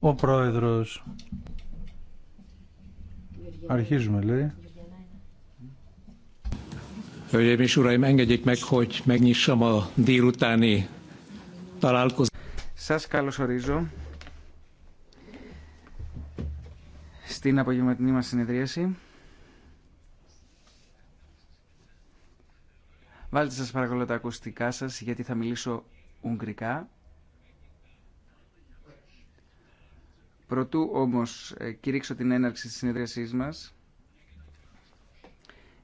Ο πρόεδρος. Αρχίζουμε λέει. Hölgyeim és Uraim, engedjék meg, hogy megnyissam a délutáni találkozást. Σας καλωσορίζω στην απογευματινή μας συνεδρίαση. Βάλτε σας παρακαλώ τα ακουστικά σας γιατί θα μιλήσω ουγγρικά. Προτού όμως ε, κηρύξω την έναρξη της συνεδρίασής μας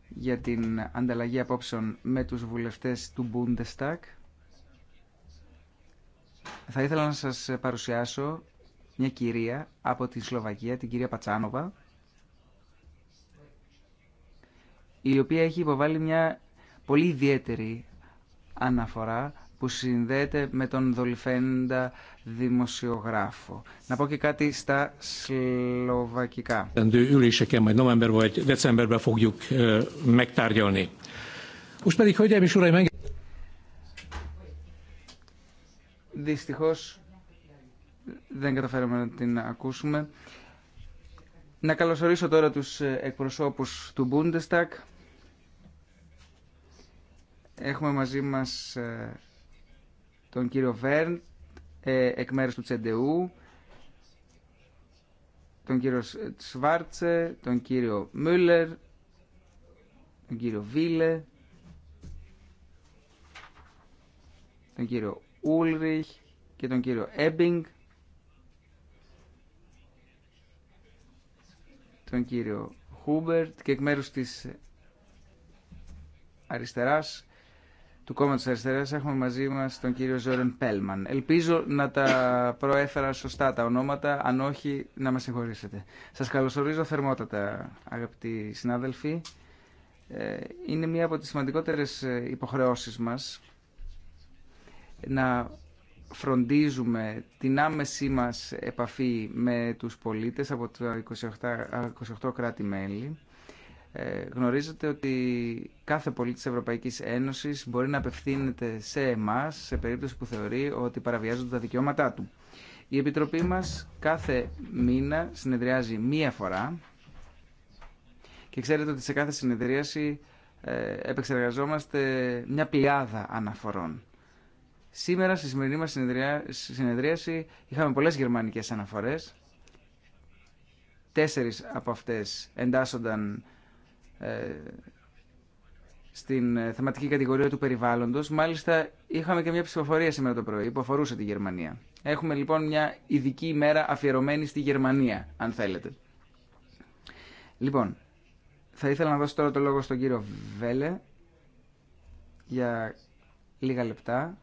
για την ανταλλαγή απόψεων με τους βουλευτές του Bundestag, θα ήθελα να σας παρουσιάσω μια κυρία από τη Σλοβακία, την κυρία Πατσάνοβα, η οποία έχει υποβάλει μια πολύ ιδιαίτερη αναφορά που συνδέεται με τον δολυφέντα δημοσιογράφο. Να πω και κάτι στα σλοβακικά. Δυστυχώς δεν καταφέραμε να την ακούσουμε. Να καλωσορίσω τώρα τους ε, εκπροσώπους του Bundestag. Έχουμε μαζί μας ε, τον κύριο Βέρντ ε, εκ μέρους του Τσεντεού, τον κύριο Σβάρτσε, τον κύριο Μούλερ, τον κύριο Βίλε, τον κύριο Ούλριχ και τον κύριο Έμπινγκ, τον κύριο Χούμπερτ και εκ μέρους της αριστεράς του Κόμματο Αριστερά έχουμε μαζί μα τον κύριο Ζόρεν Πέλμαν. Ελπίζω να τα προέφερα σωστά τα ονόματα, αν όχι να με συγχωρήσετε. Σα καλωσορίζω θερμότατα, αγαπητοί συνάδελφοι. Ε, είναι μία από τις σημαντικότερες ε, υποχρεώσεις μας να φροντίζουμε την άμεσή μας επαφή με τους πολίτες από τα 28, 28 κράτη-μέλη ε, γνωρίζετε ότι κάθε πολίτη της Ευρωπαϊκής Ένωσης μπορεί να απευθύνεται σε εμάς σε περίπτωση που θεωρεί ότι παραβιάζονται τα δικαιώματά του. Η Επιτροπή μας κάθε μήνα συνεδριάζει μία φορά και ξέρετε ότι σε κάθε συνεδρίαση ε, επεξεργαζόμαστε μια πλειάδα αναφορών. Σήμερα στη σημερινή μας συνεδρίαση είχαμε πολλές γερμανικές αναφορές. Τέσσερις από αυτές εντάσσονταν ε, στην ε, θεματική κατηγορία του περιβάλλοντος. Μάλιστα είχαμε και μια ψηφοφορία σήμερα το πρωί που αφορούσε τη Γερμανία. Έχουμε λοιπόν μια ειδική ημέρα αφιερωμένη στη Γερμανία, αν θέλετε. Λοιπόν, θα ήθελα να δώσω τώρα το λόγο στον κύριο Βέλε για λίγα λεπτά.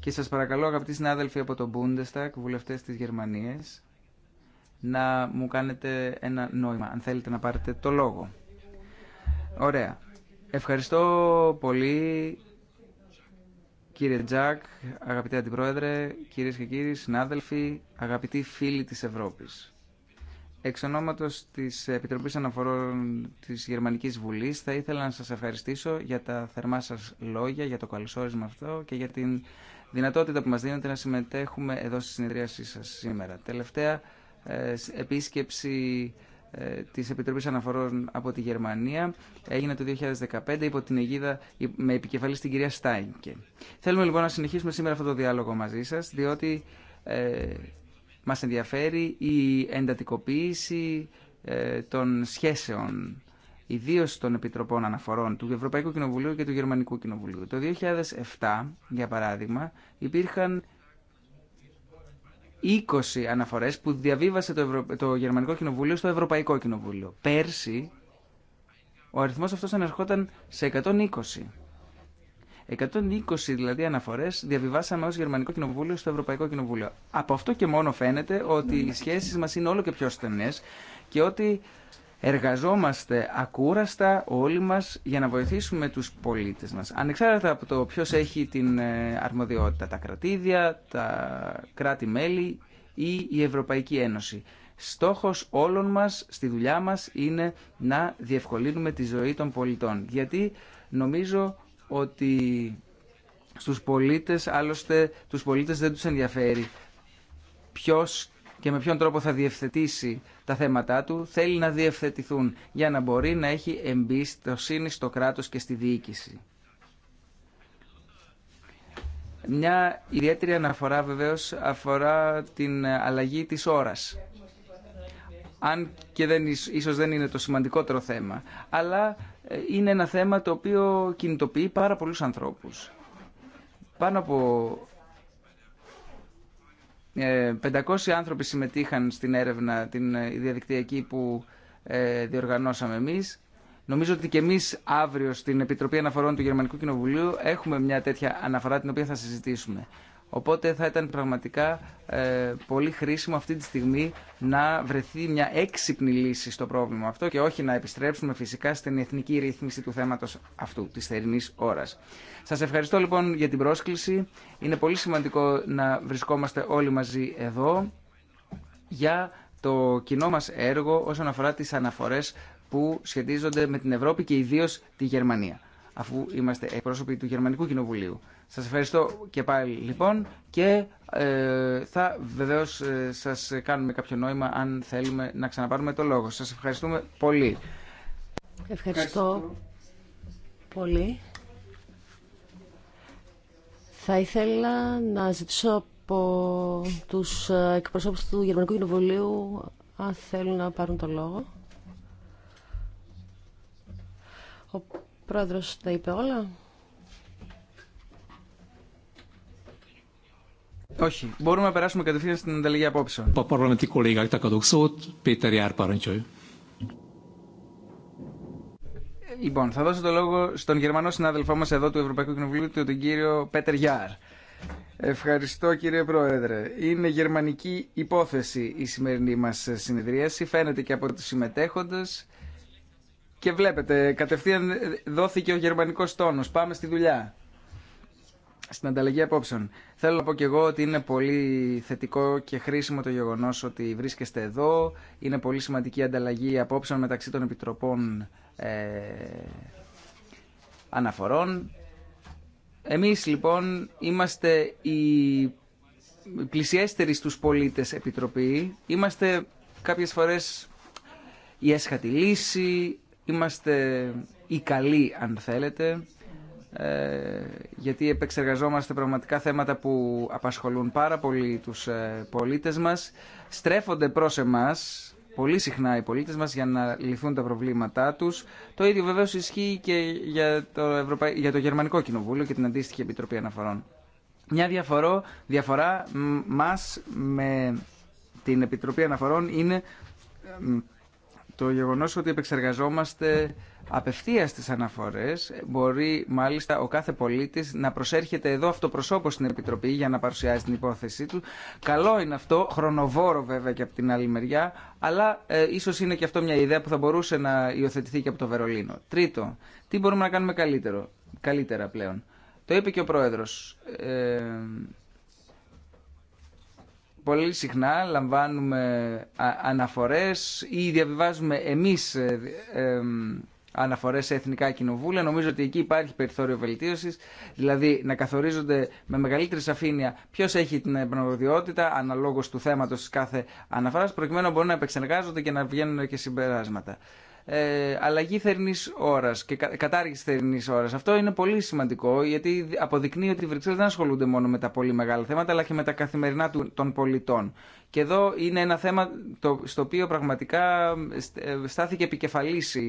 Και σας παρακαλώ αγαπητοί συνάδελφοι από τον Bundestag, βουλευτές της Γερμανίας, να μου κάνετε ένα νόημα, αν θέλετε να πάρετε το λόγο. Ωραία. Ευχαριστώ πολύ κύριε Τζακ, αγαπητέ Αντιπρόεδρε, κυρίες και κύριοι συνάδελφοι, αγαπητοί φίλοι της Ευρώπης. Εξ ονόματος της Επιτροπής Αναφορών της Γερμανικής Βουλής θα ήθελα να σας ευχαριστήσω για τα θερμά σας λόγια, για το καλωσόρισμα αυτό και για την δυνατότητα που μας δίνετε να συμμετέχουμε εδώ στη συνεδρίασή σας σήμερα. Τελευταία ε, επίσκεψη ε, της Επιτροπής Αναφορών από τη Γερμανία έγινε το 2015 υπό την αιγίδα με επικεφαλή στην κυρία Στάινκε. Θέλουμε λοιπόν να συνεχίσουμε σήμερα αυτό το διάλογο μαζί σας διότι ε, μας ενδιαφέρει η εντατικοποίηση ε, των σχέσεων ιδίω των Επιτροπών Αναφορών του Ευρωπαϊκού Κοινοβουλίου και του Γερμανικού Κοινοβουλίου. Το 2007, για παράδειγμα, υπήρχαν 20 αναφορές που διαβίβασε το, το Γερμανικό Κοινοβούλιο στο Ευρωπαϊκό Κοινοβούλιο. Πέρσι ο αριθμός αυτός ανερχόταν σε 120. 120 δηλαδή αναφορές διαβιβάσαμε ως Γερμανικό Κοινοβούλιο στο Ευρωπαϊκό Κοινοβούλιο. Από αυτό και μόνο φαίνεται ότι οι ναι. σχέσεις μας είναι όλο και πιο στενές και ότι Εργαζόμαστε ακούραστα όλοι μας για να βοηθήσουμε τους πολίτες μας. Ανεξάρτητα από το ποιος έχει την ε, αρμοδιότητα, τα κρατήδια, τα κράτη-μέλη ή η Ευρωπαϊκή Ένωση. Στόχος όλων μας στη δουλειά μας είναι να διευκολύνουμε τη ζωή των πολιτών. Γιατί νομίζω ότι στους πολίτες, άλλωστε τους πολίτες δεν τους ενδιαφέρει ποιος και με ποιον τρόπο θα διευθετήσει τα θέματα του, θέλει να διευθετηθούν για να μπορεί να έχει εμπιστοσύνη στο κράτος και στη διοίκηση. Μια ιδιαίτερη αναφορά βεβαίως αφορά την αλλαγή της ώρας. Αν και δεν, ίσως δεν είναι το σημαντικότερο θέμα, αλλά ε, είναι ένα θέμα το οποίο κινητοποιεί πάρα πολλούς ανθρώπους. Πάνω από 500 ε, άνθρωποι συμμετείχαν στην έρευνα την ε, διαδικτυακή που ε, διοργανώσαμε εμείς. Νομίζω ότι και εμείς αύριο στην Επιτροπή Αναφορών του Γερμανικού Κοινοβουλίου έχουμε μια τέτοια αναφορά την οποία θα συζητήσουμε. Οπότε θα ήταν πραγματικά ε, πολύ χρήσιμο αυτή τη στιγμή να βρεθεί μια έξυπνη λύση στο πρόβλημα αυτό και όχι να επιστρέψουμε φυσικά στην εθνική ρύθμιση του θέματος αυτού, της θερινής ώρας. Σας ευχαριστώ λοιπόν για την πρόσκληση. Είναι πολύ σημαντικό να βρισκόμαστε όλοι μαζί εδώ για το κοινό μας έργο όσον αφορά τις αναφορές που σχετίζονται με την Ευρώπη και ιδίως τη Γερμανία αφού είμαστε εκπρόσωποι του Γερμανικού Κοινοβουλίου. Σας ευχαριστώ και πάλι λοιπόν και ε, θα βεβαίως ε, σας κάνουμε κάποιο νόημα αν θέλουμε να ξαναπάρουμε το λόγο. Σας ευχαριστούμε πολύ. Ευχαριστώ, πολύ. Θα ήθελα να ζητήσω από τους εκπροσώπους του Γερμανικού Κοινοβουλίου αν θέλουν να πάρουν το λόγο. Πρόεδρος τα είπε όλα. Όχι. Μπορούμε να περάσουμε κατευθείαν στην ανταλλαγή απόψεων. Λοιπόν, θα δώσω το λόγο στον Γερμανό συνάδελφό μας εδώ του Ευρωπαϊκού Κοινοβουλίου, τον κύριο Πέτερ Γιάρ. Ευχαριστώ κύριε Πρόεδρε. Είναι γερμανική υπόθεση η σημερινή μας συνεδρίαση. Φαίνεται και από τους συμμετέχοντες. Και βλέπετε, κατευθείαν δόθηκε ο γερμανικός τόνος. Πάμε στη δουλειά. Στην ανταλλαγή απόψεων. Θέλω να πω και εγώ ότι είναι πολύ θετικό και χρήσιμο το γεγονός ότι βρίσκεστε εδώ. Είναι πολύ σημαντική η ανταλλαγή απόψεων μεταξύ των επιτροπών ε, αναφορών. Εμείς λοιπόν είμαστε οι πλησιέστεροι στους πολίτες επιτροπή. Είμαστε κάποιες φορές η έσχατη λύση, είμαστε οι καλοί αν θέλετε ε, γιατί επεξεργαζόμαστε πραγματικά θέματα που απασχολούν πάρα πολύ τους ε, πολίτες μας στρέφονται προς εμάς πολύ συχνά οι πολίτες μας για να λυθούν τα προβλήματά τους το ίδιο βεβαίω ισχύει και για το, για το Γερμανικό Κοινοβούλιο και την αντίστοιχη Επιτροπή Αναφορών μια διαφορά μας με την Επιτροπή Αναφορών είναι το γεγονός ότι επεξεργαζόμαστε απευθείας τις αναφορές μπορεί μάλιστα ο κάθε πολίτης να προσέρχεται εδώ προσώπο στην Επιτροπή για να παρουσιάσει την υπόθεσή του. Καλό είναι αυτό, χρονοβόρο βέβαια και από την άλλη μεριά, αλλά ε, ίσως είναι και αυτό μια ιδέα που θα μπορούσε να υιοθετηθεί και από το Βερολίνο. Τρίτο, τι μπορούμε να κάνουμε καλύτερο, καλύτερα πλέον. Το είπε και ο Πρόεδρος. Ε, πολύ συχνά λαμβάνουμε αναφορές ή διαβιβάζουμε εμείς ε, ε, αναφορές σε εθνικά κοινοβούλια. Νομίζω ότι εκεί υπάρχει περιθώριο βελτίωσης, δηλαδή να καθορίζονται με μεγαλύτερη σαφήνεια ποιος έχει την εμπνοδιότητα, αναλόγως του θέματος κάθε αναφοράς, προκειμένου να μπορούν να επεξεργάζονται και να βγαίνουν και συμπεράσματα ε, αλλαγή θερινής ώρα και κατάργηση θερινής ώρα. Αυτό είναι πολύ σημαντικό γιατί αποδεικνύει ότι οι Βρυξέλλε δεν ασχολούνται μόνο με τα πολύ μεγάλα θέματα αλλά και με τα καθημερινά των πολιτών. Και εδώ είναι ένα θέμα στο οποίο πραγματικά ε, στάθηκε επικεφαλής η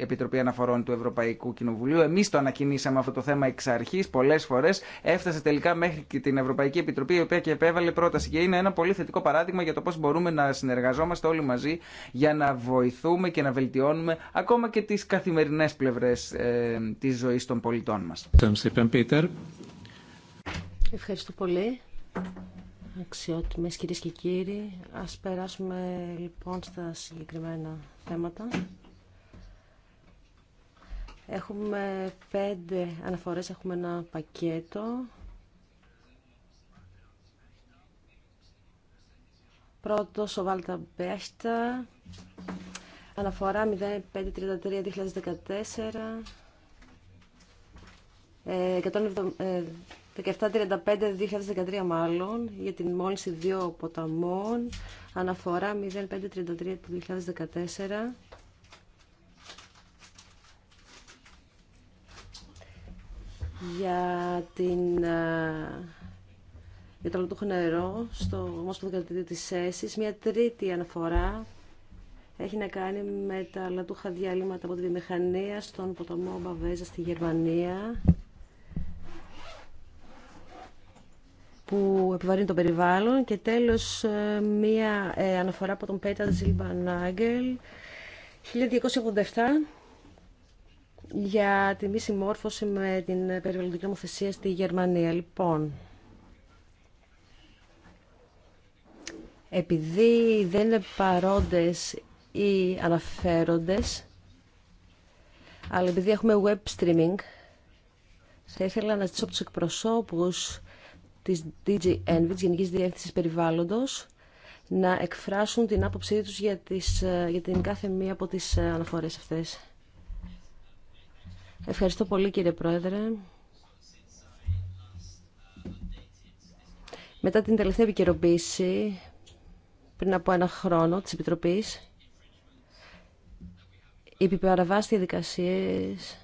Επιτροπή Αναφορών του Ευρωπαϊκού Κοινοβουλίου. Εμείς το ανακοινήσαμε αυτό το θέμα εξ αρχής πολλές φορές. Έφτασε τελικά μέχρι και την Ευρωπαϊκή Επιτροπή η οποία και επέβαλε πρόταση. Και είναι ένα πολύ θετικό παράδειγμα για το πώς μπορούμε να συνεργαζόμαστε όλοι μαζί για να βοηθούμε και να βελτιώνουμε ακόμα και τις καθημερινές πλευρές ε, της ζωής των πολιτών μας. Ευχαριστώ πολύ. Αξιότιμες κυρίες και κύριοι, ας περάσουμε λοιπόν στα συγκεκριμένα θέματα. Έχουμε πέντε αναφορές, έχουμε ένα πακέτο. Πρώτο, ο Βάλτα Μπέχτα, αναφορά 0533-2014, 1735-2013 μάλλον για την μόλυνση δύο ποταμών αναφορά 0533 του 2014 για, την, ε, για το λατούχο νερό στο Ομόσπονδο τη της ΣΕΣΙΣ. Μια τρίτη αναφορά έχει να κάνει με τα λατούχα διαλύματα από τη βιομηχανία στον ποταμό Μπαβέζα στη Γερμανία. που επιβαρύνει το περιβάλλον και τέλος ε, μία ε, αναφορά από τον Πέτα Ζιλμπανάγκελ 1287 για τη μη συμμόρφωση με την περιβαλλοντική νομοθεσία στη Γερμανία. Λοιπόν, επειδή δεν είναι παρόντες ή αναφέροντες, αλλά επειδή έχουμε web streaming, θα ήθελα να ζητήσω από τους εκπροσώπους της DJ Envy, της Γενικής Διεύθυνσης Περιβάλλοντος, να εκφράσουν την άποψή τους για, τις, ε, για την κάθε μία από τις ε, αναφορές αυτές. Ευχαριστώ πολύ κύριε Πρόεδρε. Μετά την τελευταία επικαιροποίηση, πριν από ένα χρόνο της Επιτροπής, οι επιπαραβάσεις διαδικασίες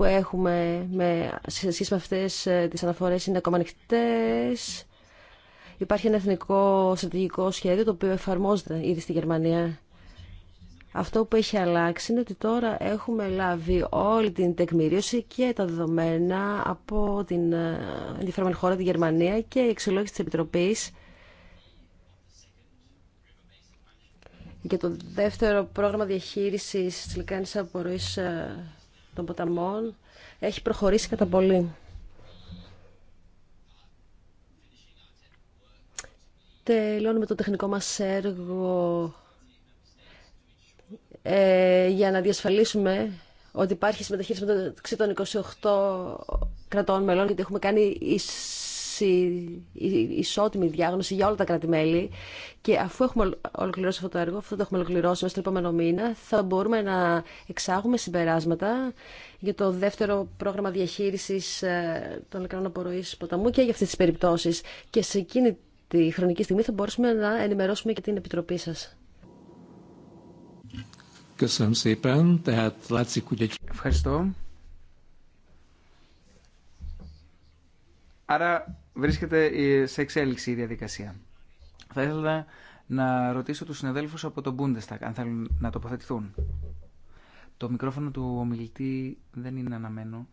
που έχουμε με, σε με αυτές ε, τις αναφορές είναι ακόμα ανοιχτέ. Υπάρχει ένα εθνικό στρατηγικό σχέδιο το οποίο εφαρμόζεται ήδη στη Γερμανία. Αυτό που έχει αλλάξει είναι ότι τώρα έχουμε λάβει όλη την τεκμηρίωση και τα δεδομένα από την ε, ενδιαφέρουσα χώρα, τη Γερμανία και η εξολόγηση της Επιτροπής Και το δεύτερο πρόγραμμα διαχείρισης της λικάνης απορροής ε, των ποταμών έχει προχωρήσει κατά πολύ. Τελειώνουμε το τεχνικό μας έργο ε, για να διασφαλίσουμε ότι υπάρχει συμμετοχή μεταξύ των 28 κρατών μελών, γιατί έχουμε κάνει ισότιμη διάγνωση για όλα τα κράτη-μέλη. Και αφού έχουμε ολοκληρώσει αυτό το έργο, αυτό το έχουμε ολοκληρώσει μέσα στον επόμενο μήνα, θα μπορούμε να εξάγουμε συμπεράσματα για το δεύτερο πρόγραμμα διαχείριση ε, των νεκρών απορροή ποταμού και για αυτέ τι περιπτώσει. Και σε εκείνη τη χρονική στιγμή θα μπορούσαμε να ενημερώσουμε και την Επιτροπή σα. Ευχαριστώ. Άρα βρίσκεται ε, σε εξέλιξη η διαδικασία. Θα ήθελα να ρωτήσω τους συναδέλφους από τον Bundestag αν θέλουν να τοποθετηθούν. Το μικρόφωνο του ομιλητή δεν είναι αναμένο.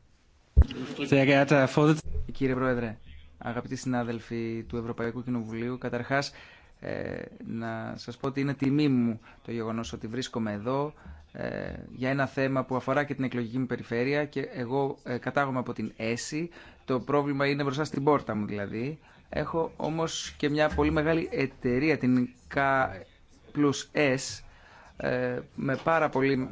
Κύριε Πρόεδρε, αγαπητοί συνάδελφοι του Ευρωπαϊκού Κοινοβουλίου, καταρχάς ε, να σας πω ότι είναι τιμή μου το γεγονός ότι βρίσκομαι εδώ ε, για ένα θέμα που αφορά και την εκλογική μου περιφέρεια και εγώ ε, κατάγομαι από την ΕΣΥ. Το πρόβλημα είναι μπροστά στην πόρτα μου δηλαδή. Έχω όμως και μια πολύ μεγάλη εταιρεία, την K+S, ε, με πάρα, πολύ,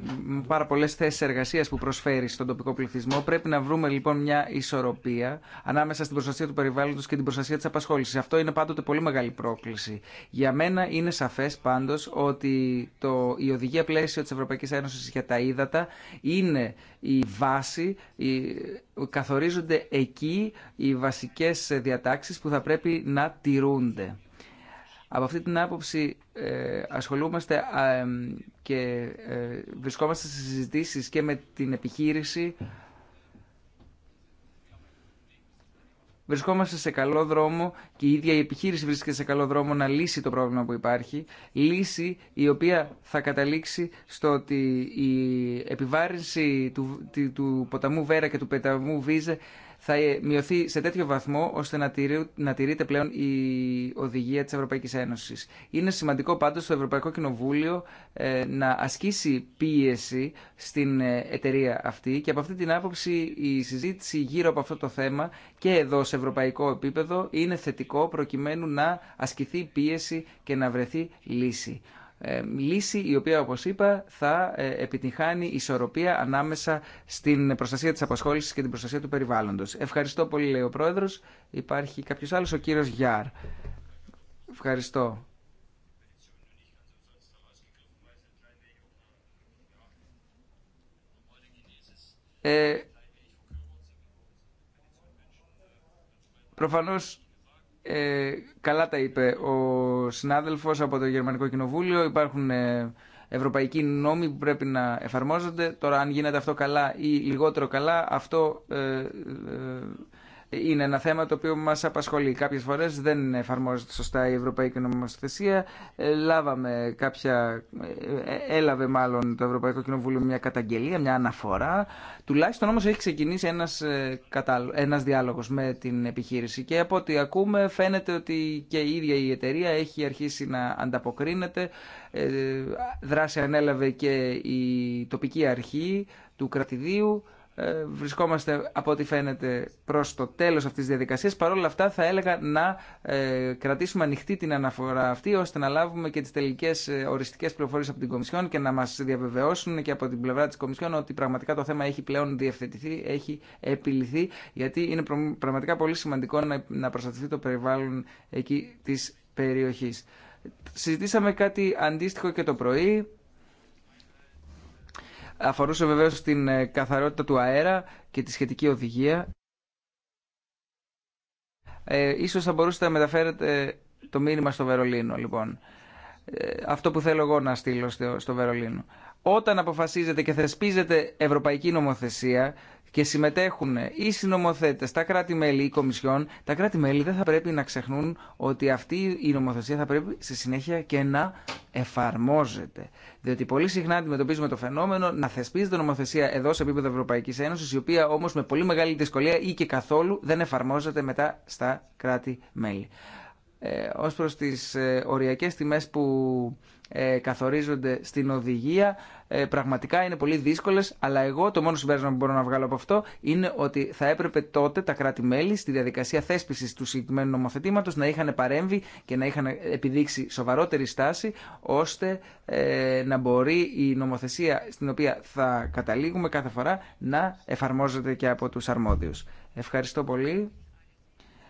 πάρα πολλές θέσεις εργασίας που προσφέρει στον τοπικό πληθυσμό. Πρέπει να βρούμε λοιπόν μια ισορροπία ανάμεσα στην προστασία του περιβάλλοντος και την προστασία της απασχόλησης. Αυτό είναι πάντοτε πολύ μεγάλη πρόκληση. Για μένα είναι σαφές πάντως ότι το, η οδηγία πλαίσιο της Ευρωπαϊκής Ένωσης για τα ύδατα είναι η βάση, η, καθορίζονται εκεί οι βασικές διατάξεις που θα πρέπει να τηρούνται. Από αυτή την άποψη ε, ασχολούμαστε και ε, βρισκόμαστε σε συζητήσεις και με την επιχείρηση. Βρισκόμαστε σε καλό δρόμο και η ίδια η επιχείρηση βρίσκεται σε καλό δρόμο να λύσει το πρόβλημα που υπάρχει. Λύση η οποία θα καταλήξει στο ότι η επιβάρυνση του, του ποταμού Βέρα και του πεταμού Βίζε θα μειωθεί σε τέτοιο βαθμό ώστε να, τηρεί, να τηρείται πλέον η οδηγία της Ευρωπαϊκής Ένωσης. Είναι σημαντικό πάντως το Ευρωπαϊκό Κοινοβούλιο ε, να ασκήσει πίεση στην ε, εταιρεία αυτή και από αυτή την άποψη η συζήτηση γύρω από αυτό το θέμα και εδώ σε ευρωπαϊκό επίπεδο είναι θετικό προκειμένου να ασκηθεί πίεση και να βρεθεί λύση. Ε, λύση η οποία όπως είπα θα ε, επιτυχάνει ισορροπία ανάμεσα στην προστασία της απασχόλησης και την προστασία του περιβάλλοντος. Ευχαριστώ πολύ λέει ο Πρόεδρος. Υπάρχει κάποιος άλλος, ο κύριος Γιάρ. Ευχαριστώ. Ε, προφανώς ε, καλά τα είπε ο συνάδελφο από το Γερμανικό Κοινοβούλιο. Υπάρχουν ε, ευρωπαϊκοί νόμοι που πρέπει να εφαρμόζονται. Τώρα αν γίνεται αυτό καλά ή λιγότερο καλά, αυτό ε, είναι ένα θέμα το οποίο μας απασχολεί. Κάποιες φορές δεν εφαρμόζεται σωστά η Ευρωπαϊκή Νομοθεσία. Ε, λάβαμε κάποια, ε, ε, έλαβε μάλλον το Ευρωπαϊκό Κοινοβούλιο μια καταγγελία, μια αναφορά. Τουλάχιστον όμως έχει ξεκινήσει ένας, ένας διάλογος με την επιχείρηση και από ό,τι ακούμε φαίνεται ότι και η ίδια η εταιρεία έχει αρχίσει να ανταποκρίνεται. Δράση ανέλαβε και η τοπική αρχή του κρατηδίου ε, βρισκόμαστε από ό,τι φαίνεται προς το τέλος αυτής της διαδικασίας. Παρ' όλα αυτά θα έλεγα να ε, κρατήσουμε ανοιχτή την αναφορά αυτή ώστε να λάβουμε και τις τελικές ε, οριστικές πληροφορίες από την Κομισιόν και να μας διαβεβαιώσουν και από την πλευρά της Κομισιόν ότι πραγματικά το θέμα έχει πλέον διευθετηθεί, έχει επιληθεί γιατί είναι πραγματικά πολύ σημαντικό να προστατευτεί το περιβάλλον εκεί της περιοχής. Συζητήσαμε κάτι αντίστοιχο και το πρωί αφορούσε βεβαίως την ε, καθαρότητα του αέρα και τη σχετική οδηγία. Ε, ίσως θα μπορούσατε να μεταφέρετε το μήνυμα στο Βερολίνο, λοιπόν. Ε, αυτό που θέλω εγώ να στείλω στο, Βερολίνο. Όταν αποφασίζετε και θεσπίζετε ευρωπαϊκή νομοθεσία, και συμμετέχουν οι συνομοθέτε, τα κράτη-μέλη, οι κομισιόν, τα κράτη-μέλη δεν θα πρέπει να ξεχνούν ότι αυτή η νομοθεσία θα πρέπει στη συνέχεια και να εφαρμόζεται. Διότι πολύ συχνά αντιμετωπίζουμε το φαινόμενο να θεσπίζεται νομοθεσία εδώ σε επίπεδο Ευρωπαϊκή Ένωση, η οποία όμω με πολύ μεγάλη δυσκολία ή και καθόλου δεν εφαρμόζεται μετά στα κράτη-μέλη. Ε, ως προς τις ε, οριακές τιμές που ε, καθορίζονται στην οδηγία πραγματικά είναι πολύ δύσκολες αλλά εγώ το μόνο συμπέρασμα που μπορώ να βγάλω από αυτό είναι ότι θα έπρεπε τότε τα κράτη-μέλη στη διαδικασία θέσπισης του συγκεκριμένου νομοθετήματος να είχαν παρέμβει και να είχαν επιδείξει σοβαρότερη στάση ώστε να μπορεί η νομοθεσία στην οποία θα καταλήγουμε κάθε φορά να εφαρμόζεται και από τους αρμόδιους. Ευχαριστώ πολύ.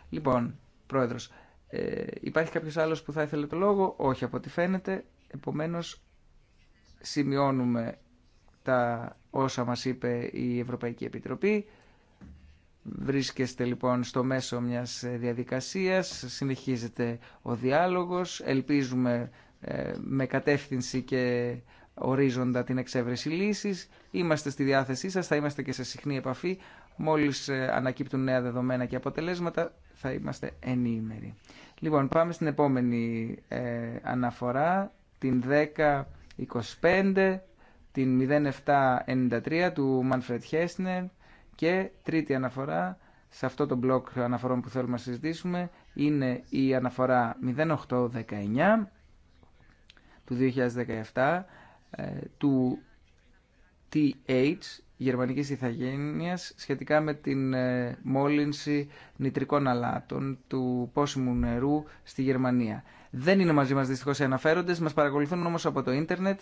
Λοιπόν, Πρόεδρος, ε, υπάρχει κάποιος άλλος που θα ήθελε το λόγο. Όχι, από ό,τι φαίνεται. Επομένως, σημειώνουμε τα όσα μας είπε η Ευρωπαϊκή Επιτροπή. Βρίσκεστε λοιπόν στο μέσο μιας διαδικασίας, συνεχίζεται ο διάλογος, ελπίζουμε ε, με κατεύθυνση και ορίζοντα την εξέβρεση λύσης. Είμαστε στη διάθεσή σας, θα είμαστε και σε συχνή επαφή. Μόλις ε, ανακύπτουν νέα δεδομένα και αποτελέσματα θα είμαστε ενήμεροι. Λοιπόν, πάμε στην επόμενη ε, αναφορά, την 1025, την 0793 του Μανφρετ Χέσνερ και τρίτη αναφορά σε αυτό το μπλοκ αναφορών που θέλουμε να συζητήσουμε είναι η αναφορά 0819 του 2017 ε, του TH Γερμανική ηθαγένεια σχετικά με την ε, μόλυνση νητρικών αλάτων του πόσιμου νερού στη Γερμανία. Δεν είναι μαζί μα δυστυχώ οι αναφέροντες, μας παρακολουθούν όμως από το ίντερνετ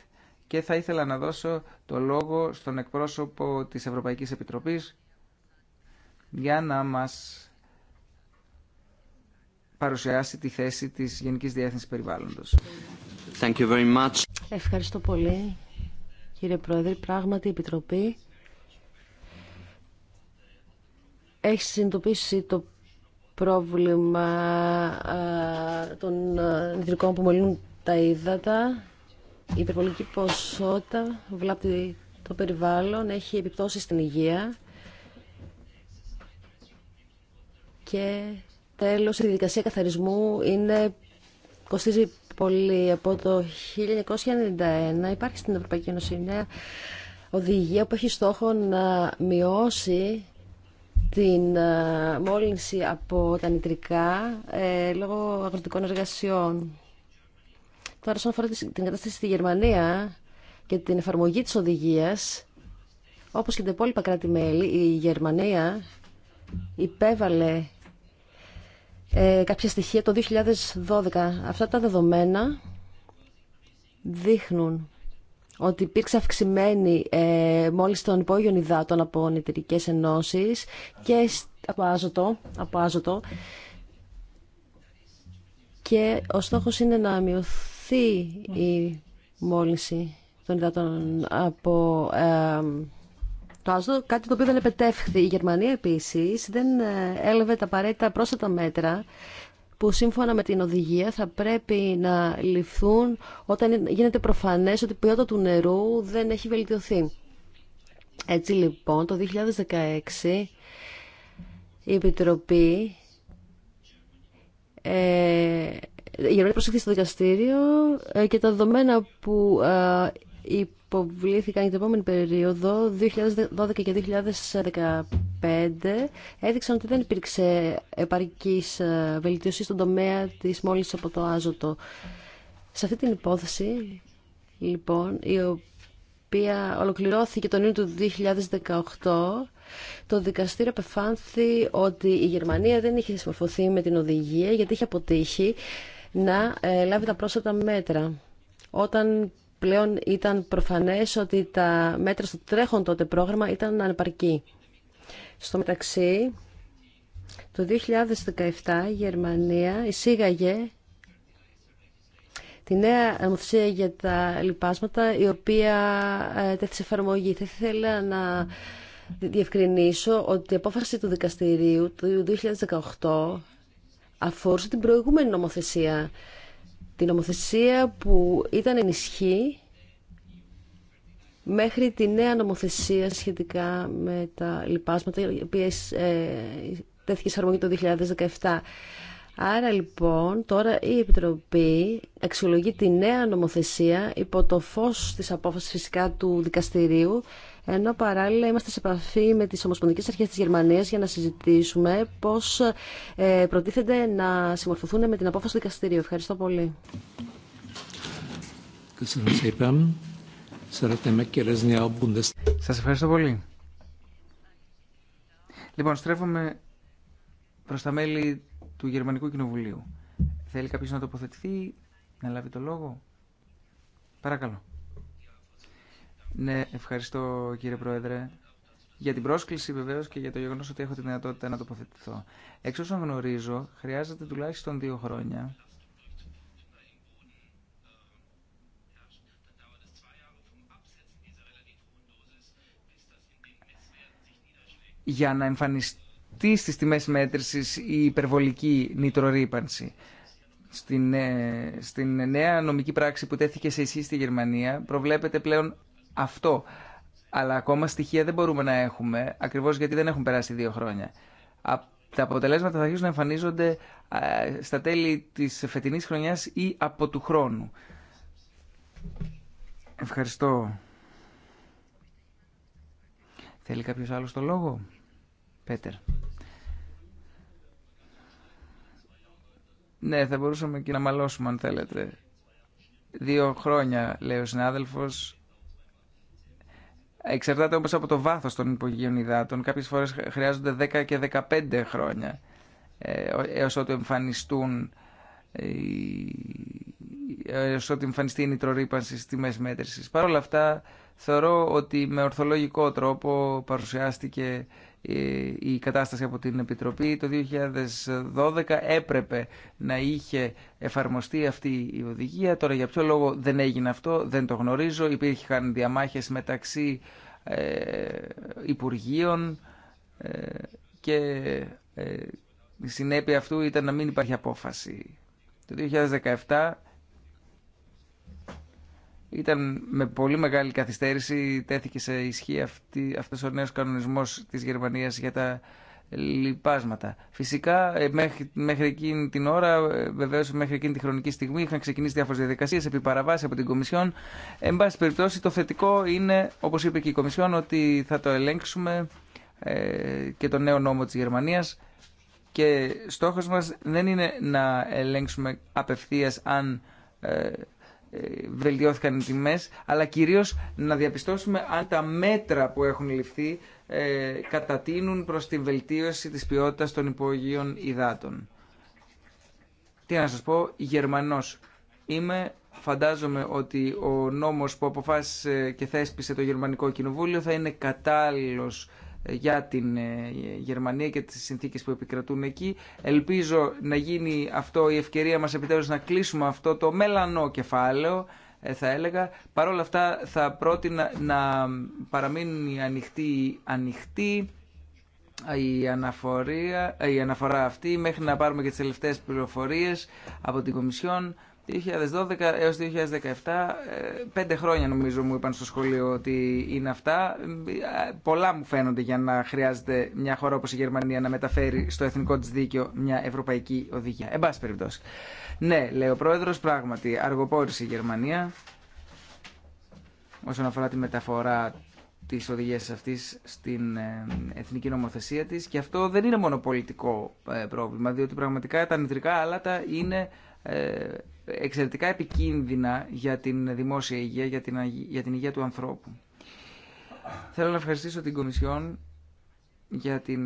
και θα ήθελα να δώσω το λόγο στον εκπρόσωπο της Ευρωπαϊκής Επιτροπής για να μα παρουσιάσει τη θέση της Γενικής διεύθυνση περιβάλλοντο. Ευχαριστώ πολύ. Κύριε Πρόεδρε, πράγματι η Επιτροπή έχει συνειδητοποιήσει το πρόβλημα των νητρικών που μολύνουν τα ύδατα. Η υπερβολική ποσότητα βλάπτει το περιβάλλον, έχει επιπτώσει στην υγεία και τέλος η διαδικασία καθαρισμού είναι, κοστίζει πολύ. Από το 1991 υπάρχει στην Ευρωπαϊκή Ένωση μια οδηγία που έχει στόχο να μειώσει την ε, μόλυνση από τα νητρικά ε, λόγω αγροτικών εργασιών. Τώρα, όσον αφορά την κατάσταση στη Γερμανία και την εφαρμογή της οδηγίας, όπως και τα υπόλοιπα κράτη-μέλη, η Γερμανία υπέβαλε ε, κάποια στοιχεία το 2012. Αυτά τα δεδομένα δείχνουν ότι υπήρξε αυξημένη ε, μόλις των υπόγειων υδάτων από νητηρικές ενώσεις και από άζωτο, από άζωτο, και ο στόχος είναι να μειωθεί η μόλυνση των υδάτων από ε, το άζωτο, κάτι το οποίο δεν επετεύχθη. Η Γερμανία επίσης δεν ε, έλαβε τα απαραίτητα πρόσθετα μέτρα που σύμφωνα με την οδηγία θα πρέπει να ληφθούν όταν γίνεται προφανές ότι η ποιότητα του νερού δεν έχει βελτιωθεί. Έτσι λοιπόν το 2016 η Επιτροπή ε, η Ευρωπαϊκή στο δικαστήριο ε, και τα δεδομένα που ε, υποβλήθηκαν για την επόμενη περίοδο 2012 και 2015 έδειξαν ότι δεν υπήρξε επαρκής ε, βελτίωση στον τομέα της μόλις από το άζωτο. Σε αυτή την υπόθεση, λοιπόν, η οποία ολοκληρώθηκε τον Ιούνιο του 2018, το δικαστήριο απεφάνθη ότι η Γερμανία δεν είχε συμμορφωθεί με την οδηγία γιατί είχε αποτύχει να ε, λάβει τα πρόσθετα μέτρα. Όταν πλέον ήταν προφανές ότι τα μέτρα στο τρέχον τότε πρόγραμμα ήταν ανεπαρκή. Στο μεταξύ, το 2017 η Γερμανία εισήγαγε τη νέα νομοθεσία για τα λοιπάσματα, η οποία ε, τέθησε εφαρμογή. Θα ήθελα να διευκρινίσω ότι η απόφαση του δικαστηρίου του 2018 αφορούσε την προηγούμενη νομοθεσία την νομοθεσία που ήταν ενισχύ μέχρι τη νέα νομοθεσία σχετικά με τα λοιπάσματα, η οποία ε, τέθηκε σε αρμογή το 2017. Άρα λοιπόν τώρα η Επιτροπή αξιολογεί τη νέα νομοθεσία υπό το φως της απόφασης φυσικά του δικαστηρίου ενώ παράλληλα είμαστε σε επαφή με τις Ομοσπονδικές Αρχές της Γερμανίας για να συζητήσουμε πώς ε, προτίθεται να συμμορφωθούν με την απόφαση του δικαστηρίου. Ευχαριστώ πολύ. Σας ευχαριστώ πολύ. Λοιπόν, στρέφομαι προς τα μέλη του Γερμανικού Κοινοβουλίου. Θέλει κάποιος να τοποθετηθεί, να λάβει το λόγο. Παρακαλώ. Ναι, ευχαριστώ κύριε Πρόεδρε. Για την πρόσκληση βεβαίω και για το γεγονό ότι έχω τη δυνατότητα να τοποθετηθώ. Εξ όσων γνωρίζω, χρειάζεται τουλάχιστον δύο χρόνια για να εμφανιστεί στις τιμές μέτρησης η υπερβολική νητρορύπανση. Στην, ε, στην νέα νομική πράξη που τέθηκε σε ισχύ στη Γερμανία προβλέπεται πλέον αυτό. Αλλά ακόμα στοιχεία δεν μπορούμε να έχουμε, ακριβώς γιατί δεν έχουν περάσει δύο χρόνια. Τα αποτελέσματα θα αρχίσουν να εμφανίζονται στα τέλη της φετινής χρονιάς ή από του χρόνου. Ευχαριστώ. Θέλει κάποιος άλλος το λόγο. Πέτερ. Ναι, θα μπορούσαμε και να μαλώσουμε αν θέλετε. Δύο χρόνια, λέει ο συνάδελφος, Εξαρτάται όμως από το βάθος των υπογείων υδάτων. Κάποιες φορές χρειάζονται 10 και 15 χρόνια ε, έως ότου εμφανιστούν έως ότου εμφανιστεί η νητρορύπανση στις τιμές μέτρησης. Παρ' όλα αυτά θεωρώ ότι με ορθολογικό τρόπο παρουσιάστηκε ε, η κατάσταση από την Επιτροπή. Το 2012 έπρεπε να είχε εφαρμοστεί αυτή η οδηγία. Τώρα για ποιο λόγο δεν έγινε αυτό, δεν το γνωρίζω. Υπήρχαν διαμάχες μεταξύ ε, Υπουργείων ε, και ε, η συνέπεια αυτού ήταν να μην υπάρχει απόφαση. Το 2017 ήταν με πολύ μεγάλη καθυστέρηση, τέθηκε σε ισχύ αυτή, αυτός ο νέος κανονισμός της Γερμανίας για τα λοιπάσματα. Φυσικά, ε, μέχρι, μέχρι εκείνη την ώρα, ε, βεβαίω μέχρι εκείνη τη χρονική στιγμή, είχαν ξεκινήσει διάφορες διαδικασίες, επί παραβάση από την Κομισιόν. Εν πάση περιπτώσει, το θετικό είναι, όπως είπε και η Κομισιόν, ότι θα το ελέγξουμε ε, και το νέο νόμο της Γερμανίας Και στόχος μας δεν είναι να ελέγξουμε απευθείας αν ε, ε, βελτιώθηκαν οι τιμές, αλλά κυρίως να διαπιστώσουμε αν τα μέτρα που έχουν ληφθεί ε, κατατείνουν προς τη βελτίωση της ποιότητας των υπογείων υδάτων. Τι να σας πω, Γερμανός είμαι, φαντάζομαι ότι ο νόμος που αποφάσισε και θέσπισε το Γερμανικό Κοινοβούλιο θα είναι κατάλληλος για την ε, Γερμανία και τις συνθήκες που επικρατούν εκεί. Ελπίζω να γίνει αυτό η ευκαιρία μας επιτέλους να κλείσουμε αυτό το μελανό κεφάλαιο ε, θα έλεγα. Παρ' όλα αυτά θα πρότεινα να παραμείνει ανοιχτή, ανοιχτή η, αναφορία, ε, η αναφορά αυτή μέχρι να πάρουμε και τις τελευταίες πληροφορίες από την Κομισιόν 2012 έως 2017, ε, πέντε χρόνια νομίζω μου είπαν στο σχολείο ότι είναι αυτά. Πολλά μου φαίνονται για να χρειάζεται μια χώρα όπως η Γερμανία να μεταφέρει στο εθνικό της δίκαιο μια ευρωπαϊκή οδηγία. Εν πάση περιπτώσει. Ναι, λέει ο πρόεδρος, πράγματι αργοπόρησε η Γερμανία όσον αφορά τη μεταφορά της οδηγίας αυτής στην ε, εθνική νομοθεσία της και αυτό δεν είναι μόνο πολιτικό ε, πρόβλημα διότι πραγματικά τα νητρικά άλατα είναι ε, εξαιρετικά επικίνδυνα για την δημόσια υγεία, για την, για υγεία του ανθρώπου. Θέλω να ευχαριστήσω την Κομισιόν για την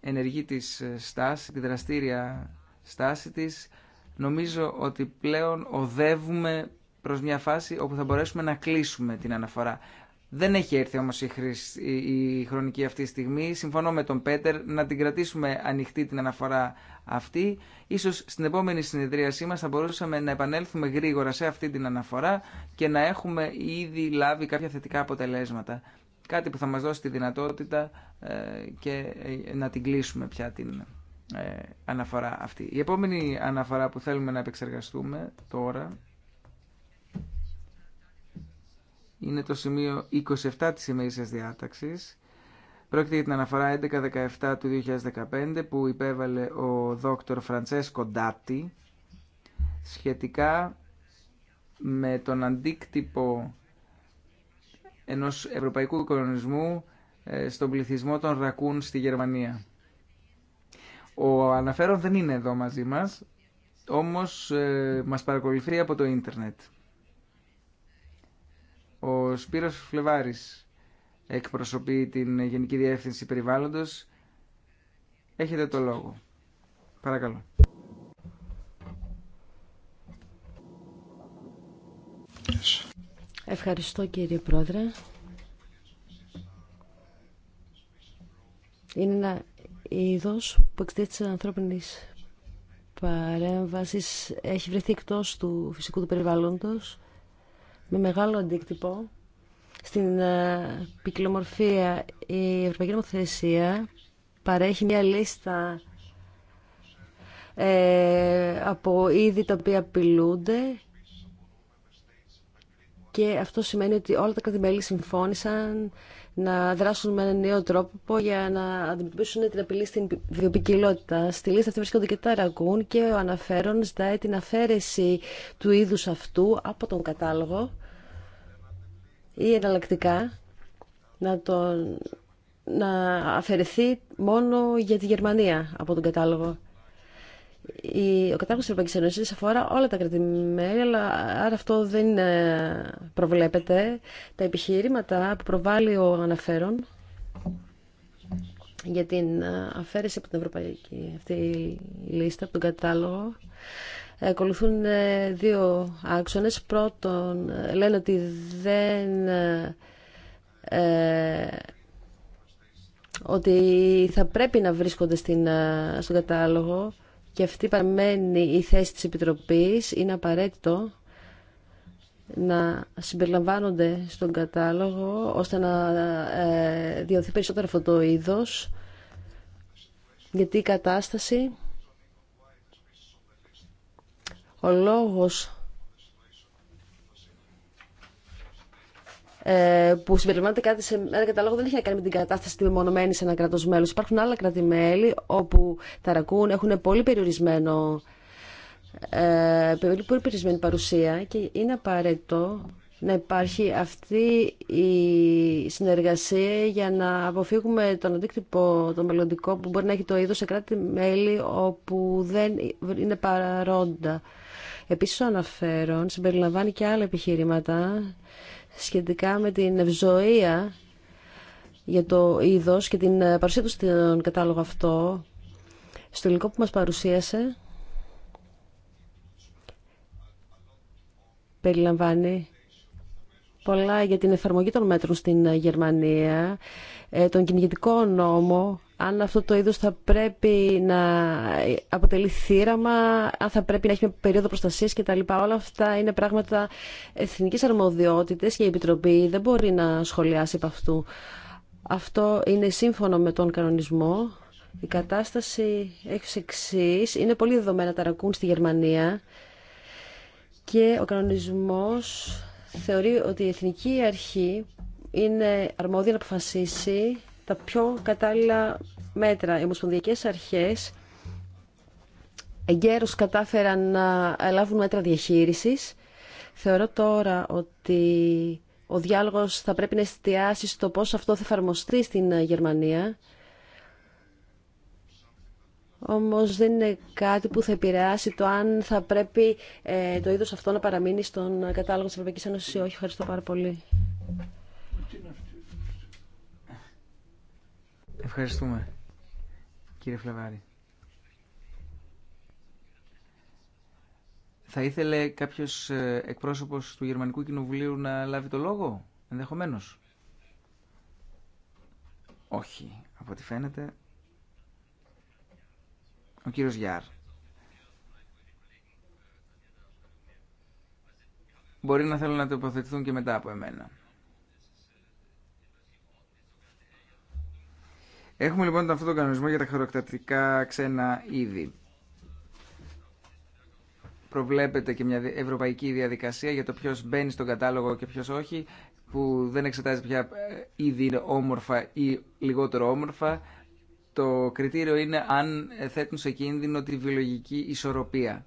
ενεργή της στάση, τη δραστήρια στάση της. Νομίζω ότι πλέον οδεύουμε προς μια φάση όπου θα μπορέσουμε να κλείσουμε την αναφορά. Δεν έχει έρθει όμως η, η χρονική αυτή στιγμή. Συμφωνώ με τον Πέτερ να την κρατήσουμε ανοιχτή την αναφορά αυτή. Ίσως στην επόμενη συνεδρίασή μας θα μπορούσαμε να επανέλθουμε γρήγορα σε αυτή την αναφορά και να έχουμε ήδη λάβει κάποια θετικά αποτελέσματα. Κάτι που θα μας δώσει τη δυνατότητα ε, και ε, να την κλείσουμε πια την ε, αναφορά αυτή. Η επόμενη αναφορά που θέλουμε να επεξεργαστούμε τώρα είναι το σημείο 27 της ημερήσιας διάταξης. Πρόκειται για την αναφορά 11-17 του 2015 που υπέβαλε ο δόκτωρ Φραντσέσκο Ντάτι σχετικά με τον αντίκτυπο ενός ευρωπαϊκού κορονισμού ε, στον πληθυσμό των ρακούν στη Γερμανία. Ο αναφέρον δεν είναι εδώ μαζί μας, όμως ε, μας παρακολουθεί από το ίντερνετ. Ο Σπύρος Φλεβάρης εκπροσωπεί την Γενική Διεύθυνση Περιβάλλοντος. Έχετε το λόγο. Παρακαλώ. Ευχαριστώ κύριε Πρόεδρε. Είναι ένα είδος που εκτίθεται τη ανθρώπινης παρέμβασης έχει βρεθεί εκτός του φυσικού του περιβάλλοντος με μεγάλο αντίκτυπο στην ε, ποικιλομορφία. Η Ευρωπαϊκή Νομοθεσία παρέχει μια λίστα ε, από είδη τα οποία απειλούνται και αυτό σημαίνει ότι όλα τα κράτη-μέλη συμφώνησαν να δράσουν με έναν νέο τρόπο για να αντιμετωπίσουν την απειλή στην βιοπικιλότητα. Στη λίστα αυτή βρίσκονται και τα ρακούν και ο αναφέρον ζητάει την αφαίρεση του είδους αυτού από τον κατάλογο ή εναλλακτικά να, τον, να αφαιρεθεί μόνο για τη Γερμανία από τον κατάλογο η, ο κατάρχος της Ευρωπαϊκής Ένωσης αφορά όλα τα κρατημέρια, αλλά άρα αυτό δεν ε, προβλέπεται. Τα επιχείρηματα που προβάλλει ο αναφέρον για την ε, αφαίρεση από την Ευρωπαϊκή αυτή λίστα, από τον κατάλογο, ακολουθούν ε, δύο άξονες. Πρώτον, λένε ότι δεν... ότι θα πρέπει να βρίσκονται στην, στον κατάλογο και αυτή παραμένει η θέση της Επιτροπής, είναι απαραίτητο να συμπεριλαμβάνονται στον κατάλογο ώστε να ε, διωθεί περισσότερο αυτό το είδος γιατί η κατάσταση ο λόγος Ε, που συμπεριλαμβάνεται κάτι σε ένα καταλόγο δεν έχει να κάνει με την κατάσταση τη μεμονωμένη σε ένα κράτο μέλο. Υπάρχουν άλλα κράτη-μέλη όπου ταρακούν, έχουν πολύ περιορισμένο. Ε, πολύ περιορισμένη παρουσία και είναι απαραίτητο να υπάρχει αυτή η συνεργασία για να αποφύγουμε τον αντίκτυπο, το μελλοντικό που μπορεί να έχει το είδος σε κράτη-μέλη όπου δεν είναι παρόντα. Επίσης, ο αναφέρον συμπεριλαμβάνει και άλλα επιχειρήματα σχετικά με την ευζοία για το είδος και την ε, παρουσία του στον κατάλογο αυτό στο υλικό που μας παρουσίασε περιλαμβάνει πολλά για την εφαρμογή των μέτρων στην Γερμανία, ε, τον κυνηγητικό νόμο, αν αυτό το είδος θα πρέπει να αποτελεί θύραμα, αν θα πρέπει να έχει μια περίοδο προστασίας κτλ. Όλα αυτά είναι πράγματα εθνικής αρμοδιότητες και η Επιτροπή δεν μπορεί να σχολιάσει από αυτού. Αυτό είναι σύμφωνο με τον κανονισμό. Η κατάσταση έχει εξή. Είναι πολύ δεδομένα τα ρακούν στη Γερμανία και ο κανονισμός θεωρεί ότι η Εθνική Αρχή είναι αρμόδια να αποφασίσει τα πιο κατάλληλα μέτρα. Οι ομοσπονδιακές αρχές εγκαίρως κατάφεραν να λάβουν μέτρα διαχείρισης. Θεωρώ τώρα ότι ο διάλογος θα πρέπει να εστιάσει στο πώς αυτό θα εφαρμοστεί στην Γερμανία όμως δεν είναι κάτι που θα επηρεάσει το αν θα πρέπει ε, το είδος αυτό να παραμείνει στον κατάλογο της Ευρωπαϊκής Ένωσης ή όχι. Ευχαριστώ πάρα πολύ. Ευχαριστούμε, κύριε Φλεβάρη. Θα ήθελε κάποιος ε, εκπρόσωπος του Γερμανικού Κοινοβουλίου να λάβει το λόγο, ενδεχομένως. Όχι, από ό,τι φαίνεται. Ο κύριος Γιάρ. Μπορεί να θέλουν να τοποθετηθούν και μετά από εμένα. Έχουμε λοιπόν αυτόν τον κανονισμό για τα χαρακτηριστικά ξένα είδη. Προβλέπεται και μια ευρωπαϊκή διαδικασία για το ποιο μπαίνει στον κατάλογο και ποιο όχι, που δεν εξετάζει πια ε, είδη είναι όμορφα ή λιγότερο όμορφα το κριτήριο είναι αν θέτουν σε κίνδυνο τη βιολογική ισορροπία.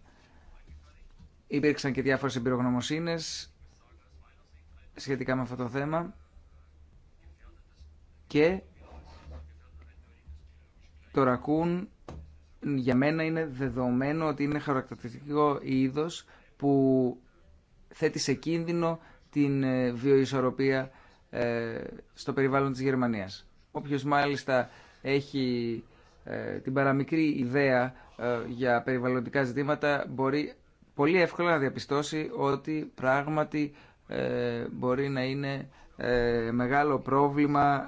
Υπήρξαν και διάφορες εμπειρογνωμοσύνες σχετικά με αυτό το θέμα και το ρακούν για μένα είναι δεδομένο ότι είναι χαρακτηριστικό είδος που θέτει σε κίνδυνο την ε, βιοϊσορροπία ε, στο περιβάλλον της Γερμανίας. Όποιος μάλιστα έχει ε, την παραμικρή ιδέα ε, για περιβαλλοντικά ζητήματα μπορεί πολύ εύκολα να διαπιστώσει ότι πράγματι ε, μπορεί να είναι μεγάλο πρόβλημα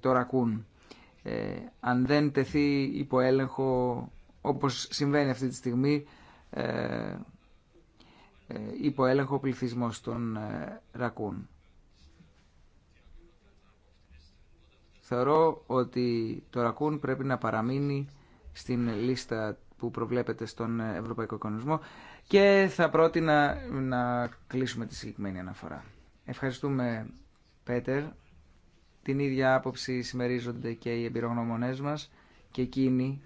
το ρακούν. Αν δεν τεθεί υπό έλεγχο όπως συμβαίνει αυτή τη στιγμή υπό έλεγχο πληθυσμός των ρακούν. Θεωρώ ότι το ρακούν πρέπει να παραμείνει στην λίστα που προβλέπεται στον Ευρωπαϊκό Οικονομισμό και θα πρότεινα να κλείσουμε τη συγκεκριμένη αναφορά. Ευχαριστούμε, Πέτερ. Την ίδια άποψη συμμερίζονται και οι εμπειρογνωμονές μας και εκείνοι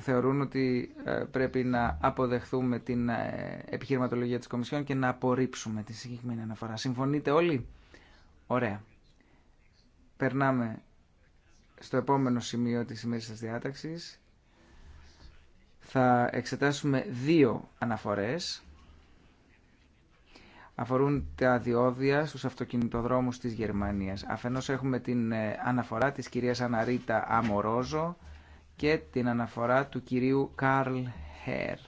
θεωρούν ότι ε, πρέπει να αποδεχθούμε την ε, επιχειρηματολογία της Κομισιόν και να απορρίψουμε τη συγκεκριμένη αναφορά. Συμφωνείτε όλοι? Ωραία περνάμε στο επόμενο σημείο της σημερινής της διάταξης. Θα εξετάσουμε δύο αναφορές. Αφορούν τα διόδια στους αυτοκινητοδρόμους της Γερμανίας. Αφενός έχουμε την ε, αναφορά της κυρίας Αναρίτα Αμορόζο και την αναφορά του κυρίου Καρλ Χέρ.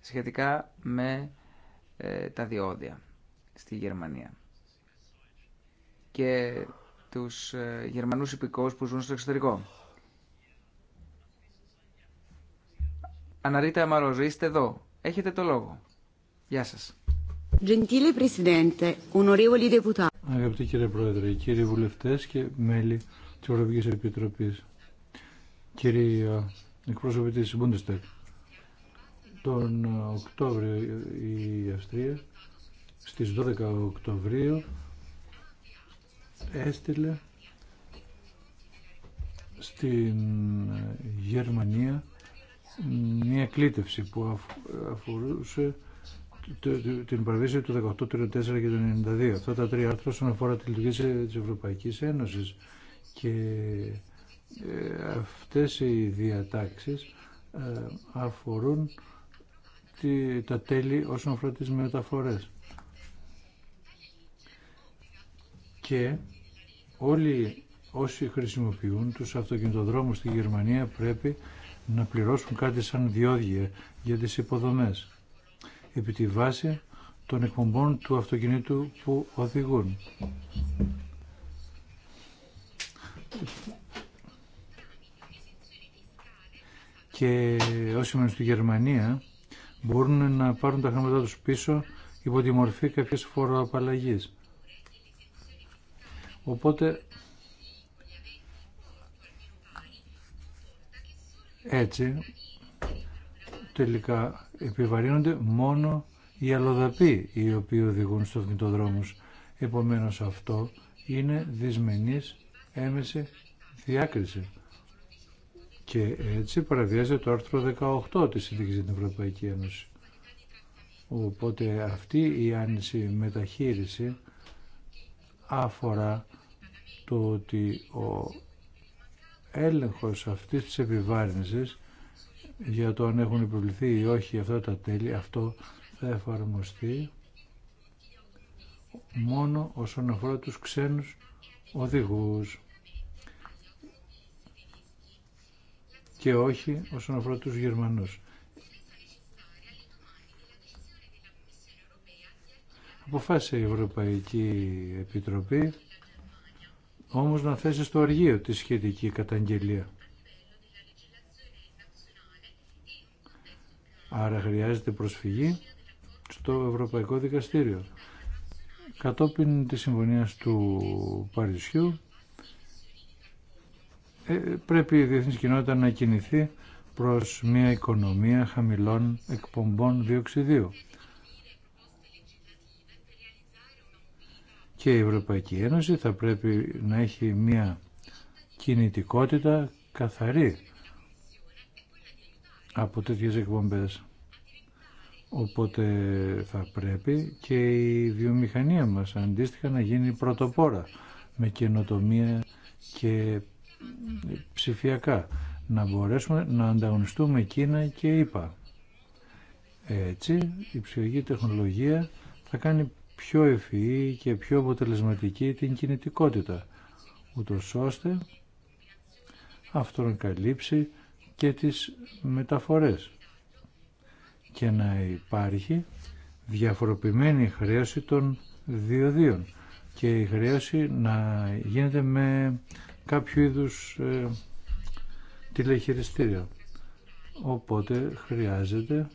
Σχετικά με ε, τα διόδια στη Γερμανία. Και τους ε, Γερμανούς υπηκόους που ζουν στο εξωτερικό. Αναρίτα Αμαρόζου, είστε εδώ. Έχετε το λόγο. Γεια σας. Αγαπητοί κύριε Πρόεδρε, κύριοι βουλευτές και μέλη της Ευρωπαϊκής Επιτροπής, κύριοι ε, εκπρόσωποι της Bundestag, τον Οκτώβριο η Αυστρία στις 12 Οκτωβρίου έστειλε στην Γερμανία μια κλήτευση που αφορούσε την παραβίαση του 1834 και του 1992. Αυτά τα τρία άρθρα όσον αφορά τη λειτουργία της ε- Ευρωπαϊκής Ένωσης και ε, αυτές οι διατάξεις ε, αφορούν τα τέλη όσον αφορά τις μεταφορές. Και όλοι όσοι χρησιμοποιούν τους αυτοκινητοδρόμους στη Γερμανία πρέπει να πληρώσουν κάτι σαν διόδια για τις υποδομές επί τη βάση των εκπομπών του αυτοκινήτου που οδηγούν. Και όσοι μένουν στη Γερμανία μπορούν να πάρουν τα χρήματά τους πίσω υπό τη μορφή κάποιες φοροαπαλλαγής. Οπότε έτσι τελικά επιβαρύνονται μόνο οι αλλοδαποί οι οποίοι οδηγούν στο κινητοδρόμους. Επομένως αυτό είναι δυσμενής έμεση διάκριση. Και έτσι παραβιάζεται το άρθρο 18 της Συνθήκης για την Ευρωπαϊκή Ένωση. Οπότε αυτή η άνηση μεταχείριση αφορά το ότι ο έλεγχος αυτής της επιβάρυνσης για το αν έχουν υποβληθεί ή όχι αυτά τα τέλη, αυτό θα εφαρμοστεί μόνο όσον αφορά τους ξένους οδηγούς. και όχι όσον αφορά τους Γερμανούς. Αποφάσισε η Ευρωπαϊκή Επιτροπή όμως να θέσει στο αργείο τη σχετική καταγγελία. Άρα χρειάζεται προσφυγή στο Ευρωπαϊκό Δικαστήριο. Κατόπιν της συμφωνίας του Παρισιού ε, πρέπει η διεθνής κοινότητα να κινηθεί προς μια οικονομία χαμηλών εκπομπών διοξιδίου. Και η Ευρωπαϊκή Ένωση θα πρέπει να έχει μια κινητικότητα καθαρή από τέτοιες εκπομπές. Οπότε θα πρέπει και η βιομηχανία μας αντίστοιχα να γίνει πρωτοπόρα με καινοτομία και ψηφιακά, να μπορέσουμε να ανταγωνιστούμε Κίνα και ΙΠΑ. Έτσι, η ψηφιακή τεχνολογία θα κάνει πιο ευφυή και πιο αποτελεσματική την κινητικότητα, ούτω ώστε αυτό να καλύψει και τις μεταφορές και να υπάρχει διαφοροποιημένη χρέωση των διοδίων και η χρέωση να γίνεται με κάποιο είδου ε, τηλεχειριστήριο. Οπότε χρειάζεται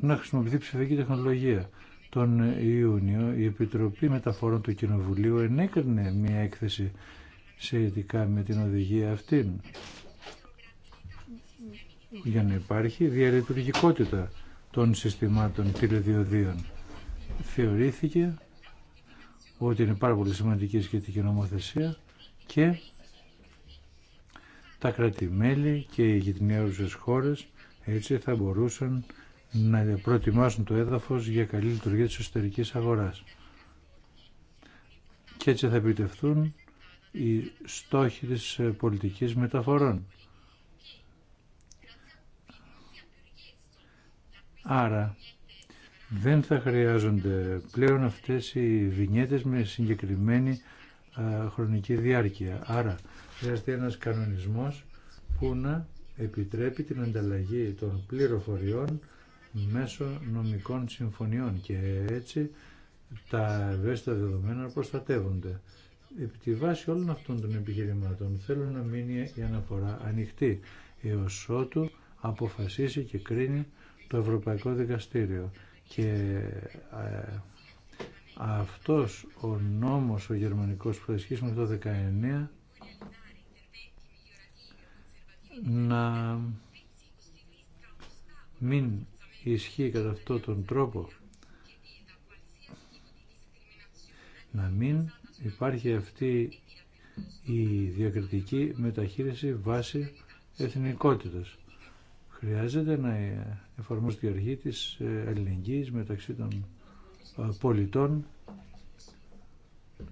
να χρησιμοποιηθεί ψηφιακή τεχνολογία. Τον Ιούνιο η Επιτροπή Μεταφορών του Κοινοβουλίου ενέκρινε μια έκθεση σχετικά με την οδηγία αυτήν για να υπάρχει διαλειτουργικότητα των συστημάτων τηλεδιοδίων. Θεωρήθηκε ότι είναι πάρα πολύ σημαντική σχετική νομοθεσία και τα κρατημέλη και οι γειτονιάρουσες χώρες έτσι θα μπορούσαν να προετοιμάσουν το έδαφος για καλή λειτουργία της εσωτερικής αγοράς. Και έτσι θα επιτευθούν οι στόχοι της πολιτικής μεταφορών. Άρα δεν θα χρειάζονται πλέον αυτές οι βινιέτες με συγκεκριμένη χρονική διάρκεια. Άρα χρειάζεται ένας κανονισμός που να επιτρέπει την ανταλλαγή των πληροφοριών μέσω νομικών συμφωνιών και έτσι τα ευαίσθητα δεδομένα προστατεύονται. Επί τη βάση όλων αυτών των επιχειρημάτων θέλω να μείνει η αναφορά ανοιχτή έως ότου αποφασίσει και κρίνει το Ευρωπαϊκό Δικαστήριο. Και ε, αυτός ο νόμος ο γερμανικός που θα με το 19 να μην ισχύει κατά αυτό τον τρόπο να μην υπάρχει αυτή η διακριτική μεταχείριση βάση εθνικότητας. Χρειάζεται να εφαρμόσει τη αρχή της ε, αλληλεγγύης μεταξύ των ε, πολιτών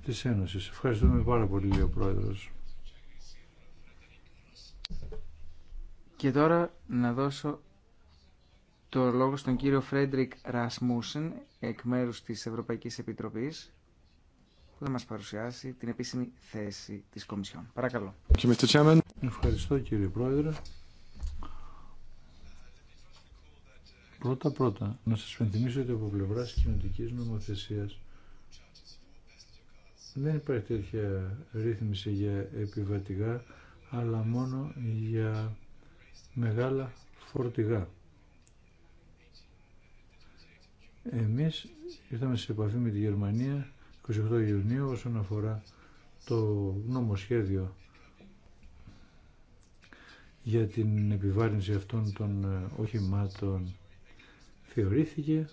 της Ένωσης. Ευχαριστούμε πάρα πολύ, ο Πρόεδρος. Και τώρα να δώσω το λόγο στον κύριο Φρέντρικ Ρασμούσεν, εκ μέρους της Ευρωπαϊκής Επιτροπής, που θα μας παρουσιάσει την επίσημη θέση της Κομισιόν. Παρακαλώ. Ευχαριστώ κύριε Πρόεδρε. Πρώτα πρώτα, να σας πενθυμίσω ότι από πλευρά κοινωνική νομοθεσία δεν υπάρχει τέτοια ρύθμιση για επιβατικά, αλλά μόνο για μεγάλα φορτηγά. Εμείς ήρθαμε σε επαφή με τη Γερμανία 28 Ιουνίου όσον αφορά το νομοσχέδιο για την επιβάρυνση αυτών των ε, οχημάτων θεωρήθηκε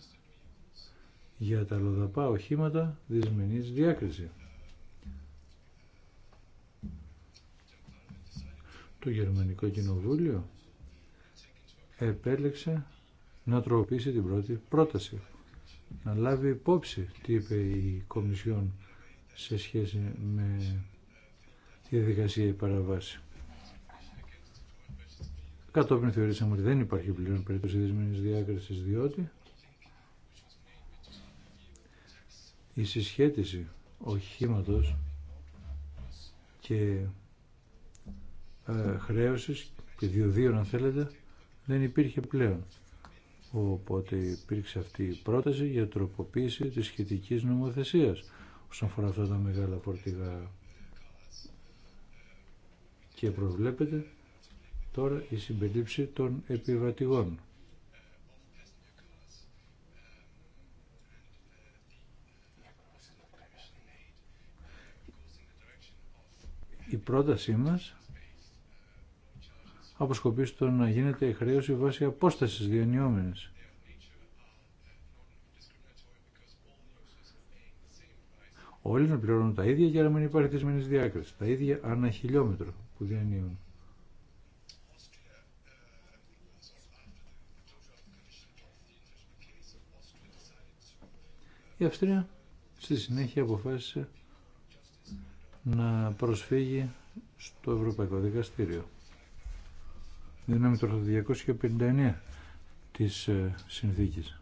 για τα λοδαπά οχήματα δυσμενής διάκριση. Το Γερμανικό Κοινοβούλιο επέλεξε να τροποποιήσει την πρώτη πρόταση, να λάβει υπόψη τι είπε η Κομισιόν σε σχέση με τη διαδικασία η παραβάση. Κατόπιν θεωρήσαμε ότι δεν υπάρχει πλέον περίπτωση δυσμενής διάκρισης διότι η συσχέτιση οχήματος και ε, χρέωσης και δυο-δύο αν θέλετε δεν υπήρχε πλέον. Οπότε υπήρξε αυτή η πρόταση για τροποποίηση της σχετικής νομοθεσίας όσον αφορά αυτά τα μεγάλα φορτηγά και προβλέπεται Τώρα η συμπερίληψη των επιβατηγών. Η πρότασή μας αποσκοπεί στο να γίνεται η χρέωση βάσει απόστασης διανυόμενης. Όλοι να πληρώνουν τα ίδια για να μην υπάρχει δυσμενής διάκριση. Τα ίδια ανά χιλιόμετρο που διανύουν. Αυστρία στη συνέχεια αποφάσισε να προσφύγει στο Ευρωπαϊκό Δικαστήριο. Δυνάμει το 259 της ε, συνθήκης.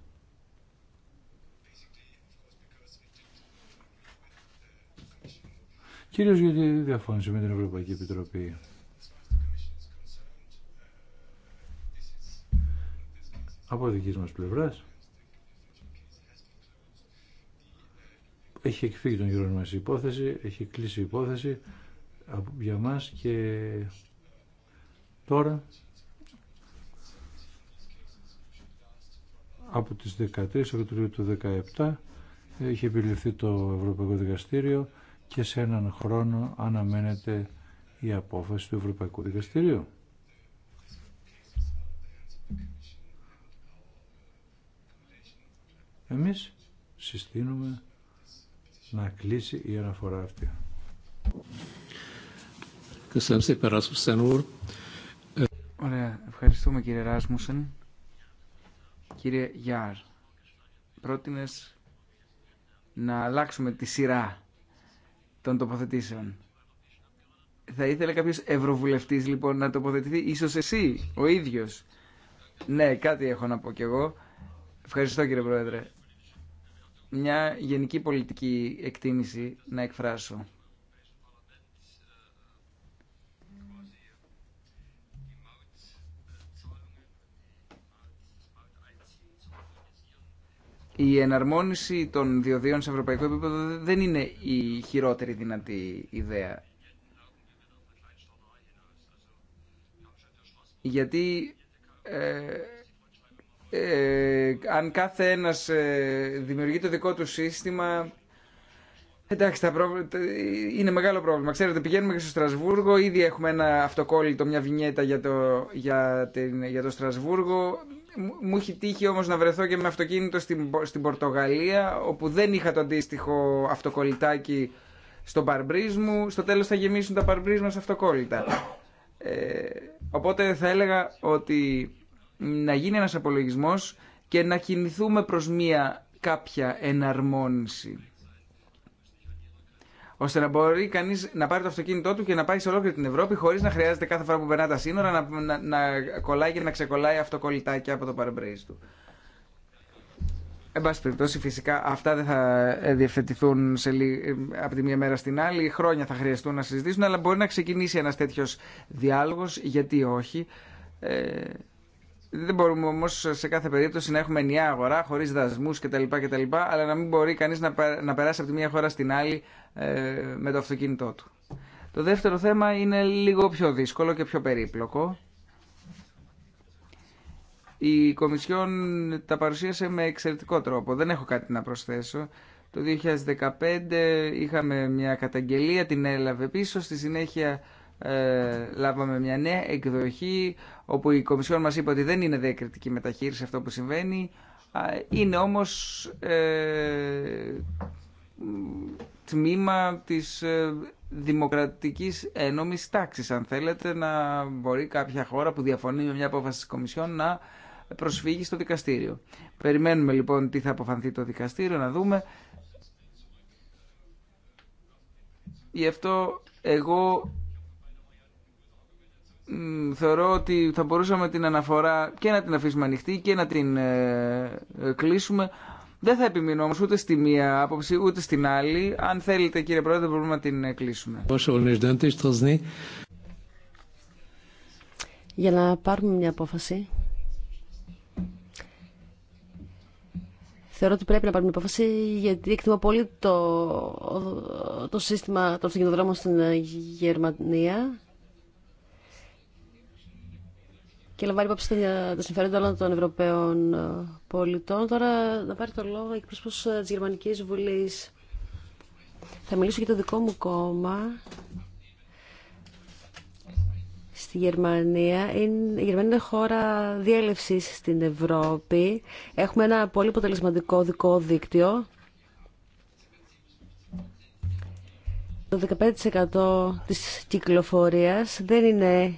Κυρίως γιατί διαφώνησε με την Ευρωπαϊκή Επιτροπή. Από δικής μας πλευράς έχει εκφύγει τον γύρο μας η υπόθεση, έχει κλείσει η υπόθεση για μας και τώρα από τις 13 Οκτωβρίου του 2017 έχει επιληφθεί το Ευρωπαϊκό Δικαστήριο και σε έναν χρόνο αναμένεται η απόφαση του Ευρωπαϊκού Δικαστηρίου. Εμείς συστήνουμε να κλείσει η αναφορά αυτή. Ωραία. Ευχαριστούμε κύριε Ράσμουσεν. Κύριε Γιάρ, πρότεινε να αλλάξουμε τη σειρά των τοποθετήσεων. Θα ήθελε κάποιος ευρωβουλευτής λοιπόν να τοποθετηθεί, ίσως εσύ ο ίδιος. Ναι, κάτι έχω να πω κι εγώ. Ευχαριστώ κύριε Πρόεδρε μια γενική πολιτική εκτίμηση να εκφράσω. Η εναρμόνιση των διοδίων σε ευρωπαϊκό επίπεδο δεν είναι η χειρότερη δυνατή ιδέα. Γιατί ε, ε, αν κάθε ένας ε, δημιουργεί το δικό του σύστημα Εντάξει, τα είναι μεγάλο πρόβλημα. Ξέρετε, πηγαίνουμε και στο Στρασβούργο. Ήδη έχουμε ένα αυτοκόλλητο, μια βινιέτα για το, για την... για το Στρασβούργο. Μου έχει τύχει όμως να βρεθώ και με αυτοκίνητο στην, στην Πορτογαλία, όπου δεν είχα το αντίστοιχο αυτοκολλητάκι στο παρμπρίζ μου. Στο τέλος θα γεμίσουν τα παρμπρίζ μας αυτοκόλλητα. Ε, οπότε θα έλεγα ότι να γίνει ένας απολογισμός και να κινηθούμε προς μία κάποια εναρμόνιση. Ώστε να μπορεί κανεί να πάρει το αυτοκίνητό του και να πάει σε ολόκληρη την Ευρώπη χωρί να χρειάζεται κάθε φορά που περνά τα σύνορα να, να, να κολλάει και να ξεκολλάει αυτοκολλητάκια από το παρεμπρέις του. Εν πάση περιπτώσει, φυσικά αυτά δεν θα ε, διευθετηθούν σε λί... Ε, από τη μία μέρα στην άλλη. Χρόνια θα χρειαστούν να συζητήσουν, αλλά μπορεί να ξεκινήσει ένα τέτοιο διάλογο, γιατί όχι. Ε, δεν μπορούμε όμω σε κάθε περίπτωση να έχουμε ενιαία αγορά χωρί δασμού κτλ, κτλ. Αλλά να μην μπορεί κανεί να περάσει από τη μία χώρα στην άλλη ε, με το αυτοκίνητό του. Το δεύτερο θέμα είναι λίγο πιο δύσκολο και πιο περίπλοκο. Η Κομισιόν τα παρουσίασε με εξαιρετικό τρόπο. Δεν έχω κάτι να προσθέσω. Το 2015 είχαμε μια καταγγελία, την έλαβε πίσω. Στη συνέχεια ε, λάβαμε μια νέα εκδοχή όπου η Κομισιόν μας είπε ότι δεν είναι διακριτική μεταχείριση αυτό που συμβαίνει είναι όμως ε, τμήμα της ε, δημοκρατικής ένομης τάξης αν θέλετε να μπορεί κάποια χώρα που διαφωνεί με μια απόφαση της Κομισιόν να προσφύγει στο δικαστήριο. Περιμένουμε λοιπόν τι θα αποφανθεί το δικαστήριο να δούμε Γι' αυτό εγώ θεωρώ ότι θα μπορούσαμε την αναφορά και να την αφήσουμε ανοιχτή και να την ε, ε, κλείσουμε. Δεν θα επιμείνω όμω ούτε στη μία άποψη ούτε στην άλλη. Αν θέλετε, κύριε Πρόεδρε, μπορούμε να την ε, κλείσουμε. Για να πάρουμε μια απόφαση. Θεωρώ ότι πρέπει να πάρουμε μια απόφαση γιατί εκτιμώ πολύ το, το σύστημα των αυτοκινητοδρόμων στην Γερμανία και λαμβάνει υπόψη τα ε, συμφέροντα όλων των Ευρωπαίων ε, πολιτών. Τώρα να πάρει το λόγο εκπρόσωπο ε, τη γερμανική βουλή. Θα μιλήσω για το δικό μου κόμμα. Στη Γερμανία. Είναι, η Γερμανία είναι χώρα διέλευση στην Ευρώπη. Έχουμε ένα πολύ αποτελεσματικό δικό δίκτυο. Το 15% της κυκλοφορίας δεν είναι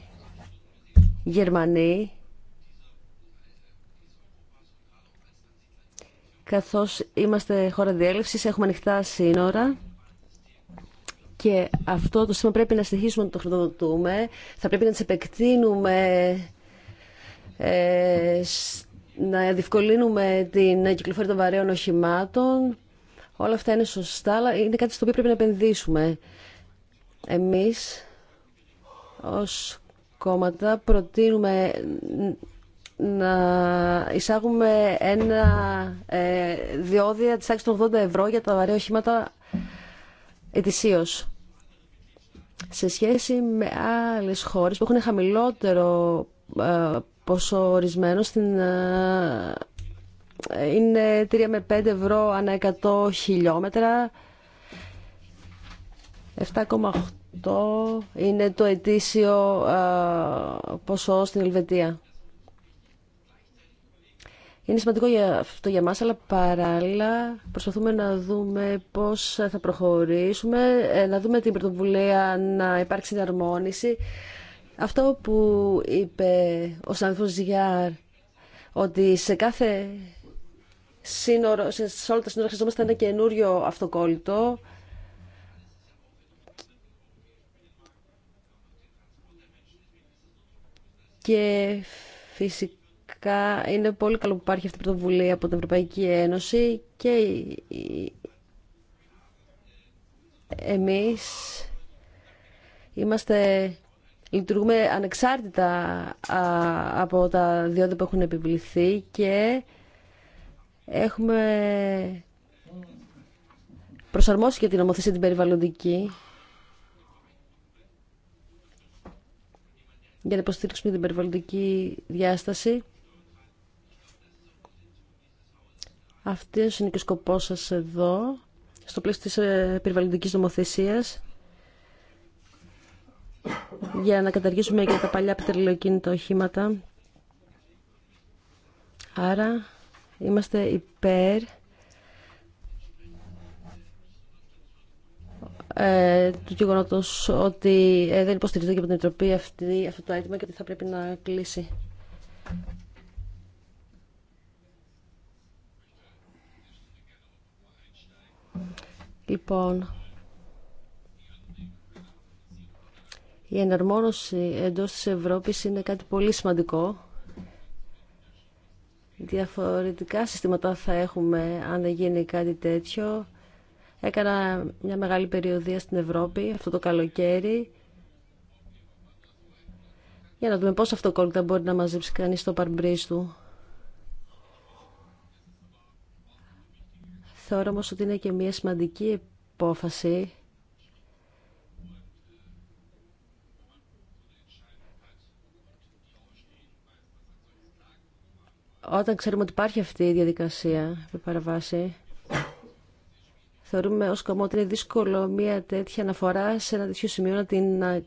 Γερμανοί καθώς είμαστε χώρα διέλευσης, έχουμε ανοιχτά σύνορα και αυτό το σύστημα πρέπει να συνεχίσουμε να το χρηματοδοτούμε, θα πρέπει να τις επεκτείνουμε, ε, να διευκολύνουμε την κυκλοφορία των βαρέων οχημάτων. Όλα αυτά είναι σωστά, αλλά είναι κάτι στο οποίο πρέπει να επενδύσουμε. Εμείς ως κόμματα προτείνουμε να εισάγουμε ένα ε, διόδια της άξης των 80 ευρώ για τα βαρέα οχήματα ετησίως. Σε σχέση με άλλες χώρες που έχουν χαμηλότερο ε, ποσό ορισμένο στην ε, είναι 3 με 5 ευρώ ανά 100 χιλιόμετρα 7,8 το είναι το ετήσιο ποσό στην Ελβετία. Είναι σημαντικό για αυτό για μας, αλλά παράλληλα προσπαθούμε να δούμε πώς θα προχωρήσουμε, ε, να δούμε την πρωτοβουλία να υπάρξει συναρμόνιση. Αυτό που είπε ο Σανθός Γιάρ, ότι σε κάθε σύνορο, σε όλα τα σύνορα χρειαζόμαστε ένα καινούριο αυτοκόλλητο, Και φυσικά είναι πολύ καλό που υπάρχει αυτή η πρωτοβουλία από την Ευρωπαϊκή Ένωση και εμείς είμαστε, λειτουργούμε ανεξάρτητα από τα διόδια που έχουν επιβληθεί και έχουμε προσαρμόσει και την νομοθεσία την περιβαλλοντική για να υποστήριξουμε την περιβαλλοντική διάσταση. Αυτός είναι και ο σκοπός σας εδώ, στο πλαίσιο της ε, περιβαλλοντικής νομοθεσίας, για να καταργήσουμε και τα παλιά πετρελαιοκίνητα οχήματα. Άρα, είμαστε υπέρ Ε, του γεγονότο ότι ε, δεν υποστηρίζεται και από την Επιτροπή αυτή, αυτό το αίτημα και ότι θα πρέπει να κλείσει. Λοιπόν, η εναρμόνωση εντός της Ευρώπης είναι κάτι πολύ σημαντικό. Διαφορετικά συστήματα θα έχουμε αν δεν γίνει κάτι τέτοιο. Έκανα μια μεγάλη περιοδία στην Ευρώπη αυτό το καλοκαίρι για να δούμε πόσα αυτοκόλλητα μπορεί να μαζέψει κανείς στο παρμπρίστου. του. Θεωρώ όμως ότι είναι και μια σημαντική υπόφαση όταν ξέρουμε ότι υπάρχει αυτή η διαδικασία η παραβάση Θεωρούμε ως κομμό ότι είναι δύσκολο μια τέτοια αναφορά σε ένα τέτοιο σημείο να την, να,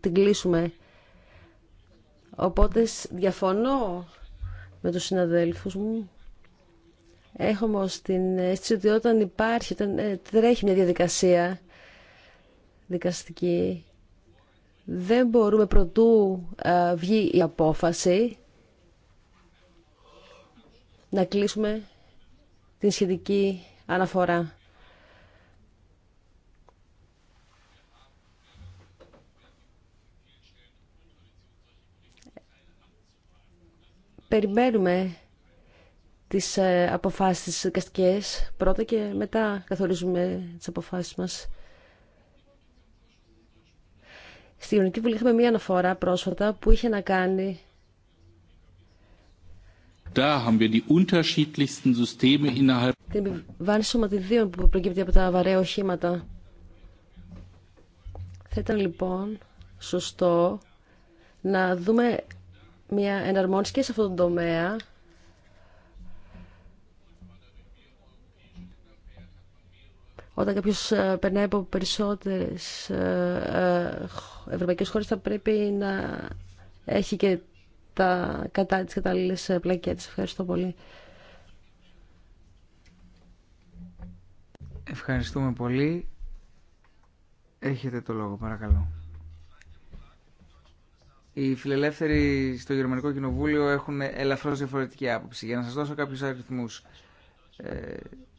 την κλείσουμε. Οπότε διαφωνώ με τους συναδέλφους μου. Έχω όμω την αίσθηση ότι όταν υπάρχει, όταν ε, τρέχει μια διαδικασία δικαστική, δεν μπορούμε προτού βγει η απόφαση να κλείσουμε την σχετική αναφορά. περιμένουμε τις ε, αποφάσεις τις δικαστικές πρώτα και μετά καθορίζουμε τις αποφάσεις μας. Στη Γενική Βουλή είχαμε μία αναφορά πρόσφατα που είχε να κάνει Da haben wir die unterschiedlichsten Systeme innerhalb την επιβάρυνση σωματιδίων που προκύπτει από τα βαρέα οχήματα. Θα ήταν λοιπόν σωστό να δούμε μια εναρμόνιση και σε αυτόν τον τομέα. Όταν κάποιο ε, περνάει από περισσότερες ε, ε, ευρωπαϊκές χώρες θα πρέπει να έχει και τα κατά τις κατάλληλες πλακέτες. Ευχαριστώ πολύ. Ευχαριστούμε πολύ. Έχετε το λόγο, παρακαλώ οι φιλελεύθεροι στο Γερμανικό Κοινοβούλιο έχουν ελαφρώς διαφορετική άποψη. Για να σας δώσω κάποιους αριθμούς. Ε,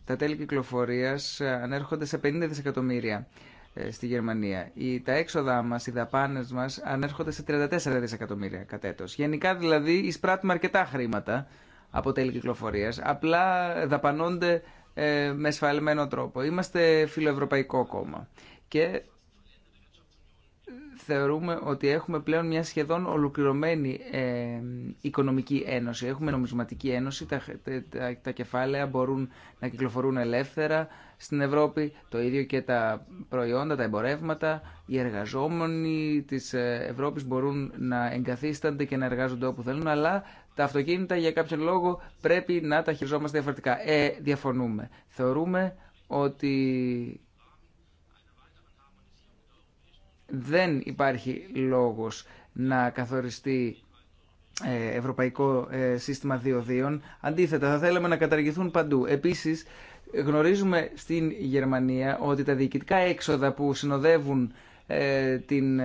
τα τέλη κυκλοφορίας ε, ανέρχονται σε 50 δισεκατομμύρια ε, στη Γερμανία. Η, τα έξοδα μας, οι δαπάνες μας ανέρχονται σε 34 δισεκατομμύρια κατ' έτος. Γενικά δηλαδή εισπράττουμε αρκετά χρήματα από τέλη κυκλοφορίας. Απλά δαπανώνται ε, με σφαλμένο τρόπο. Είμαστε φιλοευρωπαϊκό κόμμα. Και θεωρούμε ότι έχουμε πλέον μια σχεδόν ολοκληρωμένη ε, οικονομική ένωση. Έχουμε νομισματική ένωση, τα, τα, τα κεφάλαια μπορούν να κυκλοφορούν ελεύθερα στην Ευρώπη, το ίδιο και τα προϊόντα, τα εμπορεύματα. Οι εργαζόμενοι της ε, Ευρώπης μπορούν να εγκαθίστανται και να εργάζονται όπου θέλουν, αλλά τα αυτοκίνητα για κάποιον λόγο πρέπει να τα χειριζόμαστε διαφορετικά. Ε, διαφωνούμε. Θεωρούμε ότι δεν υπάρχει λόγος να καθοριστεί ε, ευρωπαϊκό ε, σύστημα διοδίων. Αντίθετα, θα θέλαμε να καταργηθούν παντού. Επίσης, γνωρίζουμε στην Γερμανία ότι τα διοικητικά έξοδα που συνοδεύουν ε, την,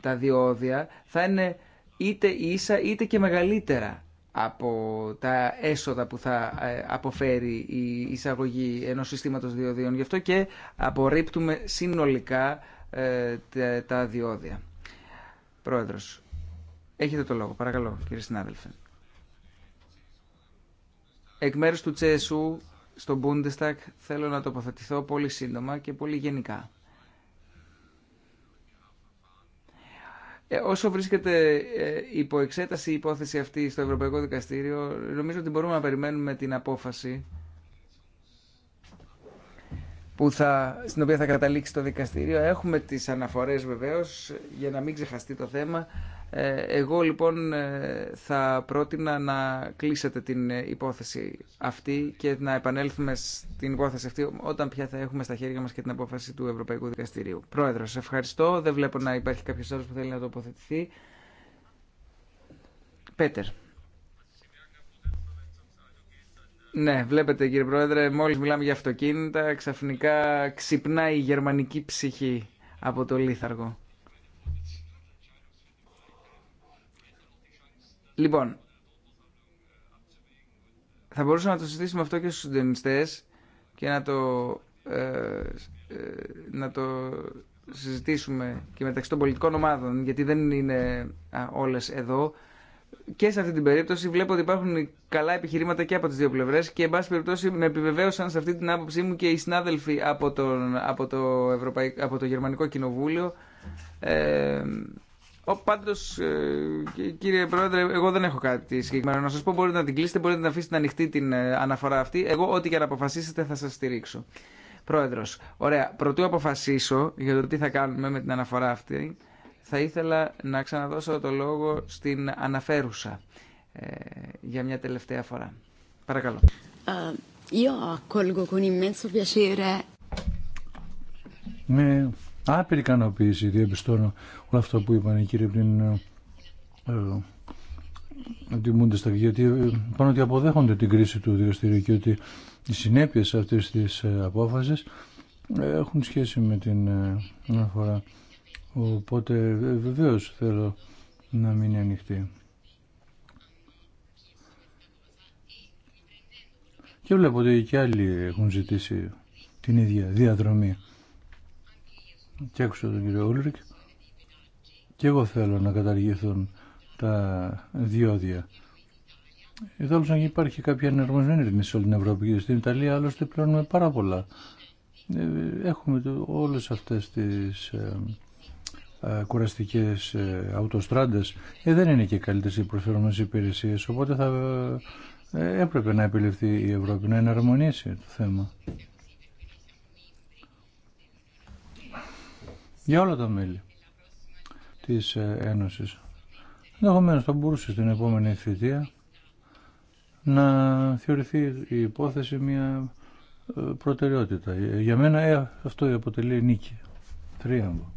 τα διόδια θα είναι είτε ίσα είτε και μεγαλύτερα από τα έσοδα που θα αποφέρει η εισαγωγή ενός συστήματος διοδίων. Γι' αυτό και απορρίπτουμε συνολικά ε, τα διόδια. Πρόεδρος, έχετε το λόγο. Παρακαλώ, κύριε συνάδελφε. Εκ μέρους του Τσέσου στον Bundestag θέλω να τοποθετηθώ πολύ σύντομα και πολύ γενικά. Ε, όσο βρίσκεται ε, υπό εξέταση η υπόθεση αυτή στο Ευρωπαϊκό Δικαστήριο, νομίζω ότι μπορούμε να περιμένουμε την απόφαση που θα, στην οποία θα καταλήξει το δικαστήριο. Έχουμε τις αναφορές βεβαίως για να μην ξεχαστεί το θέμα. Ε, εγώ λοιπόν ε, θα πρότεινα να κλείσετε την ε, υπόθεση αυτή και να επανέλθουμε στην υπόθεση αυτή όταν πια θα έχουμε στα χέρια μας και την απόφαση του Ευρωπαϊκού Δικαστηρίου. Πρόεδρος, ευχαριστώ. Δεν βλέπω να υπάρχει κάποιος άλλος που θέλει να τοποθετηθεί. Πέτερ. Ναι, βλέπετε κύριε Πρόεδρε, μόλις μιλάμε για αυτοκίνητα, ξαφνικά ξυπνάει η γερμανική ψυχή από το λίθαργο. Λοιπόν, θα μπορούσαμε να το συζητήσουμε αυτό και στους συντονιστές και να το, ε, ε, να το συζητήσουμε και μεταξύ των πολιτικών ομάδων, γιατί δεν είναι όλες εδώ και σε αυτή την περίπτωση βλέπω ότι υπάρχουν καλά επιχειρήματα και από τι δύο πλευρέ και εν πάση περιπτώσει με επιβεβαίωσαν σε αυτή την άποψή μου και οι συνάδελφοι από, τον, από, το, από το Γερμανικό Κοινοβούλιο. Ε, ο, πάντως, ε, κύριε Πρόεδρε, εγώ δεν έχω κάτι συγκεκριμένο να σας πω. Μπορείτε να την κλείσετε, μπορείτε να αφήσετε ανοιχτή την ε, αναφορά αυτή. Εγώ ό,τι και να αποφασίσετε θα σας στηρίξω. Πρόεδρος, ωραία, πρωτού αποφασίσω για το τι θα κάνουμε με την αναφορά αυτή θα ήθελα να ξαναδώσω το λόγο στην αναφέρουσα ε, για μια τελευταία φορά. Παρακαλώ. Ε, με άπειρη ικανοποίηση διαπιστώνω όλα αυτά που είπαν οι κύριοι πριν ε, ε στα γιατί πάνω ότι αποδέχονται την κρίση του δικαστηρίου και ότι οι συνέπειες αυτής της απόφασης έχουν σχέση με την αναφορά Οπότε ε, βεβαίω θέλω να μείνει ανοιχτή. Και βλέπω ότι και άλλοι έχουν ζητήσει την ίδια διαδρομή. Και άκουσα τον κύριο Ούλρικ και εγώ θέλω να καταργηθούν τα διόδια. Εδώ να υπάρχει κάποια ενεργοσμένη ρυθμίση σε όλη την Ευρώπη και στην Ιταλία άλλωστε πληρώνουμε πάρα πολλά. Ε, έχουμε όλες αυτές τις ε, ε, κουραστικές ε, αυτοστράντες ε, δεν είναι και καλύτερε οι προσφέρομενες υπηρεσίες οπότε θα ε, έπρεπε να επιληφθεί η Ευρώπη να εναρμονίσει το θέμα για όλα τα μέλη της Ένωσης ενδεχομένω θα μπορούσε στην επόμενη θητεία να θεωρηθεί η υπόθεση μια προτεραιότητα για μένα αυτό αποτελεί νίκη θρίαμβο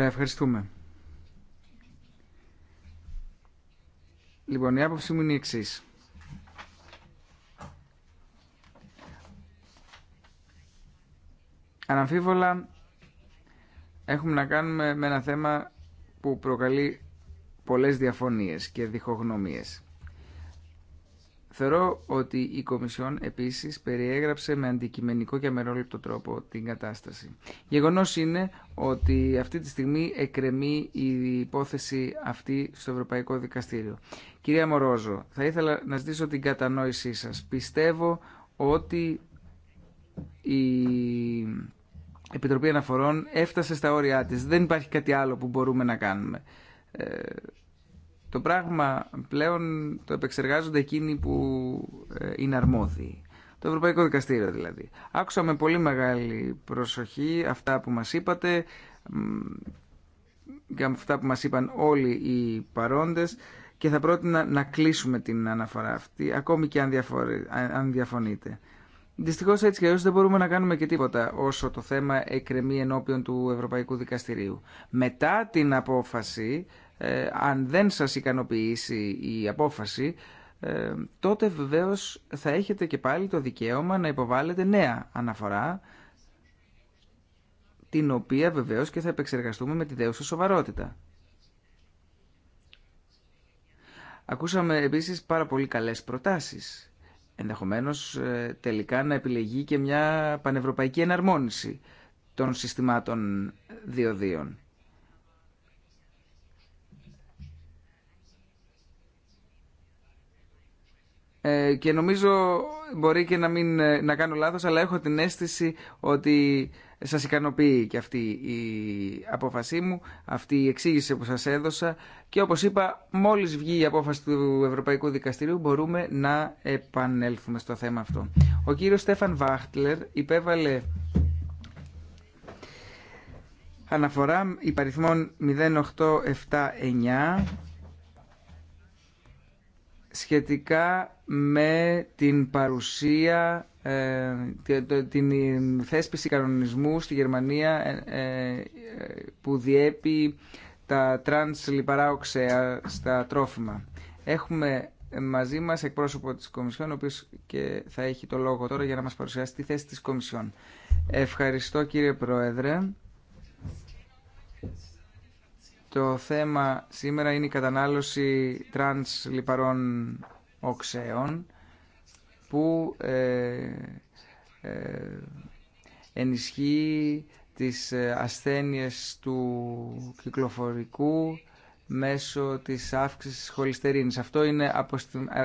ευχαριστούμε. Λοιπόν, η άποψή μου είναι η εξή. Αναμφίβολα έχουμε να κάνουμε με ένα θέμα που προκαλεί πολλές διαφωνίες και διχογνωμίες. Θεωρώ ότι η Κομισιόν επίση περιέγραψε με αντικειμενικό και αμερόληπτο τρόπο την κατάσταση. Γεγονό είναι ότι αυτή τη στιγμή εκρεμεί η υπόθεση αυτή στο Ευρωπαϊκό Δικαστήριο. Κυρία Μορόζο, θα ήθελα να ζητήσω την κατανόησή σας. Πιστεύω ότι η Επιτροπή Αναφορών έφτασε στα όρια της. Δεν υπάρχει κάτι άλλο που μπορούμε να κάνουμε. Ε, το πράγμα πλέον το επεξεργάζονται εκείνοι που ε, είναι αρμόδιοι. Το Ευρωπαϊκό Δικαστήριο δηλαδή. Άκουσα με πολύ μεγάλη προσοχή αυτά που μας είπατε και αυτά που μας είπαν όλοι οι παρόντες και θα πρότεινα να κλείσουμε την αναφορά αυτή, ακόμη και αν διαφωνείτε. Δυστυχώ έτσι και αλλιώ δεν μπορούμε να κάνουμε και τίποτα όσο το θέμα εκκρεμεί ενώπιον του Ευρωπαϊκού Δικαστηρίου. Μετά την απόφαση ε, αν δεν σας ικανοποιήσει η απόφαση, ε, τότε βεβαίως θα έχετε και πάλι το δικαίωμα να υποβάλλετε νέα αναφορά, την οποία βεβαίως και θα επεξεργαστούμε με τη δέουσα σοβαρότητα. Ακούσαμε επίσης πάρα πολύ καλές προτάσεις. Ενδεχομένως ε, τελικά να επιλεγεί και μια πανευρωπαϊκή εναρμόνιση των συστημάτων διοδίων. Ε, και νομίζω μπορεί και να, μην, ε, να κάνω λάθος, αλλά έχω την αίσθηση ότι σας ικανοποιεί και αυτή η απόφασή μου, αυτή η εξήγηση που σας έδωσα και όπως είπα μόλις βγει η απόφαση του Ευρωπαϊκού Δικαστηρίου μπορούμε να επανέλθουμε στο θέμα αυτό. Ο κύριος Στέφαν Βάχτλερ υπέβαλε αναφορά υπαριθμών 0879 σχετικά με την παρουσία, ε, την θέσπιση κανονισμού στη Γερμανία ε, ε, που διέπει τα τρανς λιπαρά οξέα στα τρόφιμα. Έχουμε μαζί μας εκπρόσωπο της Κομισιόν, ο οποίος και θα έχει το λόγο τώρα για να μας παρουσιάσει τη θέση της Κομισιόν. Ευχαριστώ κύριε Πρόεδρε. Το θέμα σήμερα είναι η κατανάλωση τρανς λιπαρών οξέων που ε, ε, ενισχύει τις ε, ασθένειες του κυκλοφορικού μέσω της αύξησης της χολυστερίνης. Αυτό είναι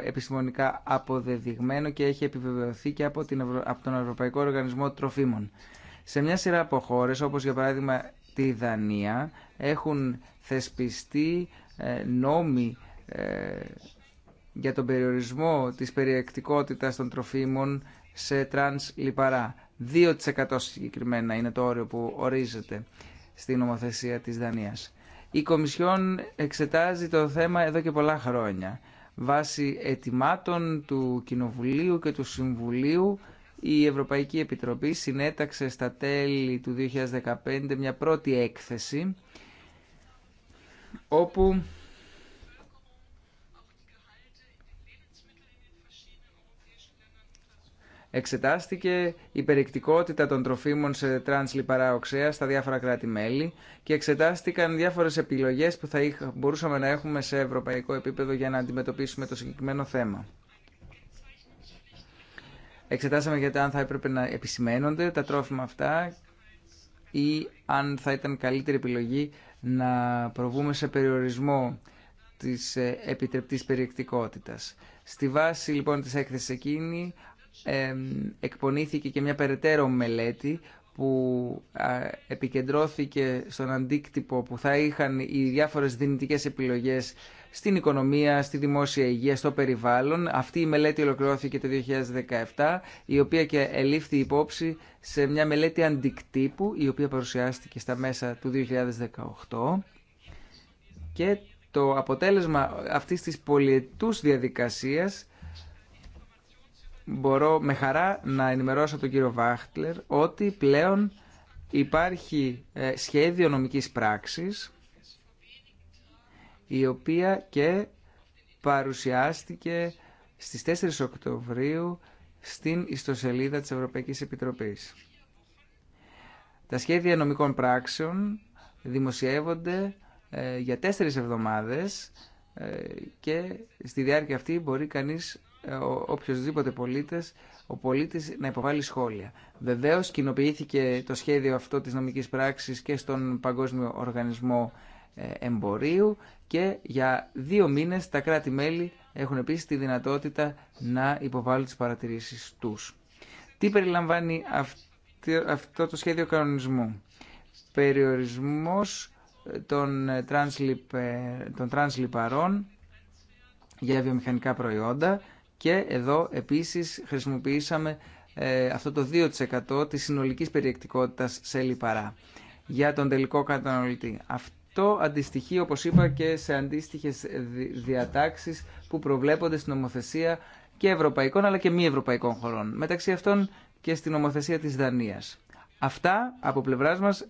επιστημονικά αποδεδειγμένο και έχει επιβεβαιωθεί και από, την, από τον Ευρωπαϊκό Οργανισμό Τροφίμων. Σε μια σειρά από χώρες, όπως για παράδειγμα τη Δανία έχουν θεσπιστεί ε, νόμοι ε, για τον περιορισμό της περιεκτικότητας των τροφίμων σε τρανς λιπαρά. 2% συγκεκριμένα είναι το όριο που ορίζεται στην νομοθεσία της Δανίας. Η Κομισιόν εξετάζει το θέμα εδώ και πολλά χρόνια. Βάσει ετοιμάτων του Κοινοβουλίου και του Συμβουλίου η Ευρωπαϊκή Επιτροπή συνέταξε στα τέλη του 2015 μια πρώτη έκθεση όπου Εξετάστηκε η περιεκτικότητα των τροφίμων σε τρανς λιπαρά οξέα στα διάφορα κράτη-μέλη και εξετάστηκαν διάφορες επιλογές που θα μπορούσαμε να έχουμε σε ευρωπαϊκό επίπεδο για να αντιμετωπίσουμε το συγκεκριμένο θέμα. Εξετάσαμε γιατί αν θα έπρεπε να επισημένονται τα τρόφιμα αυτά ή αν θα ήταν καλύτερη επιλογή να προβούμε σε περιορισμό της ε, επιτρεπτής περιεκτικότητας. Στη βάση λοιπόν της έκθεσης εκείνη εκπονήθηκε και μια περαιτέρω μελέτη που επικεντρώθηκε στον αντίκτυπο που θα είχαν οι διάφορες δυνητικές επιλογές στην οικονομία, στη δημόσια υγεία, στο περιβάλλον. Αυτή η μελέτη ολοκληρώθηκε το 2017, η οποία και ελήφθη υπόψη σε μια μελέτη αντικτύπου, η οποία παρουσιάστηκε στα μέσα του 2018. Και το αποτέλεσμα αυτής της πολιετούς διαδικασίας μπορώ με χαρά να ενημερώσω τον κύριο Βάχτλερ ότι πλέον υπάρχει ε, σχέδιο νομικής πράξης η οποία και παρουσιάστηκε στις 4 Οκτωβρίου στην ιστοσελίδα της Ευρωπαϊκής Επιτροπής. Τα σχέδια νομικών πράξεων δημοσιεύονται ε, για τέσσερις εβδομάδες ε, και στη διάρκεια αυτή μπορεί κανείς, ε, ο, οποιοδήποτε πολίτες, ο πολίτης να υποβάλει σχόλια. Βεβαίως κοινοποιήθηκε το σχέδιο αυτό της νομικής πράξης και στον Παγκόσμιο Οργανισμό Εμπορίου και για δύο μήνες τα κράτη-μέλη έχουν επίσης τη δυνατότητα να υποβάλουν τις παρατηρήσεις τους. Τι περιλαμβάνει αυτό το σχέδιο κανονισμού. Περιορισμός ε, των ε, ε, τρανσλιπαρών για βιομηχανικά προϊόντα και εδώ επίσης χρησιμοποιήσαμε αυτό το 2% της συνολικής περιεκτικότητας σε λιπαρά για τον τελικό καταναλωτή το αντιστοιχεί, όπως είπα, και σε αντίστοιχες διατάξεις που προβλέπονται στην νομοθεσία και ευρωπαϊκών αλλά και μη ευρωπαϊκών χωρών. Μεταξύ αυτών και στην νομοθεσία της Δανίας. Αυτά από πλευράς μας,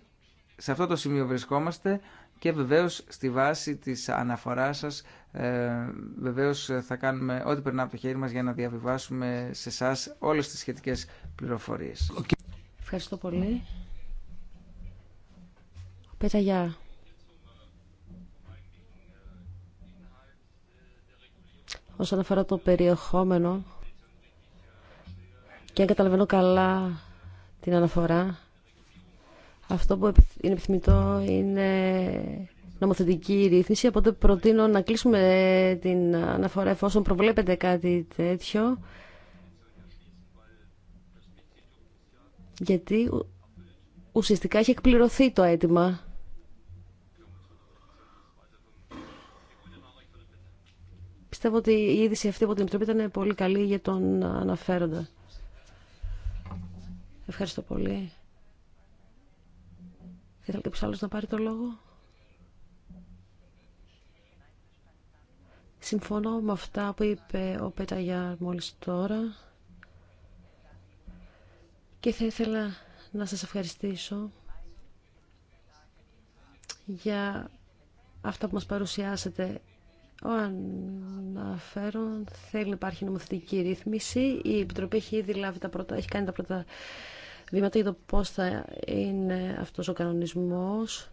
σε αυτό το σημείο βρισκόμαστε και βεβαίως στη βάση της αναφοράς σας ε, βεβαίως θα κάνουμε ό,τι περνά από το χέρι μας για να διαβιβάσουμε σε εσά όλες τις σχετικές πληροφορίες. Ευχαριστώ πολύ. Πέταγια όσον αφορά το περιεχόμενο και αν καταλαβαίνω καλά την αναφορά αυτό που είναι επιθυμητό είναι νομοθετική ρύθμιση οπότε προτείνω να κλείσουμε την αναφορά εφόσον προβλέπετε κάτι τέτοιο γιατί ουσιαστικά έχει εκπληρωθεί το αίτημα Πιστεύω ότι η είδηση αυτή από την Επιτροπή ήταν πολύ καλή για τον αναφέροντα. Ευχαριστώ πολύ. Θα ήθελα κάποιος άλλος να πάρει το λόγο. Συμφωνώ με αυτά που είπε ο Πέταγιά μόλις τώρα και θα ήθελα να σας ευχαριστήσω για αυτά που μας παρουσιάσετε ο αναφέρον θέλει να υπάρχει νομοθετική ρύθμιση. Η Επιτροπή έχει ήδη λάβει τα πρώτα, έχει κάνει τα πρώτα βήματα για το πώ θα είναι αυτός ο κανονισμός.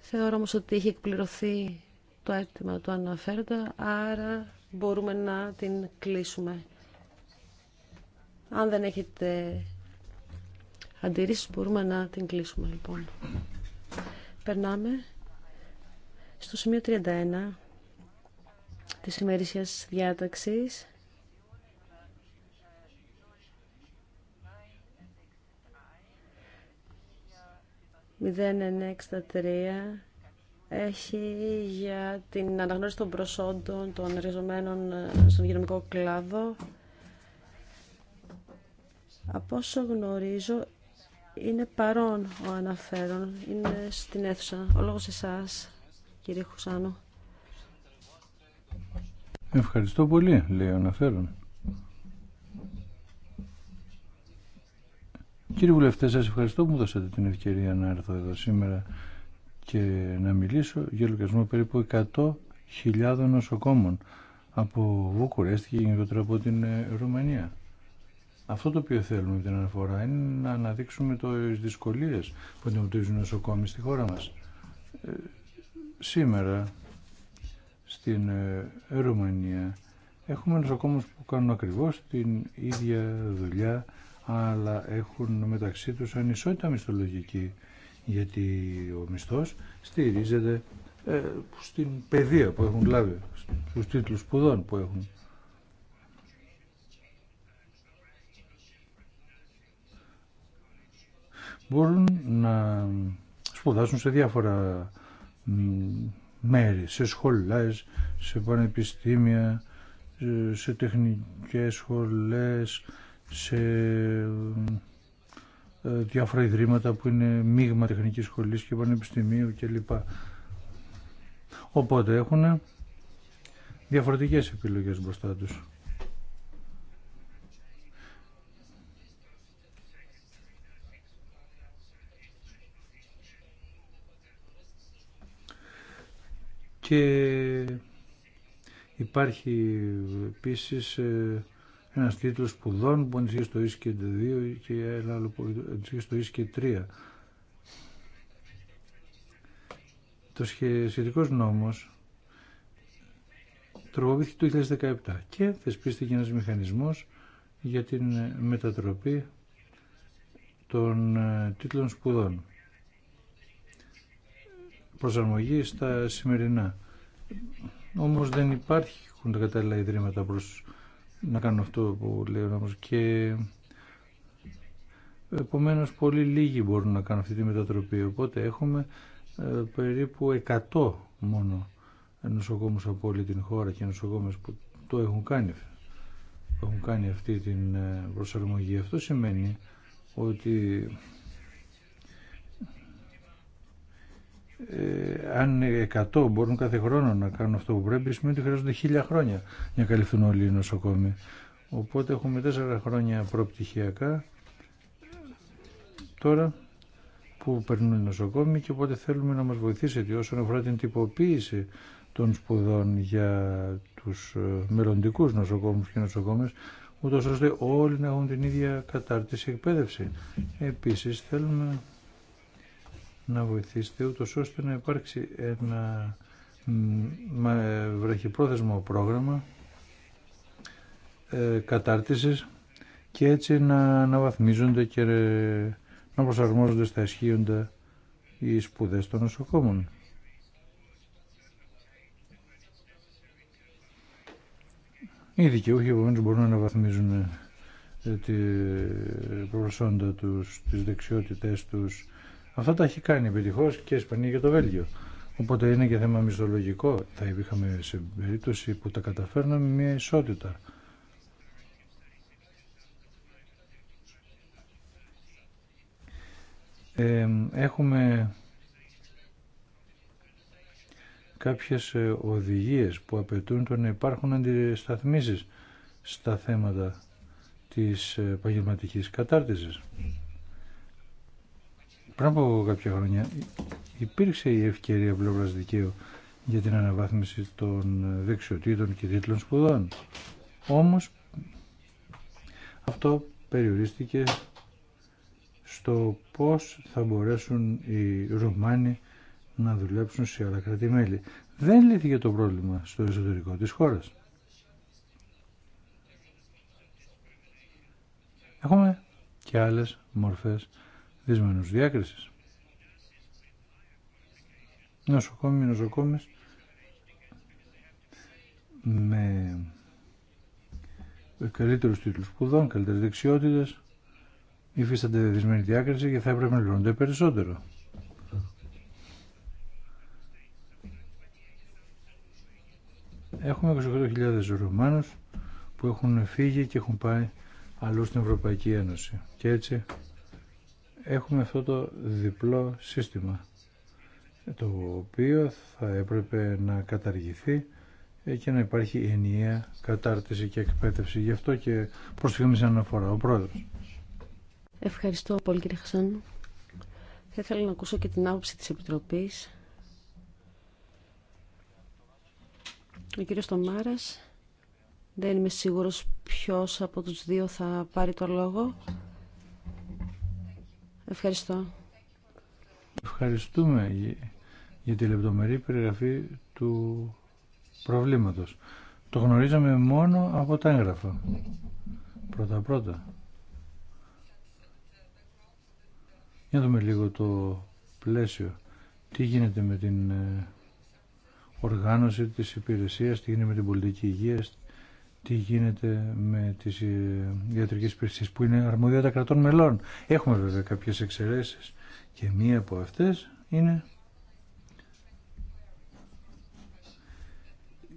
Θεωρώ όμως ότι έχει εκπληρωθεί το αίτημα του αναφέροντα, άρα μπορούμε να την κλείσουμε. Αν δεν έχετε αντιρρήσεις μπορούμε να την κλείσουμε λοιπόν. Περνάμε στο σημείο 31 της ημερήσιας διάταξης «0963» έχει για την αναγνώριση των προσόντων των εργαζομένων ε, στον υγειονομικό κλάδο. Από όσο γνωρίζω, είναι παρόν ο αναφέρον, είναι στην αίθουσα. Ο λόγος εσάς κύριε Χουσάνο. Ευχαριστώ πολύ, λέει ο αναφέρον. Κύριε Βουλευτέ, σας ευχαριστώ που μου δώσατε την ευκαιρία να έρθω εδώ σήμερα και να μιλήσω για λογαριασμό περίπου 100.000 νοσοκόμων από Βουκουρέστη και γενικότερα από την ε, Ρουμανία. Αυτό το οποίο θέλουμε την αναφορά είναι να αναδείξουμε ε, τι δυσκολίε που αντιμετωπίζουν οι νοσοκόμοι στη χώρα μα. Ε, σήμερα στην ε, Ρουμανία έχουμε νοσοκόμους που κάνουν ακριβώς την ίδια δουλειά αλλά έχουν μεταξύ τους ανισότητα μισθολογική γιατί ο μισθός στηρίζεται ε, στην παιδεία που έχουν λάβει, στους τίτλους σπουδών που έχουν. Μπορούν να σπουδάσουν σε διάφορα μέρη, σε σχολές, σε πανεπιστήμια, σε τεχνικές σχολές, σε ε, διάφορα ιδρύματα που είναι μείγμα τεχνικής σχολής και πανεπιστημίου κλπ. Οπότε έχουν διαφορετικές επιλογές μπροστά τους. Και υπάρχει επίσης ε, ένας τίτλος σπουδών που ανησυχεί στο ίσκε 2 και ένα άλλο που ανησυχεί στο ίσκε 3. Το σχετικό νόμος τροποποιήθηκε το 2017 και θεσπίστηκε ένα μηχανισμό για την μετατροπή των ε, τίτλων σπουδών προσαρμογή στα σημερινά. Όμως δεν υπάρχουν τα κατάλληλα ιδρύματα προς να κάνουν αυτό που λέει ο και επομένω πολύ λίγοι μπορούν να κάνουν αυτή τη μετατροπή. Οπότε έχουμε ε, περίπου 100 μόνο νοσοκόμους από όλη την χώρα και νοσοκόμες που το έχουν κάνει, έχουν κάνει αυτή την ε, προσαρμογή. Αυτό σημαίνει ότι ε, αν 100 μπορούν κάθε χρόνο να κάνουν αυτό που πρέπει, σημαίνει ότι χρειάζονται χίλια χρόνια για να καλυφθούν όλοι οι νοσοκόμοι. Οπότε έχουμε τέσσερα χρόνια προπτυχιακά τώρα που περνούν οι νοσοκόμοι και οπότε θέλουμε να μας βοηθήσετε όσον αφορά την τυποποίηση των σπουδών για τους ε, μελλοντικού νοσοκόμους και νοσοκόμες ούτως ώστε όλοι να έχουν την ίδια κατάρτιση εκπαίδευση. Επίσης θέλουμε να βοηθήσετε ούτως ώστε να υπάρξει ένα βραχυπρόθεσμο πρόγραμμα ε, κατάρτισης και έτσι να αναβαθμίζονται και να προσαρμόζονται στα ισχύοντα οι σπουδές των νοσοκόμων. Οι δικαιούχοι επομένως μπορούν να αναβαθμίζουν ε, τη προσόντα τους, τις δεξιότητές τους, Αυτά τα έχει κάνει επιτυχώ και η Ισπανία και το Βέλγιο. Οπότε είναι και θέμα μισθολογικό. Θα είχαμε σε περίπτωση που τα καταφέρναμε μια ισότητα. έχουμε κάποιες ε, οδηγίες που απαιτούν το να υπάρχουν αντισταθμίσεις στα θέματα της ε, επαγγελματική κατάρτισης πριν από κάποια χρόνια υπήρξε η ευκαιρία πλευράς δικαίου για την αναβάθμιση των ε, δεξιοτήτων και τίτλων σπουδών. Όμως αυτό περιορίστηκε στο πώς θα μπορέσουν οι Ρουμάνοι να δουλέψουν σε άλλα κρατημέλη. Δεν λύθηκε το πρόβλημα στο εσωτερικό της χώρας. Έχουμε και άλλες μορφές δυσμενούς διάκρισης. Νοσοκόμοι, νοσοκόμες με καλύτερους τίτλους σπουδών, καλύτερες δεξιότητες, υφίστανται δυσμένη διάκριση και θα έπρεπε να πληρώνονται περισσότερο. Έχουμε 28.000 Ρωμανούς που έχουν φύγει και έχουν πάει αλλού στην Ευρωπαϊκή Ένωση. Και έτσι έχουμε αυτό το διπλό σύστημα το οποίο θα έπρεπε να καταργηθεί και να υπάρχει ενιαία κατάρτιση και εκπαίδευση. Γι' αυτό και προσφυγούμε σε αναφορά. Ο Πρόεδρος. Ευχαριστώ πολύ κύριε Χασάν. Θα ήθελα να ακούσω και την άποψη της Επιτροπής. Ο κύριος Τομάρας, δεν είμαι σίγουρος ποιος από τους δύο θα πάρει το λόγο. Ευχαριστώ. Ευχαριστούμε για τη λεπτομερή περιγραφή του προβλήματος. Το γνωρίζαμε μόνο από τα έγγραφα. Πρώτα-πρώτα. Για να δούμε λίγο το πλαίσιο. Τι γίνεται με την ε, οργάνωση της υπηρεσίας, τι γίνεται με την πολιτική υγεία, τι γίνεται με τις ε, ιατρικές υπηρεσίες που είναι αρμοδιότητα κρατών μελών. Έχουμε βέβαια κάποιες εξαιρεσει και μία από αυτές είναι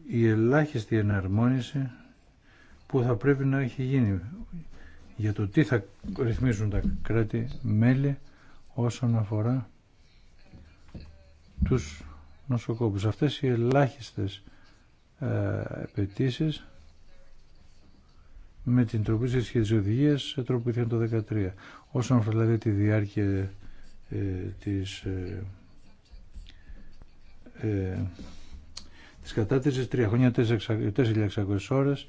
η ελάχιστη εναρμόνιση που θα πρέπει να έχει γίνει για το τι θα ρυθμίζουν τα κράτη-μέλη όσον αφορά τους νοσοκόπους. Αυτές οι ελάχιστες ε, με την τροποποίηση και τις οδηγίας τροποποιήθηκαν το 2013. Όσον αφορά δηλαδή τη διάρκεια ε, της, ε, ε, της κατάτησης, τρία χρόνια, 4.600 ώρες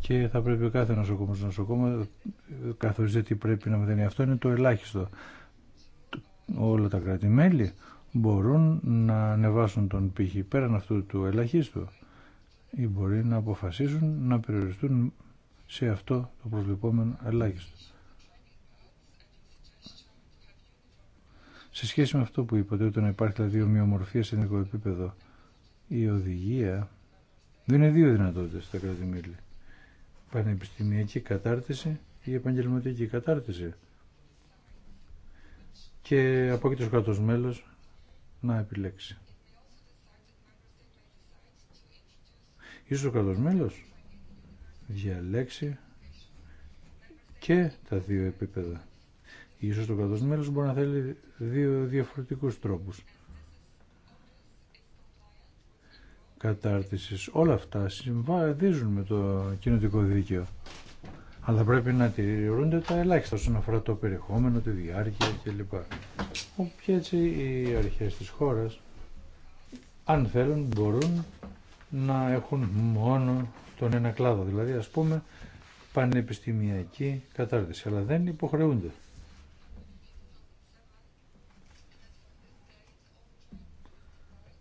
και θα πρέπει ο κάθε νοσοκόμος νοσοκόμα καθορίζει τι πρέπει να μεταίνει. Αυτό είναι το ελάχιστο. Όλα τα κράτη-μέλη μπορούν να ανεβάσουν τον πύχη πέραν αυτού του ελαχίστου ή μπορεί να αποφασίσουν να περιοριστούν σε αυτό το προβλεπόμενο ελάχιστο. Σε σχέση με αυτό που είπατε, ότι να υπάρχει δηλαδή ομοιομορφία σε ενεργο επίπεδο, η οδηγία είναι δύο δυνατότητες στα κρατη μηλη Πανεπιστημιακή κατάρτιση ή επαγγελματική κατάρτιση. Και από εκεί το κράτος μέλος να επιλέξει. Ίσως ο κράτος μέλος διαλέξει και τα δύο επίπεδα. Ίσως το κρατός μέλος μπορεί να θέλει δύο διαφορετικούς τρόπους κατάρτισης. Όλα αυτά συμβαδίζουν με το κοινωτικό δίκαιο. Αλλά πρέπει να τηρούνται τα ελάχιστα όσον αφορά το περιεχόμενο, τη διάρκεια κλπ. Όποια έτσι οι αρχές της χώρας, αν θέλουν, μπορούν να έχουν μόνο τον ένα κλάδο, δηλαδή ας πούμε πανεπιστημιακή κατάρτιση, αλλά δεν υποχρεούνται.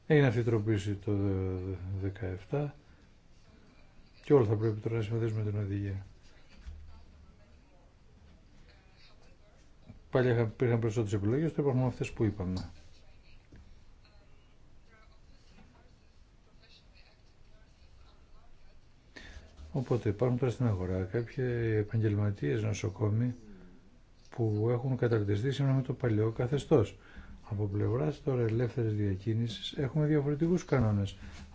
Έγινε αυτή η τροπήση το 2017 και όλα θα πρέπει τώρα να συμμετέχουμε την οδηγία. Πάλι υπήρχαν περισσότερες επιλογές, τώρα υπάρχουν αυτές που είπαμε. Οπότε υπάρχουν τώρα στην αγορά κάποιοι επαγγελματίε νοσοκόμοι που έχουν καταρτιστεί σύμφωνα με το παλιό καθεστώ. Από πλευρά τώρα ελεύθερη διακίνηση έχουμε διαφορετικού κανόνε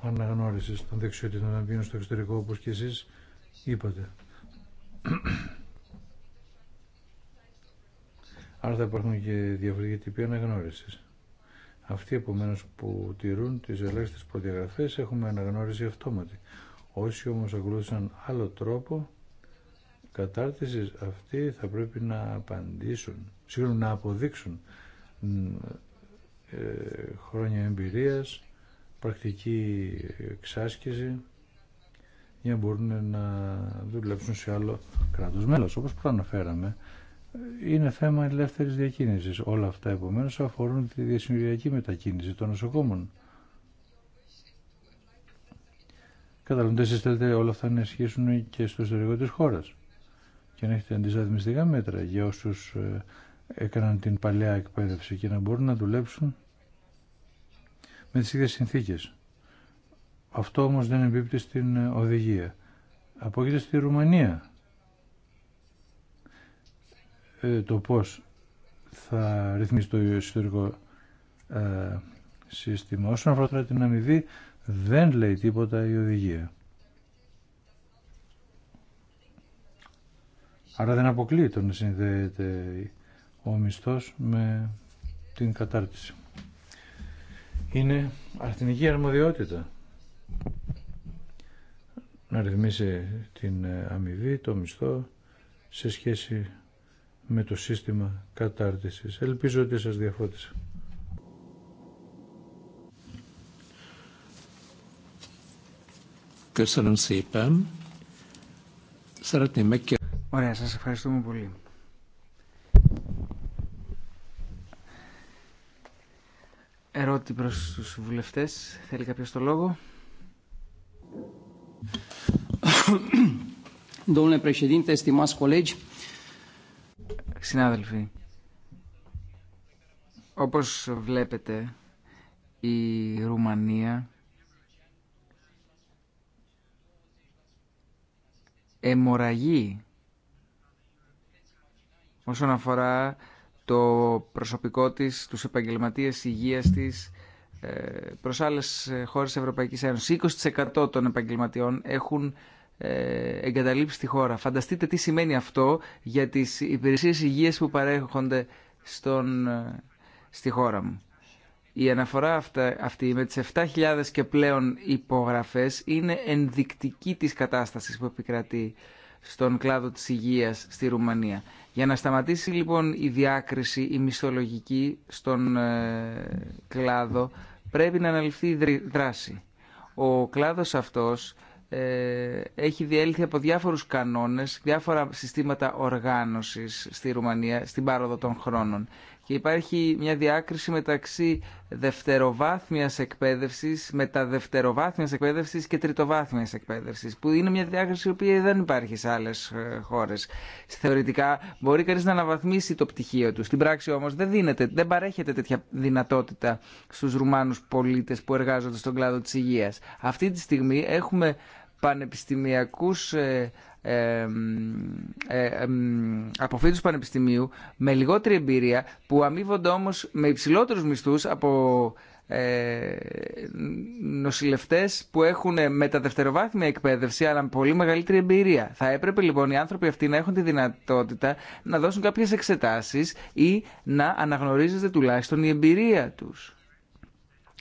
αναγνώριση των δεξιοτήτων να μπουν στο εξωτερικό όπω και εσεί είπατε. Άρα θα υπάρχουν και διαφορετικοί τύποι αναγνώριση. Αυτοί επομένω που τηρούν τι ελάχιστε προδιαγραφέ έχουμε αναγνώριση αυτόματη. Όσοι όμως ακολούθησαν άλλο τρόπο κατάρτισης αυτοί θα πρέπει να απαντήσουν, σίγουρα να αποδείξουν ε, χρόνια εμπειρίας, πρακτική εξάσκηση για να μπορούν να δουλέψουν σε άλλο κράτος μέλος. Όπως προαναφέραμε, είναι θέμα ελεύθερης διακίνησης. Όλα αυτά επομένως αφορούν τη διασυνοριακή μετακίνηση των νοσοκόμων. εσεί θέλετε, όλα αυτά να ισχύσουν και στο εσωτερικό τη χώρας και να έχετε αντισταθμιστικά μέτρα για όσους ε, έκαναν την παλιά εκπαίδευση και να μπορούν να δουλέψουν με τις ίδιε συνθήκε. Αυτό όμως δεν εμπίπτει στην ε, οδηγία. εκεί στη Ρουμανία ε, το πώς θα ρυθμίσει το ιστορικό ε, σύστημα. Όσον αφορά την αμοιβή, δεν λέει τίποτα η οδηγία. Άρα δεν αποκλείει το να συνδέεται ο μισθός με την κατάρτιση. Είναι αρθινική αρμοδιότητα να ρυθμίσει την αμοιβή, το μισθό σε σχέση με το σύστημα κατάρτισης. Ελπίζω ότι σας διαφώτισα. Ωραία, σας ευχαριστούμε πολύ. Ερώτη προς τους βουλευτές. Θέλει κάποιος το λόγο. Συνάδελφοι, όπως βλέπετε η Ρουμανία αιμορραγεί όσον αφορά το προσωπικό της, τους επαγγελματίες υγείας της ε, προς άλλες χώρες Ευρωπαϊκής Ένωσης. 20% των επαγγελματιών έχουν ε, εγκαταλείψει τη χώρα. Φανταστείτε τι σημαίνει αυτό για τις υπηρεσίες υγείας που παρέχονται στον, ε, στη χώρα μου. Η αναφορά αυτά, αυτή με τις 7.000 και πλέον υπογραφές είναι ενδεικτική της κατάστασης που επικρατεί στον κλάδο της υγείας στη Ρουμανία. Για να σταματήσει λοιπόν η διάκριση, η μισθολογική στον ε, κλάδο, πρέπει να αναλυφθεί δράση. Ο κλάδος αυτός ε, έχει διέλθει από διάφορους κανόνες, διάφορα συστήματα οργάνωσης στη Ρουμανία, στην πάροδο των χρόνων και υπάρχει μια διάκριση μεταξύ δευτεροβάθμιας εκπαίδευσης, μεταδευτεροβάθμιας εκπαίδευσης και τριτοβάθμιας εκπαίδευσης, που είναι μια διάκριση η οποία δεν υπάρχει σε άλλες ε, χώρες. Θεωρητικά μπορεί κανείς να αναβαθμίσει το πτυχίο του. Στην πράξη όμως δεν, δίνεται, δεν παρέχεται τέτοια δυνατότητα στους Ρουμάνους πολίτες που εργάζονται στον κλάδο της υγείας. Αυτή τη στιγμή έχουμε πανεπιστημιακούς ε, ε, ε, ε πανεπιστημίου με λιγότερη εμπειρία που αμείβονται όμως με υψηλότερους μισθούς από ε, νοσηλευτές που έχουν ε, μεταδευτεροβάθμια εκπαίδευση αλλά με πολύ μεγαλύτερη εμπειρία. Θα έπρεπε λοιπόν οι άνθρωποι αυτοί να έχουν τη δυνατότητα να δώσουν κάποιες εξετάσεις ή να αναγνωρίζεται τουλάχιστον η εμπειρία τους.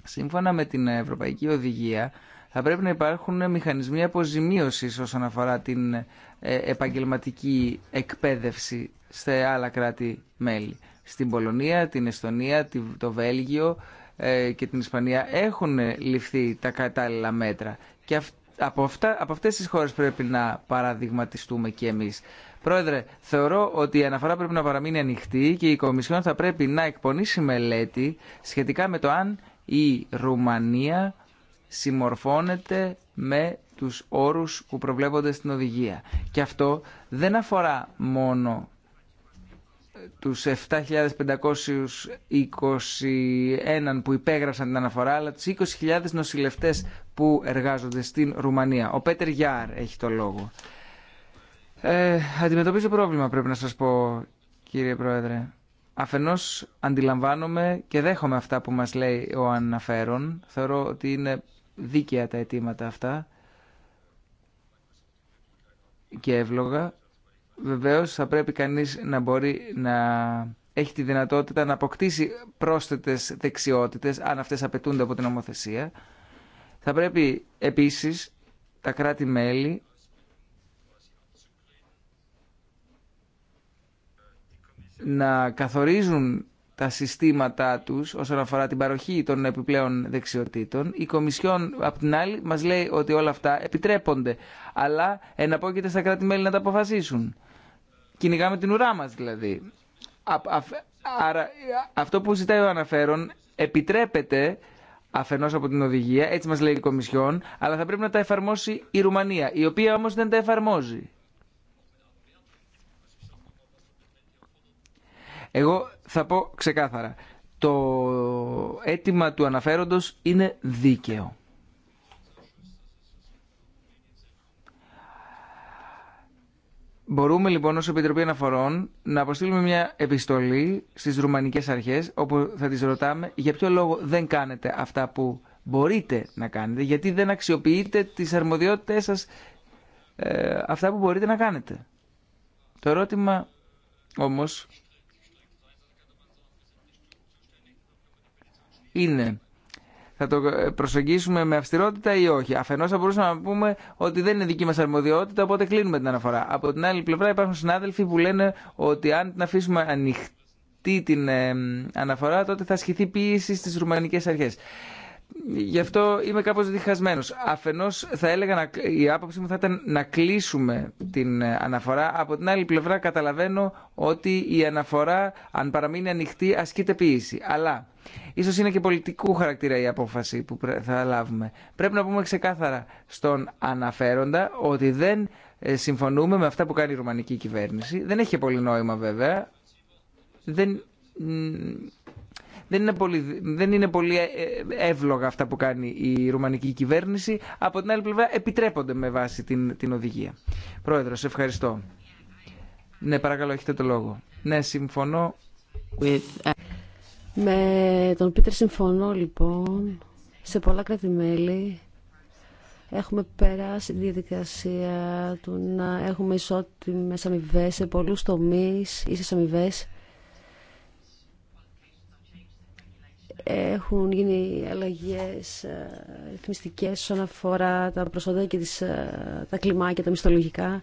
Σύμφωνα με την Ευρωπαϊκή Οδηγία θα πρέπει να υπάρχουν μηχανισμοί αποζημίωσης όσον αφορά την ε, επαγγελματική εκπαίδευση σε άλλα κράτη-μέλη. Στην Πολωνία, την Εστονία, το Βέλγιο ε, και την Ισπανία έχουν ληφθεί τα κατάλληλα μέτρα. Και από, αυτά, από αυτές τις χώρες πρέπει να παραδειγματιστούμε και εμείς. Πρόεδρε, θεωρώ ότι η αναφορά πρέπει να παραμείνει ανοιχτή και η Κομισιόν θα πρέπει να εκπονήσει μελέτη σχετικά με το αν η Ρουμανία συμμορφώνεται με τους όρους που προβλέπονται στην οδηγία. Και αυτό δεν αφορά μόνο ε, τους 7.521 που υπέγραψαν την αναφορά, αλλά τους 20.000 νοσηλευτές που εργάζονται στην Ρουμανία. Ο Πέτερ Γιάρ έχει το λόγο. Ε, αντιμετωπίζω πρόβλημα πρέπει να σας πω κύριε Πρόεδρε. Αφενός αντιλαμβάνομαι και δέχομαι αυτά που μας λέει ο αναφέρον. Θεωρώ ότι είναι δίκαια τα αιτήματα αυτά και εύλογα. Βεβαίως θα πρέπει κανείς να μπορεί να έχει τη δυνατότητα να αποκτήσει πρόσθετες δεξιότητες αν αυτές απαιτούνται από την νομοθεσία. Θα πρέπει επίσης τα κράτη-μέλη να καθορίζουν τα συστήματά του όσον αφορά την παροχή των επιπλέον δεξιοτήτων. Η Κομισιόν, απ' την άλλη, μα λέει ότι όλα αυτά επιτρέπονται, αλλά εναπόκειται στα κράτη-μέλη να τα αποφασίσουν. Κυνηγάμε την ουρά μα δηλαδή. Άρα, αυτό που ζητάει ο αναφέρον επιτρέπεται αφενό από την οδηγία, έτσι μα λέει η Κομισιόν, αλλά θα πρέπει να τα εφαρμόσει η Ρουμανία, η οποία όμω δεν τα εφαρμόζει. Εγώ θα πω ξεκάθαρα. Το αίτημα του αναφέροντος είναι δίκαιο. Μπορούμε λοιπόν ως Επιτροπή Αναφορών να αποστείλουμε μια επιστολή στις Ρουμανικές Αρχές όπου θα τις ρωτάμε για ποιο λόγο δεν κάνετε αυτά που μπορείτε να κάνετε γιατί δεν αξιοποιείτε τις αρμοδιότητες σας ε, αυτά που μπορείτε να κάνετε. Το ερώτημα όμως είναι θα το προσεγγίσουμε με αυστηρότητα ή όχι. Αφενό θα μπορούσαμε να πούμε ότι δεν είναι δική μα αρμοδιότητα, οπότε κλείνουμε την αναφορά. Από την άλλη πλευρά υπάρχουν συνάδελφοι που λένε ότι αν την αφήσουμε ανοιχτή την αναφορά, τότε θα ασχηθεί πίεση στι ρουμανικέ αρχέ. Γι' αυτό είμαι κάπως διχασμένος. Αφενός θα έλεγα, να, η άποψη μου θα ήταν να κλείσουμε την ε, αναφορά. Από την άλλη πλευρά καταλαβαίνω ότι η αναφορά, αν παραμείνει ανοιχτή, ασκείται ποιήση. Αλλά ίσως είναι και πολιτικού χαρακτήρα η απόφαση που θα λάβουμε. Πρέπει να πούμε ξεκάθαρα στον αναφέροντα ότι δεν ε, συμφωνούμε με αυτά που κάνει η ρουμανική κυβέρνηση. Δεν έχει πολύ νόημα βέβαια. Δεν δεν είναι πολύ, δεν είναι πολύ ε, εύλογα αυτά που κάνει η ρουμανική κυβέρνηση. Από την άλλη πλευρά επιτρέπονται με βάση την, την οδηγία. Πρόεδρος, ευχαριστώ. Ναι, παρακαλώ, έχετε το λόγο. Ναι, συμφωνώ. Ε, με τον Πίτερ συμφωνώ, λοιπόν. Σε πολλά κράτη-μέλη έχουμε περάσει τη διαδικασία του να έχουμε ισότιμες αμοιβέ σε πολλούς τομείς, ίσες αμοιβέ. έχουν γίνει αλλαγές ε, ρυθμιστικές όσον αφορά τα προσόντα και τις, ε, τα κλιμάκια, τα μισθολογικά.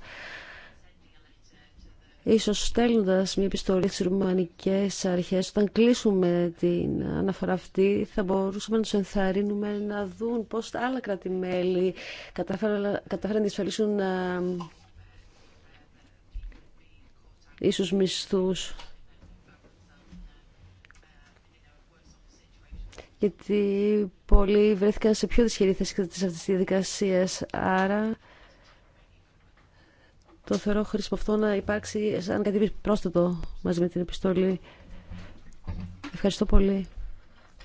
Ίσως στέλνοντας μια επιστολή στις ρουμανικές αρχές, όταν κλείσουμε την αναφορά αυτή, θα μπορούσαμε να τους ενθαρρύνουμε να δουν πώς τα άλλα κράτη-μέλη κατάφεραν, να διασφαλίσουν ε, ίσως μισθούς γιατί πολλοί βρέθηκαν σε πιο δυσχερή θέση κατά αυτής της διαδικασίας. Άρα το θεωρώ χρήσιμο αυτό να υπάρξει σαν κάτι πρόσθετο μαζί με την επιστολή. Ευχαριστώ πολύ.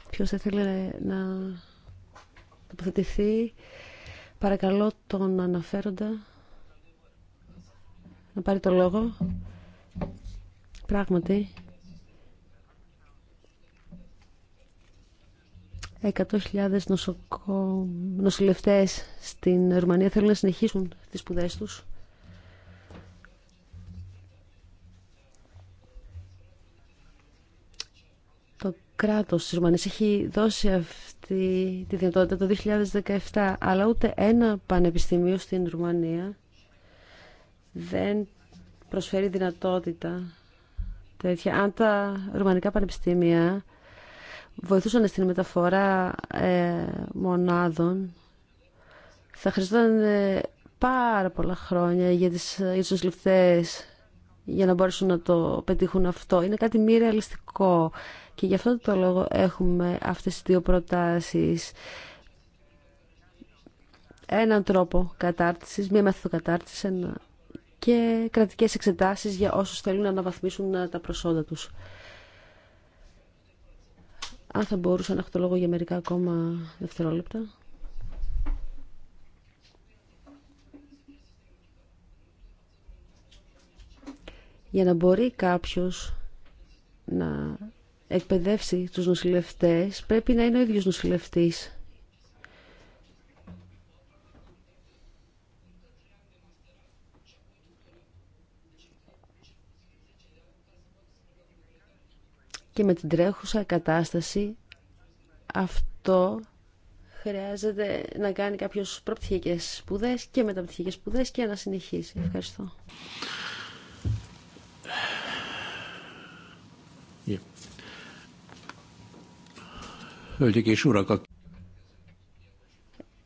Ποιος θα ήθελε να τοποθετηθεί. Παρακαλώ τον αναφέροντα να πάρει το λόγο. Πράγματι, 100.000 νοσηλευτέ νοσηλευτές στην Ρουμανία θέλουν να συνεχίσουν τις σπουδέ τους. Το κράτος της Ρουμανίας έχει δώσει αυτή τη δυνατότητα το 2017, αλλά ούτε ένα πανεπιστημίο στην Ρουμανία δεν προσφέρει δυνατότητα τέτοια. Αν τα ρουμανικά πανεπιστήμια βοηθούσαν στην μεταφορά ε, μονάδων θα χρειαζόταν ε, πάρα πολλά χρόνια για, τις, για για να μπορέσουν να το πετύχουν αυτό. Είναι κάτι μη ρεαλιστικό και γι' αυτό το λόγο έχουμε αυτές τις δύο προτάσεις. Έναν τρόπο κατάρτισης, μία μέθοδο κατάρτισης και κρατικές εξετάσεις για όσους θέλουν να αναβαθμίσουν τα προσόντα τους. Αν θα μπορούσα να έχω το λόγο για μερικά ακόμα δευτερόλεπτα. Για να μπορεί κάποιος να εκπαιδεύσει τους νοσηλευτές, πρέπει να είναι ο ίδιος νοσηλευτής. και με την τρέχουσα κατάσταση αυτό χρειάζεται να κάνει κάποιος προπτυχικές σπουδές και μεταπτυχιακές σπουδές και να συνεχίσει. Ευχαριστώ.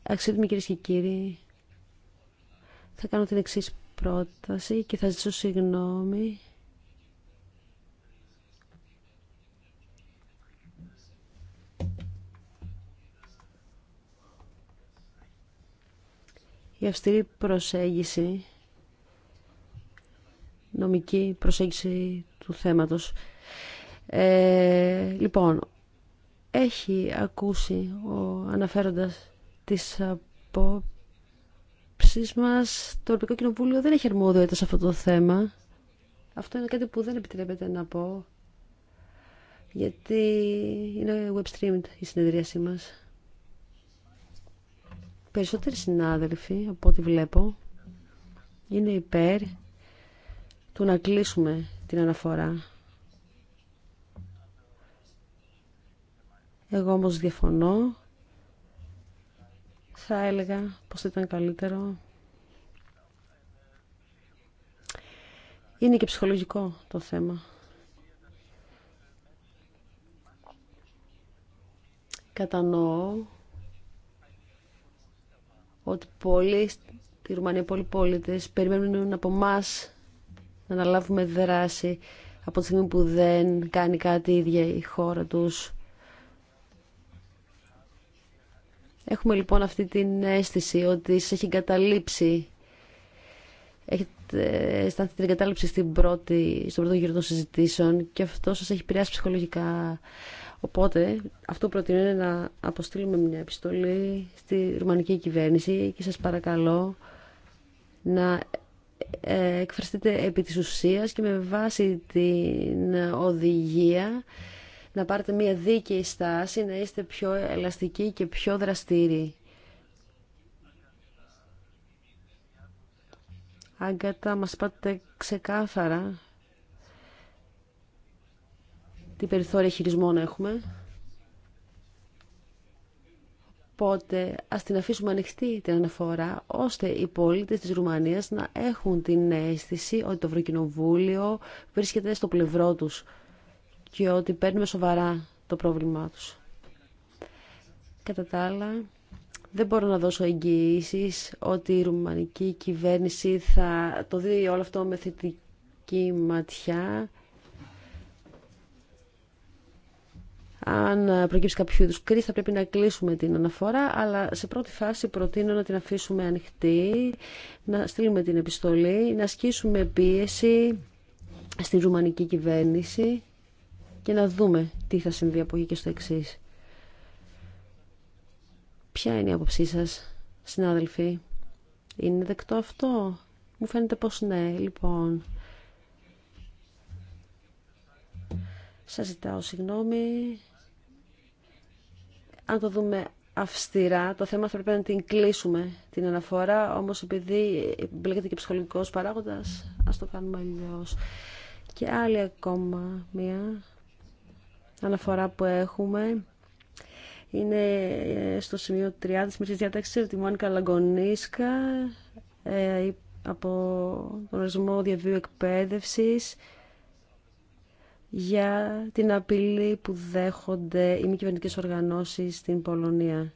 Αξιότιμοι κυρίε και κύριοι, θα κάνω την εξής πρόταση και θα ζητήσω συγγνώμη Η αυστηρή προσέγγιση, νομική προσέγγιση του θέματος. Ε, λοιπόν, έχει ακούσει ο αναφέροντας τις απόψεις μας. Το Ευρωπαϊκό Κοινοβούλιο δεν έχει αρμόδιότητα σε αυτό το θέμα. Αυτό είναι κάτι που δεν επιτρέπεται να πω, γιατί είναι web streamed η συνεδρίασή μας. Περισσότεροι συνάδελφοι, από ό,τι βλέπω, είναι υπέρ του να κλείσουμε την αναφορά. Εγώ όμως διαφωνώ. Θα έλεγα πως ήταν καλύτερο. Είναι και ψυχολογικό το θέμα. Κατανοώ ότι πολλοί στη Ρουμανία, πολλοί πολίτες περιμένουν από εμά να αναλάβουμε δράση από τη στιγμή που δεν κάνει κάτι η ίδια η χώρα τους. Έχουμε λοιπόν αυτή την αίσθηση ότι σε έχει εγκαταλείψει έχετε αισθάνθει την εγκατάλειψη στην πρώτη, στον πρώτο γύρο των συζητήσεων και αυτό σας έχει επηρεάσει ψυχολογικά. Οπότε αυτό προτείνω είναι να αποστείλουμε μια επιστολή στη ρουμανική κυβέρνηση και σας παρακαλώ να ε, εκφραστείτε επί της ουσίας και με βάση την οδηγία να πάρετε μια δίκαιη στάση, να είστε πιο ελαστικοί και πιο δραστήριοι. Άγκατα, μας πάτε ξεκάθαρα τι περιθώρια χειρισμών έχουμε. Οπότε ας την αφήσουμε ανοιχτή την αναφορά, ώστε οι πολίτες της Ρουμανίας να έχουν την αίσθηση ότι το Ευρωκοινοβούλιο βρίσκεται στο πλευρό τους και ότι παίρνουμε σοβαρά το πρόβλημά τους. Κατά τα άλλα, δεν μπορώ να δώσω εγγυήσει ότι η ρουμανική κυβέρνηση θα το δει όλο αυτό με θετική ματιά Αν προκύψει κάποιο είδου κρίση, θα πρέπει να κλείσουμε την αναφορά, αλλά σε πρώτη φάση προτείνω να την αφήσουμε ανοιχτή, να στείλουμε την επιστολή, να ασκήσουμε πίεση στην ρουμανική κυβέρνηση και να δούμε τι θα συμβεί από εκεί και στο εξή. Ποια είναι η άποψή σας, συνάδελφοι. Είναι δεκτό αυτό. Μου φαίνεται πως ναι. Λοιπόν, σας ζητάω συγγνώμη αν το δούμε αυστηρά, το θέμα θα πρέπει να την κλείσουμε την αναφορά, όμως επειδή μπλέκεται και ψυχολογικός παράγοντας, ας το κάνουμε αλλιώ. Και άλλη ακόμα μία αναφορά που έχουμε είναι στο σημείο 30 της Μεσής Διάταξης τη Μόνικα Λαγκονίσκα ε, από τον ορισμό διαβίου εκπαίδευσης για την απειλή που δέχονται οι μη κυβερνητικές οργανώσεις στην Πολωνία.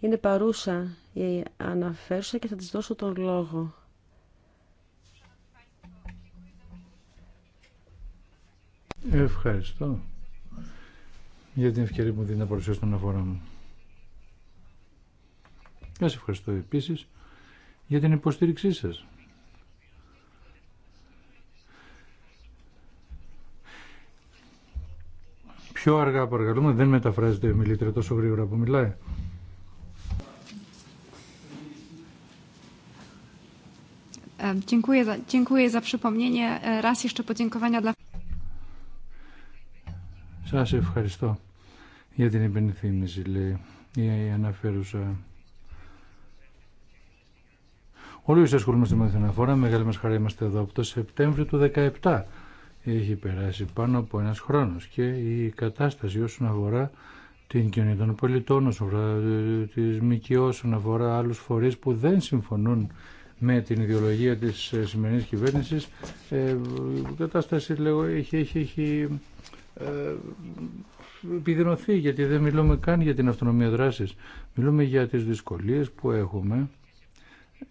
Είναι παρούσα η αναφέρουσα και θα της δώσω τον λόγο. Ευχαριστώ για την ευκαιρία που μου δίνει να παρουσιάσω τον αφορά μου. Σας ευχαριστώ επίσης για την υποστήριξή σας πιο αργά παρακαλούμε, δεν μεταφράζεται η μιλήτρια τόσο γρήγορα που μιλάει. Dziękuję Σας ευχαριστώ για την υπενθύμηση, λέει η αναφέρουσα. Όλοι όσοι ασχολούμαστε με την αναφορά, μεγάλη μας χαρά είμαστε εδώ από το Σεπτέμβριο του 2017 έχει περάσει πάνω από ένας χρόνος και η κατάσταση όσον αφορά την κοινωνία των πολιτών, όσον αφορά ε, ΜΚΟ, όσον αφορά άλλους φορείς που δεν συμφωνούν με την ιδεολογία της ε, σημερινής κυβέρνησης, ε, η κατάσταση λέγω, έχει, έχει, έχει επιδεινωθεί γιατί δεν μιλούμε καν για την αυτονομία δράσης. Μιλούμε για τις δυσκολίες που έχουμε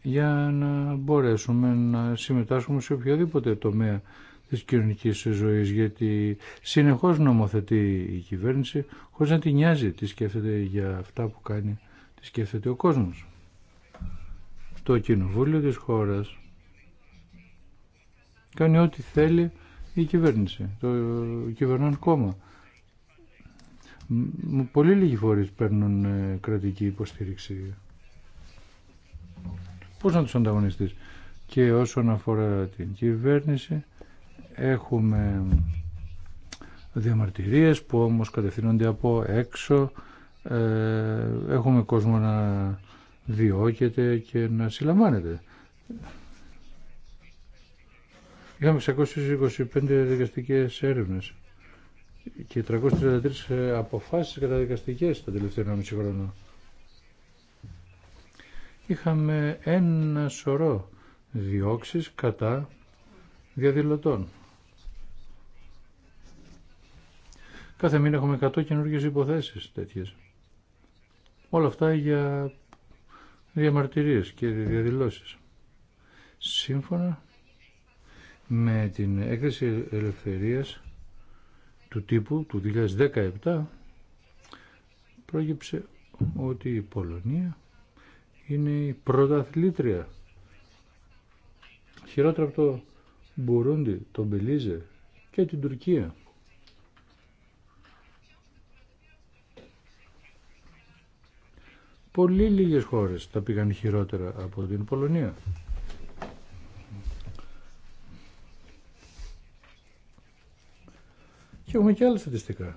για να μπορέσουμε να συμμετάσχουμε σε οποιοδήποτε τομέα της κοινωνικής ζωής γιατί συνεχώς νομοθετεί η κυβέρνηση χωρίς να τη νοιάζει τι σκέφτεται για αυτά που κάνει, τι σκέφτεται ο κόσμος. Το κοινοβούλιο της χώρας κάνει ό,τι θέλει η κυβέρνηση, το κυβερνών κόμμα. Πολύ λίγοι φορείς παίρνουν ε, κρατική υποστήριξη. Πώς να τους ανταγωνιστείς. Και όσον αφορά την κυβέρνηση, έχουμε διαμαρτυρίες που όμως κατευθύνονται από έξω ε, έχουμε κόσμο να διώκεται και να συλλαμβάνεται είχαμε 625 δικαστικές έρευνες και 333 αποφάσεις καταδικαστικές τα τελευταία μισή χρόνο είχαμε ένα σωρό διώξεις κατά διαδηλωτών Κάθε μήνα έχουμε 100 καινούργιες υποθέσεις τέτοιες. Όλα αυτά για διαμαρτυρίες και διαδηλώσεις. Σύμφωνα με την έκθεση ελευθερίας του τύπου του 2017 πρόκειψε ότι η Πολωνία είναι η πρωταθλήτρια χειρότερα από το Μπουρούντι, τον Μπελίζε και την Τουρκία. Πολύ λίγες χώρες τα πήγαν χειρότερα από την Πολωνία. Και έχουμε και άλλα στατιστικά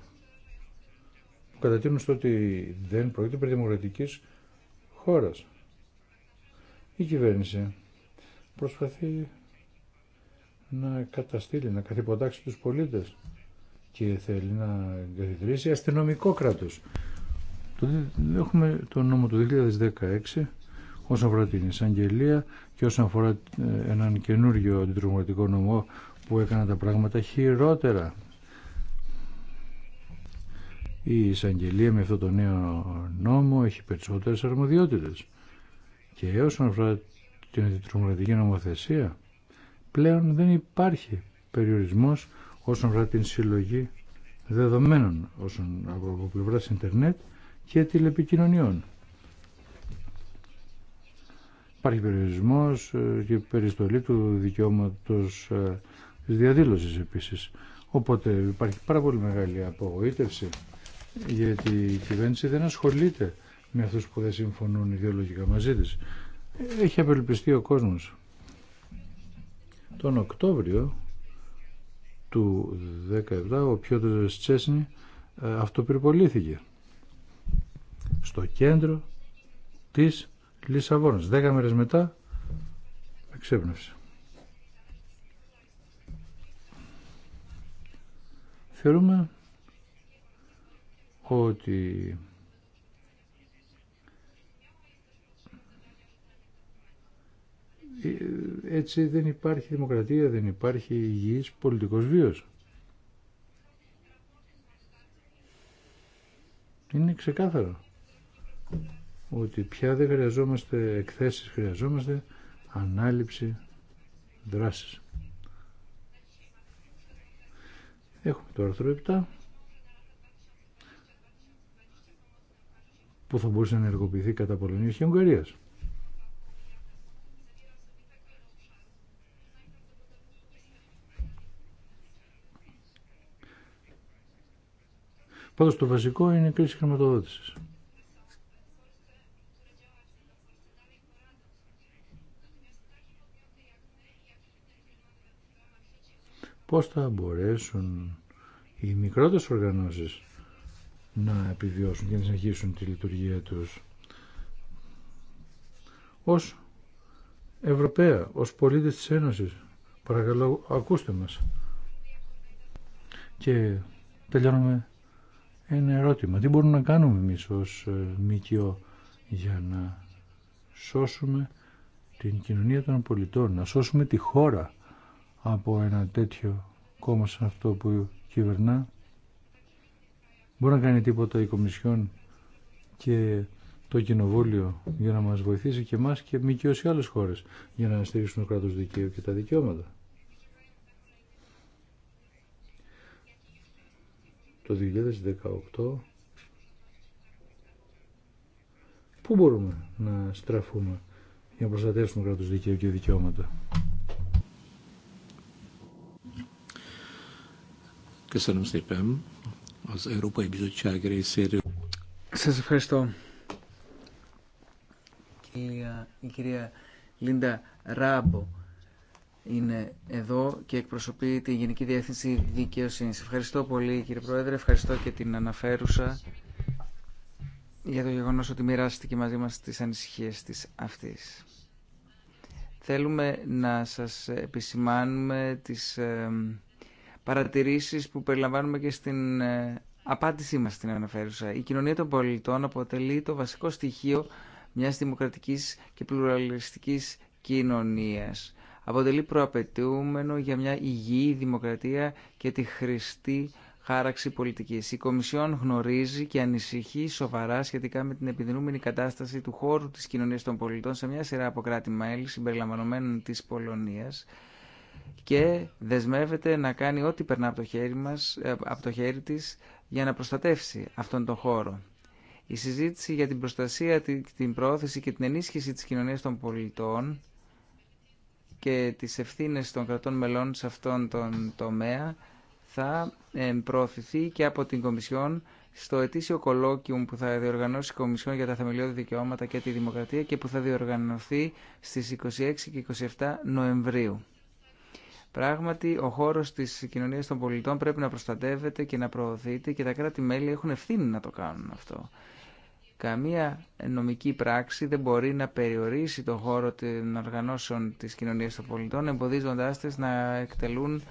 κατατείνουν στο ότι δεν πρόκειται περί δημοκρατικής χώρας. Η κυβέρνηση προσπαθεί να καταστήλει, να καθυποτάξει τους πολίτες και θέλει να καθιδρύσει αστυνομικό κράτος Έχουμε το νόμο του 2016 όσον αφορά την εισαγγελία και όσον αφορά ε, έναν καινούργιο αντιτρομοκρατικό νομό που έκανε τα πράγματα χειρότερα. Η εισαγγελία με αυτό το νέο νόμο έχει περισσότερες αρμοδιότητες. Και όσον αφορά την αντιτρομοκρατική νομοθεσία, πλέον δεν υπάρχει περιορισμός όσον αφορά την συλλογή δεδομένων όσον από πλευρά Ιντερνετ και τηλεπικοινωνιών. Υπάρχει περιορισμό ε, και περιστολή του δικαιώματο ε, της διαδήλωση επίση. Οπότε υπάρχει πάρα πολύ μεγάλη απογοήτευση γιατί η κυβέρνηση δεν ασχολείται με αυτού που δεν συμφωνούν ιδεολογικά μαζί τη. Έχει απελπιστεί ο κόσμος. Τον Οκτώβριο του 17 ο Πιότερ Τσέσνη ε, αυτοπυρπολήθηκε στο κέντρο της Λισαβόνας. Δέκα μέρες μετά εξέπνευσε. Θεωρούμε ότι έτσι δεν υπάρχει δημοκρατία, δεν υπάρχει υγιής πολιτικός βίος. Είναι ξεκάθαρο ότι πια δεν χρειαζόμαστε εκθέσεις, χρειαζόμαστε ανάληψη δράσης. Έχουμε το άρθρο 7 που θα μπορούσε να ενεργοποιηθεί κατά Πολωνίας και Ουγγαρίας. Πάντως το βασικό είναι η κρίση χρηματοδότησης. πώς θα μπορέσουν οι μικρότερες οργανώσεις να επιβιώσουν και να συνεχίσουν τη λειτουργία τους ως Ευρωπαία, ως πολίτες της Ένωσης. Παρακαλώ, ακούστε μας. Και τελειώνουμε ένα ερώτημα. Τι μπορούμε να κάνουμε εμείς ως ε, ΜΚΟ για να σώσουμε την κοινωνία των πολιτών, να σώσουμε τη χώρα από ένα τέτοιο κόμμα σαν αυτό που κυβερνά. Μπορεί να κάνει τίποτα η Κομισιόν και το Κοινοβούλιο για να μας βοηθήσει και εμάς και μη και όσοι άλλες χώρες για να στηρίξουν το κράτος δικαίου και τα δικαιώματα. Το 2018 πού μπορούμε να στραφούμε για να προστατεύσουμε κράτος δικαίου και δικαιώματα. Σας ευχαριστώ. Κυρία, η κυρία Λίντα Ράμπο είναι εδώ και εκπροσωπεί τη Γενική Διεύθυνση Δικαιοσύνης. Ευχαριστώ πολύ κύριε Πρόεδρε, ευχαριστώ και την αναφέρουσα για το γεγονός ότι μοιράστηκε μαζί μας τις ανησυχίες της αυτής. Θέλουμε να σας επισημάνουμε τις παρατηρήσεις που περιλαμβάνουμε και στην ε, απάντησή μας στην αναφέρουσα. Η κοινωνία των πολιτών αποτελεί το βασικό στοιχείο μιας δημοκρατικής και πλουραλιστικής κοινωνίας. Αποτελεί προαπαιτούμενο για μια υγιή δημοκρατία και τη χρηστή χάραξη πολιτικής. Η Κομισιόν γνωρίζει και ανησυχεί σοβαρά σχετικά με την επιδεινούμενη κατάσταση του χώρου της κοινωνίας των πολιτών σε μια σειρά από κράτη-μέλη συμπεριλαμβανομένων της Πολωνίας και δεσμεύεται να κάνει ό,τι περνά από το χέρι, μας, ε, από το χέρι της για να προστατεύσει αυτόν τον χώρο. Η συζήτηση για την προστασία, την πρόθεση και την ενίσχυση της κοινωνίας των πολιτών και τις ευθύνες των κρατών μελών σε αυτόν τον τομέα θα ε, προωθηθεί και από την Κομισιόν στο ετήσιο κολόκιουμ που θα διοργανώσει η Κομισιόν για τα Θεμελιώδη Δικαιώματα και τη Δημοκρατία και που θα διοργανωθεί στις 26 και 27 Νοεμβρίου. Πράγματι, ο χώρος της κοινωνία των πολιτών πρέπει να προστατεύεται και να προωθείται και τα κράτη-μέλη έχουν ευθύνη να το κάνουν αυτό. Καμία νομική πράξη δεν μπορεί να περιορίσει το χώρο των οργανώσεων της κοινωνίας των πολιτών, εμποδίζοντα τι να εκτελούν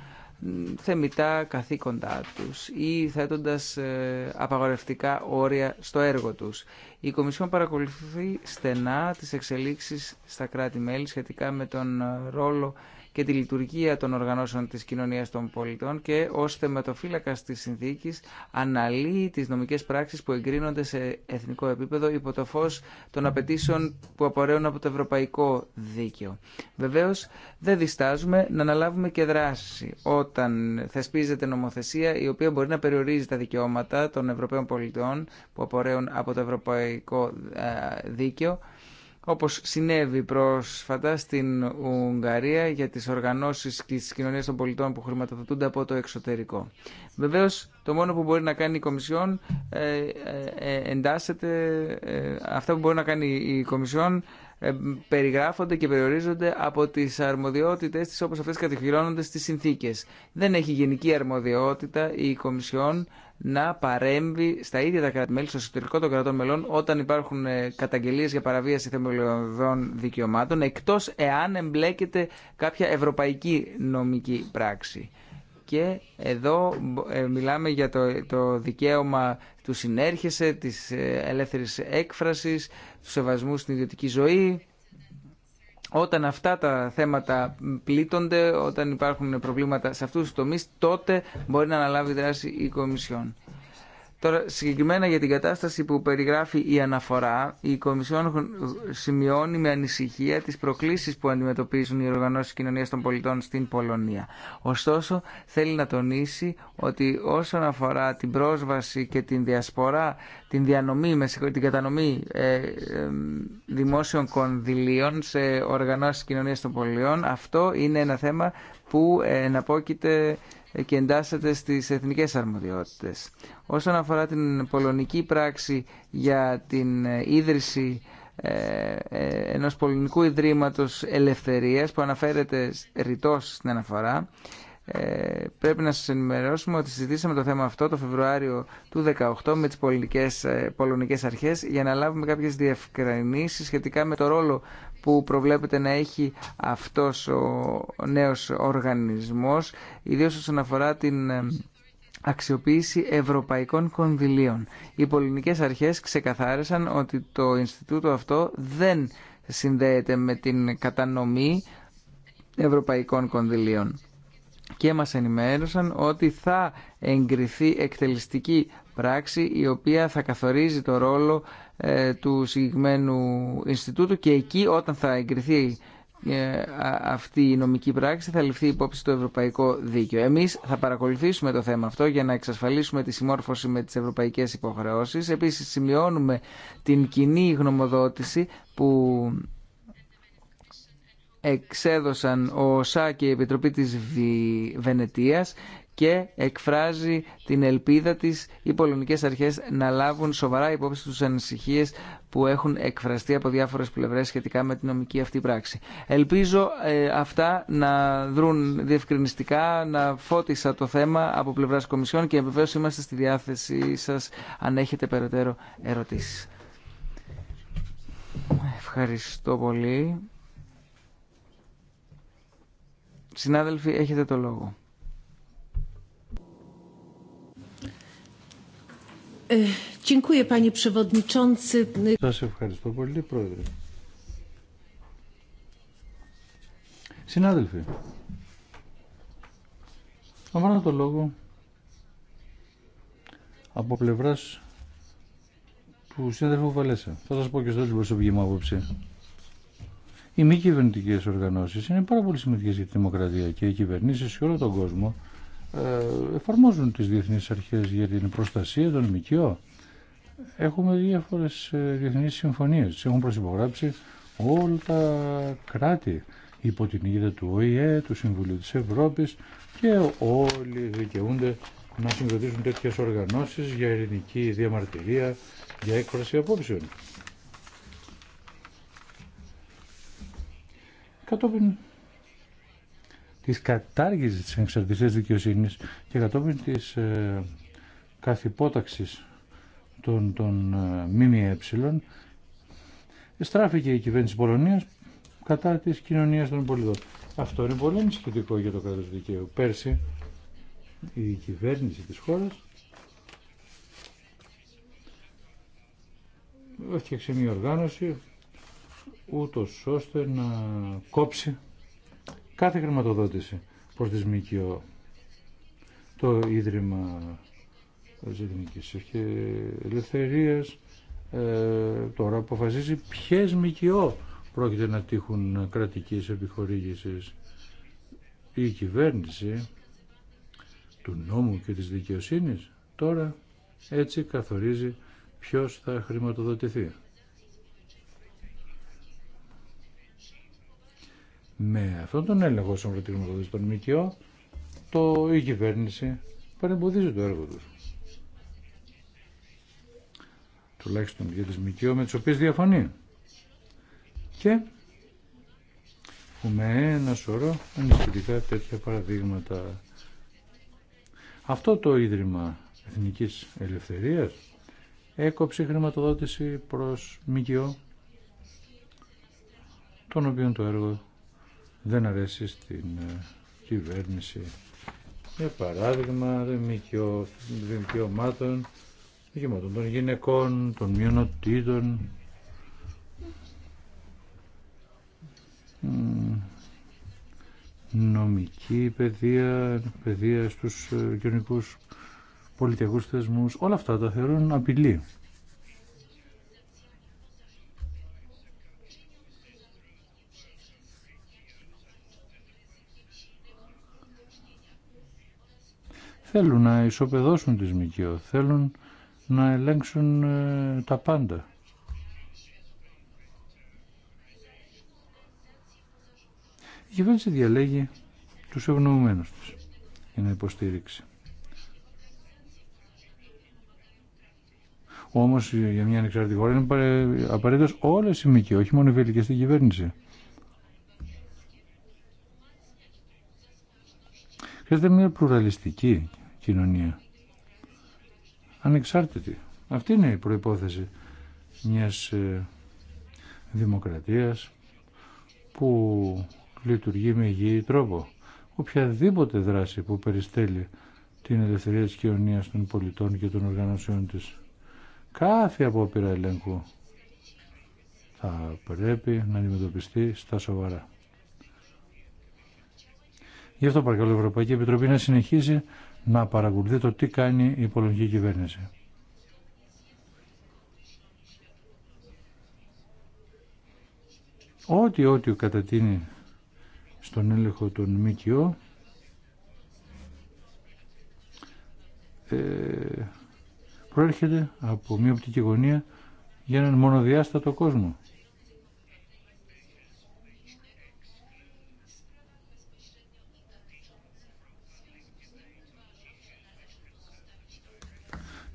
θεμητά καθήκοντά τους ή θέτοντας ε, απαγορευτικά όρια στο έργο τους. Η Κομισιόν παρακολουθεί στενά τις εξελίξεις στα κράτη-μέλη σχετικά με τον ε, ρόλο και τη λειτουργία των οργανώσεων της κοινωνίας των πολιτών και ως θεματοφύλακας της συνθήκης αναλύει τις νομικές πράξεις που εγκρίνονται σε εθνικό επίπεδο υπό το φως των απαιτήσεων που απορρέουν από το ευρωπαϊκό δίκαιο. Βεβαίως δεν διστάζουμε να αναλάβουμε και δράση όταν θεσπίζεται νομοθεσία η οποία μπορεί να περιορίζει τα δικαιώματα των Ευρωπαίων πολιτών που απορρέουν από το ευρωπαϊκό ε, δίκαιο όπως συνέβη πρόσφατα στην Ουγγαρία για τις οργανώσεις και τις κοινωνίες των πολιτών που χρηματοδοτούνται από το εξωτερικό. Βεβαίως, το μόνο που μπορεί να κάνει η Κομισιόν ε, ε, ε εντάσσεται, ε, αυτά που μπορεί να κάνει η Κομισιόν περιγράφονται και περιορίζονται από τις αρμοδιότητες της όπως αυτές κατοχυρώνονται στις συνθήκες. Δεν έχει γενική αρμοδιότητα η Κομισιόν να παρέμβει στα ίδια τα κράτη-μέλη, στο εσωτερικό των κρατών μελών, όταν υπάρχουν ε, καταγγελίε για παραβίαση θεμελιωδών δικαιωμάτων, εκτό εάν εμπλέκεται κάποια ευρωπαϊκή νομική πράξη. Και εδώ ε, μιλάμε για το, το δικαίωμα του συνέρχεσαι, της ε, ελεύθερης έκφρασης, του σεβασμού στην ιδιωτική ζωή όταν αυτά τα θέματα πλήττονται, όταν υπάρχουν προβλήματα σε αυτούς τους τομείς, τότε μπορεί να αναλάβει δράση η Κομισιόν. Τώρα, συγκεκριμένα για την κατάσταση που περιγράφει η αναφορά, η Κομισιόν σημειώνει με ανησυχία τις προκλήσεις που αντιμετωπίζουν οι οργανώσεις κοινωνίας των πολιτών στην Πολωνία. Ωστόσο, θέλει να τονίσει ότι όσον αφορά την πρόσβαση και την διασπορά, την, διανομή, την κατανομή ε, δημόσιων κονδυλίων σε οργανώσει κοινωνία των πολιτών, αυτό είναι ένα θέμα που εναπόκειται και εντάσσεται στις εθνικές αρμοδιότητες. Όσον αφορά την πολωνική πράξη για την ε, ίδρυση ε, ε, ενός πολωνικού ιδρύματος ελευθερίας που αναφέρεται ρητός στην αναφορά, πρέπει να σας ενημερώσουμε ότι συζητήσαμε το θέμα αυτό το Φεβρουάριο του 2018 με τις πολιτικές, πολωνικές αρχές για να λάβουμε κάποιες διευκρινήσεις σχετικά με το ρόλο που προβλέπεται να έχει αυτός ο νέος οργανισμός, ιδίως όσον αφορά την ε, αξιοποίηση ευρωπαϊκών κονδυλίων. Οι πολιτικές αρχές ξεκαθάρισαν ότι το Ινστιτούτο αυτό δεν συνδέεται με την κατανομή ευρωπαϊκών κονδυλίων και μας ενημέρωσαν ότι θα εγκριθεί εκτελεστική πράξη η οποία θα καθορίζει το ρόλο ε, του συγκεκριμένου Ινστιτούτου και εκεί όταν θα εγκριθεί ε, αυτή η νομική πράξη θα ληφθεί υπόψη το ευρωπαϊκό δίκαιο. Εμείς θα παρακολουθήσουμε το θέμα αυτό για να εξασφαλίσουμε τη συμμόρφωση με τις ευρωπαϊκές υποχρεώσεις. Επίσης σημειώνουμε την κοινή γνωμοδότηση που εξέδωσαν ο ΣΑ και η Επιτροπή της Βενετίας και εκφράζει την ελπίδα της οι πολωνικές αρχές να λάβουν σοβαρά υπόψη τους ανησυχίες που έχουν εκφραστεί από διάφορες πλευρές σχετικά με την νομική αυτή πράξη. Ελπίζω ε, αυτά να δρουν διευκρινιστικά, να φώτισα το θέμα από πλευράς Κομισιόν και βεβαίω είμαστε στη διάθεσή σας αν έχετε περαιτέρω ερωτήσεις. Ευχαριστώ πολύ. Συνάδελφοι, έχετε το λόγο. Ε, σας ευχαριστώ πολύ, Πρόεδρε. Συνάδελφοι, λαμβάνω το λόγο από πλευράς του συνάδελφου Βαλέσσα. Θα σας πω και στο την προσωπική μου άποψη. Οι μη κυβερνητικέ οργανώσει είναι πάρα πολύ σημαντικέ για τη δημοκρατία και οι κυβερνήσει σε όλο τον κόσμο ε, εφαρμόζουν τις διεθνείς αρχές για την προστασία των ΜΚΟ. Έχουμε διάφορες ε, διεθνείς συμφωνίες. Τις έχουν προσυπογράψει όλα τα κράτη υπό την αιγύδα του ΟΗΕ, του Συμβουλίου της Ευρώπης και όλοι δικαιούνται να συγκροτήσουν τέτοιες οργανώσεις για ειρηνική διαμαρτυρία, για έκφραση απόψεων. Κατόπιν της κατάργησης της εξαρτησίας δικαιοσύνης και κατόπιν της ε, καθυπόταξης των, των ε, ΜΜΕ στράφηκε η κυβέρνηση Πολωνίας κατά της κοινωνίας των πολιτών. Αυτό είναι πολύ ενισχυτικό για το κράτος δικαίου. Πέρσι η κυβέρνηση της χώρας έφτιαξε μια οργάνωση ούτως ώστε να κόψει κάθε χρηματοδότηση προς τις ΜΚΟ. Το Ίδρυμα Ζητημικής Ελευθερίας ε, τώρα αποφασίζει ποιες ΜΚΟ πρόκειται να τύχουν κρατικής επιχορήγησης. Η κυβέρνηση του νόμου και της δικαιοσύνης τώρα έτσι καθορίζει ποιος θα χρηματοδοτηθεί. Με αυτόν τον έλεγχο στον προτιμοδοτή των ΜΚΟ, το, η κυβέρνηση παρεμποδίζει το έργο τους. Τουλάχιστον για τις ΜΚΟ με τις οποίες διαφωνεί. Και έχουμε ένα σωρό ανησυχητικά τέτοια παραδείγματα. Αυτό το Ίδρυμα Εθνικής Ελευθερίας έκοψε χρηματοδότηση προς ΜΚΟ, τον οποίο το έργο δεν αρέσει στην ε, κυβέρνηση. Για παράδειγμα, δημιουργιωμάτων δημιουργιωμάτων των γυναικών, των μειονοτήτων. νομική παιδεία, παιδεία στους ε, κοινωνικούς πολιτικούς θεσμούς, όλα αυτά τα θεωρούν απειλή. Θέλουν να ισοπεδώσουν τις ΜΚΟ, θέλουν να ελέγξουν ε, τα πάντα. Η κυβέρνηση διαλέγει τους ευνοουμένους της για να υποστήριξει. Όμως για μια ανεξάρτητη χώρα είναι απαραίτητο όλες οι ΜΚΟ, όχι μόνο οι βελικές στην κυβέρνηση. Χρειάζεται μια πλουραλιστική κοινωνία. Ανεξάρτητη. Αυτή είναι η προϋπόθεση μιας ε, δημοκρατίας που λειτουργεί με υγιή τρόπο. Οποιαδήποτε δράση που περιστέλει την ελευθερία της κοινωνίας των πολιτών και των οργανωσιών της. Κάθε απόπειρα ελέγχου θα πρέπει να αντιμετωπιστεί στα σοβαρά. Γι' αυτό παρακαλώ η Ευρωπαϊκή Επιτροπή να συνεχίσει να παρακολουθεί το τι κάνει η πολωνική κυβέρνηση. Ό,τι, ό,τι κατατείνει στον έλεγχο των ΜΚΟ ε, προέρχεται από μια οπτική γωνία για έναν μονοδιάστατο κόσμο.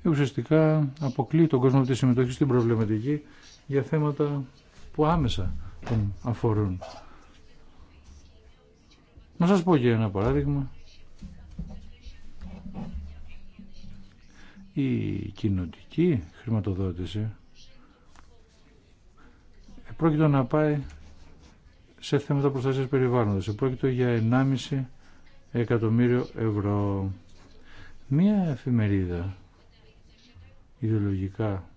ουσιαστικά αποκλείει τον κόσμο από τη συμμετοχή στην προβληματική για θέματα που άμεσα τον αφορούν. Να σας πω και ένα παράδειγμα. Η κοινωτική χρηματοδότηση πρόκειται να πάει σε θέματα προστασίας περιβάλλοντος. Πρόκειται για 1,5 εκατομμύριο ευρώ. Μία εφημερίδα ιδεολογικά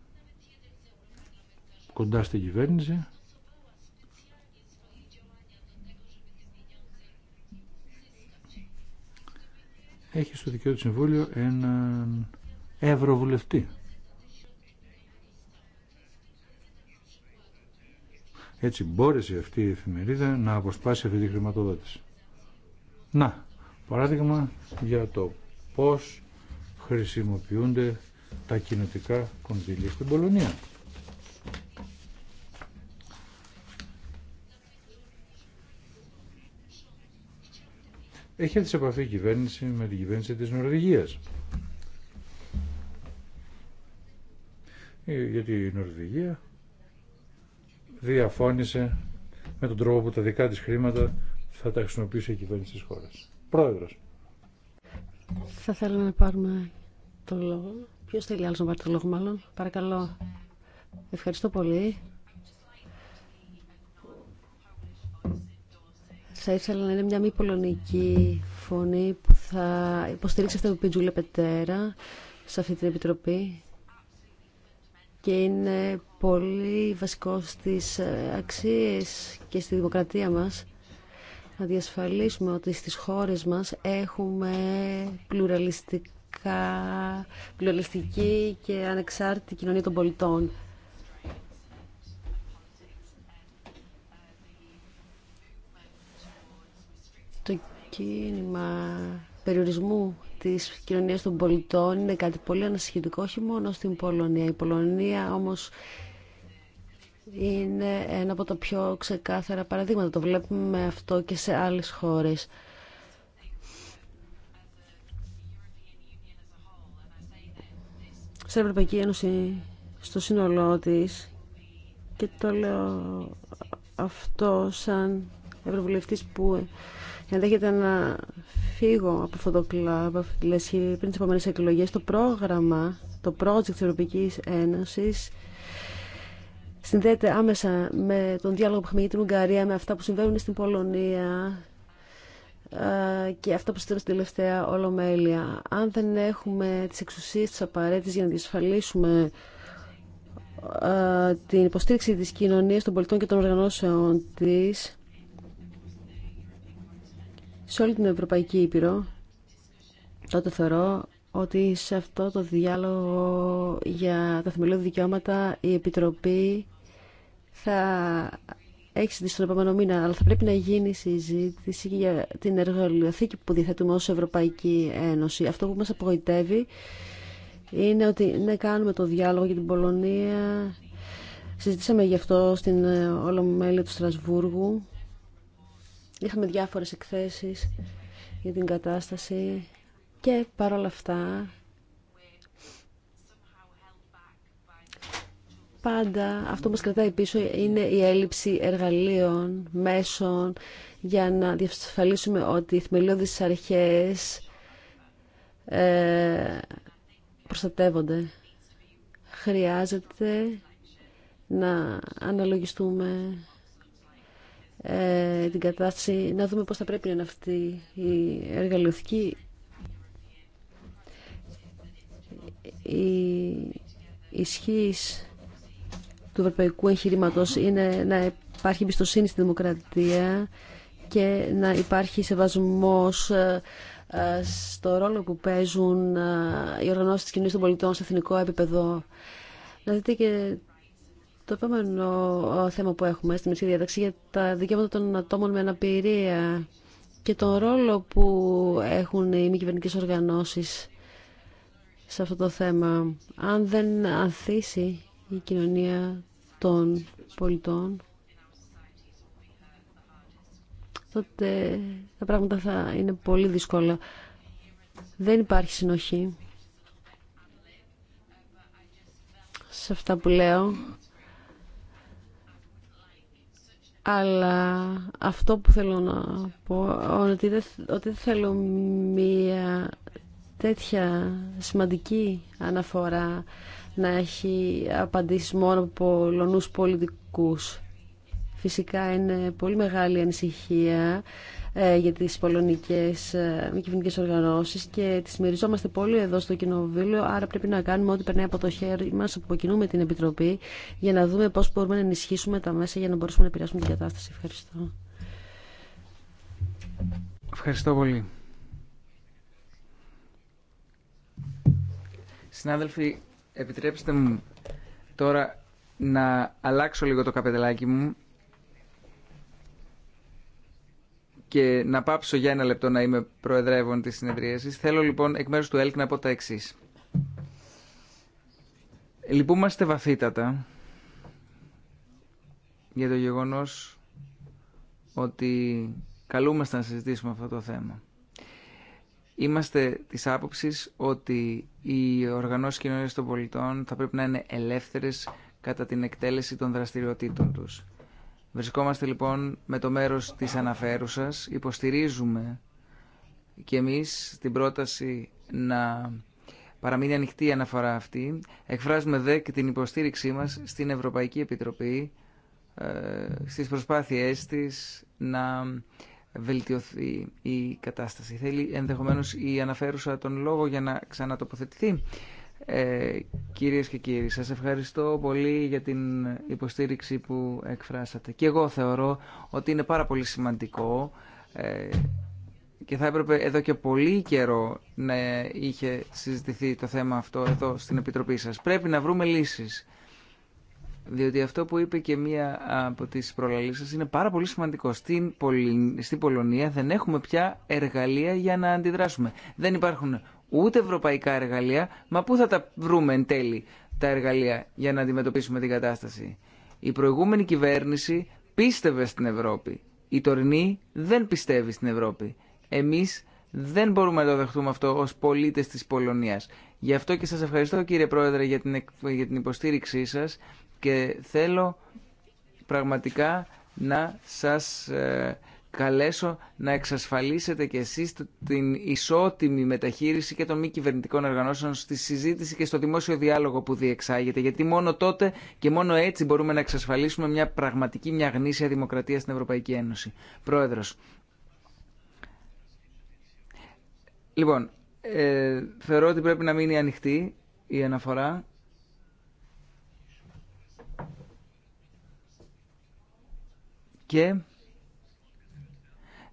κοντά στην κυβέρνηση έχει στο δικαίωμα του Συμβούλιο έναν ευρωβουλευτή. Έτσι μπόρεσε αυτή η εφημερίδα να αποσπάσει αυτή τη χρηματοδότηση. Να, παράδειγμα για το πώς χρησιμοποιούνται τα κοινωτικά κονδύλια στην Πολωνία. Έχει έρθει σε επαφή η κυβέρνηση με την κυβέρνηση της Νορβηγίας. Ε, γιατί η Νορβηγία διαφώνησε με τον τρόπο που τα δικά της χρήματα θα τα χρησιμοποιήσει η κυβέρνηση της χώρας. Πρόεδρος. Θα θέλω να πάρουμε το λόγο Ποιος θέλει άλλος να πάρει το λόγο μάλλον. Παρακαλώ. Ευχαριστώ πολύ. Θα ήθελα να είναι μια μη πολωνική φωνή που θα υποστηρίξει αυτό που είπε Πετέρα σε αυτή την επιτροπή και είναι πολύ βασικό στις αξίες και στη δημοκρατία μας να διασφαλίσουμε ότι στις χώρες μας έχουμε πλουραλιστικά πλουραλιστική και ανεξάρτητη κοινωνία των πολιτών. Το κίνημα περιορισμού της κοινωνίας των πολιτών είναι κάτι πολύ ανασχετικό όχι μόνο στην Πολωνία. Η Πολωνία όμως είναι ένα από τα πιο ξεκάθαρα παραδείγματα. Το βλέπουμε αυτό και σε άλλες χώρες. στην Ευρωπαϊκή Ένωση στο σύνολό της και το λέω αυτό σαν ευρωβουλευτής που ενδέχεται να φύγω από αυτό το κλαμπ πριν τις επόμενες εκλογές το πρόγραμμα, το project της Ευρωπαϊκής Ένωσης συνδέεται άμεσα με τον διάλογο που έχουμε για την Ουγγαρία, με αυτά που συμβαίνουν στην Πολωνία, ε, και αυτό που στέλνω στην τελευταία ολομέλεια. Αν δεν έχουμε τις εξουσίες τις απαραίτητες για να διασφαλίσουμε ε, την υποστήριξη της κοινωνίας των πολιτών και των οργανώσεων της σε όλη την Ευρωπαϊκή Ήπειρο, τότε θεωρώ ότι σε αυτό το διάλογο για τα θεμελιώδη δικαιώματα η Επιτροπή θα έχει συζητήσει τον επόμενο μήνα, αλλά θα πρέπει να γίνει συζήτηση για την εργαλειοθήκη που διαθέτουμε ως Ευρωπαϊκή Ένωση. Αυτό που μας απογοητεύει είναι ότι ναι, κάνουμε το διάλογο για την Πολωνία. Συζητήσαμε γι' αυτό στην Ολομέλεια του Στρασβούργου. Είχαμε διάφορες εκθέσεις για την κατάσταση και παρόλα αυτά πάντα αυτό που μας κρατάει πίσω είναι η έλλειψη εργαλείων, μέσων για να διασφαλίσουμε ότι οι θεμελιώδεις αρχές ε, προστατεύονται. Χρειάζεται να αναλογιστούμε ε, την κατάσταση, να δούμε πώς θα πρέπει να είναι αυτή η εργαλειοθήκη η ισχύς του ευρωπαϊκού εγχειρήματο είναι να υπάρχει εμπιστοσύνη στη δημοκρατία και να υπάρχει σεβασμός ε, ε, στο ρόλο που παίζουν ε, οι οργανώσει τη κοινωνία των πολιτών στο εθνικό επίπεδο. Να δείτε και το επόμενο θέμα που έχουμε στη Μεσή Διάταξη για τα δικαιώματα των ατόμων με αναπηρία και τον ρόλο που έχουν οι μη κυβερνητικέ οργανώσει σε αυτό το θέμα. Αν δεν ανθίσει η κοινωνία των πολιτών, τότε τα πράγματα θα είναι πολύ δύσκολα. Δεν υπάρχει συνοχή σε αυτά που λέω. Αλλά αυτό που θέλω να πω, ότι ότι δεν θέλω μία τέτοια σημαντική αναφορά να έχει απαντήσει μόνο από λονούς πολιτικούς. Φυσικά είναι πολύ μεγάλη ανησυχία ε, για τις πολωνικές ε, μη κυβερνικές οργανώσεις και τις μυριζόμαστε πολύ εδώ στο Κοινοβούλιο, άρα πρέπει να κάνουμε ό,τι περνάει από το χέρι μας, από κοινού την Επιτροπή, για να δούμε πώς μπορούμε να ενισχύσουμε τα μέσα για να μπορέσουμε να επηρεάσουμε την κατάσταση. Ευχαριστώ. Ευχαριστώ πολύ. Συνάδελφοι, Επιτρέψτε μου τώρα να αλλάξω λίγο το καπετελάκι μου και να πάψω για ένα λεπτό να είμαι προεδρεύων της συνεδρίασης. Θέλω λοιπόν εκ μέρους του ΕΛΚ να πω τα εξής. Λυπούμαστε βαθύτατα για το γεγονός ότι καλούμαστε να συζητήσουμε αυτό το θέμα. Είμαστε της άποψης ότι οι οργανώσει κοινωνίας των πολιτών θα πρέπει να είναι ελεύθερες κατά την εκτέλεση των δραστηριοτήτων τους. Βρισκόμαστε λοιπόν με το μέρος της αναφέρουσας, υποστηρίζουμε και εμείς την πρόταση να παραμείνει ανοιχτή η αναφορά αυτή. Εκφράζουμε δε και την υποστήριξή μας στην Ευρωπαϊκή Επιτροπή ε, στις προσπάθειές της να βελτιωθεί η κατάσταση. Θέλει ενδεχομένως η αναφέρουσα τον λόγο για να ξανατοποθετηθεί. Ε, κυρίες και κύριοι, σας ευχαριστώ πολύ για την υποστήριξη που εκφράσατε. Και εγώ θεωρώ ότι είναι πάρα πολύ σημαντικό ε, και θα έπρεπε εδώ και πολύ καιρό να είχε συζητηθεί το θέμα αυτό εδώ στην Επιτροπή σας. Πρέπει να βρούμε λύσεις. Διότι αυτό που είπε και μία από τις προλαλήσεις είναι πάρα πολύ σημαντικό. Στην, Στην Πολωνία δεν έχουμε πια εργαλεία για να αντιδράσουμε. Δεν υπάρχουν ούτε ευρωπαϊκά εργαλεία, μα πού θα τα βρούμε εν τέλει τα εργαλεία για να αντιμετωπίσουμε την κατάσταση. Η προηγούμενη κυβέρνηση πίστευε στην Ευρώπη. Η τωρινή δεν πιστεύει στην Ευρώπη. Εμείς δεν μπορούμε να το δεχτούμε αυτό ως πολίτες της Πολωνίας. Γι' αυτό και σας ευχαριστώ κύριε Πρόεδρε για την, για την υποστήριξή σας και θέλω πραγματικά να σας ε, καλέσω να εξασφαλίσετε και εσείς την ισότιμη μεταχείριση και των μη κυβερνητικών οργανώσεων στη συζήτηση και στο δημόσιο διάλογο που διεξάγεται. Γιατί μόνο τότε και μόνο έτσι μπορούμε να εξασφαλίσουμε μια πραγματική, μια γνήσια δημοκρατία στην Ευρωπαϊκή Ένωση. Πρόεδρος. Λοιπόν, ε, θεωρώ ότι πρέπει να μείνει ανοιχτή η αναφορά και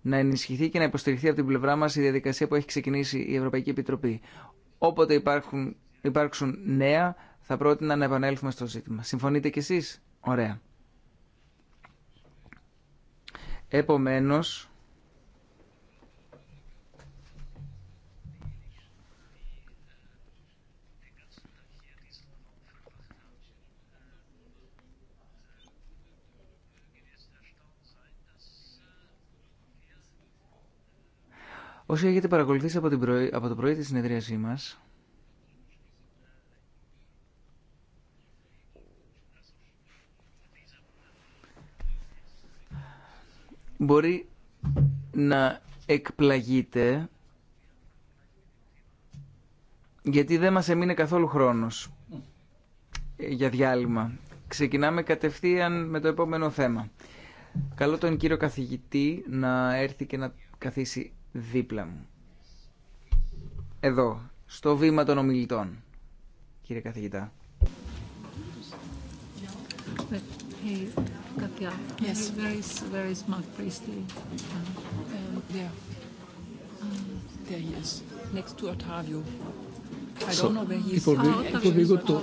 να ενισχυθεί και να υποστηριχθεί από την πλευρά μας η διαδικασία που έχει ξεκινήσει η Ευρωπαϊκή Επιτροπή. Όποτε υπάρχουν, υπάρξουν νέα, θα πρότεινα να επανέλθουμε στο ζήτημα. Συμφωνείτε κι εσείς? Ωραία. Επομένως, Όσοι έχετε παρακολουθήσει από, την από το πρωί τη συνεδρίασή μας, μπορεί να εκπλαγείτε γιατί δεν μας έμεινε καθόλου χρόνος για διάλειμμα. Ξεκινάμε κατευθείαν με το επόμενο θέμα. Καλό τον κύριο καθηγητή να έρθει και να καθίσει δίπλα μου. Εδώ, στο βήμα των ομιλητών, κύριε καθηγητά. Next to Octavio. I don't know where he is. It would be good to.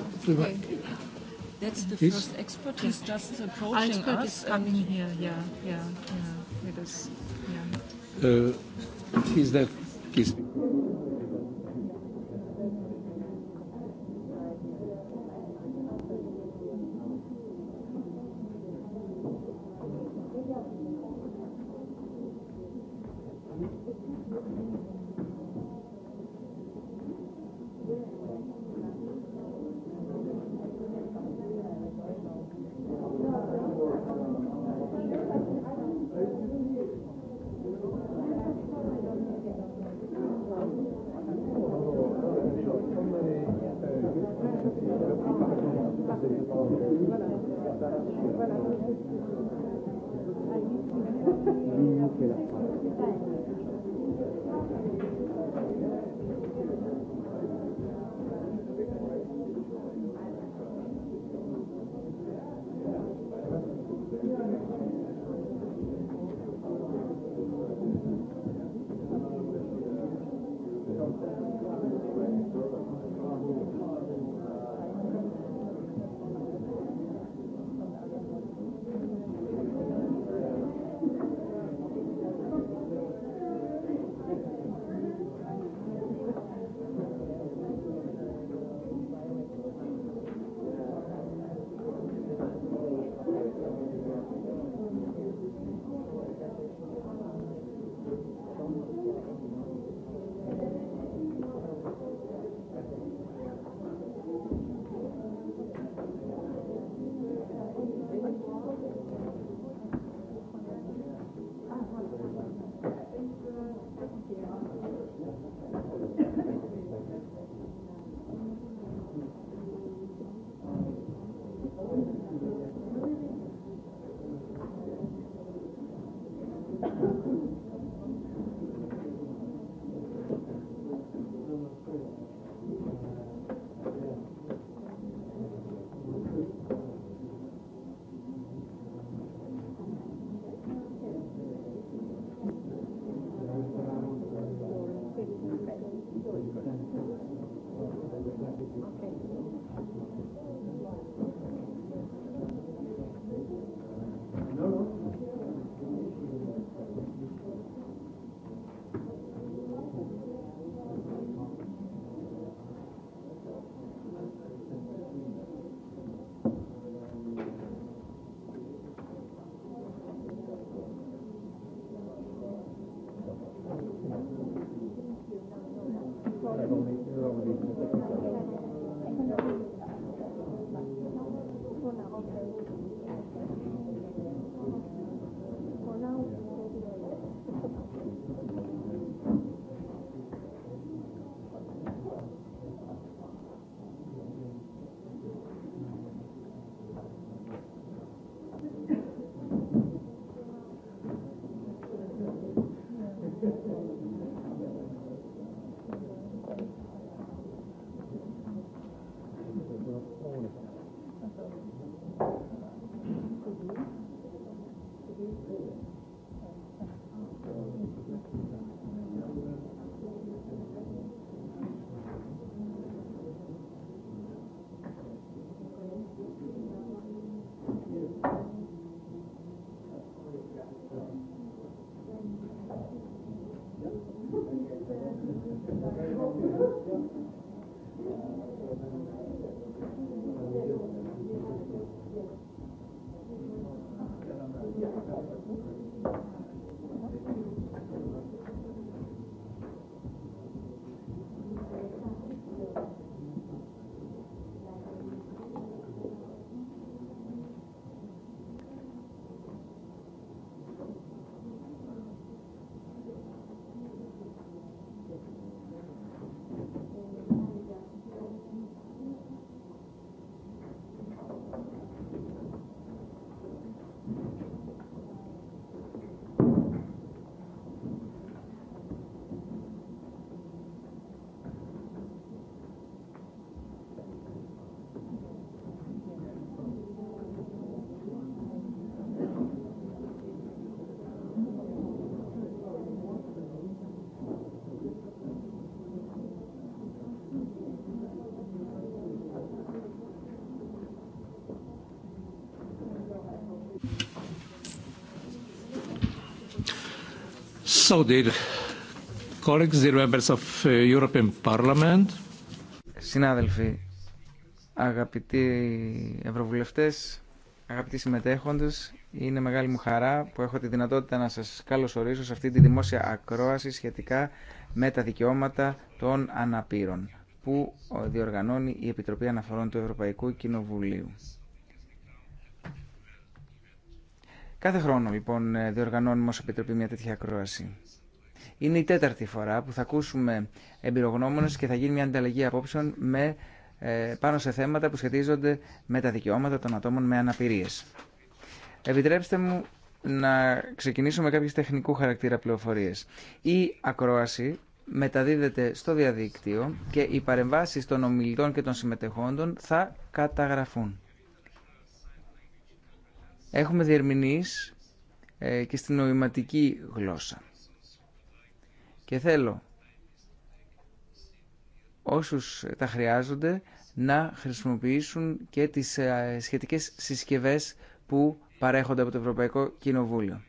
That's the first expert. He's just approaching us. coming here. Yeah, yeah, yeah. With us. Yeah. He's there. He's Uh, Συνάδελφοι, αγαπητοί ευρωβουλευτές, αγαπητοί συμμετέχοντες, είναι μεγάλη μου χαρά που έχω τη δυνατότητα να σας καλωσορίσω σε αυτή τη δημόσια ακρόαση σχετικά με τα δικαιώματα των αναπήρων που ε, διοργανώνει η Επιτροπή Αναφορών του Ευρωπαϊκού Κοινοβουλίου. Κάθε χρόνο λοιπόν ε, διοργανώνουμε ως Επιτροπή μια τέτοια ακρόαση. Είναι η τέταρτη φορά που θα ακούσουμε εμπειρογνώμονες και θα γίνει μια ανταλλαγή απόψεων με, ε, πάνω σε θέματα που σχετίζονται με τα δικαιώματα των ατόμων με αναπηρίες. Επιτρέψτε μου να ξεκινήσω με κάποιες τεχνικού χαρακτήρα πληροφορίες. Η ακρόαση μεταδίδεται στο διαδίκτυο και οι παρεμβάσεις των ομιλητών και των συμμετεχόντων θα καταγραφούν. Έχουμε διερμηνείς ε, και στην νοηματική γλώσσα. Και θέλω όσους τα χρειάζονται να χρησιμοποιήσουν και τις ε, σχετικές συσκευές που παρέχονται από το Ευρωπαϊκό Κοινοβούλιο.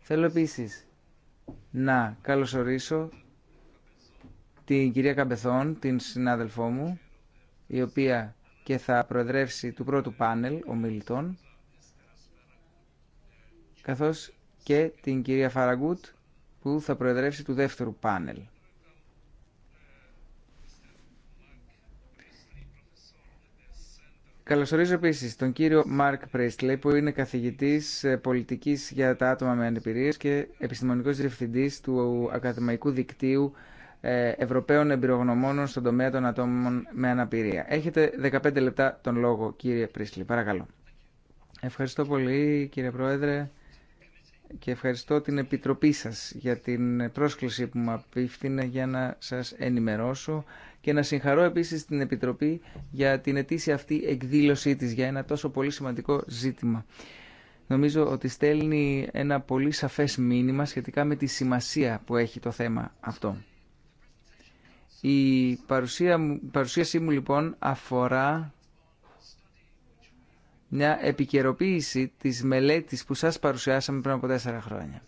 Θέλω επίσης να καλωσορίσω την κυρία Καμπεθόν, την συνάδελφό μου, η οποία και θα προεδρεύσει του πρώτου πάνελ ομιλητών καθώς και την κυρία Φαραγκούτ που θα προεδρεύσει του δεύτερου πάνελ. Καλωσορίζω επίσης τον κύριο Μάρκ Πρέστλε που είναι καθηγητής ε, πολιτικής για τα άτομα με ανεπηρίες και επιστημονικός διευθυντής του Ακαδημαϊκού Δικτύου ε, Ευρωπαίων Εμπειρογνωμόνων στον τομέα των ατόμων με αναπηρία. Έχετε 15 λεπτά τον λόγο κύριε Πρέστλε. Παρακαλώ. Ευχαριστώ πολύ κύριε Πρόεδρε και ευχαριστώ την Επιτροπή σας για την πρόσκληση που μου απίφθηνε για να σας ενημερώσω και να συγχαρώ επίσης την Επιτροπή για την ετήσια αυτή εκδήλωσή της για ένα τόσο πολύ σημαντικό ζήτημα. Νομίζω ότι στέλνει ένα πολύ σαφές μήνυμα σχετικά με τη σημασία που έχει το θέμα αυτό. Η παρουσίασή μου λοιπόν αφορά μια επικαιροποίηση της μελέτης που σας παρουσιάσαμε πριν από τέσσερα χρόνια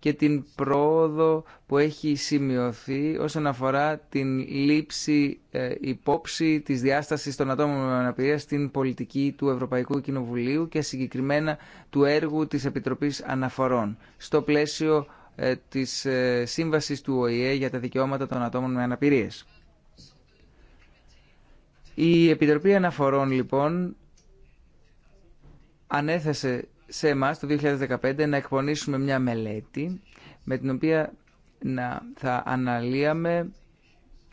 και την πρόοδο που έχει σημειωθεί όσον αφορά την λήψη ε, υπόψη της διάστασης των ατόμων με αναπηρία στην πολιτική του Ευρωπαϊκού Κοινοβουλίου και συγκεκριμένα του έργου της Επιτροπής Αναφορών στο πλαίσιο ε, της ε, Σύμβασης του ΟΗΕ για τα δικαιώματα των ατόμων με αναπηρίες. Η Επιτροπή Αναφορών λοιπόν ανέθεσε σε εμά το 2015 να εκπονήσουμε μια μελέτη με την οποία να θα αναλύαμε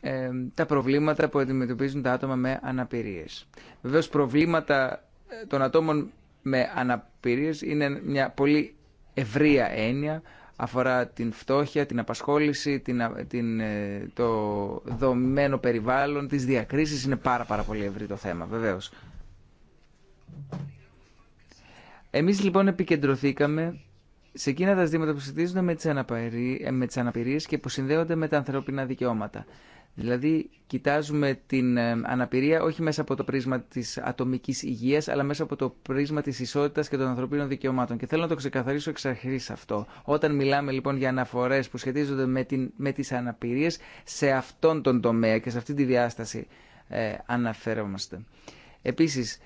ε, τα προβλήματα που αντιμετωπίζουν τα άτομα με αναπηρίες. Βεβαίως προβλήματα ε, των ατόμων με αναπηρίες είναι μια πολύ ευρία έννοια, αφορά την φτώχεια, την απασχόληση, την, ε, το δομημένο περιβάλλον, τις διακρίσεις, είναι πάρα πάρα πολύ ευρύ το θέμα βεβαίως. Εμείς λοιπόν επικεντρωθήκαμε σε εκείνα τα ζητήματα που σχετίζονται ε, με τις αναπηρίες και που συνδέονται με τα ανθρώπινα δικαιώματα. Δηλαδή κοιτάζουμε την ε, αναπηρία όχι μέσα από το πρίσμα της ατομικής υγείας αλλά μέσα από το πρίσμα της ισότητας και των ανθρωπίνων δικαιωμάτων. Και θέλω να το ξεκαθαρίσω εξ αρχής αυτό. Όταν μιλάμε λοιπόν για αναφορές που σχετίζονται με, την, με τις αναπηρίες σε αυτόν τον τομέα και σε αυτή τη διάσταση ε, αναφέρομαστε. Επίσης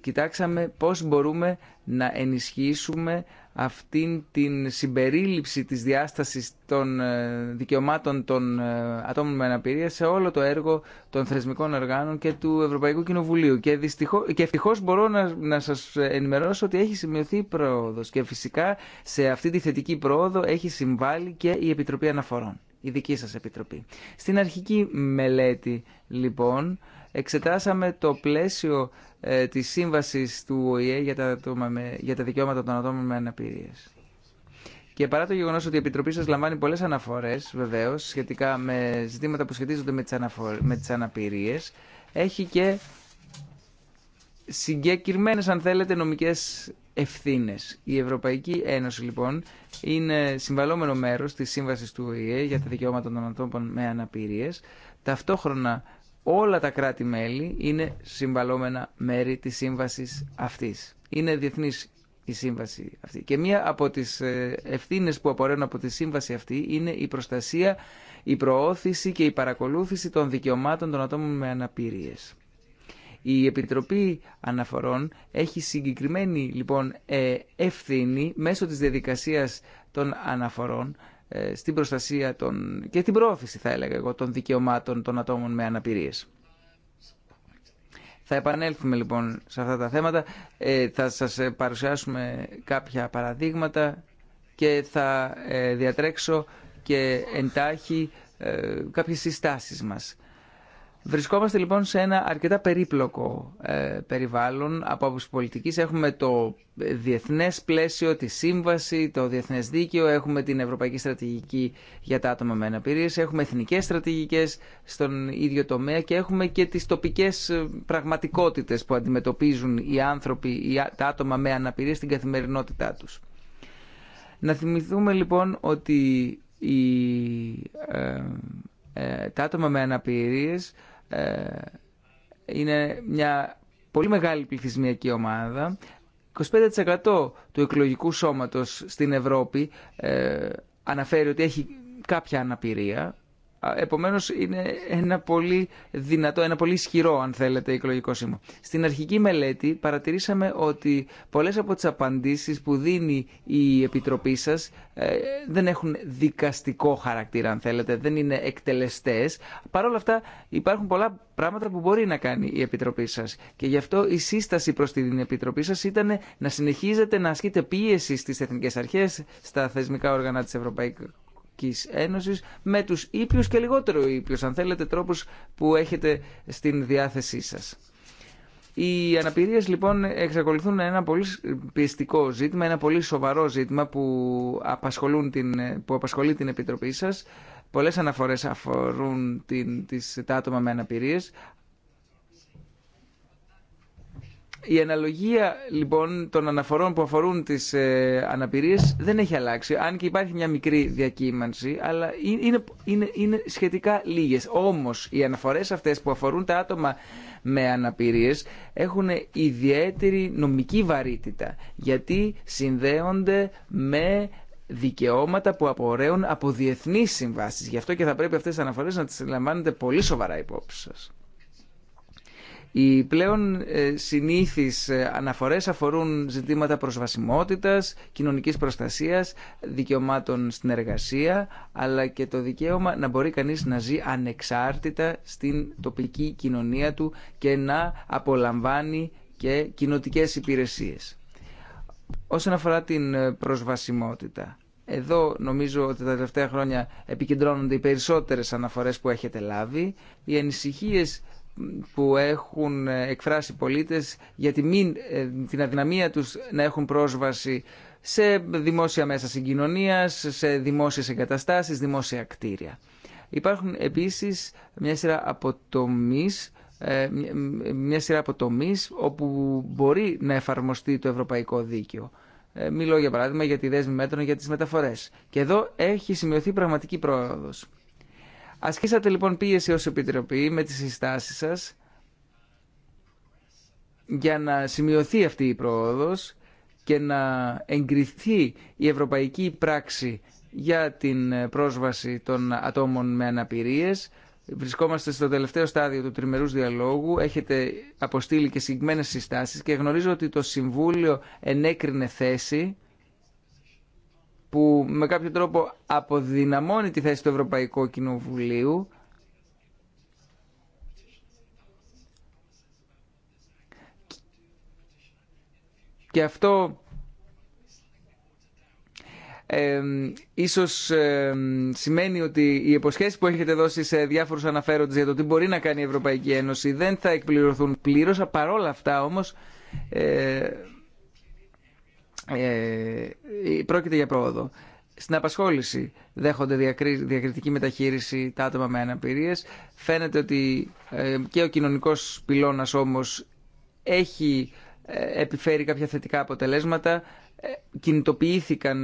κοιτάξαμε πώς μπορούμε να ενισχύσουμε αυτήν την συμπερίληψη της διάστασης των ε, δικαιωμάτων των ε, ατόμων με αναπηρία σε όλο το έργο των θεσμικών οργάνων και του Ευρωπαϊκού Κοινοβουλίου. Και, δυστυχώς, ευτυχώς μπορώ να, σας ενημερώσω ότι έχει σημειωθεί πρόοδος και φυσικά σε αυτή τη θετική πρόοδο έχει συμβάλει και η Επιτροπή Αναφορών, η δική σας Επιτροπή. Στην αρχική μελέτη λοιπόν εξετάσαμε το πλαίσιο ε, της σύμβασης του ΟΗΕ για τα, για τα δικαιώματα των ατόμων με αναπηρίες. Και παρά το γεγονός ότι η Επιτροπή σας λαμβάνει πολλές αναφορές, βεβαίως, σχετικά με ζητήματα που σχετίζονται με τις, αναφορ, με αναπηρίες, έχει και συγκεκριμένες, αν θέλετε, νομικές ευθύνες. Η Ευρωπαϊκή Ένωση, λοιπόν, είναι συμβαλόμενο μέρος της Σύμβασης του ΟΗΕ για τα δικαιώματα των ατόμων με αναπηρίες. Ταυτόχρονα όλα τα κράτη-μέλη είναι συμβαλόμενα μέρη της σύμβασης αυτής. Είναι διεθνής η σύμβαση αυτή. Και μία από τις ε, ευθύνες που απορρέουν από τη σύμβαση αυτή είναι η προστασία, η προώθηση και η παρακολούθηση των δικαιωμάτων των ατόμων με αναπηρίες. Η Επιτροπή Αναφορών έχει συγκεκριμένη λοιπόν ε, ευθύνη μέσω της διαδικασίας των αναφορών ε, στην προστασία των, και την προώθηση, θα έλεγα εγώ των δικαιωμάτων των ατόμων με αναπηρίες. Θα επανέλθουμε λοιπόν σε αυτά τα θέματα, ε, θα σας ε, παρουσιάσουμε κάποια παραδείγματα και θα διατρέξω και εντάχει ε, κάποιες συστάσεις μας. Βρισκόμαστε λοιπόν σε ένα αρκετά περίπλοκο ε, περιβάλλον από άποψη πολιτικής. Έχουμε το διεθνές πλαίσιο, τη σύμβαση, το διεθνές δίκαιο, έχουμε την ευρωπαϊκή στρατηγική για τα άτομα με αναπηρίες, έχουμε εθνικές στρατηγικές στον ίδιο τομέα και έχουμε και τις τοπικές ε, πραγματικότητες που αντιμετωπίζουν οι άνθρωποι, τα άτομα με αναπηρία στην καθημερινότητά τους. Να θυμηθούμε λοιπόν ότι η ε, ε, τα άτομα με αναπηρίες ε, είναι μια πολύ μεγάλη πληθυσμιακή ομάδα. 25% του εκλογικού σώματος στην Ευρώπη ε, αναφέρει ότι έχει κάποια αναπηρία Επομένως είναι ένα πολύ δυνατό, ένα πολύ ισχυρό αν θέλετε εκλογικό σήμα. Στην αρχική μελέτη παρατηρήσαμε ότι πολλές από τις απαντήσεις που δίνει η Επιτροπή σας ε, δεν έχουν δικαστικό χαρακτήρα αν θέλετε, δεν είναι εκτελεστές. Παρ' όλα αυτά υπάρχουν πολλά πράγματα που μπορεί να κάνει η Επιτροπή σας και γι' αυτό η σύσταση προς την Επιτροπή σας ήταν να συνεχίζετε να ασκείτε πίεση στις εθνικές αρχές, στα θεσμικά όργανα της Ευρωπαϊκή. Ευρωπαϊκή με τους ήπιου και λιγότερο ήπιου, αν θέλετε, τρόπου που έχετε στην διάθεσή σα. Οι αναπηρίες λοιπόν εξακολουθούν ένα πολύ πιεστικό ζήτημα, ένα πολύ σοβαρό ζήτημα που, απασχολούν την, που απασχολεί την Επιτροπή σας. Πολλές αναφορές αφορούν την, τις, τα άτομα με αναπηρίες, η αναλογία λοιπόν των αναφορών που αφορούν τις ε, αναπηρίες δεν έχει αλλάξει, αν και υπάρχει μια μικρή διακύμανση, αλλά είναι, είναι, είναι σχετικά λίγες. Όμως οι αναφορές αυτές που αφορούν τα άτομα με αναπηρίε έχουν ιδιαίτερη νομική βαρύτητα, γιατί συνδέονται με δικαιώματα που απορρέουν από διεθνεί συμβάσει. Γι' αυτό και θα πρέπει αυτέ τι αναφορέ να τι λαμβάνετε πολύ σοβαρά υπόψη σας. Οι πλέον ε, συνήθεις ε, αναφορές αφορούν ζητήματα προσβασιμότητας, κοινωνικής προστασίας, δικαιωμάτων στην εργασία, αλλά και το δικαίωμα να μπορεί κανείς να ζει ανεξάρτητα στην τοπική κοινωνία του και να απολαμβάνει και κοινοτικές υπηρεσίες. Όσον αφορά την ε, προσβασιμότητα, εδώ νομίζω ότι τα τελευταία χρόνια επικεντρώνονται οι περισσότερες αναφορές που έχετε λάβει. Οι που έχουν εκφράσει πολίτες για μην, ε, την αδυναμία τους να έχουν πρόσβαση σε δημόσια μέσα συγκοινωνίας, σε δημόσιες εγκαταστάσεις, δημόσια κτίρια. Υπάρχουν επίσης μια σειρά από ε, μια σειρά από όπου μπορεί να εφαρμοστεί το ευρωπαϊκό δίκαιο. Ε, μιλώ για παράδειγμα για τη δέσμη μέτρων για τις μεταφορές. Και εδώ έχει σημειωθεί πραγματική πρόοδος. Ασκήσατε λοιπόν πίεση ως Επιτροπή με τις συστάσεις σας για να σημειωθεί αυτή η πρόοδος και να εγκριθεί η ευρωπαϊκή πράξη για την πρόσβαση των ατόμων με αναπηρίες. Βρισκόμαστε στο τελευταίο στάδιο του τριμερούς διαλόγου. Έχετε αποστείλει και συγκεκριμένες συστάσεις και γνωρίζω ότι το Συμβούλιο ενέκρινε θέση που με κάποιο τρόπο αποδυναμώνει τη θέση του Ευρωπαϊκού Κοινοβουλίου και αυτό ε, ίσως σημαίνει ότι οι υποσχέσεις που έχετε δώσει σε διάφορους αναφέροντες για το τι μπορεί να κάνει η Ευρωπαϊκή Ένωση δεν θα εκπληρωθούν πλήρως παρόλα αυτά όμως ε, ε, πρόκειται για πρόοδο. Στην απασχόληση δέχονται διακριτική μεταχείριση τα άτομα με αναπηρίε. Φαίνεται ότι ε, και ο κοινωνικός πυλώνα όμως έχει ε, επιφέρει κάποια θετικά αποτελέσματα. Ε, κινητοποιήθηκαν,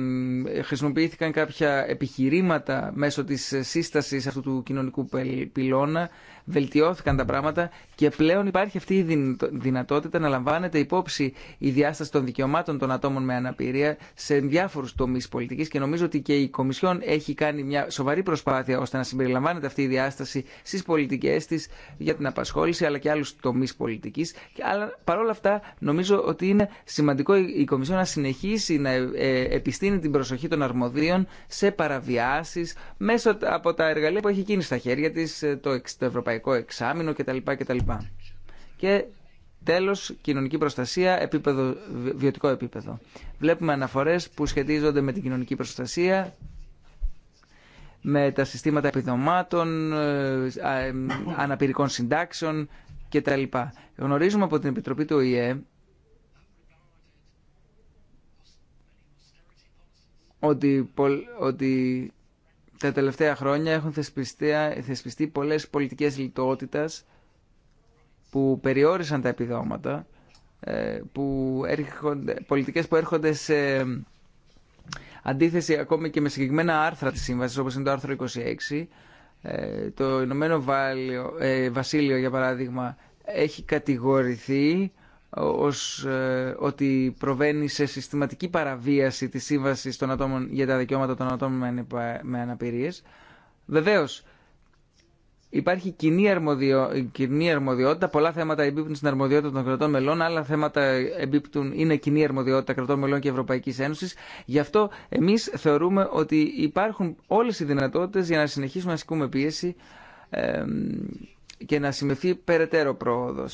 χρησιμοποιήθηκαν κάποια επιχειρήματα μέσω της σύστασης αυτού του κοινωνικού πυλώνα βελτιώθηκαν τα πράγματα και πλέον υπάρχει αυτή η δυνατότητα να λαμβάνεται υπόψη η διάσταση των δικαιωμάτων των ατόμων με αναπηρία σε διάφορου τομεί πολιτική και νομίζω ότι και η Κομισιόν έχει κάνει μια σοβαρή προσπάθεια ώστε να συμπεριλαμβάνεται αυτή η διάσταση στι πολιτικέ τη για την απασχόληση αλλά και άλλου τομεί πολιτική. Αλλά παρόλα αυτά νομίζω ότι είναι σημαντικό η Κομισιόν να συνεχίσει να ε, ε, επιστήνει την προσοχή των αρμοδίων σε παραβιάσει μέσω από τα εργαλεία που έχει γίνει στα χέρια τη, ε, το Ευρωπαϊκό ευρωπαϊκό εξάμεινο κτλ. κτλ. Και τέλος, κοινωνική προστασία, επίπεδο, βιωτικό επίπεδο. Βλέπουμε αναφορές που σχετίζονται με την κοινωνική προστασία, με τα συστήματα επιδομάτων, ε, αναπηρικών συντάξεων κτλ. Γνωρίζουμε από την Επιτροπή του ΟΗΕ ότι, ότι τα τελευταία χρόνια έχουν θεσπιστεί, θεσπιστεί πολλές πολιτικές λιτότητας που περιόρισαν τα επιδόματα, ε, που έρχονται, πολιτικές που έρχονται σε αντίθεση ακόμη και με συγκεκριμένα άρθρα της σύμβασης, όπως είναι το άρθρο 26. Ε, το Ηνωμένο ε, Βασίλειο, για παράδειγμα, έχει κατηγορηθεί ως ε, ότι προβαίνει σε συστηματική παραβίαση της σύμβαση των ατόμων για τα δικαιώματα των ατόμων με, με αναπηρίες. Βεβαίως, υπάρχει κοινή, αρμοδιο, κοινή αρμοδιότητα, πολλά θέματα εμπίπτουν στην αρμοδιότητα των κρατών μελών, άλλα θέματα εμπίπτουν, είναι κοινή αρμοδιότητα κρατών μελών και Ευρωπαϊκής Ένωσης. Γι' αυτό εμείς θεωρούμε ότι υπάρχουν όλες οι δυνατότητες για να συνεχίσουμε να ασκούμε πίεση ε, και να σημειωθεί περαιτέρω πρόοδο.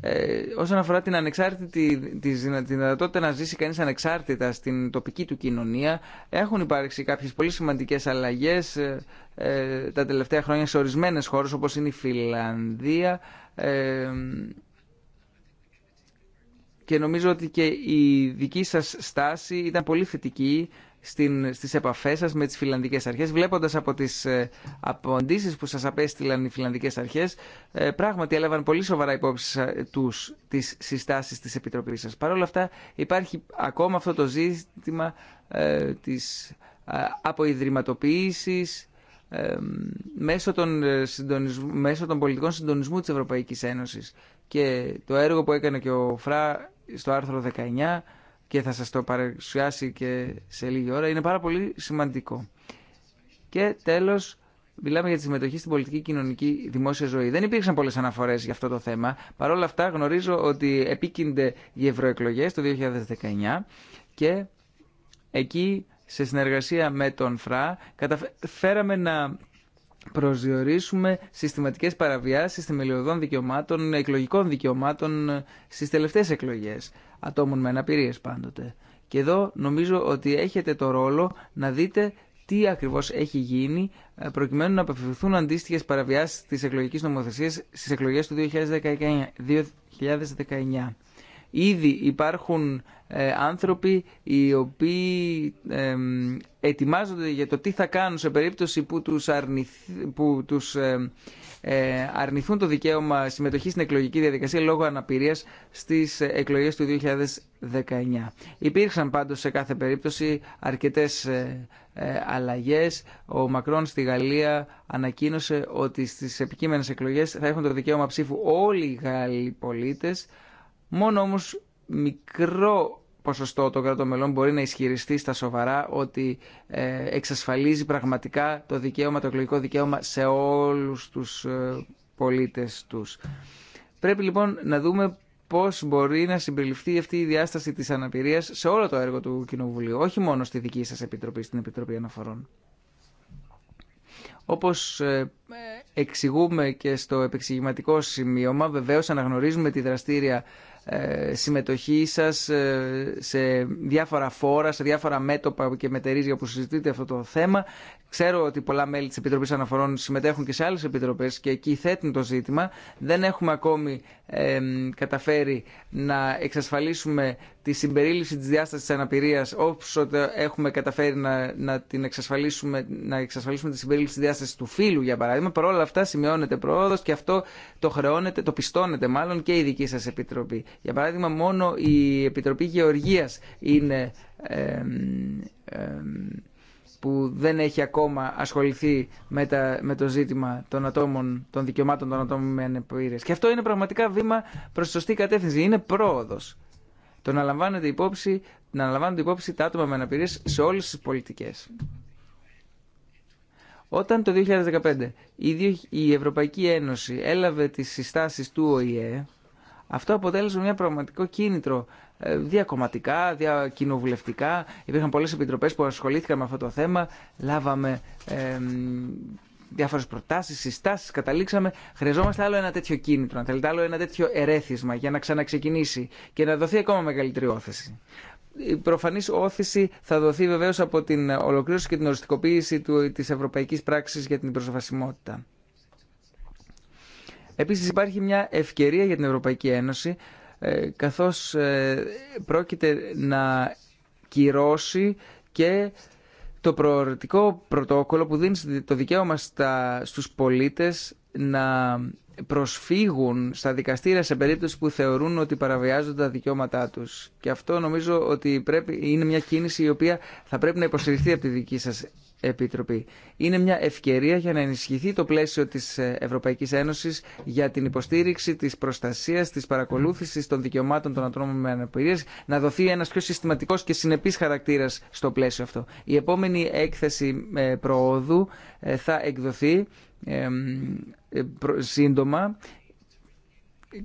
Ε, όσον αφορά την, ανεξάρτητη, τη δυνατότητα να ζήσει κανεί ανεξάρτητα στην τοπική του κοινωνία, έχουν υπάρξει κάποιε πολύ σημαντικέ αλλαγέ ε, ε, τα τελευταία χρόνια σε ορισμένε χώρε όπω είναι η Φιλανδία. Ε, και νομίζω ότι και η δική σας στάση ήταν πολύ θετική στην, στις επαφές σας με τις φιλανδικές αρχές, βλέποντας από τις ε, απαντήσεις που σας απέστειλαν οι φιλανδικές αρχές, ε, πράγματι έλαβαν πολύ σοβαρά υπόψη ε, τους τις συστάσεις της Επιτροπής σας. Παρ' όλα αυτά υπάρχει ακόμα αυτό το ζήτημα ε, της ε, αποϊδρυματοποίησης, μέσω, των μέσω των πολιτικών συντονισμού της Ευρωπαϊκής Ένωσης και το έργο που έκανε και ο Φρά στο άρθρο 19 και θα σας το παρουσιάσει και σε λίγη ώρα, είναι πάρα πολύ σημαντικό. Και τέλος, μιλάμε για τη συμμετοχή στην πολιτική κοινωνική δημόσια ζωή. Δεν υπήρξαν πολλές αναφορές για αυτό το θέμα. Παρ' όλα αυτά γνωρίζω ότι επίκυνται οι ευρωεκλογέ το 2019 και εκεί σε συνεργασία με τον ΦΡΑ καταφέραμε να προσδιορίσουμε συστηματικές παραβιάσεις θεμελιωδών δικαιωμάτων, εκλογικών δικαιωμάτων ε, στις τελευταίες εκλογές ατόμων με αναπηρίε πάντοτε. Και εδώ νομίζω ότι έχετε το ρόλο να δείτε τι ακριβώς έχει γίνει ε, προκειμένου να απευθυνθούν αντίστοιχε παραβιάσεις τη εκλογική νομοθεσία στις εκλογέ του 2019. Ήδη υπάρχουν ε, άνθρωποι οι οποίοι ετοιμάζονται για το τι θα κάνουν σε περίπτωση που τους, που τους ε, ε, αρνηθούν το δικαίωμα συμμετοχής στην εκλογική διαδικασία λόγω αναπηρίας στις εκλογές του 2019. Υπήρξαν πάντως σε κάθε περίπτωση αρκετές αλλαγές. Ο Μακρόν στη Γαλλία ανακοίνωσε ότι στις επικείμενες εκλογές θα έχουν το δικαίωμα ψήφου όλοι οι Γάλλοι πολίτες Μόνο όμω μικρό ποσοστό των κρατών μελών μπορεί να ισχυριστεί στα σοβαρά ότι ε, εξασφαλίζει πραγματικά το δικαίωμα, το εκλογικό δικαίωμα σε όλους τους ε, πολίτες τους. Πρέπει λοιπόν να δούμε πώς μπορεί να συμπεριληφθεί αυτή η διάσταση της αναπηρίας σε όλο το έργο του Κοινοβουλίου, όχι μόνο στη δική σας Επιτροπή, στην Επιτροπή Αναφορών. Όπως ε, εξηγούμε και στο επεξηγηματικό σημείωμα, βεβαίως αναγνωρίζουμε τη δραστήρια ε, συμμετοχή σας ε, σε διάφορα φόρα, σε διάφορα μέτωπα και μετερίζια που συζητείτε αυτό το θέμα Ξέρω ότι πολλά μέλη τη Επιτροπή Αναφορών συμμετέχουν και σε άλλε επιτροπέ και εκεί θέτουν το ζήτημα. Δεν έχουμε ακόμη ε, καταφέρει να εξασφαλίσουμε τη συμπερίληψη τη διάσταση τη αναπηρία όπω έχουμε καταφέρει να, να, την εξασφαλίσουμε, να εξασφαλίσουμε τη συμπερίληψη τη διάσταση του φύλου, για παράδειγμα. Παρ' όλα αυτά σημειώνεται πρόοδο και αυτό το χρεώνεται, το πιστώνεται μάλλον και η δική σα Επιτροπή. Για παράδειγμα, μόνο η Επιτροπή Γεωργία είναι. Ε, ε, που δεν έχει ακόμα ασχοληθεί με, το ζήτημα των, ατόμων, των δικαιωμάτων των ατόμων με ανεπίρρε. Και αυτό είναι πραγματικά βήμα προ σωστή κατεύθυνση. Είναι πρόοδο. Το να λαμβάνονται υπόψη, να υπόψη τα άτομα με αναπηρίες σε όλε τι πολιτικέ. Όταν το 2015 η Ευρωπαϊκή Ένωση έλαβε τις συστάσεις του ΟΗΕ αυτό αποτέλεσε μια πραγματικό κίνητρο ε, διακομματικά, διακοινοβουλευτικά. Υπήρχαν πολλές επιτροπές που ασχολήθηκαν με αυτό το θέμα. Λάβαμε ε, διάφορες προτάσεις, συστάσεις, καταλήξαμε. Χρειαζόμαστε άλλο ένα τέτοιο κίνητρο, αν θέλετε, άλλο ένα τέτοιο ερέθισμα για να ξαναξεκινήσει και να δοθεί ακόμα μεγαλύτερη όθεση. Η προφανή όθηση θα δοθεί βεβαίω από την ολοκλήρωση και την οριστικοποίηση τη ευρωπαϊκή πράξη για την προσβασιμότητα. Επίσης υπάρχει μια ευκαιρία για την Ευρωπαϊκή Ένωση ε, καθώς ε, πρόκειται να κυρώσει και το προοριτικό πρωτόκολλο που δίνει το δικαίωμα στα, στους πολίτες να προσφύγουν στα δικαστήρια σε περίπτωση που θεωρούν ότι παραβιάζονται τα δικαιώματά τους. Και αυτό νομίζω ότι πρέπει, είναι μια κίνηση η οποία θα πρέπει να υποστηριχθεί από τη δική σας Επιτροπή. Είναι μια ευκαιρία για να ενισχυθεί το πλαίσιο της ε, Ευρωπαϊκής Ένωσης για την υποστήριξη της προστασίας, της παρακολούθησης των δικαιωμάτων των ατόμων με αναπηρίες, να δοθεί ένας πιο συστηματικός και συνεπής χαρακτήρας στο πλαίσιο αυτό. Η επόμενη έκθεση ε, προόδου ε, θα εκδοθεί σύντομα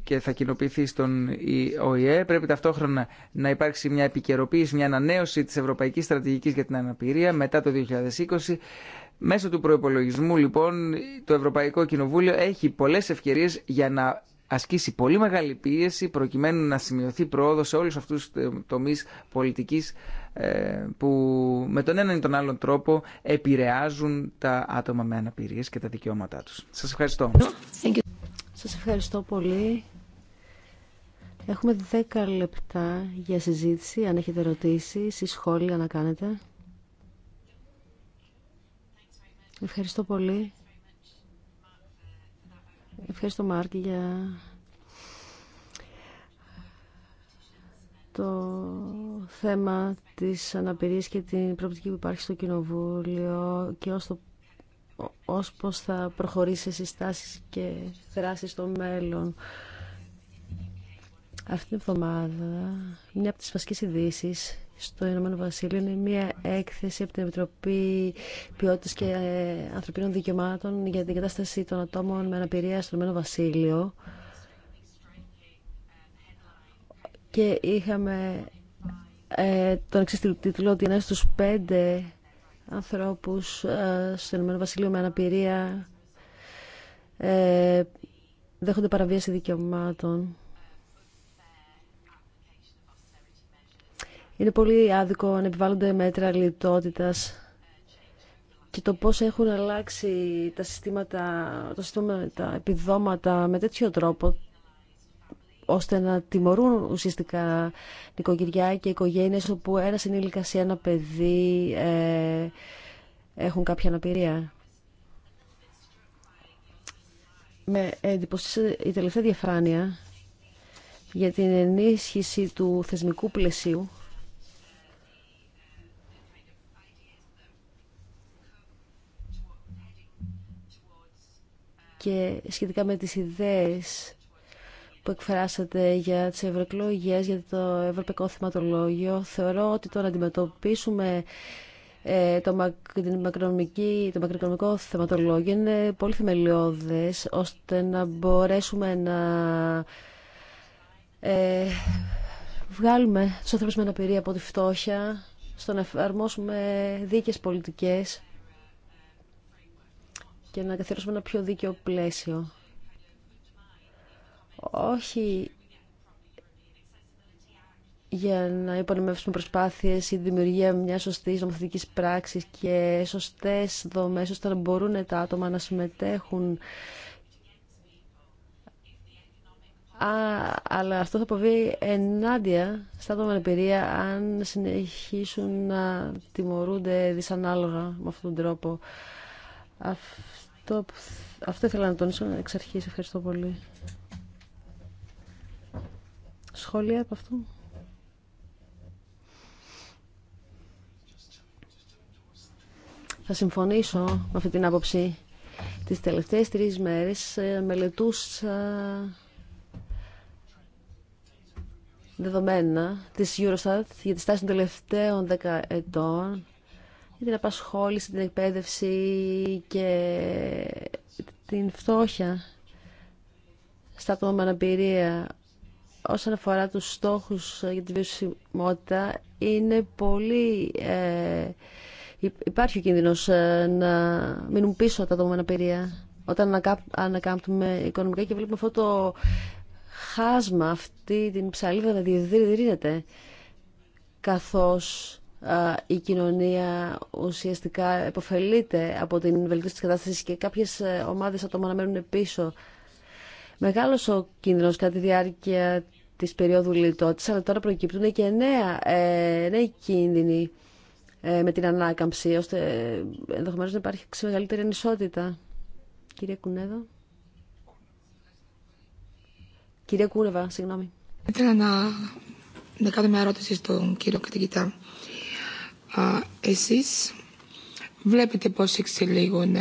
και θα κοινοποιηθεί στον ΟΗΕ. Πρέπει ταυτόχρονα να υπάρξει μια επικαιροποίηση, μια ανανέωση της Ευρωπαϊκής Στρατηγικής για την Αναπηρία μετά το 2020. Μέσω του προϋπολογισμού λοιπόν το Ευρωπαϊκό Κοινοβούλιο έχει πολλές ευκαιρίες για να ασκήσει πολύ μεγάλη πίεση προκειμένου να σημειωθεί πρόοδο σε όλους αυτούς τους τομείς πολιτικής ε, που με τον έναν ή τον άλλον τρόπο επηρεάζουν τα άτομα με αναπηρίες και τα δικαιώματά τους. Σας ευχαριστώ. Σας ευχαριστώ πολύ. Έχουμε 10 λεπτά για συζήτηση, αν έχετε ερωτήσει ή σχόλια να κάνετε. Ευχαριστώ πολύ. Ευχαριστώ Μάρκ για το θέμα της αναπηρίας και την προοπτική που υπάρχει στο Κοινοβούλιο και ως το ως πώς θα προχωρήσει σε συστάσεις και δράσεις στο μέλλον. Αυτή την εβδομάδα μια από τις βασικές ειδήσει στο Ηνωμένο Βασίλειο είναι μια έκθεση από την Επιτροπή Ποιότητας και Ανθρωπίνων Δικαιωμάτων για την κατάσταση των ατόμων με αναπηρία στο Ηνωμένο Βασίλειο. Και είχαμε ε, τον εξής τίτλο ότι είναι στους πέντε ανθρώπους ε, στο Ηνωμένο Βασιλείο με αναπηρία ε, δέχονται παραβίαση δικαιωμάτων. Είναι πολύ άδικο αν επιβάλλονται μέτρα λιτότητας και το πώς έχουν αλλάξει τα συστήματα, τα επιδόματα με τέτοιο τρόπο ώστε να τιμωρούν ουσιαστικά νοικοκυριά και οικογένειες όπου ένα συνήλικας ή ένα παιδί ε, έχουν κάποια αναπηρία. Με εντυπωσίασε η ενα παιδι εχουν καποια αναπηρια διαφάνεια για την ενίσχυση του θεσμικού πλαισίου και σχετικά με τις ιδέες που εκφράσατε για τις ευρωεκλογέ, για το ευρωπαϊκό θεματολόγιο. Θεωρώ ότι το να αντιμετωπίσουμε ε, το, μακ, το μακροοικονομικό θεματολόγιο είναι πολύ θεμελιώδες, ώστε να μπορέσουμε να ε, βγάλουμε τους ανθρώπους με αναπηρία από τη φτώχεια, στο να εφαρμόσουμε δίκαιες πολιτικές και να καθιερώσουμε ένα πιο δίκαιο πλαίσιο όχι για να υπονομεύσουμε προσπάθειες ή δημιουργία μια σωστή νομοθετικής πράξης και σωστές δομές ώστε να μπορούν τα άτομα να συμμετέχουν Α, αλλά αυτό θα αποβεί ενάντια στα άτομα εμπειρία, αν συνεχίσουν να τιμωρούνται δυσανάλογα με αυτόν τον τρόπο. Αυτό, αυτό ήθελα να τονίσω εξ αρχής. Ευχαριστώ πολύ. Σχόλια από αυτού. Θα συμφωνήσω με αυτή την άποψη. Τις τελευταίες τρεις μέρες ε, μελετούσα δεδομένα της Eurostat για τη στάση των τελευταίων δεκα ετών για την απασχόληση, την εκπαίδευση και την φτώχεια στα άτομα με αναπηρία όσον αφορά τους στόχους ε, για τη βιωσιμότητα είναι πολύ... Ε, υπάρχει ο κίνδυνος ε, να μείνουν πίσω τα άτομα με όταν ανακάμπτουμε οικονομικά και βλέπουμε αυτό το χάσμα, αυτή την ψαλίδα να διευρύνεται καθώς η κοινωνία ουσιαστικά επωφελείται από την βελτίωση της κατάστασης και κάποιες ε, ομάδες ατόμων να μένουν πίσω Μεγάλο ο κίνδυνος κατά τη διάρκεια της περίοδου λιτότητας, αλλά τώρα προκύπτουν και νέα, ε, νέοι κίνδυνοι ε, με την ανάκαμψη, ώστε ε, να υπάρχει μεγαλύτερη ανισότητα. Κύριε Κουνέδο Κύριε Κούρεβα, συγγνώμη. Ήθελα να, να κάνω μια ερώτηση στον κύριο Κατηγητά. Εσείς βλέπετε πώς εξελίγουν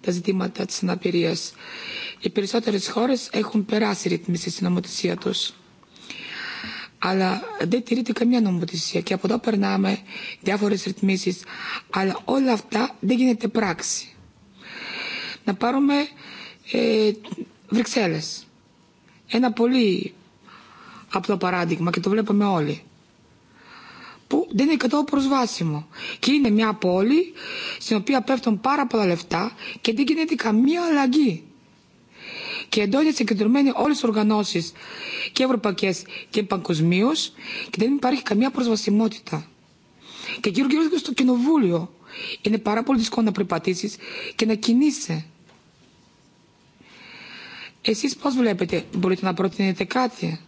τα ζητήματα της αναπηρίας. Οι περισσότερες χώρες έχουν περάσει ρυθμίσεις στην νομοθεσία τους. Αλλά δεν τηρείται καμία νομοθεσία και από εδώ περνάμε διάφορες ρυθμίσεις. Αλλά όλα αυτά δεν γίνεται πράξη. Να πάρουμε ε, Βρυξέλλες. Ένα πολύ απλό παράδειγμα και το βλέπουμε όλοι που δεν είναι καθόλου προσβάσιμο. Και είναι μια πόλη στην οποία πέφτουν πάρα πολλά λεφτά και δεν γίνεται καμία αλλαγή. Και εδώ είναι συγκεντρωμένοι όλε οι οργανώσει και ευρωπαϊκέ και παγκοσμίω και δεν υπάρχει καμία προσβασιμότητα. Και γύρω γύρω στο κοινοβούλιο είναι πάρα πολύ δύσκολο να περπατήσει και να κινείσαι. Εσείς πώς βλέπετε, μπορείτε να προτείνετε κάτι.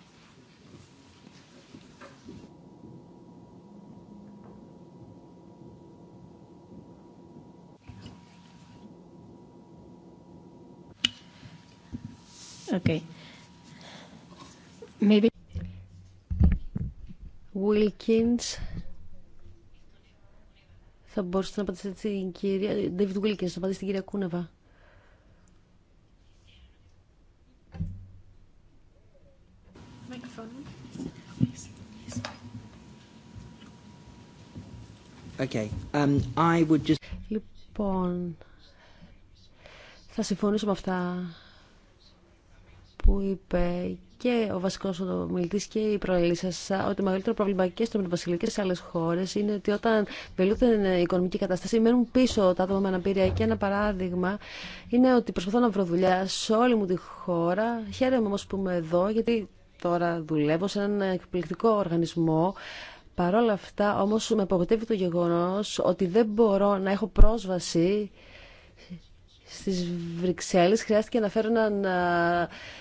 Okay. Maybe. Wilkins. Θα μπορούσατε να απαντήσετε στην κυρία... David Wilkins, να απαντήσετε στην κυρία Κούνεβα. Okay. Um, I would just... Λοιπόν, θα συμφωνήσω με αυτά που είπε και ο βασικός ομιλητής και η προελή ότι το μεγαλύτερο πρόβλημα και στο Βασιλείο και σε άλλες χώρες είναι ότι όταν βελούνται η οικονομική κατάσταση μένουν πίσω τα άτομα με αναπηρία και ένα παράδειγμα είναι ότι προσπαθώ να βρω δουλειά σε όλη μου τη χώρα χαίρομαι όμως που είμαι εδώ γιατί τώρα δουλεύω σε έναν εκπληκτικό οργανισμό Παρ' όλα αυτά όμως με απογοητεύει το γεγονός ότι δεν μπορώ να έχω πρόσβαση στις Βρυξέλλες χρειάστηκε να φέρω έναν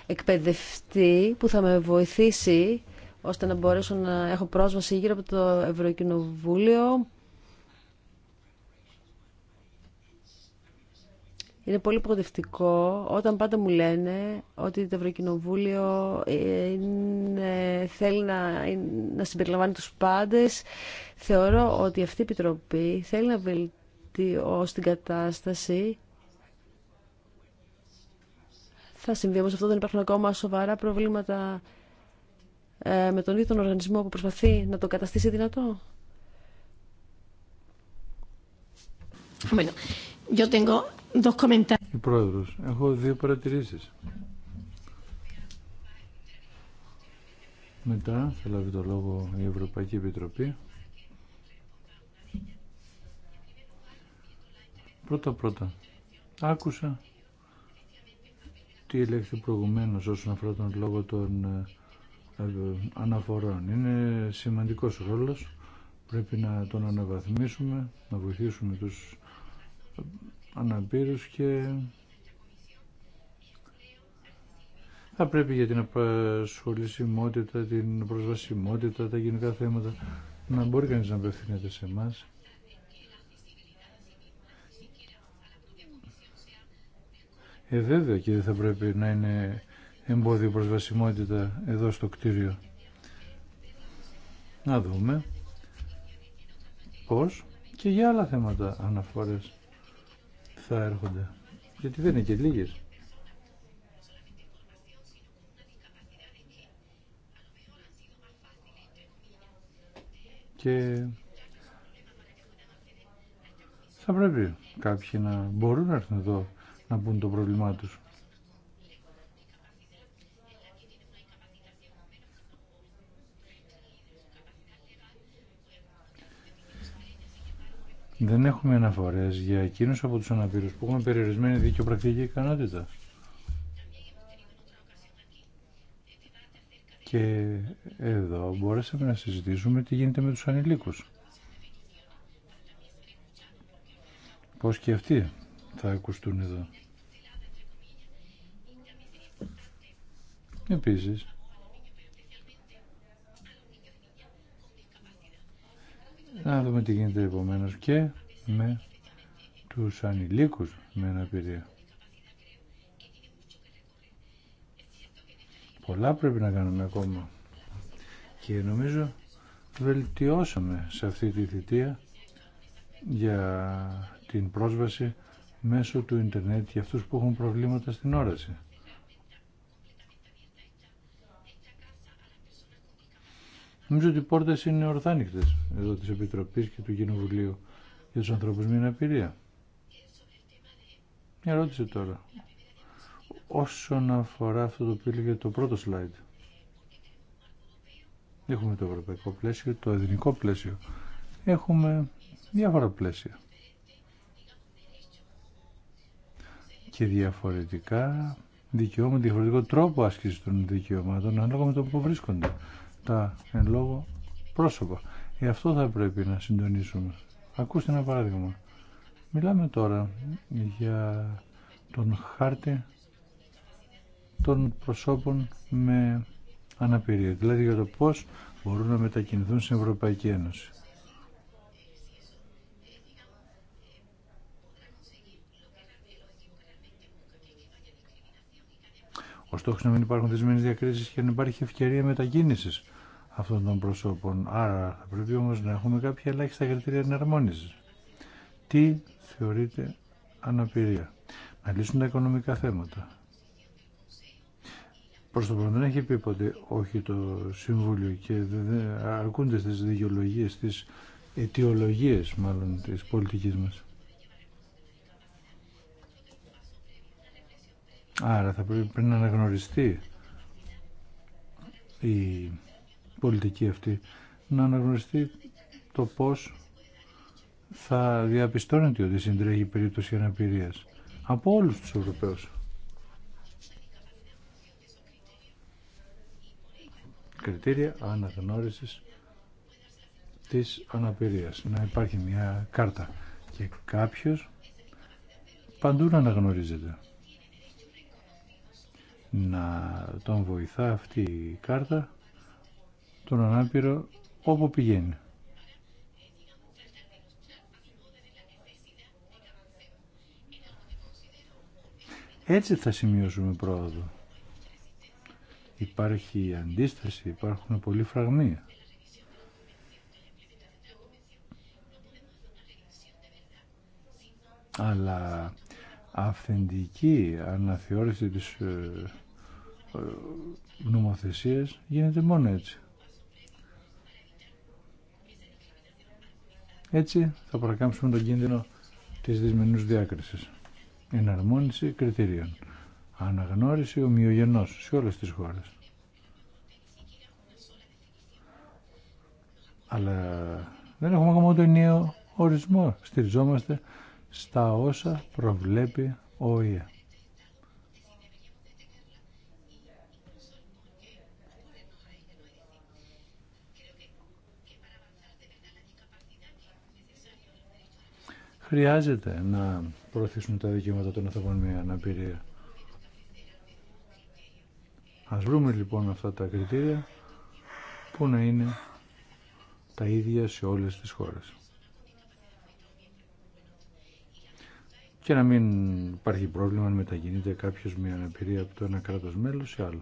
εκπαιδευτή που θα με βοηθήσει ώστε να μπορέσω να έχω πρόσβαση γύρω από το Ευρωκοινοβούλιο. Είναι πολύ προοδευτικό όταν πάντα μου λένε ότι το Ευρωκοινοβούλιο ε, θέλει να, να συμπεριλαμβάνει τους πάντες. Θεωρώ ότι αυτή η Επιτροπή θέλει να βελτιώσει την κατάσταση θα συμβεί όμως αυτό, δεν υπάρχουν ακόμα σοβαρά προβλήματα ε, με τον ίδιο τον οργανισμό που προσπαθεί να το καταστήσει δυνατό. Bueno, Πρόεδρος, έχω δύο παρατηρήσεις. Μετά θα λάβει το λόγο η Ευρωπαϊκή Επιτροπή. Πρώτα πρώτα. Άκουσα τι ελέγχθη προηγουμένως όσον αφορά τον λόγο των ε, ε, αναφορών. Είναι σημαντικός ρόλος, πρέπει να τον αναβαθμίσουμε, να βοηθήσουμε τους αναπήρους και θα πρέπει για την απασχολησιμότητα, την προσβασιμότητα, τα γενικά θέματα να μπορεί κανείς να απευθύνεται σε εμάς. Ε, βέβαια και δεν θα πρέπει να είναι εμπόδιο προσβασιμότητα εδώ στο κτίριο. Να δούμε πώς και για άλλα θέματα αναφορές θα έρχονται. Γιατί δεν είναι και λίγες. Και θα πρέπει κάποιοι να μπορούν να έρθουν εδώ να πούν το πρόβλημά τους. Δεν έχουμε αναφορές για εκείνους από τους αναπήρους που έχουν περιορισμένη δικαιοπρακτική ικανότητα. Και εδώ μπορέσαμε να συζητήσουμε τι γίνεται με τους ανηλίκους. Πώς και αυτοί θα ακουστούν εδώ. Επίσης, να δούμε τι γίνεται επομένω και με τους ανηλίκους με αναπηρία. Πολλά πρέπει να κάνουμε ακόμα και νομίζω βελτιώσαμε σε αυτή τη θητεία για την πρόσβαση μέσω του ίντερνετ για αυτούς που έχουν προβλήματα στην όραση. Νομίζω ότι οι πόρτες είναι ορθάνοιχτες εδώ της Επιτροπής και του Κοινοβουλίου για τους ανθρώπους με αναπηρία. Μια ερώτηση τώρα. Όσον αφορά αυτό το οποίο έλεγε το πρώτο slide. Έχουμε το ευρωπαϊκό πλαίσιο, το εθνικό πλαίσιο. Έχουμε διάφορα πλαίσια. και διαφορετικά δικαιώματα, διαφορετικό τρόπο άσκηση των δικαιωμάτων ανάλογα με το που βρίσκονται τα εν λόγω πρόσωπα. Γι' ε, αυτό θα πρέπει να συντονίσουμε. Ακούστε ένα παράδειγμα. Μιλάμε τώρα για τον χάρτη των προσώπων με αναπηρία, δηλαδή για το πώς μπορούν να μετακινηθούν στην Ευρωπαϊκή Ένωση. Ο στόχος να μην υπάρχουν δεσμενές διακρίσεις και να υπάρχει ευκαιρία μετακίνησης αυτών των προσώπων. Άρα θα πρέπει όμως να έχουμε κάποια ελάχιστα κριτήρια εναρμόνισης. Τι θεωρείται αναπηρία. Να λύσουν τα οικονομικά θέματα. Προς το παρόν δεν έχει πει ποτέ όχι το Συμβούλιο και αρκούνται στις δικαιολογίες, στις αιτιολογίες μάλλον της πολιτικής μας. Άρα θα πρέπει να αναγνωριστεί η πολιτική αυτή, να αναγνωριστεί το πώς θα διαπιστώνεται ότι συντρέχει περίπτωση αναπηρίας από όλους τους Ευρωπαίους. Κριτήρια αναγνώρισης της αναπηρίας. Να υπάρχει μια κάρτα και κάποιος παντού να αναγνωρίζεται να τον βοηθά αυτή η κάρτα τον ανάπηρο όπου πηγαίνει. Έτσι θα σημειώσουμε πρόοδο. Υπάρχει αντίσταση, υπάρχουν πολλοί φραγμοί. Αλλά αυθεντική αναθεώρηση της ε, ε, νομοθεσίας γίνεται μόνο έτσι. Έτσι θα παρακάμψουμε τον κίνδυνο της δυσμενούς διάκρισης. Εναρμόνιση κριτηρίων. Αναγνώριση ομοιογενός σε όλες τις χώρες. Αλλά δεν έχουμε ακόμα το νέο ορισμό. Στηριζόμαστε στα όσα προβλέπει ο ΙΕ. Χρειάζεται να προωθήσουν τα δικαιώματα των ανθρώπων με αναπηρία. Ας βρούμε λοιπόν αυτά τα κριτήρια που να είναι τα ίδια σε όλες τις χώρες. και να μην υπάρχει πρόβλημα αν μετακινείται κάποιος με αναπηρία από το ένα κράτος μέλος σε άλλο.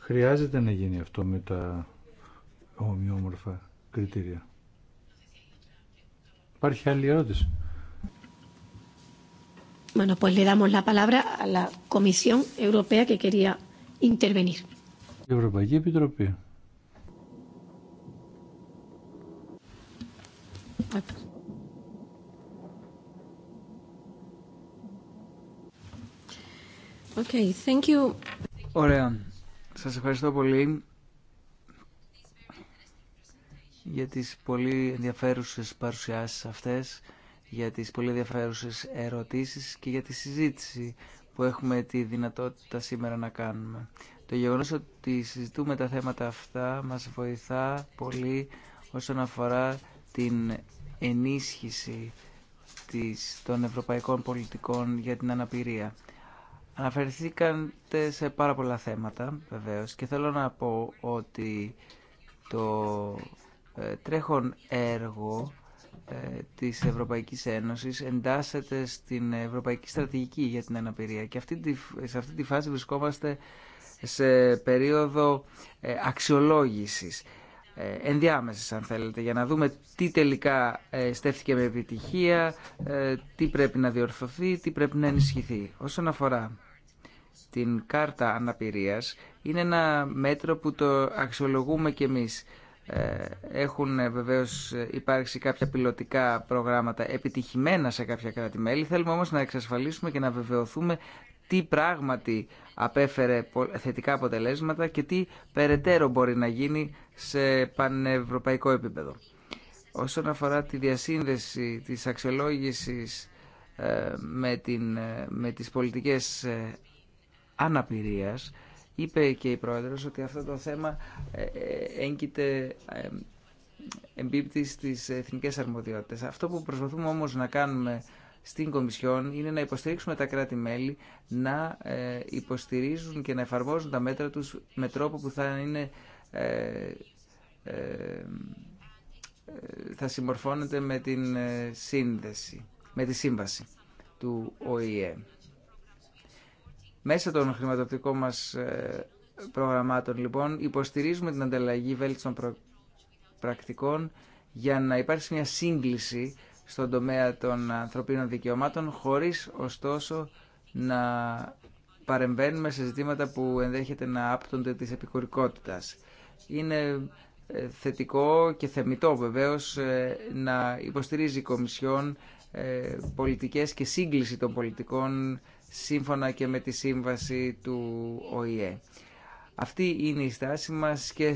Χρειάζεται να γίνει αυτό με τα ομοιόμορφα κριτήρια. Υπάρχει άλλη ερώτηση. Bueno, pues le damos la palabra a la Comisión Europea que quería intervenir. Ευρωπαϊκή Επιτροπή. Okay, thank you. Ωραία. Σας ευχαριστώ πολύ για τις πολύ ενδιαφέρουσες παρουσιάσεις αυτές για τις πολύ ενδιαφέρουσες ερωτήσεις και για τη συζήτηση που έχουμε τη δυνατότητα σήμερα να κάνουμε. Το γεγονός ότι συζητούμε τα θέματα αυτά μας βοηθά πολύ όσον αφορά την ενίσχυση της, των ευρωπαϊκών πολιτικών για την αναπηρία. Αναφερθήκατε σε πάρα πολλά θέματα βεβαίως και θέλω να πω ότι το ε, τρέχον έργο ε, της Ευρωπαϊκής Ένωσης εντάσσεται στην Ευρωπαϊκή Στρατηγική για την Αναπηρία. Και αυτή σε αυτή τη φάση βρισκόμαστε σε περίοδο ε, αξιολόγησης, ε, ενδιάμεσης αν θέλετε, για να δούμε τι τελικά στέφθηκε με επιτυχία, τι πρέπει να διορθωθεί, τι πρέπει να ενισχυθεί. Όσον αφορά την κάρτα αναπηρίας, είναι ένα μέτρο που το αξιολογούμε και εμείς ε, έχουν ε, βεβαίως υπάρξει κάποια πιλωτικά προγράμματα επιτυχημένα σε κάποια κράτη-μέλη. Θέλουμε όμως να εξασφαλίσουμε και να βεβαιωθούμε τι πράγματι απέφερε θετικά αποτελέσματα και τι περαιτέρω μπορεί να γίνει σε πανευρωπαϊκό επίπεδο. Όσον αφορά τη διασύνδεση της αξιολόγησης ε, με, την, με τις πολιτικές αναπηρίας, Είπε και η Πρόεδρος ότι αυτό το θέμα ε, ε, έγκυται ε, εμπίπτει στις εθνικές αρμοδιότητες. Αυτό που προσπαθούμε όμως να κάνουμε στην Κομισιόν είναι να υποστηρίξουμε τα κράτη-μέλη να υποστηρίζουν και να εφαρμόζουν τα μέτρα τους με τρόπο που θα είναι θα συμμορφώνεται με την σύνδεση, με τη σύμβαση του ΟΗΕ. Μέσα των χρηματοπτικών μας ε, προγραμμάτων λοιπόν υποστηρίζουμε την ανταλλαγή βέλτιστων πρακτικών για να υπάρξει μια σύγκληση στον τομέα των ανθρωπίνων δικαιωμάτων χωρίς ωστόσο να παρεμβαίνουμε σε ζητήματα που ενδέχεται να άπτονται της επικουρικότητας. Είναι ε, θετικό και θεμητό βεβαίως ε, να υποστηρίζει η Κομισιόν πολιτικές και σύγκληση των πολιτικών σύμφωνα και με τη σύμβαση του ΟΗΕ. Αυτή είναι η στάση μας και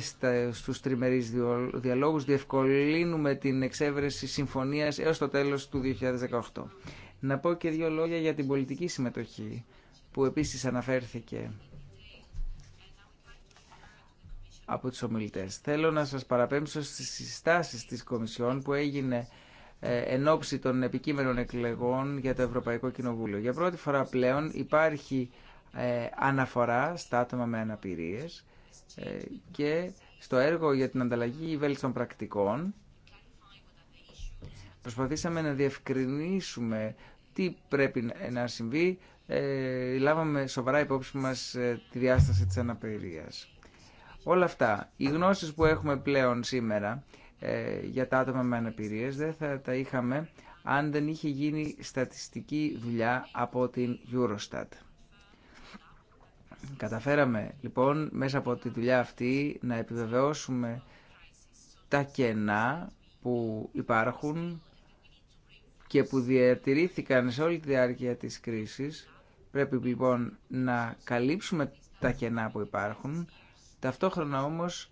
στους τριμερείς διαλόγους. Διευκολύνουμε την εξέβρεση συμφωνίας έως το τέλος του 2018. Να πω και δύο λόγια για την πολιτική συμμετοχή που επίσης αναφέρθηκε από τους ομιλητές. Θέλω να σας παραπέμψω στις συστάσεις της Κομισιόν που έγινε ε, εν ώψη των επικείμενων εκλεγών για το Ευρωπαϊκό Κοινοβούλιο. Για πρώτη φορά πλέον υπάρχει ε, αναφορά στα άτομα με αναπηρίες ε, και στο έργο για την ανταλλαγή βέλτιστων πρακτικών προσπαθήσαμε να διευκρινίσουμε τι πρέπει να συμβεί. Λάβαμε σοβαρά υπόψη μας τη διάσταση της αναπηρίας. Όλα αυτά, οι γνώσεις που έχουμε πλέον σήμερα ε, για τα άτομα με αναπηρίες δεν θα τα είχαμε αν δεν είχε γίνει στατιστική δουλειά από την Eurostat. Καταφέραμε λοιπόν μέσα από τη δουλειά αυτή να επιβεβαιώσουμε τα κενά που υπάρχουν και που διατηρήθηκαν σε όλη τη διάρκεια της κρίσης. Πρέπει λοιπόν να καλύψουμε τα κενά που υπάρχουν, ταυτόχρονα όμως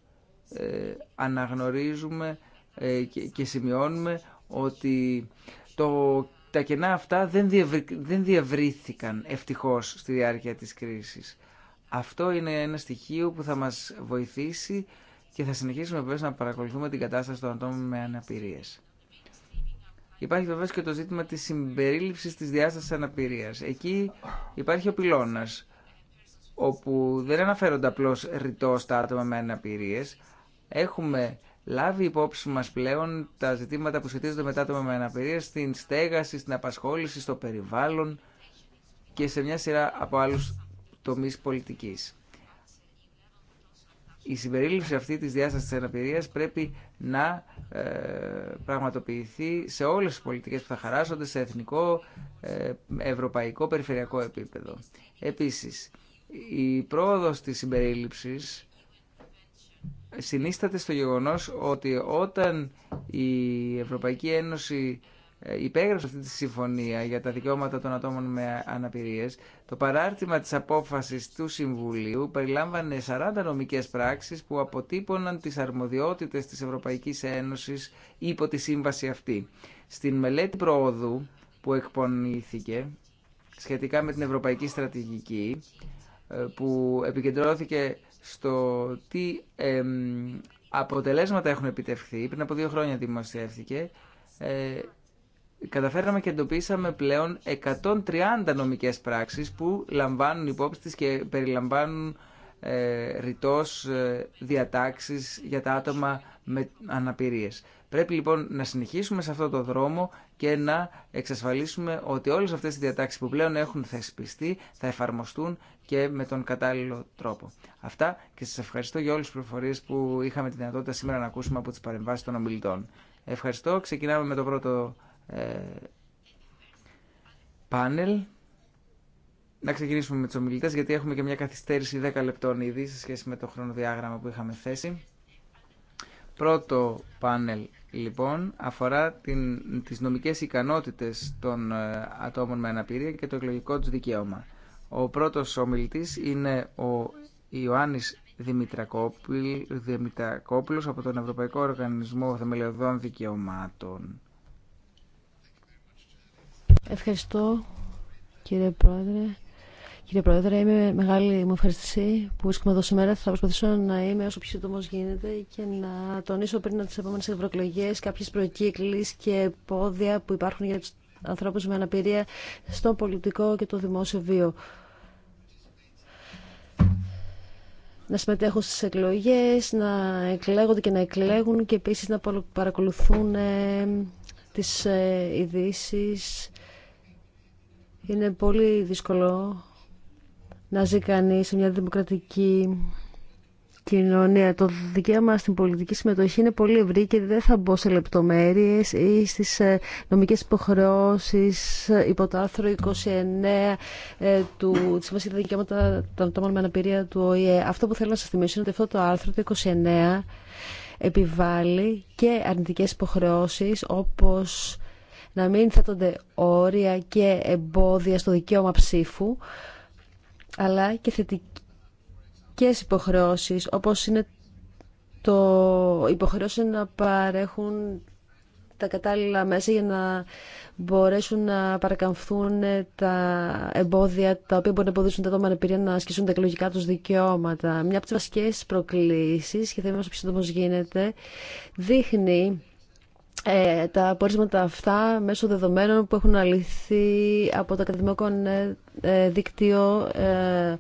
ε, αναγνωρίζουμε ε, και σημειώνουμε ότι το, τα κενά αυτά δεν, διευρυ, δεν ευτυχώς στη διάρκεια της κρίσης. Αυτό είναι ένα στοιχείο που θα μας βοηθήσει και θα συνεχίσουμε βέβαια να παρακολουθούμε την κατάσταση των ατόμων με αναπηρίες. Υπάρχει βεβαίως και το ζήτημα της συμπερίληψης της διάστασης αναπηρίας. Εκεί υπάρχει ο πυλώνας, όπου δεν αναφέρονται απλώς ρητό στα άτομα με αναπηρίες, έχουμε λάβει υπόψη μας πλέον τα ζητήματα που σχετίζονται με τα άτομα με αναπηρία στην στέγαση, στην απασχόληση, στο περιβάλλον και σε μια σειρά από άλλους τομείς πολιτικής. Η συμπερίληψη αυτή της διάστασης της αναπηρίας πρέπει να ε, πραγματοποιηθεί σε όλες τις πολιτικές που θα χαράσσονται σε εθνικό, ε, ευρωπαϊκό, περιφερειακό επίπεδο. Επίσης, η πρόοδος της συμπερίληψης συνίσταται στο γεγονός ότι όταν η Ευρωπαϊκή Ένωση ε, υπέγραψε αυτή τη συμφωνία για τα δικαιώματα των ατόμων με αναπηρίες, το παράρτημα της απόφασης του Συμβουλίου περιλάμβανε 40 νομικές πράξεις που αποτύπωναν τις αρμοδιότητες της Ευρωπαϊκής Ένωσης υπό τη σύμβαση αυτή. Στην μελέτη προόδου που εκπονήθηκε σχετικά με την Ευρωπαϊκή Στρατηγική, ε, που επικεντρώθηκε στο τι αποτελέσματα έχουν επιτευχθεί. Πριν από δύο χρόνια δημοσιεύθηκε. Ε, καταφέραμε και εντοπίσαμε πλέον 130 νομικές πράξεις που λαμβάνουν υπόψη τις και περιλαμβάνουν ε, ρητός ε, διατάξεις για τα άτομα με αναπηρίες. Πρέπει λοιπόν να συνεχίσουμε σε αυτό το δρόμο και να εξασφαλίσουμε ότι όλες αυτές οι διατάξεις που πλέον έχουν θεσπιστεί θα εφαρμοστούν και με τον κατάλληλο τρόπο. Αυτά και σας ευχαριστώ για όλες τις προφορίες που είχαμε τη δυνατότητα σήμερα να ακούσουμε από τις παρεμβάσεις των ομιλητών. Ευχαριστώ. Ξεκινάμε με το πρώτο ε, πάνελ. Να ξεκινήσουμε με τους ομιλητές γιατί έχουμε και μια καθυστέρηση 10 λεπτών ήδη σε σχέση με το χρονοδιάγραμμα που είχαμε θέσει. Πρώτο πάνελ λοιπόν αφορά την, τις νομικές ικανότητες των ε, ατόμων με αναπηρία και το εκλογικό τους δικαίωμα. Ο πρώτος ομιλητής είναι ο Ιωάννης Δημητρακόπουλος από τον Ευρωπαϊκό Οργανισμό Θεμελιωδών Δικαιωμάτων. Ευχαριστώ κύριε Πρόεδρε. Κύριε Πρόεδρε, είμαι μεγάλη μου ευχαριστησή που βρίσκομαι εδώ σήμερα. Θα προσπαθήσω να είμαι όσο πιο σύντομο γίνεται και να τονίσω πριν τι επόμενε ευρωεκλογέ κάποιε προκύκλει και πόδια που υπάρχουν για του ανθρώπου με αναπηρία στο πολιτικό και το δημόσιο βίο. να συμμετέχουν στι εκλογέ, να εκλέγονται και να εκλέγουν και επίση να παρακολουθούν ε, τις ε, ειδήσει. Είναι πολύ δύσκολο να ζει κανεί σε μια δημοκρατική κοινωνία. Το δικαίωμα στην πολιτική συμμετοχή είναι πολύ ευρύ και δεν θα μπω σε λεπτομέρειε ή στι ε, νομικέ υποχρεώσει, ε, υπό το άρθρο 29 ε, του, για τα Δικαιώματα των Ατόμων με Αναπηρία του ΟΗΕ. Αυτό που θέλω να σα θυμίσω είναι ότι αυτό το άρθρο το 29 επιβάλλει και αρνητικές υποχρεώσεις όπως να μην θέτονται όρια και εμπόδια στο δικαίωμα ψήφου, αλλά και θετικές υποχρεώσεις, όπως είναι το υποχρεώσει να παρέχουν τα κατάλληλα μέσα για να μπορέσουν να παρακαμφθούν τα εμπόδια τα οποία μπορεί να εμποδίσουν τα άτομα ανεπηρία να ασκήσουν τα εκλογικά τους δικαιώματα. Μια από τις βασικές προκλήσεις, και θα όσο πιστεύω γίνεται, δείχνει ε, τα απορίσματα αυτά μέσω δεδομένων που έχουν αληθεί από το ε, Δίκτυο ε,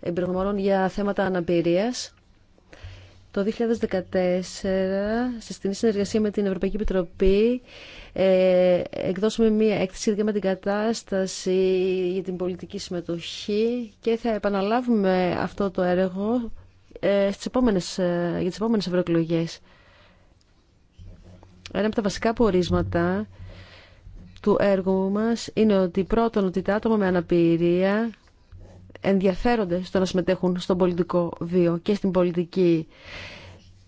Εμπειρογνωμόνων για θέματα αναπηρίας. Το 2014, σε στενή συνεργασία με την Ευρωπαϊκή Επιτροπή, ε, εκδώσαμε μία έκθεση για με την κατάσταση για την πολιτική συμμετοχή και θα επαναλάβουμε αυτό το έργο ε, στις επόμενες, ε, για τις επόμενες ευρωεκλογές. Ένα από τα βασικά πορίσματα του έργου μας είναι ότι πρώτον ότι τα άτομα με αναπηρία ενδιαφέρονται στο να συμμετέχουν στον πολιτικό βίο και στην πολιτική.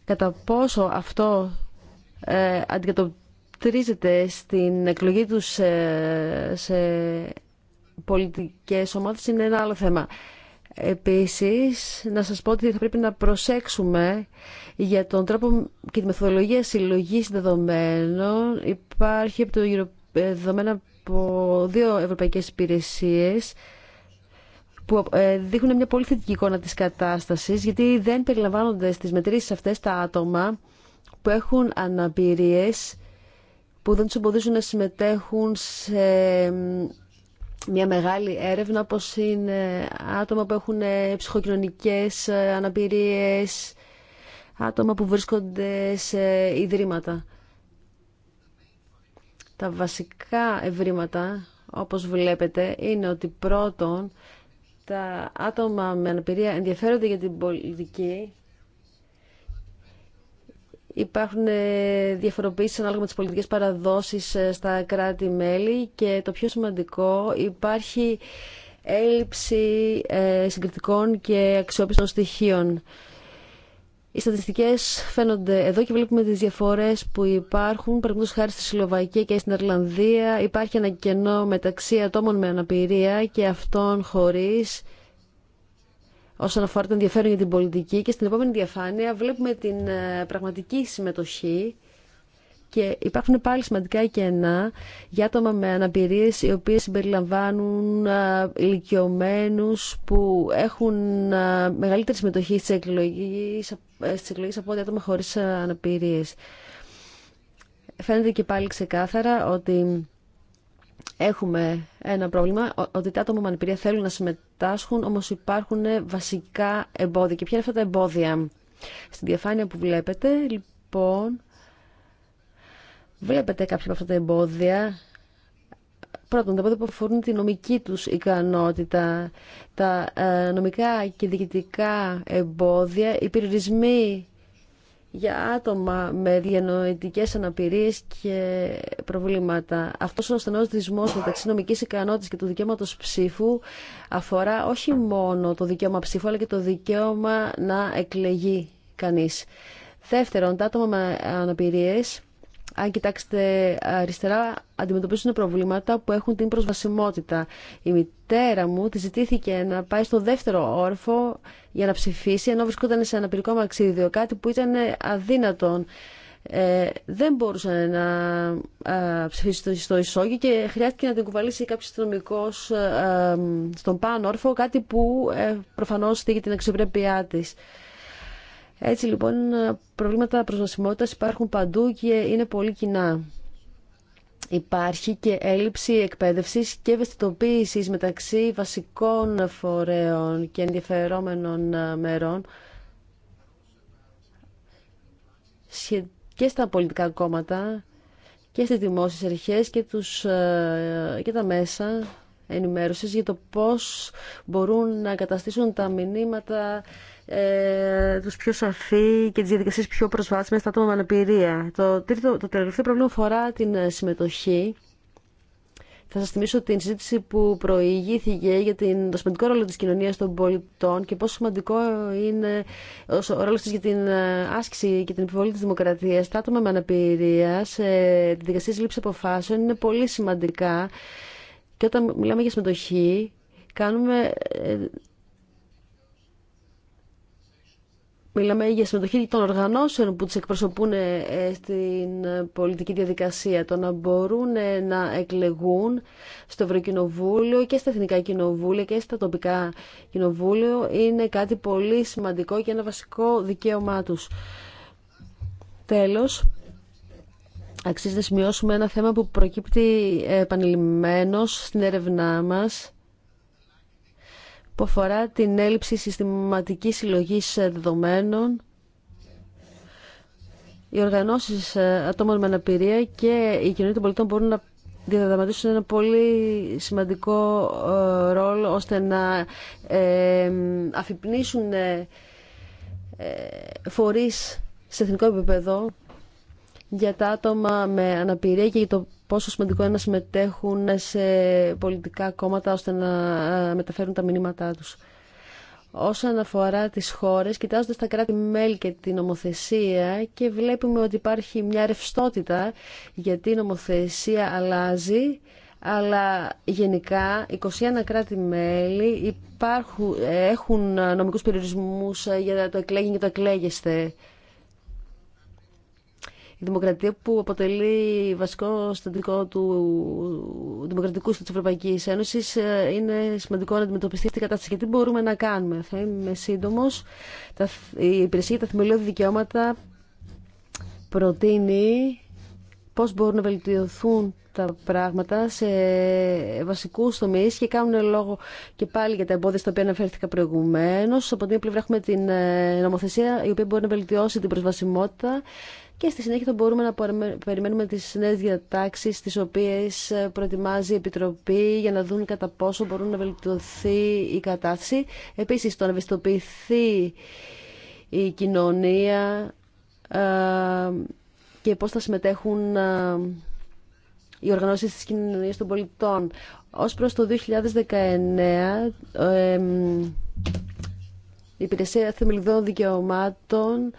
Κατά πόσο αυτό ε, αντικατοπτρίζεται στην εκλογή τους σε πολιτικές ομάδες είναι ένα άλλο θέμα. Επίσης, να σας πω ότι θα πρέπει να προσέξουμε για τον τρόπο και τη μεθοδολογία συλλογής δεδομένων. Υπάρχει από το δεδομένα από δύο ευρωπαϊκές υπηρεσίες που ε, δείχνουν μια πολύ θετική εικόνα της κατάστασης γιατί δεν περιλαμβάνονται στις μετρήσεις αυτές τα άτομα που έχουν αναπηρίες που δεν τους εμποδίζουν να συμμετέχουν σε μια μεγάλη έρευνα πως είναι άτομα που έχουν ε, ψυχοκοινωνικές ε, αναπηρίες, άτομα που βρίσκονται σε ιδρύματα. Τα βασικά ευρήματα, όπως βλέπετε, είναι ότι πρώτον τα άτομα με αναπηρία ενδιαφέρονται για την πολιτική Υπάρχουν ε, διαφοροποίησεις ανάλογα με τις πολιτικές παραδόσεις ε, στα κράτη-μέλη και το πιο σημαντικό υπάρχει έλλειψη ε, συγκριτικών και αξιόπιστων στοιχείων. Οι στατιστικές φαίνονται εδώ και βλέπουμε τις διαφορές που υπάρχουν. Παραδείγματος χάρη στη Σλοβακία και στην Ιρλανδία υπάρχει ένα κενό μεταξύ ατόμων με αναπηρία και αυτών χωρίς όσον αφορά το ενδιαφέρον για την πολιτική και στην επόμενη διαφάνεια βλέπουμε την ε, πραγματική συμμετοχή και υπάρχουν πάλι σημαντικά κενά για άτομα με αναπηρίες οι οποίες συμπεριλαμβάνουν ε, ηλικιωμένου που έχουν ε, μεγαλύτερη συμμετοχή στις εκλογές, στις εκλογές από ό,τι άτομα χωρίς αναπηρίες. Φαίνεται και πάλι ξεκάθαρα ότι έχουμε ένα πρόβλημα ότι τα άτομα με θέλουν να συμμετάσχουν, όμως υπάρχουν βασικά εμπόδια. Και ποια είναι αυτά τα εμπόδια. Στην διαφάνεια που βλέπετε, λοιπόν, βλέπετε κάποια από αυτά τα εμπόδια. Πρώτον, τα εμπόδια που αφορούν τη νομική τους ικανότητα, τα ε, νομικά και διοικητικά εμπόδια, οι περιορισμοί για άτομα με διανοητικές αναπηρίες και προβλήματα. Αυτός ο στενό δυσμός μεταξύ νομικής ικανότητας και του δικαίωματος ψήφου αφορά όχι μόνο το δικαίωμα ψήφου αλλά και το δικαίωμα να εκλεγεί κανείς. Δεύτερον, τα άτομα με αναπηρίες αν κοιτάξετε αριστερά, αντιμετωπίζουν προβλήματα που έχουν την προσβασιμότητα. Η μητέρα μου τη ζητήθηκε να πάει στο δεύτερο όρφο για να ψηφίσει, ενώ βρισκόταν σε αναπηρικό μαξίδιο, κάτι που ήταν αδύνατον. Ε, δεν μπορούσε να α, ε, ψηφίσει στο ισόγειο και χρειάστηκε να την κουβαλήσει κάποιο αστυνομικό ε, στον πάνω όρφο, κάτι που προφανώς στείλει την αξιοπρέπειά της. Έτσι λοιπόν προβλήματα προσβασιμότητας υπάρχουν παντού και είναι πολύ κοινά. Υπάρχει και έλλειψη εκπαίδευσης και ευαισθητοποίησης μεταξύ βασικών φορέων και ενδιαφερόμενων μερών και στα πολιτικά κόμματα και στις δημόσιες αρχές και, τους, ε, και τα μέσα ενημέρωσης για το πώς μπορούν να καταστήσουν τα μηνύματα ε, τους πιο σαφή και τι διαδικασίε πιο προσβάσιμες στα άτομα με αναπηρία. Το, τρίτο, το τελευταίο πρόβλημα αφορά την ε, συμμετοχή. Θα σα θυμίσω την συζήτηση που προηγήθηκε για την, το σημαντικό ρόλο τη κοινωνία των πολιτών και πόσο σημαντικό είναι ο ρόλο τη για την ε, άσκηση και την επιβολή τη δημοκρατία, Τα άτομα με αναπηρία σε διαδικασίες λήψη αποφάσεων είναι πολύ σημαντικά και όταν μιλάμε για συμμετοχή κάνουμε ε, Μιλάμε για συμμετοχή των οργανώσεων που τις εκπροσωπούν ε, στην πολιτική διαδικασία, το να μπορούν ε, να εκλεγούν στο Ευρωκοινοβούλιο και στα Εθνικά Κοινοβούλια και στα τοπικά κοινοβούλια είναι κάτι πολύ σημαντικό και ένα βασικό δικαίωμά τους. Τέλος, αξίζει να σημειώσουμε ένα θέμα που προκύπτει ε, επανειλημμένος στην έρευνά μας που αφορά την έλλειψη συστηματικής συλλογής δεδομένων οι οργανώσεις ε, ατόμων με αναπηρία και η κοινωνία των πολιτών μπορούν να διαδραματίσουν ένα πολύ σημαντικό ε, ρόλο ώστε να ε, αφυπνίσουν φορείς σε εθνικό επίπεδο για τα άτομα με αναπηρία και για το πόσο σημαντικό είναι να συμμετέχουν σε πολιτικά κόμματα ώστε να ε, μεταφέρουν τα μηνύματά τους. Όσον αφορά τις χώρες, κοιτάζοντας τα κράτη-μέλη και την νομοθεσία και βλέπουμε ότι υπάρχει μια ρευστότητα γιατί η νομοθεσία αλλάζει αλλά γενικά 21 κράτη-μέλη ε, έχουν νομικούς περιορισμούς ε, για το εκλέγει και το εκλέγεστε. Η δημοκρατία που αποτελεί βασικό στατικό του δημοκρατικού της Ευρωπαϊκής Ένωσης ε, είναι σημαντικό να αντιμετωπιστεί αυτή η κατάσταση. Και τι μπορούμε να κάνουμε. Θα είμαι σύντομο, Η υπηρεσία για τα θεμελιώδη δικαιώματα προτείνει πώς μπορούν να βελτιωθούν τα πράγματα σε βασικού τομεί και κάνουν λόγο και πάλι για τα εμπόδια στα οποία αναφέρθηκα προηγουμένω. Από την πλευρά έχουμε την ε, νομοθεσία η οποία μπορεί να βελτιώσει την προσβασιμότητα και στη συνέχεια θα μπορούμε να περιμένουμε τις νέες διατάξεις τις οποίες ε, προετοιμάζει η Επιτροπή για να δουν κατά πόσο μπορούν να βελτιωθεί η κατάσταση. Επίσης, το να ευαισθητοποιηθεί η κοινωνία ε, και πώς θα συμμετέχουν ε, οι οργανώσεις της κοινωνίας των πολιτών. Ως προς το 2019, η Υπηρεσία Θεμελιδών Δικαιωμάτων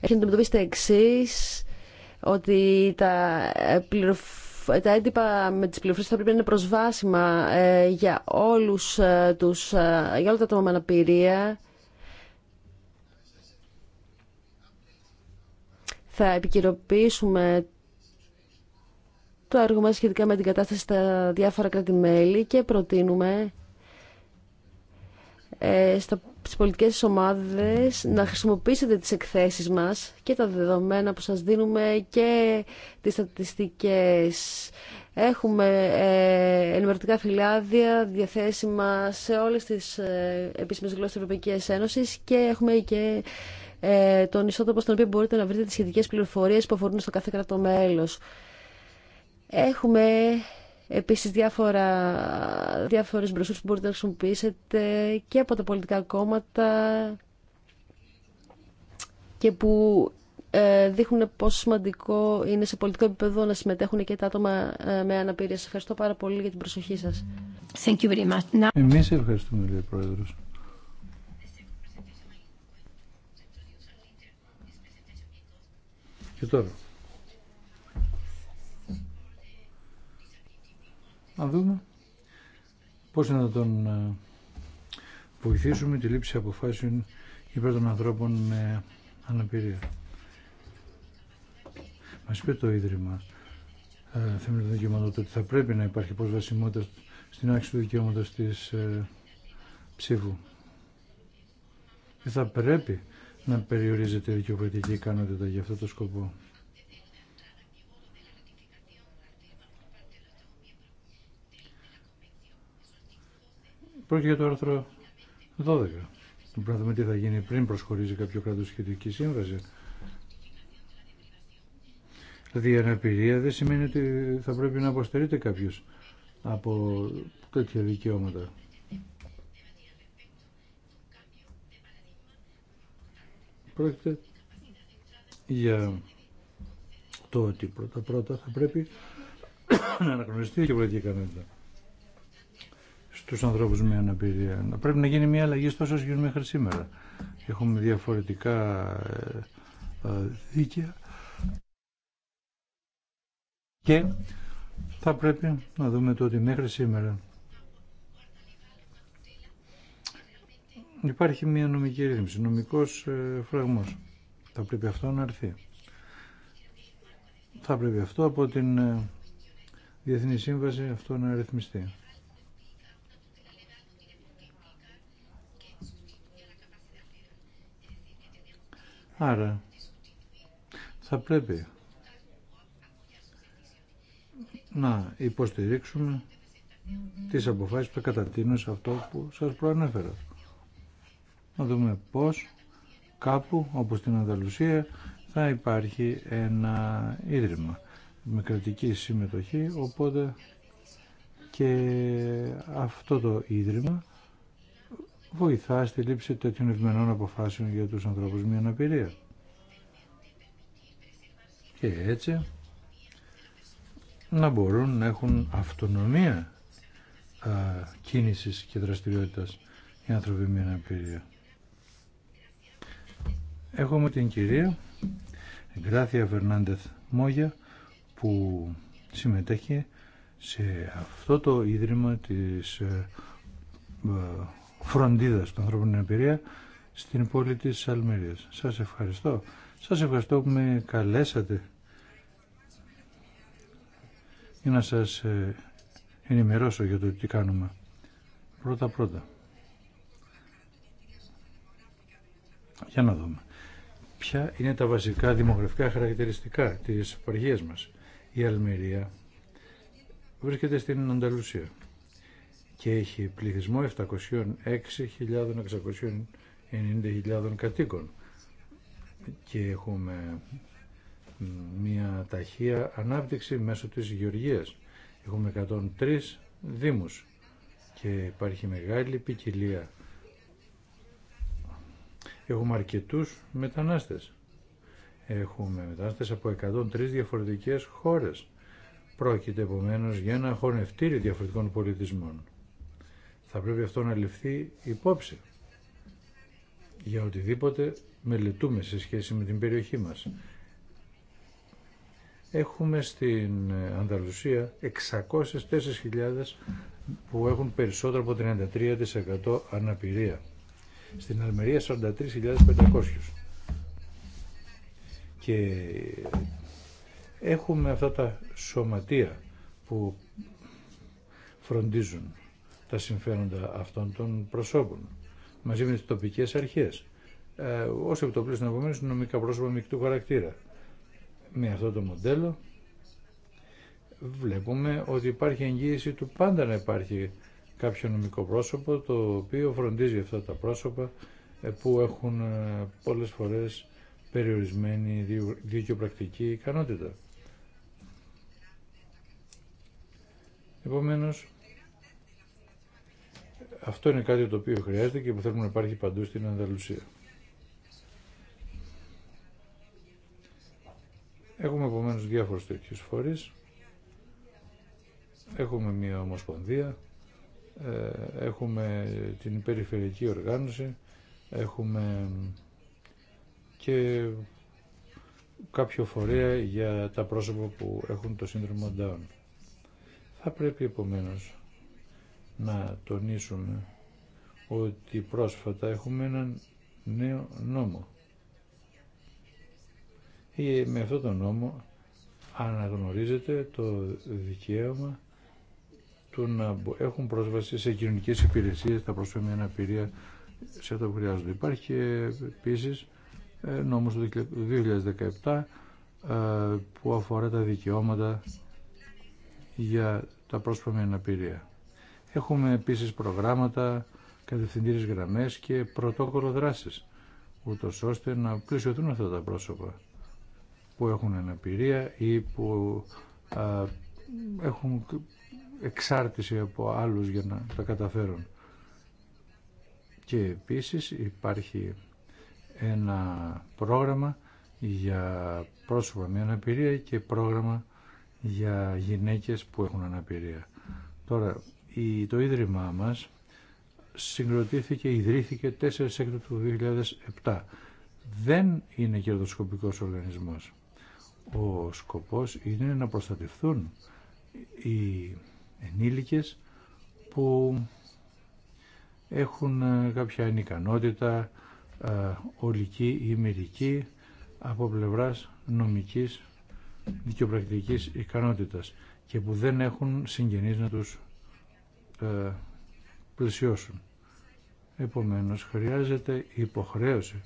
έχει αντιμετωπίσει τα εξή, ότι τα, ε, τα έντυπα με τις πληροφορίες θα πρέπει να είναι προσβάσιμα ε, για, όλους, ε, τους, για όλα τα άτομα με αναπηρία. Θα επικυρωποιήσουμε το έργο μας σχετικά με την κατάσταση στα διάφορα κράτη-μέλη και προτείνουμε στα τις πολιτικές ομάδες να χρησιμοποιήσετε τις εκθέσεις μας και τα δεδομένα που σας δίνουμε και τις στατιστικές. Έχουμε ε, ενημερωτικά φιλιάδια διαθέσιμα σε όλες τις ε, επίσημες γλώσσες της Ευρωπαϊκής Ένωσης και έχουμε και ε, τον ισότοπο στον οποίο μπορείτε να βρείτε τις σχετικές πληροφορίες που αφορούν στο κάθε κράτο Έχουμε Επίσης διάφορα, διάφορες μπροσούς που μπορείτε να χρησιμοποιήσετε και από τα πολιτικά κόμματα και που ε, δείχνουν πόσο σημαντικό είναι σε πολιτικό επίπεδο να συμμετέχουν και τα άτομα ε, με αναπηρία. Σας ευχαριστώ πάρα πολύ για την προσοχή σας. Thank you very much. Εμείς ευχαριστούμε, κύριε Πρόεδρος. Και τώρα, να δούμε πώς να τον ε, βοηθήσουμε τη λήψη αποφάσεων υπέρ των ανθρώπων με αναπηρία. Μας είπε το Ίδρυμα ε, του Δικαιωμάτων ότι θα πρέπει να υπάρχει προσβασιμότητα στην άξη του δικαιώματο της ε, ψήφου. Και θα πρέπει να περιορίζεται η δικαιοκρατική ικανότητα για αυτό το σκοπό. Πρόκειται για το άρθρο 12. Πρέπει να δούμε τι θα γίνει πριν προσχωρήσει κάποιο κράτο σχετική σύμβαση. Δηλαδή η αναπηρία δεν σημαίνει ότι θα πρέπει να αποστερείται κάποιο από τέτοια δικαιώματα. Πρόκειται για το ότι πρώτα-πρώτα θα πρέπει να αναγνωριστεί η ευρωπαϊκή κανένα τους ανθρώπους με αναπηρία. Πρέπει να γίνει μια αλλαγή στο όσο γίνουν μέχρι σήμερα. Έχουμε διαφορετικά ε, ε, δίκαια και θα πρέπει να δούμε το ότι μέχρι σήμερα υπάρχει μια νομική ρύθμιση, νομικός ε, φραγμός. Θα πρέπει αυτό να έρθει. Θα πρέπει αυτό από την Διεθνή Σύμβαση αυτό να ρυθμιστεί. Άρα θα πρέπει να υποστηρίξουμε τις αποφάσεις που κατατείνουν σε αυτό που σας προανέφερα. Να δούμε πώς κάπου όπως στην Ανταλουσία θα υπάρχει ένα ίδρυμα με κρατική συμμετοχή οπότε και αυτό το ίδρυμα βοηθά στη λήψη τέτοιων ευμενών αποφάσεων για τους ανθρώπους με αναπηρία. Και έτσι να μπορούν να έχουν αυτονομία α, κίνησης και δραστηριότητας οι άνθρωποι με αναπηρία. με την κυρία Γκράθια Βερνάντεθ Μόγια που συμμετέχει σε αυτό το Ίδρυμα της ε, Φροντίδα των ανθρώπινη εμπειρία στην πόλη της Αλμερίας. Σας ευχαριστώ. Σας ευχαριστώ που με καλέσατε για να σας ε, ενημερώσω για το τι κάνουμε. Πρώτα πρώτα. Για να δούμε. Ποια είναι τα βασικά δημογραφικά χαρακτηριστικά της επαρχίας μας. Η Αλμερία βρίσκεται στην Ανταλουσία και έχει πληθυσμό 706.690.000 κατοίκων και έχουμε μια ταχεία ανάπτυξη μέσω της γεωργίας. Έχουμε 103 δήμους και υπάρχει μεγάλη ποικιλία. Έχουμε αρκετούς μετανάστες. Έχουμε μετανάστες από 103 διαφορετικές χώρες. Πρόκειται επομένως για ένα χωνευτήρι διαφορετικών πολιτισμών. Θα πρέπει αυτό να ληφθεί υπόψη για οτιδήποτε μελετούμε σε σχέση με την περιοχή μας. Έχουμε στην Ανταλουσία 604.000 που έχουν περισσότερο από 33% αναπηρία. Στην Αλμερία 43.500. Και έχουμε αυτά τα σωματεία που φροντίζουν τα συμφέροντα αυτών των προσώπων μαζί με τις τοπικές αρχές ε, ως επιτοπλής να νομικά πρόσωπα μεικτού χαρακτήρα. Με αυτό το μοντέλο βλέπουμε ότι υπάρχει εγγύηση του πάντα να υπάρχει κάποιο νομικό πρόσωπο το οποίο φροντίζει αυτά τα πρόσωπα ε, που έχουν ε, πολλές φορές περιορισμένη δικαιοπρακτική ικανότητα. Επομένως, αυτό είναι κάτι το οποίο χρειάζεται και που θέλουμε να υπάρχει παντού στην Ανταλουσία. Έχουμε επομένως διάφορες τέτοιες φορείς. Έχουμε μια ομοσπονδία, ε, έχουμε την περιφερειακή οργάνωση, έχουμε και κάποιο φορέα για τα πρόσωπα που έχουν το σύνδρομο Down. Θα πρέπει επομένως να τονίσουμε ότι πρόσφατα έχουμε έναν νέο νόμο. Ή ε, με αυτό τον νόμο αναγνωρίζεται το δικαίωμα του να έχουν πρόσβαση σε κοινωνικέ υπηρεσίε, τα πρόσωπα με αναπηρία σε αυτό που χρειάζονται. Υπάρχει επίση επίσης ε, νόμος του 2017 ε, που αφορά τα δικαιώματα για τα πρόσωπα με αναπηρία. Έχουμε επίσης προγράμματα, κατευθυντήριες γραμμές και πρωτόκολλο δράσης, ούτω ώστε να πλησιωθούν αυτά τα πρόσωπα που έχουν αναπηρία ή που α, έχουν εξάρτηση από άλλους για να τα καταφέρουν. Και επίσης υπάρχει ένα πρόγραμμα για πρόσωπα με αναπηρία και πρόγραμμα για γυναίκες που έχουν αναπηρία. Τώρα, η το Ίδρυμά μας συγκροτήθηκε, ιδρύθηκε 4 έκτου του 2007. Δεν είναι κερδοσκοπικός οργανισμός. Ο σκοπός είναι να προστατευτούν οι ενήλικες που έχουν ε, κάποια ανικανότητα ε, ολική ή μερική από πλευράς νομικής δικαιοπρακτικής ικανότητας και που δεν έχουν συγγενείς να τους ε, πλησιώσουν. Επομένως χρειάζεται υποχρέωση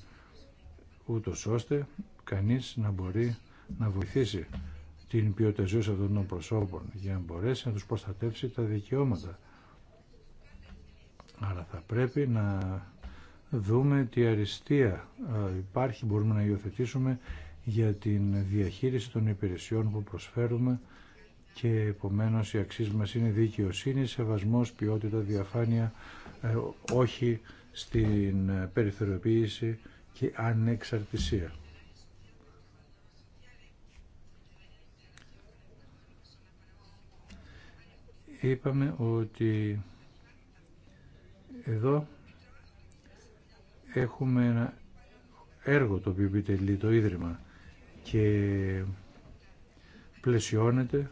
ούτως ώστε κανείς να μπορεί να βοηθήσει την ποιότητα ζωής αυτών των προσώπων για να μπορέσει να τους προστατεύσει τα δικαιώματα. Άρα θα πρέπει να δούμε τι αριστεία ε, υπάρχει, μπορούμε να υιοθετήσουμε για την διαχείριση των υπηρεσιών που προσφέρουμε και επομένως οι αξίες μας είναι δικαιοσύνη, σεβασμός, ποιότητα, διαφάνεια, ε, όχι στην ε, περιθωριοποίηση και ανεξαρτησία. Είπαμε ότι εδώ έχουμε ένα έργο το οποίο επιτελεί το Ίδρυμα και πλαισιώνεται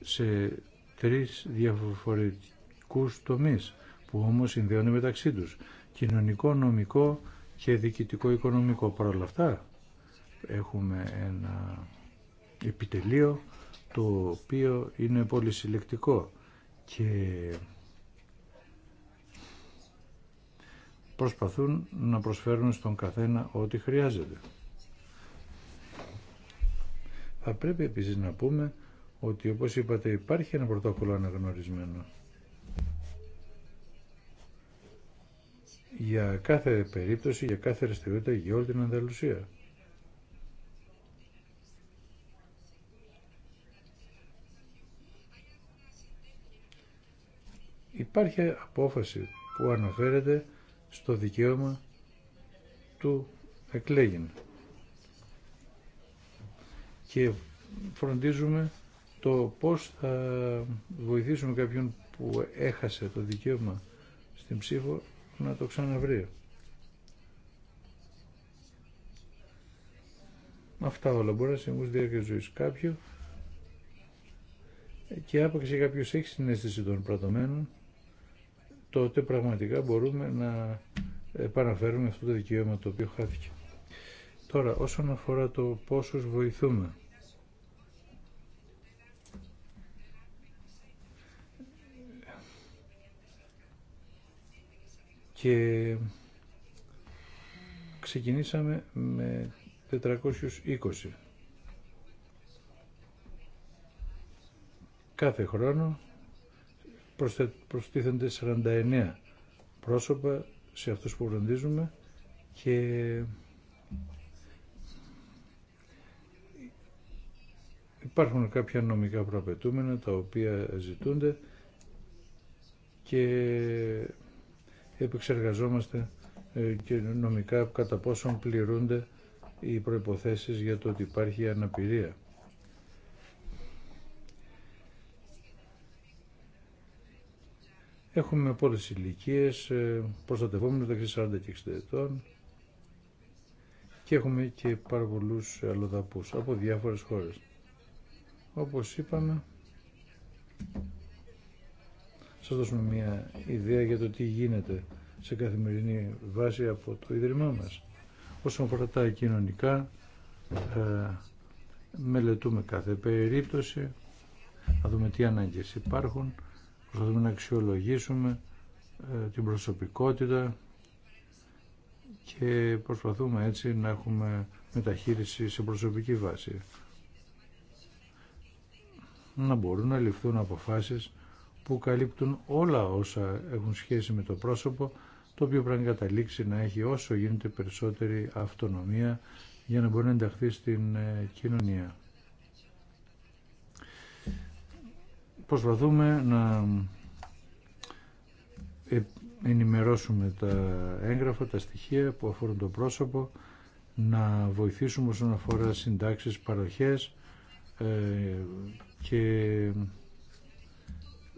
σε τρεις διαφορετικούς τομείς που όμως συνδέονται μεταξύ τους. Κοινωνικό, νομικό και διοικητικό οικονομικό. Παρ' όλα αυτά έχουμε ένα επιτελείο το οποίο είναι πολύ συλλεκτικό και προσπαθούν να προσφέρουν στον καθένα ό,τι χρειάζεται. Θα πρέπει επίσης να πούμε ότι όπως είπατε υπάρχει ένα πρωτόκολλο αναγνωρισμένο. Για κάθε περίπτωση, για κάθε αριστερότητα για όλη την Ανταλουσία. Υπάρχει απόφαση που αναφέρεται στο δικαίωμα του εκλέγην. Και φροντίζουμε το πώς θα βοηθήσουμε κάποιον που έχασε το δικαίωμα στην ψήφο να το ξαναβρει. Αυτά όλα μπορεί να συμβούν στη διάρκεια ζωής κάποιου και άπαξε κάποιο έχει συνέστηση των πρατωμένων, τότε πραγματικά μπορούμε να παραφέρουμε αυτό το δικαίωμα το οποίο χάθηκε. Τώρα, όσον αφορά το πόσους βοηθούμε, και ξεκινήσαμε με 420. Κάθε χρόνο προστίθενται 49 πρόσωπα σε αυτούς που βροντίζουμε και υπάρχουν κάποια νομικά προαπαιτούμενα τα οποία ζητούνται και επεξεργαζόμαστε ε, και νομικά κατά πόσον πληρούνται οι προϋποθέσεις για το ότι υπάρχει αναπηρία. Έχουμε από όλες τις ηλικίες, ε, προστατευόμενους μεταξύ 40 και 60 ετών και έχουμε και πάρα πολλού αλλοδαπούς από διάφορες χώρες. Όπως είπαμε, σας δώσουμε μια ιδέα για το τι γίνεται σε καθημερινή βάση από το Ίδρυμά μας. Όσον αφορά τα κοινωνικά, ε, μελετούμε κάθε περίπτωση, να δούμε τι ανάγκες υπάρχουν, προσπαθούμε να αξιολογήσουμε ε, την προσωπικότητα και προσπαθούμε έτσι να έχουμε μεταχείριση σε προσωπική βάση. Να μπορούν να ληφθούν αποφάσεις που καλύπτουν όλα όσα έχουν σχέση με το πρόσωπο, το οποίο πρέπει να καταλήξει να έχει όσο γίνεται περισσότερη αυτονομία για να μπορεί να ενταχθεί στην ε, κοινωνία. Προσπαθούμε να ε, ενημερώσουμε τα έγγραφα, τα στοιχεία που αφορούν το πρόσωπο, να βοηθήσουμε όσον αφορά συντάξεις, παροχές ε, και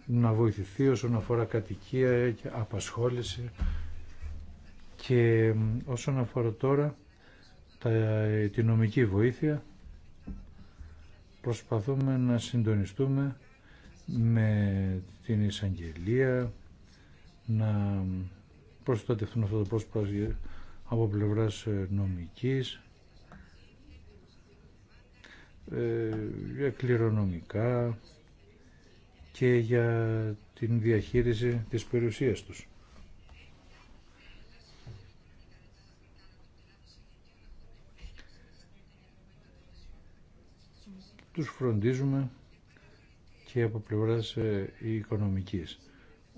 να βοηθηθεί όσον αφορά κατοικία και απασχόληση και όσον αφορά τώρα τα, ε, τη νομική βοήθεια προσπαθούμε να συντονιστούμε με την εισαγγελία να προστατευτούν αυτό το πρόσωπο από πλευράς ε, νομικής ε, ε κληρονομικά και για την διαχείριση της περιουσίας τους. Τους φροντίζουμε και από πλευράς ε, οικονομικής.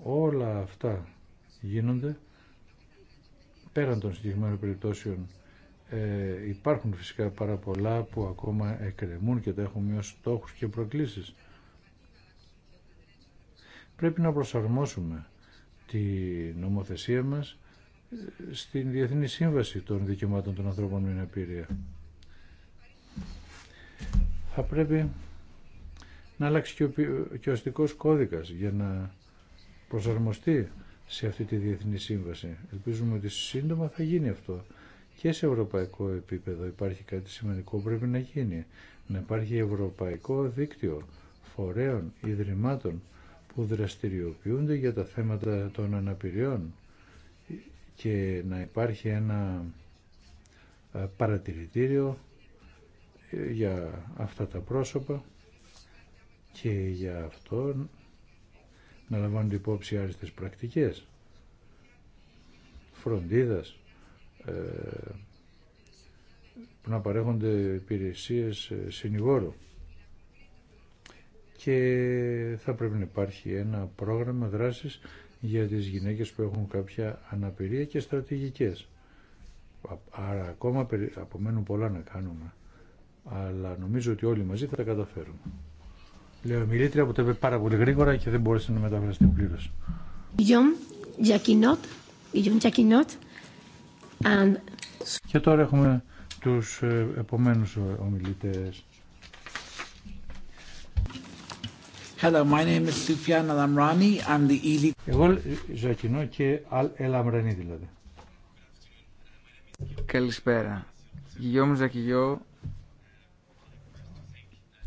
Όλα αυτά γίνονται πέραν των συγκεκριμένων περιπτώσεων ε, υπάρχουν φυσικά πάρα πολλά που ακόμα εκκρεμούν και τα έχουν ως στόχους και προκλήσεις πρέπει να προσαρμόσουμε τη νομοθεσία μας ε, στην Διεθνή Σύμβαση των Δικαιωμάτων των Ανθρώπων με Αναπηρία. Θα πρέπει να αλλάξει και ο, και ο κώδικας για να προσαρμοστεί σε αυτή τη Διεθνή Σύμβαση. Ελπίζουμε ότι σύντομα θα γίνει αυτό. Και σε ευρωπαϊκό επίπεδο υπάρχει κάτι σημαντικό που πρέπει να γίνει. Να υπάρχει ευρωπαϊκό δίκτυο φορέων, ιδρυμάτων που δραστηριοποιούνται για τα θέματα των αναπηριών και να υπάρχει ένα ε, παρατηρητήριο ε, για αυτά τα πρόσωπα και για αυτό να λαμβάνουν υπόψη άριστες πρακτικές φροντίδας ε, που να παρέχονται υπηρεσίες συνηγόρου και θα πρέπει να υπάρχει ένα πρόγραμμα δράσης για τις γυναίκες που έχουν κάποια αναπηρία και στρατηγικές. Άρα ακόμα απομένουν πολλά να κάνουμε. Αλλά νομίζω ότι όλοι μαζί θα τα καταφέρουμε. Λέω μιλήτρια που τα πάρα πολύ γρήγορα και δεν μπόρεσε να μεταφραστεί πλήρω. Και τώρα έχουμε τους ε, επόμενους ομιλητές. Hello, my name is Sufyan I'm the e Εγώ Ζακινό και Αλ-Ελαμρανή δηλαδή. Καλησπέρα. μου, Ζακιγιώ.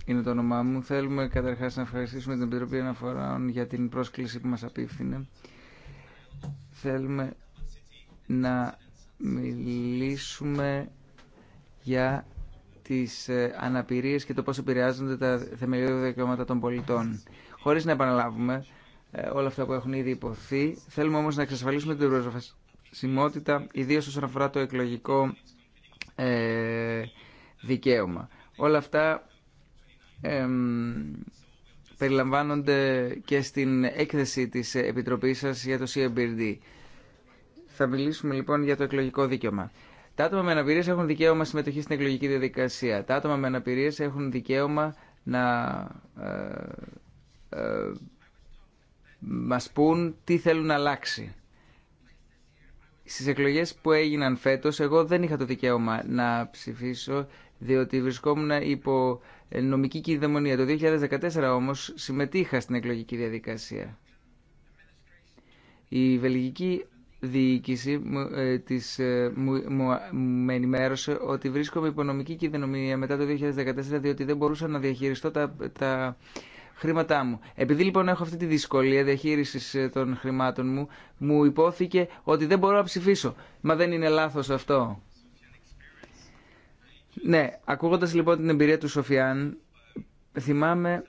είναι το όνομά μου. Θέλουμε καταρχάς να ευχαριστήσουμε την Επιτροπή Αναφοράων για την πρόσκληση που μας απίφθηνε. Θέλουμε να μιλήσουμε για τις ε, αναπηρίες και το πώς επηρεάζονται τα θεμελιώδη δικαιώματα των πολιτών. Χωρίς να επαναλάβουμε ε, όλα αυτά που έχουν ήδη υποθεί, θέλουμε όμως να εξασφαλίσουμε την προσβασιμότητα, ιδίως όσον αφορά το εκλογικό ε, δικαίωμα. Όλα αυτά περιλαμβάνονται και στην έκθεση της Επιτροπής σας για το CMBRD. Θα μιλήσουμε λοιπόν για το εκλογικό δίκαιωμα. Τα άτομα με αναπηρίε έχουν δικαίωμα συμμετοχή στην εκλογική διαδικασία. Τα άτομα με αναπηρίε έχουν δικαίωμα να ε, ε, μας πούν τι θέλουν να αλλάξει. Στις εκλογές που έγιναν φέτο, εγώ δεν είχα το δικαίωμα να ψηφίσω, διότι βρισκόμουν υπό νομική κυδαιμονία. Το 2014 όμως συμμετείχα στην εκλογική διαδικασία. Η βελγική διοίκηση ε, της, ε, μου, με ενημέρωσε ότι βρίσκομαι υπονομική κυδαινομία μετά το 2014 διότι δεν μπορούσα να διαχειριστώ τα, τα χρήματά μου. Επειδή λοιπόν έχω αυτή τη δυσκολία διαχείρισης ε, των χρημάτων μου, μου υπόθηκε ότι δεν μπορώ να ψηφίσω. Μα δεν είναι λάθος αυτό. Ναι, ακούγοντας λοιπόν την εμπειρία του Σοφιάν, θυμάμαι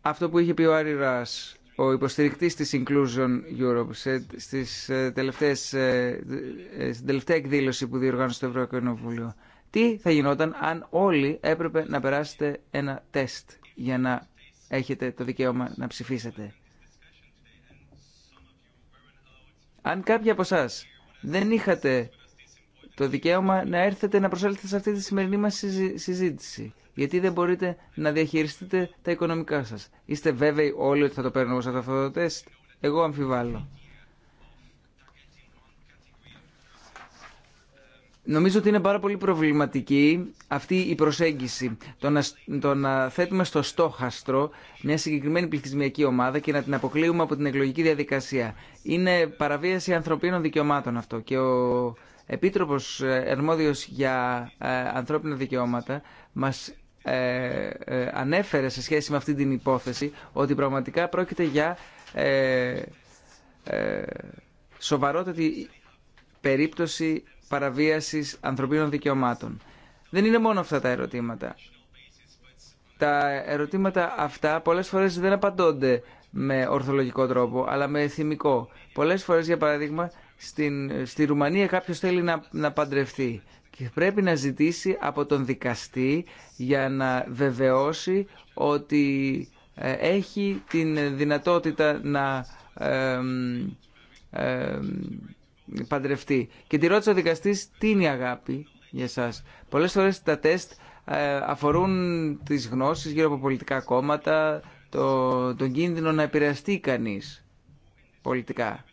αυτό που είχε πει ο Άρη Ράς ο υποστηρικτής της Inclusion Europe στις ε, τελευταίες, ε, ε, στην τελευταία εκδήλωση που διοργάνωσε το Ευρωκοινοβούλιο. Τι θα γινόταν αν όλοι έπρεπε να περάσετε ένα τεστ για να έχετε το δικαίωμα να ψηφίσετε. Αν κάποιοι από εσά δεν είχατε το δικαίωμα να έρθετε να προσέλθετε σε αυτή τη σημερινή μας συζήτηση γιατί δεν μπορείτε να διαχειριστείτε τα οικονομικά σας. Είστε βέβαιοι όλοι ότι θα το παίρνουμε σε αυτό το τεστ. Εγώ αμφιβάλλω. Νομίζω ότι είναι πάρα πολύ προβληματική αυτή η προσέγγιση. Το να, το να θέτουμε στο στόχαστρο μια συγκεκριμένη πληθυσμιακή ομάδα και να την αποκλείουμε από την εκλογική διαδικασία. Είναι παραβίαση ανθρωπίνων δικαιωμάτων αυτό. Και ο Επίτροπος ε, Ερμόδιος για ε, Ανθρώπινα Δικαιώματα μας ε, ε, ανέφερε σε σχέση με αυτή την υπόθεση ότι πραγματικά πρόκειται για ε, ε, σοβαρότατη περίπτωση παραβίασης ανθρωπίνων δικαιωμάτων. Δεν είναι μόνο αυτά τα ερωτήματα. Τα ερωτήματα αυτά πολλές φορές δεν απαντώνται με ορθολογικό τρόπο, αλλά με θυμικό. Πολλές φορές, για παράδειγμα, στην, στη Ρουμανία κάποιος θέλει να, να παντρευτεί πρέπει να ζητήσει από τον δικαστή για να βεβαιώσει ότι ε, έχει την δυνατότητα να ε, παντρευτεί. Και τη ρώτησε ο δικαστής τι είναι η αγάπη για σας. Πολλές φορές τα τεστ ε, αφορούν τις γνώσεις γύρω από πολιτικά κόμματα, το, τον κίνδυνο να επηρεαστεί κανείς πολιτικά.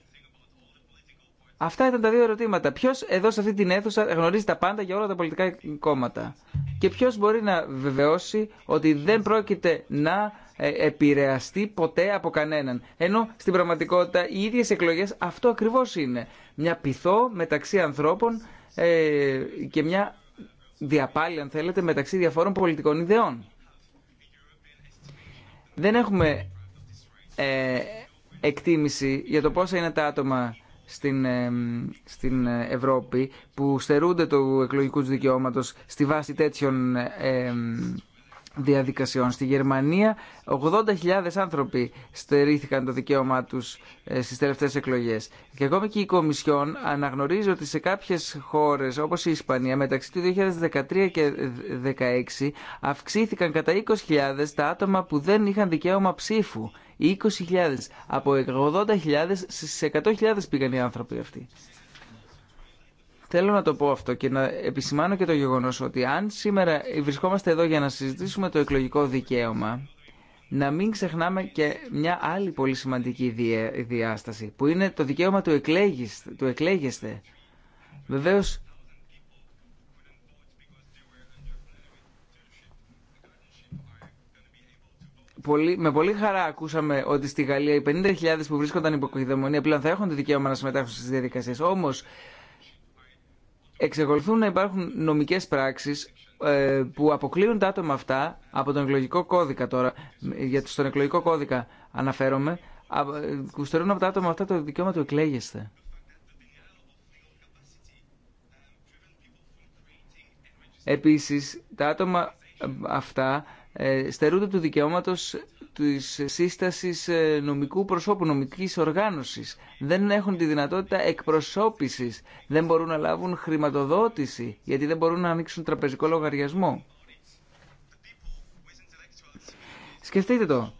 Αυτά ήταν τα δύο ερωτήματα. Ποιο εδώ σε αυτή την αίθουσα γνωρίζει τα πάντα για όλα τα πολιτικά κόμματα και ποιο μπορεί να βεβαιώσει ότι δεν πρόκειται να ε, επηρεαστεί ποτέ από κανέναν. Ενώ στην πραγματικότητα οι ίδιε εκλογέ αυτό ακριβώ είναι. Μια πυθό μεταξύ ανθρώπων ε, και μια διαπάλη, αν θέλετε, μεταξύ διαφόρων πολιτικών ιδεών. Δεν έχουμε ε, εκτίμηση για το πόσα είναι τα άτομα στην, στην Ευρώπη που στερούνται του εκλογικού δικαιώματο στη βάση τέτοιων διαδικασιών. Στη Γερμανία 80.000 άνθρωποι στερήθηκαν το δικαίωμά τους ε, στις τελευταίες εκλογές. Και ακόμη και η Κομισιόν αναγνωρίζει ότι σε κάποιες χώρες όπως η Ισπανία μεταξύ του 2013 και 2016 αυξήθηκαν κατά 20.000 τα άτομα που δεν είχαν δικαίωμα ψήφου. 20.000. Από 80.000 στις 100.000 πήγαν οι άνθρωποι αυτοί. Θέλω να το πω αυτό και να επισημάνω και το γεγονός ότι αν σήμερα βρισκόμαστε εδώ για να συζητήσουμε το εκλογικό δικαίωμα, να μην ξεχνάμε και μια άλλη πολύ σημαντική διάσταση, που είναι το δικαίωμα του, εκλέγεις, του Βεβαίως, πολύ, με πολύ χαρά ακούσαμε ότι στη Γαλλία οι 50.000 που βρίσκονταν υποκοιδαιμονία πλέον θα έχουν το δικαίωμα να συμμετάσχουν στις διαδικασίες. Όμως, εξακολουθούν να υπάρχουν νομικές πράξεις ε, που αποκλείουν τα άτομα αυτά από τον εκλογικό κώδικα τώρα, για στον εκλογικό κώδικα αναφέρομαι, που στερούν από τα άτομα αυτά το δικαίωμα του εκλέγεσθε. Επίσης, τα άτομα αυτά ε, στερούνται του δικαιώματος της σύστασης ε, νομικού προσώπου, νομικής οργάνωσης. Δεν έχουν τη δυνατότητα εκπροσώπησης, δεν μπορούν να λάβουν χρηματοδότηση, γιατί δεν μπορούν να ανοίξουν τραπεζικό λογαριασμό. Σκεφτείτε το.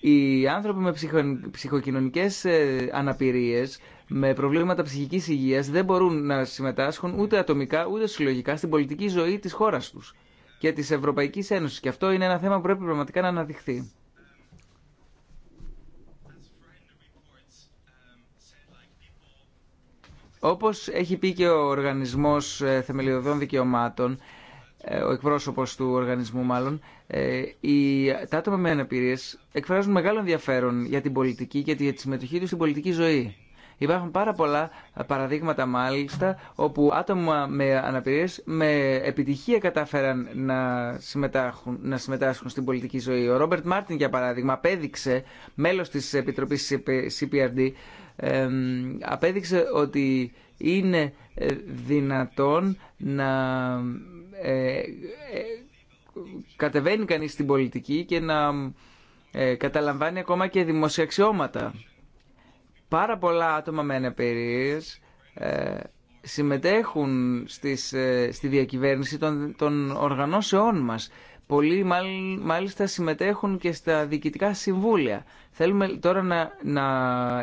Οι άνθρωποι με ψυχοκοινωνικές ε, αναπηρίες, με προβλήματα ψυχικής υγείας, δεν μπορούν να συμμετάσχουν ούτε ατομικά ούτε συλλογικά στην πολιτική ζωή της χώρας τους και της Ευρωπαϊκής Ένωσης. Και αυτό είναι ένα θέμα που πρέπει πραγματικά να αναδειχθεί. Όπως έχει πει και ο Οργανισμός ε, Θεμελιωδών Δικαιωμάτων, ε, ο εκπρόσωπος του οργανισμού μάλλον, οι, ε, τα άτομα με αναπηρίες εκφράζουν μεγάλο ενδιαφέρον για την πολιτική και για τη συμμετοχή τους στην πολιτική ζωή. Υπάρχουν πάρα πολλά παραδείγματα μάλιστα όπου άτομα με αναπηρίες με επιτυχία κατάφεραν να συμμετάσχουν, να στην πολιτική ζωή. Ο Ρόμπερτ Μάρτιν για παράδειγμα απέδειξε μέλος της Επιτροπής CPRD απέδειξε ότι είναι ε, δυνατόν να ε, ε, κατεβαίνει κανείς στην πολιτική και να καταλαμβάνει ακόμα και δημοσιαξιώματα. Πάρα πολλά άτομα με αναπηρίες συμμετέχουν στη διακυβέρνηση των, των οργανώσεών μας Πολλοί μάλιστα συμμετέχουν και στα διοικητικά συμβούλια. Θέλουμε τώρα να, να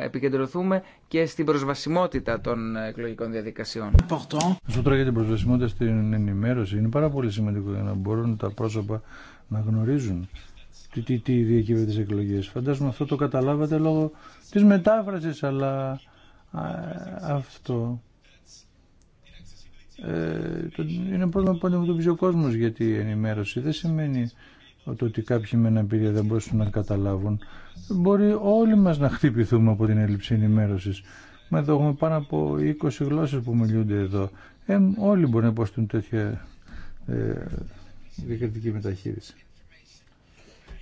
επικεντρωθούμε και στην προσβασιμότητα των εκλογικών διαδικασιών. Αυτό τώρα για την προσβασιμότητα στην ενημέρωση είναι πάρα πολύ σημαντικό για να μπορούν τα πρόσωπα να γνωρίζουν τι, τι, τι διακύβεται τις εκλογές. Φαντάζομαι αυτό το καταλάβατε λόγω της μετάφρασης, αλλά αυτό ε, είναι πρόβλημα που αντιμετωπίζει ο κόσμος γιατί η ενημέρωση δεν σημαίνει ότι κάποιοι με αναπηρία δεν μπορούν να καταλάβουν. Μπορεί όλοι μας να χτυπηθούμε από την έλλειψη ενημέρωσης. με εδώ έχουμε πάνω από 20 γλώσσες που μιλούνται εδώ. Ε, όλοι μπορεί να υποστούν τέτοια ε, διακριτική μεταχείριση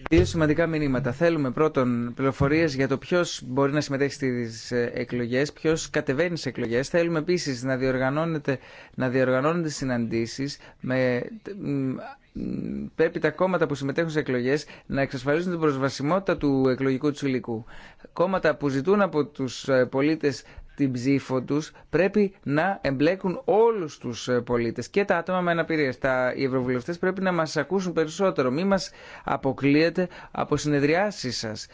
δύο σημαντικά μηνύματα. Θέλουμε πρώτον πληροφορίε για το ποιο μπορεί να συμμετέχει στι ε, εκλογέ, ποιο κατεβαίνει στι εκλογέ. Θέλουμε επίση να διοργανώνεται, να διοργανώνονται συναντήσει με πρέπει τα κόμματα που συμμετέχουν σε εκλογέ να εξασφαλίζουν την προσβασιμότητα του εκλογικού του υλικού. Κόμματα που ζητούν από του ε, πολίτε την ψήφο του, πρέπει να εμπλέκουν όλους τους ε, πολίτες και τα άτομα με αναπηρία. Τα, οι ευρωβουλευτές πρέπει να μας ακούσουν περισσότερο. Μην μας αποκλείετε από συνεδριάσεις σα.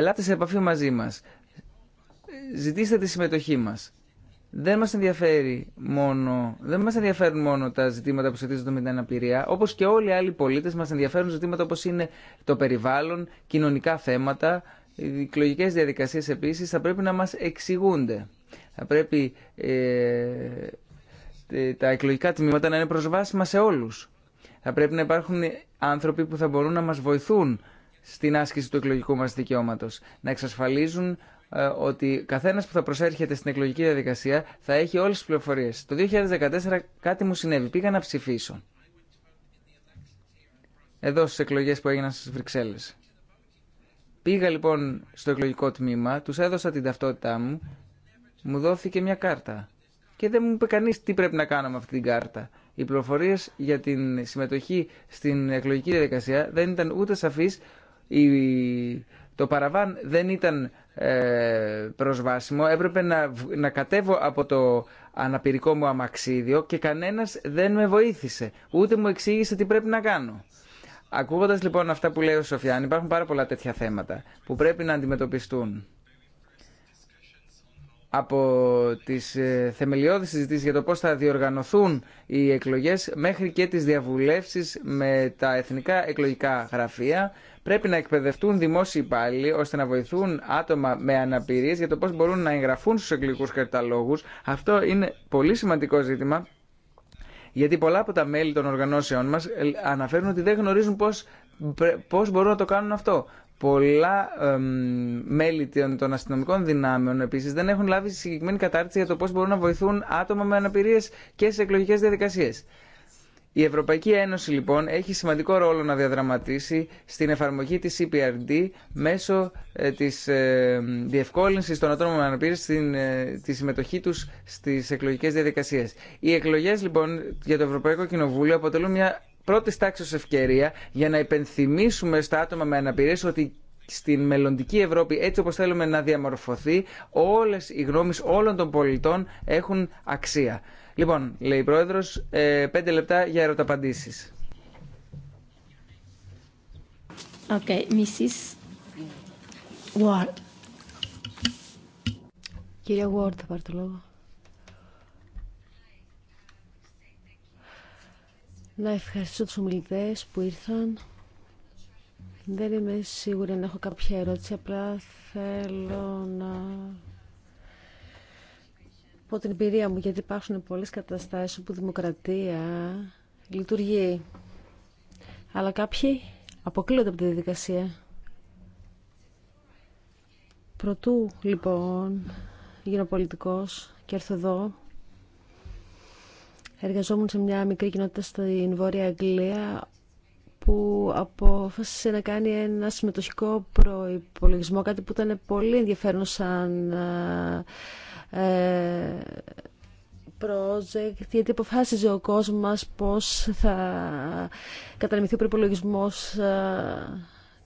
Ελάτε σε επαφή μαζί μας. Ζητήστε τη συμμετοχή μας. Δεν μας, ενδιαφέρει μόνο, δεν μας ενδιαφέρουν μόνο τα ζητήματα που σχετίζονται με την αναπηρία, όπως και όλοι οι άλλοι πολίτες μας ενδιαφέρουν ζητήματα όπως είναι το περιβάλλον, κοινωνικά θέματα, οι εκλογικέ διαδικασίες επίσης θα πρέπει να μας εξηγούνται. Θα πρέπει ε, τα εκλογικά τμήματα να είναι προσβάσιμα σε όλους. Θα πρέπει να υπάρχουν άνθρωποι που θα μπορούν να μας βοηθούν στην άσκηση του εκλογικού μας δικαιώματος. Να εξασφαλίζουν ε, ότι καθένας που θα προσέρχεται στην εκλογική διαδικασία θα έχει όλες τις πληροφορίες. Το 2014 κάτι μου συνέβη. Πήγα να ψηφίσω. Εδώ στις εκλογές που έγιναν στις Βρυξέλλες. Πήγα λοιπόν στο εκλογικό τμήμα, τους έδωσα την ταυτότητά μου, μου δόθηκε μια κάρτα. Και δεν μου είπε κανείς τι πρέπει να κάνω με αυτή την κάρτα. Οι πληροφορίε για την συμμετοχή στην εκλογική διαδικασία δεν ήταν ούτε σαφείς, το παραβάν δεν ήταν ε, προσβάσιμο, έπρεπε να, να κατέβω από το αναπηρικό μου αμαξίδιο και κανένας δεν με βοήθησε, ούτε μου εξήγησε τι πρέπει να κάνω. Ακούγοντα λοιπόν αυτά που λέει ο Σοφιάν, υπάρχουν πάρα πολλά τέτοια θέματα που πρέπει να αντιμετωπιστούν από τις ε, θεμελιώδεις συζητήσεις για το πώς θα διοργανωθούν οι εκλογές μέχρι και τις διαβουλεύσεις με τα εθνικά εκλογικά γραφεία πρέπει να εκπαιδευτούν δημόσιοι υπάλληλοι ώστε να βοηθούν άτομα με αναπηρίες για το πώς μπορούν να εγγραφούν στους εκλογικούς καταλόγους. Αυτό είναι πολύ σημαντικό ζήτημα γιατί πολλά από τα μέλη των οργανώσεών μας ε, αναφέρουν ότι δεν γνωρίζουν πώς, πώς μπορούν να το κάνουν αυτό. Πολλά μέλη των αστυνομικών δυνάμεων επίση δεν έχουν λάβει συγκεκριμένη κατάρτιση για το πώ μπορούν να βοηθούν άτομα με αναπηρίε και σε εκλογικέ διαδικασίε. Η Ευρωπαϊκή Ένωση λοιπόν έχει σημαντικό ρόλο να διαδραματίσει στην εφαρμογή της CPRD μέσω ε, της ε, διευκόλυνσης των ατόμων με αναπήρες στην ε, συμμετοχή τους στις εκλογικές διαδικασίες. Οι εκλογές λοιπόν για το Ευρωπαϊκό Κοινοβούλιο αποτελούν μια πρώτη τάξη ευκαιρία για να υπενθυμίσουμε στα άτομα με αναπηρία ότι στην μελλοντική Ευρώπη έτσι όπως θέλουμε να διαμορφωθεί όλες οι γνώμεις όλων των πολιτών έχουν αξία. Λοιπόν, λέει η Πρόεδρος, ε, πέντε λεπτά για ερωταπαντήσεις. Okay, Mrs. Ward. Κύριε Ward, θα πάρω το λόγο. Να ευχαριστήσω τους ομιλητές που ήρθαν. Δεν είμαι σίγουρη να έχω κάποια ερώτηση, απλά θέλω να από την εμπειρία μου, γιατί υπάρχουν πολλές καταστάσεις όπου δημοκρατία λειτουργεί. Αλλά κάποιοι αποκλείονται από τη διαδικασία. Προτού, λοιπόν, γίνω πολιτικός και έρθω εδώ, εργαζόμουν σε μια μικρή κοινότητα στην Βόρεια Αγγλία, που αποφάσισε να κάνει ένα συμμετοχικό προϋπολογισμό, κάτι που ήταν πολύ ενδιαφέρον σαν ε, project, γιατί αποφάσιζε ο κόσμος πώς θα κατανεμηθεί ο προπολογισμό ε,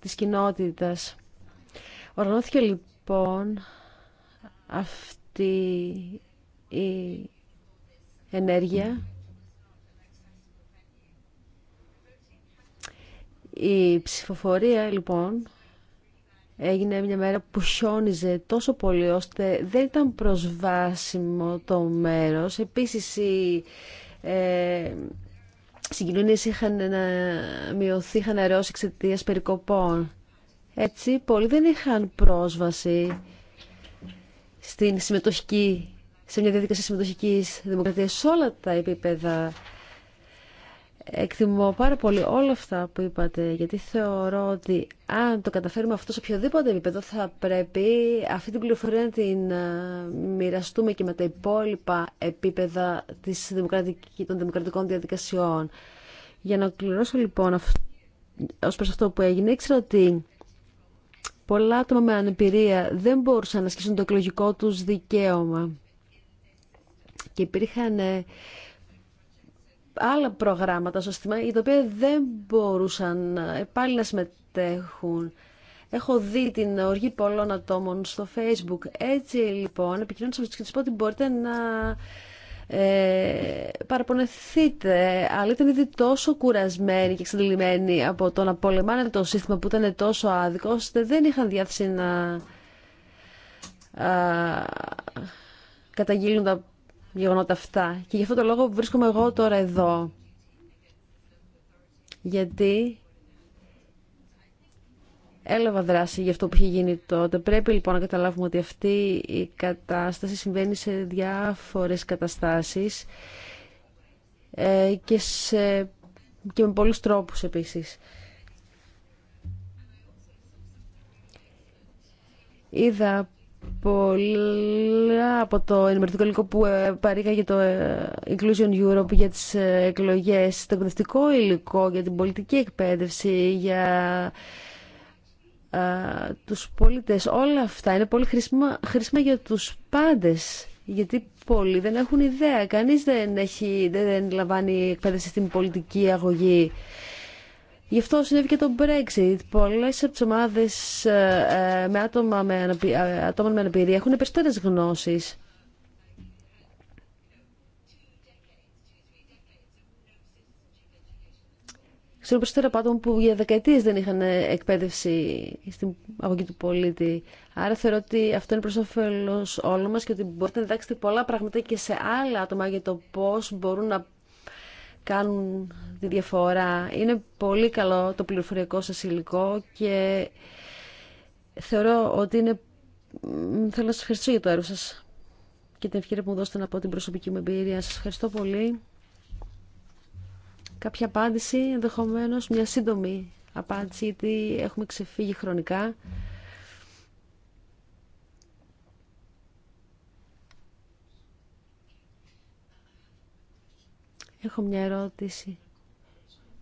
της κοινότητας. Οργανώθηκε λοιπόν αυτή η ενέργεια. Η ψηφοφορία λοιπόν έγινε μια μέρα που χιόνιζε τόσο πολύ ώστε δεν ήταν προσβάσιμο το μέρος. Επίσης οι ε, συγκοινωνίες είχαν να μειωθεί, είχαν αραιώσει εξαιτίας περικοπών. Έτσι, πολλοί δεν είχαν πρόσβαση στην συμμετοχική, σε μια διαδικασία συμμετοχικής δημοκρατίας σε όλα τα επίπεδα Εκτιμώ πάρα πολύ όλα αυτά που είπατε, γιατί θεωρώ ότι αν το καταφέρουμε αυτό σε οποιοδήποτε επίπεδο θα πρέπει αυτή την πληροφορία να την ε, μοιραστούμε και με τα υπόλοιπα επίπεδα της των δημοκρατικών διαδικασιών. Για να κληρώσω λοιπόν ω προς αυτό που έγινε, ήξερα ότι πολλά άτομα με ανεπηρία δεν μπορούσαν να ασκήσουν το εκλογικό τους δικαίωμα και υπήρχαν ε, άλλα προγράμματα στο σύστημα, οι οποίοι δεν μπορούσαν ε, πάλι να συμμετέχουν. Έχω δει την οργή πολλών ατόμων στο facebook. Έτσι λοιπόν, επικοινωνήσα και της πω ότι μπορείτε να ε, παραπονεθείτε, αλλά ήταν ήδη τόσο κουρασμένοι και εξαντλημένοι από το να πολεμάνε το σύστημα που ήταν τόσο άδικο, ώστε δεν είχαν διάθεση να α, καταγγείλουν τα γεγονότα αυτά. Και γι' αυτό το λόγο βρίσκομαι εγώ τώρα εδώ. Γιατί έλαβα δράση για αυτό που είχε γίνει τότε. Πρέπει λοιπόν να καταλάβουμε ότι αυτή η κατάσταση συμβαίνει σε διάφορες καταστάσεις ε, και, σε, και με πολλούς τρόπους επίσης. Είδα πολλά από το ενημερωτικό υλικό που ε, παρήγαγε το ε, Inclusion Europe για τις ε, εκλογές, το εκπαιδευτικό υλικό για την πολιτική εκπαίδευση, για τους πολίτες, όλα αυτά είναι πολύ χρήσιμα, χρήσιμα για τους πάντες, γιατί πολλοί δεν έχουν ιδέα, κανείς δεν, δεν, δεν λαμβάνει εκπαίδευση στην πολιτική αγωγή. Γι' αυτό συνέβη και το Brexit. Πολλέ από τι ομάδε ε, ε, με άτομα με, ε, αναπηρία, έχουν περισσότερε γνώσει. Ξέρω περισσότερα από άτομα που για δεκαετίε δεν είχαν εκπαίδευση στην αγωγή του πολίτη. Άρα θεωρώ ότι αυτό είναι προ όφελο όλων μα και ότι μπορείτε να διδάξετε πολλά πράγματα και σε άλλα άτομα για το πώ μπορούν να κάνουν τη διαφορά. Είναι πολύ καλό το πληροφοριακό σας υλικό και θεωρώ ότι είναι... Θέλω να σας ευχαριστήσω για το έργο σας και την ευκαιρία που μου δώσετε να πω την προσωπική μου εμπειρία. Σας ευχαριστώ πολύ. Κάποια απάντηση, ενδεχομένως μια σύντομη απάντηση, γιατί έχουμε ξεφύγει χρονικά. Έχω μια ερώτηση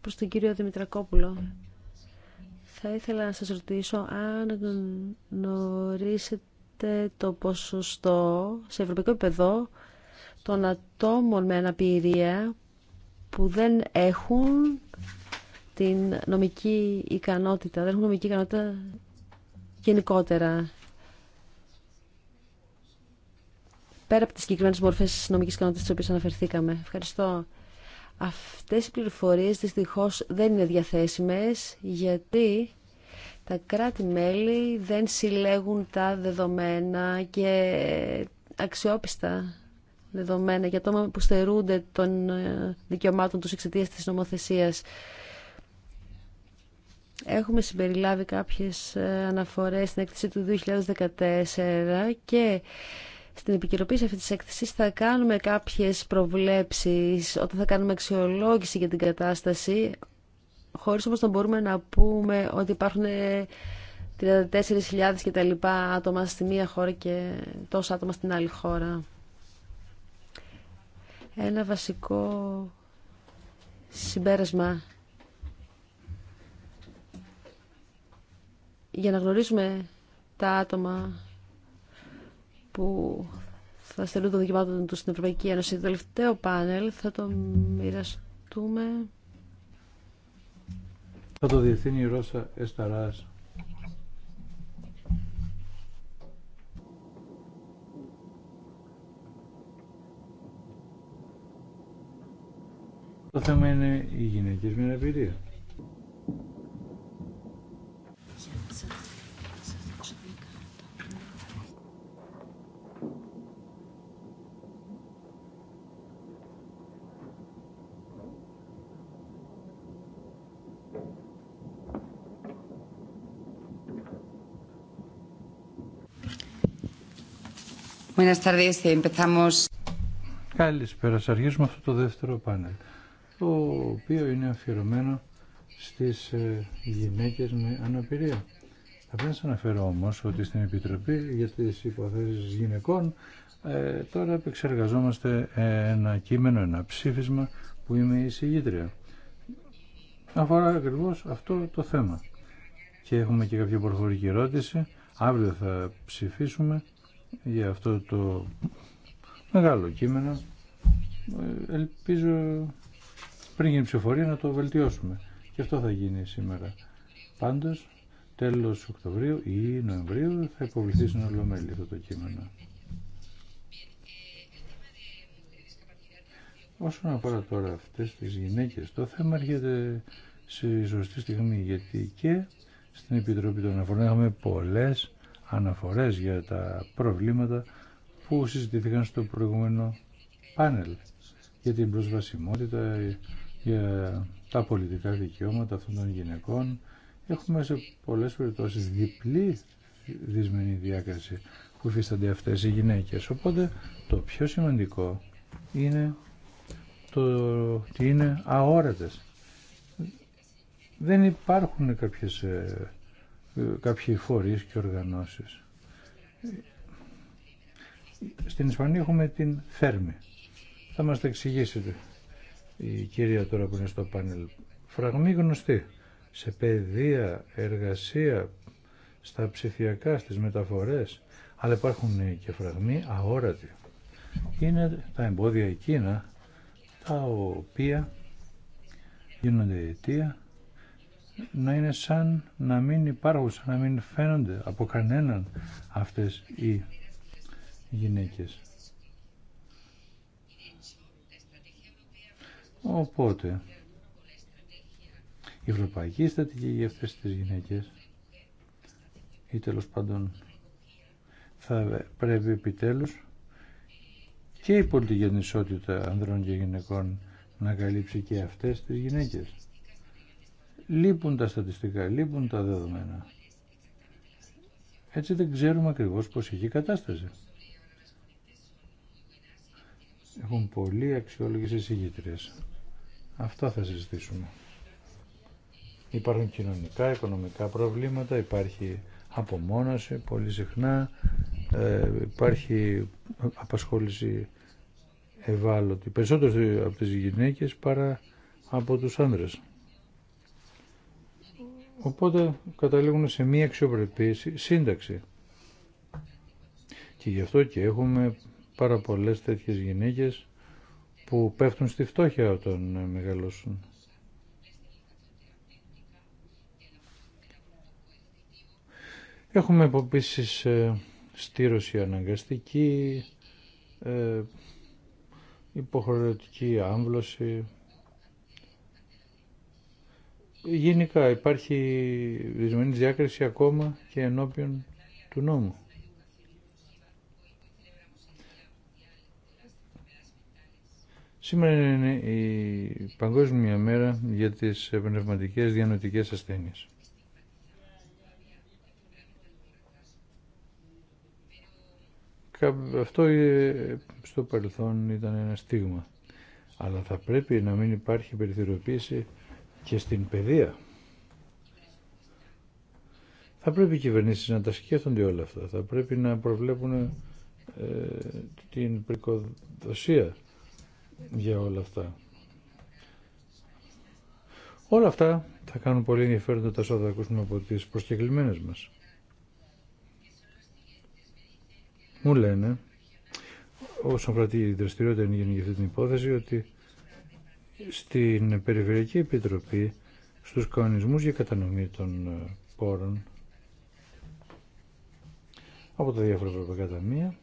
προς τον κύριο Δημητρακόπουλο. Θα ήθελα να σας ρωτήσω αν γνωρίσετε το ποσοστό σε ευρωπαϊκό επίπεδο των ατόμων με αναπηρία που δεν έχουν την νομική ικανότητα, δεν έχουν νομική ικανότητα γενικότερα. Πέρα από τις συγκεκριμένες μορφές νομικής ικανότητας στις οποίες αναφερθήκαμε. Ευχαριστώ. Αυτές οι πληροφορίες δυστυχώς δεν είναι διαθέσιμες γιατί τα κράτη-μέλη δεν συλλέγουν τα δεδομένα και αξιόπιστα δεδομένα για τόμα που στερούνται των ε, δικαιωμάτων τους εξαιτίας της νομοθεσίας. Έχουμε συμπεριλάβει κάποιες ε, αναφορές στην έκθεση του 2014 και στην επικαιροποίηση αυτής της έκθεσης θα κάνουμε κάποιες προβλέψεις όταν θα κάνουμε αξιολόγηση για την κατάσταση χωρίς όμως να μπορούμε να πούμε ότι υπάρχουν 34.000 ε, και άτομα στη μία χώρα και τόσα άτομα στην άλλη χώρα. Ένα βασικό συμπέρασμα για να γνωρίζουμε τα άτομα που θα στερούν το δικαιωμάτων του στην Ευρωπαϊκή Ένωση. Το τελευταίο πάνελ θα το μοιραστούμε. Θα το διευθύνει η Ρώσα Εσταράς. Το θέμα είναι οι γυναίκες με αναπηρία. Buenas tardes, empezamos. Καλησπέρα, σας αυτό το δεύτερο πάνελ, το οποίο είναι αφιερωμένο στις ε, γυναίκες με αναπηρία. Θα πρέπει να αναφέρω όμω ότι στην Επιτροπή για τις υποθέσεις γυναικών ε, τώρα επεξεργαζόμαστε ένα κείμενο, ένα ψήφισμα που είμαι η συγγήτρια. Αφορά ακριβώ αυτό το θέμα. Και έχουμε και κάποια προφορική ερώτηση. Αύριο θα ψηφίσουμε για αυτό το μεγάλο κείμενο. Ελπίζω πριν γίνει ψηφοφορία να το βελτιώσουμε. Και αυτό θα γίνει σήμερα. Πάντως, τέλος Οκτωβρίου ή Νοεμβρίου θα υποβληθεί στην Ολομέλη αυτό το κείμενο. Όσον αφορά τώρα αυτές τις γυναίκες, το θέμα έρχεται σε ζωστή στιγμή, γιατί και στην Επιτροπή των Αφορών έχουμε πολλές αναφορές για τα προβλήματα που συζητήθηκαν στο προηγούμενο πάνελ για την προσβασιμότητα, για τα πολιτικά δικαιώματα αυτών των γυναικών. Έχουμε σε πολλές περιπτώσεις διπλή δυσμενή διάκριση που υφίστανται αυτές οι γυναίκες. Οπότε το πιο σημαντικό είναι το ότι είναι αόρατες. Δεν υπάρχουν κάποιες ε, κάποιοι φορείς και οργανώσεις. Στην Ισπανία έχουμε την Θέρμη. Θα μας τα εξηγήσετε η κυρία τώρα που είναι στο πάνελ. Φραγμή γνωστή σε παιδεία, εργασία, στα ψηφιακά, στις μεταφορές, αλλά υπάρχουν και φραγμοί αόρατοι. Είναι τα εμπόδια εκείνα τα οποία γίνονται αιτία να είναι σαν να μην υπάρχουν, σαν να μην φαίνονται από κανέναν αυτές οι γυναίκες. Οπότε, η ευρωπαϊκή στατική για αυτές τις γυναίκες ή τέλο πάντων θα πρέπει επιτέλους και η πολιτική ανισότητα ανδρών και γυναικών να καλύψει και αυτές τις γυναίκες λείπουν τα στατιστικά, λείπουν τα δεδομένα. Έτσι δεν ξέρουμε ακριβώς πώς έχει η κατάσταση. Έχουν πολλοί αξιόλογες εισηγήτριες. Αυτά θα συζητήσουμε. Υπάρχουν κοινωνικά, οικονομικά προβλήματα, υπάρχει απομόνωση πολύ συχνά, ε, υπάρχει απασχόληση ευάλωτη, περισσότερο από τις γυναίκες παρά από τους άνδρες. Οπότε καταλήγουν σε μία αξιοπρεπή σύνταξη. Και γι' αυτό και έχουμε πάρα πολλές τέτοιες γυναίκες που πέφτουν στη φτώχεια όταν ε, μεγαλώσουν. Έχουμε επίση ε, στήρωση αναγκαστική, ε, υποχρεωτική άμβλωση, γενικά υπάρχει δυσμενή διάκριση ακόμα και ενώπιον του νόμου. Σήμερα είναι η Παγκόσμια Μέρα για τις πνευματικές διανοητικές ασθένειες. Αυτό ε, στο παρελθόν ήταν ένα στίγμα. Αλλά θα πρέπει να μην υπάρχει περιθωριοποίηση και στην παιδεία. Θα πρέπει οι κυβερνήσεις να τα σκέφτονται όλα αυτά. Θα πρέπει να προβλέπουν ε, την πρικοδοσία για όλα αυτά. Όλα αυτά θα κάνουν πολύ ενδιαφέροντα τα σώδα ακούσουμε από τις προσκεκλημένες μας. Μου λένε, όσον αφορά η δραστηριότητα είναι για αυτή την υπόθεση, ότι στην Περιφερειακή Επιτροπή στους κανονισμούς για κατανομή των ε, πόρων από τα διάφορα ευρωπαϊκά ταμεία.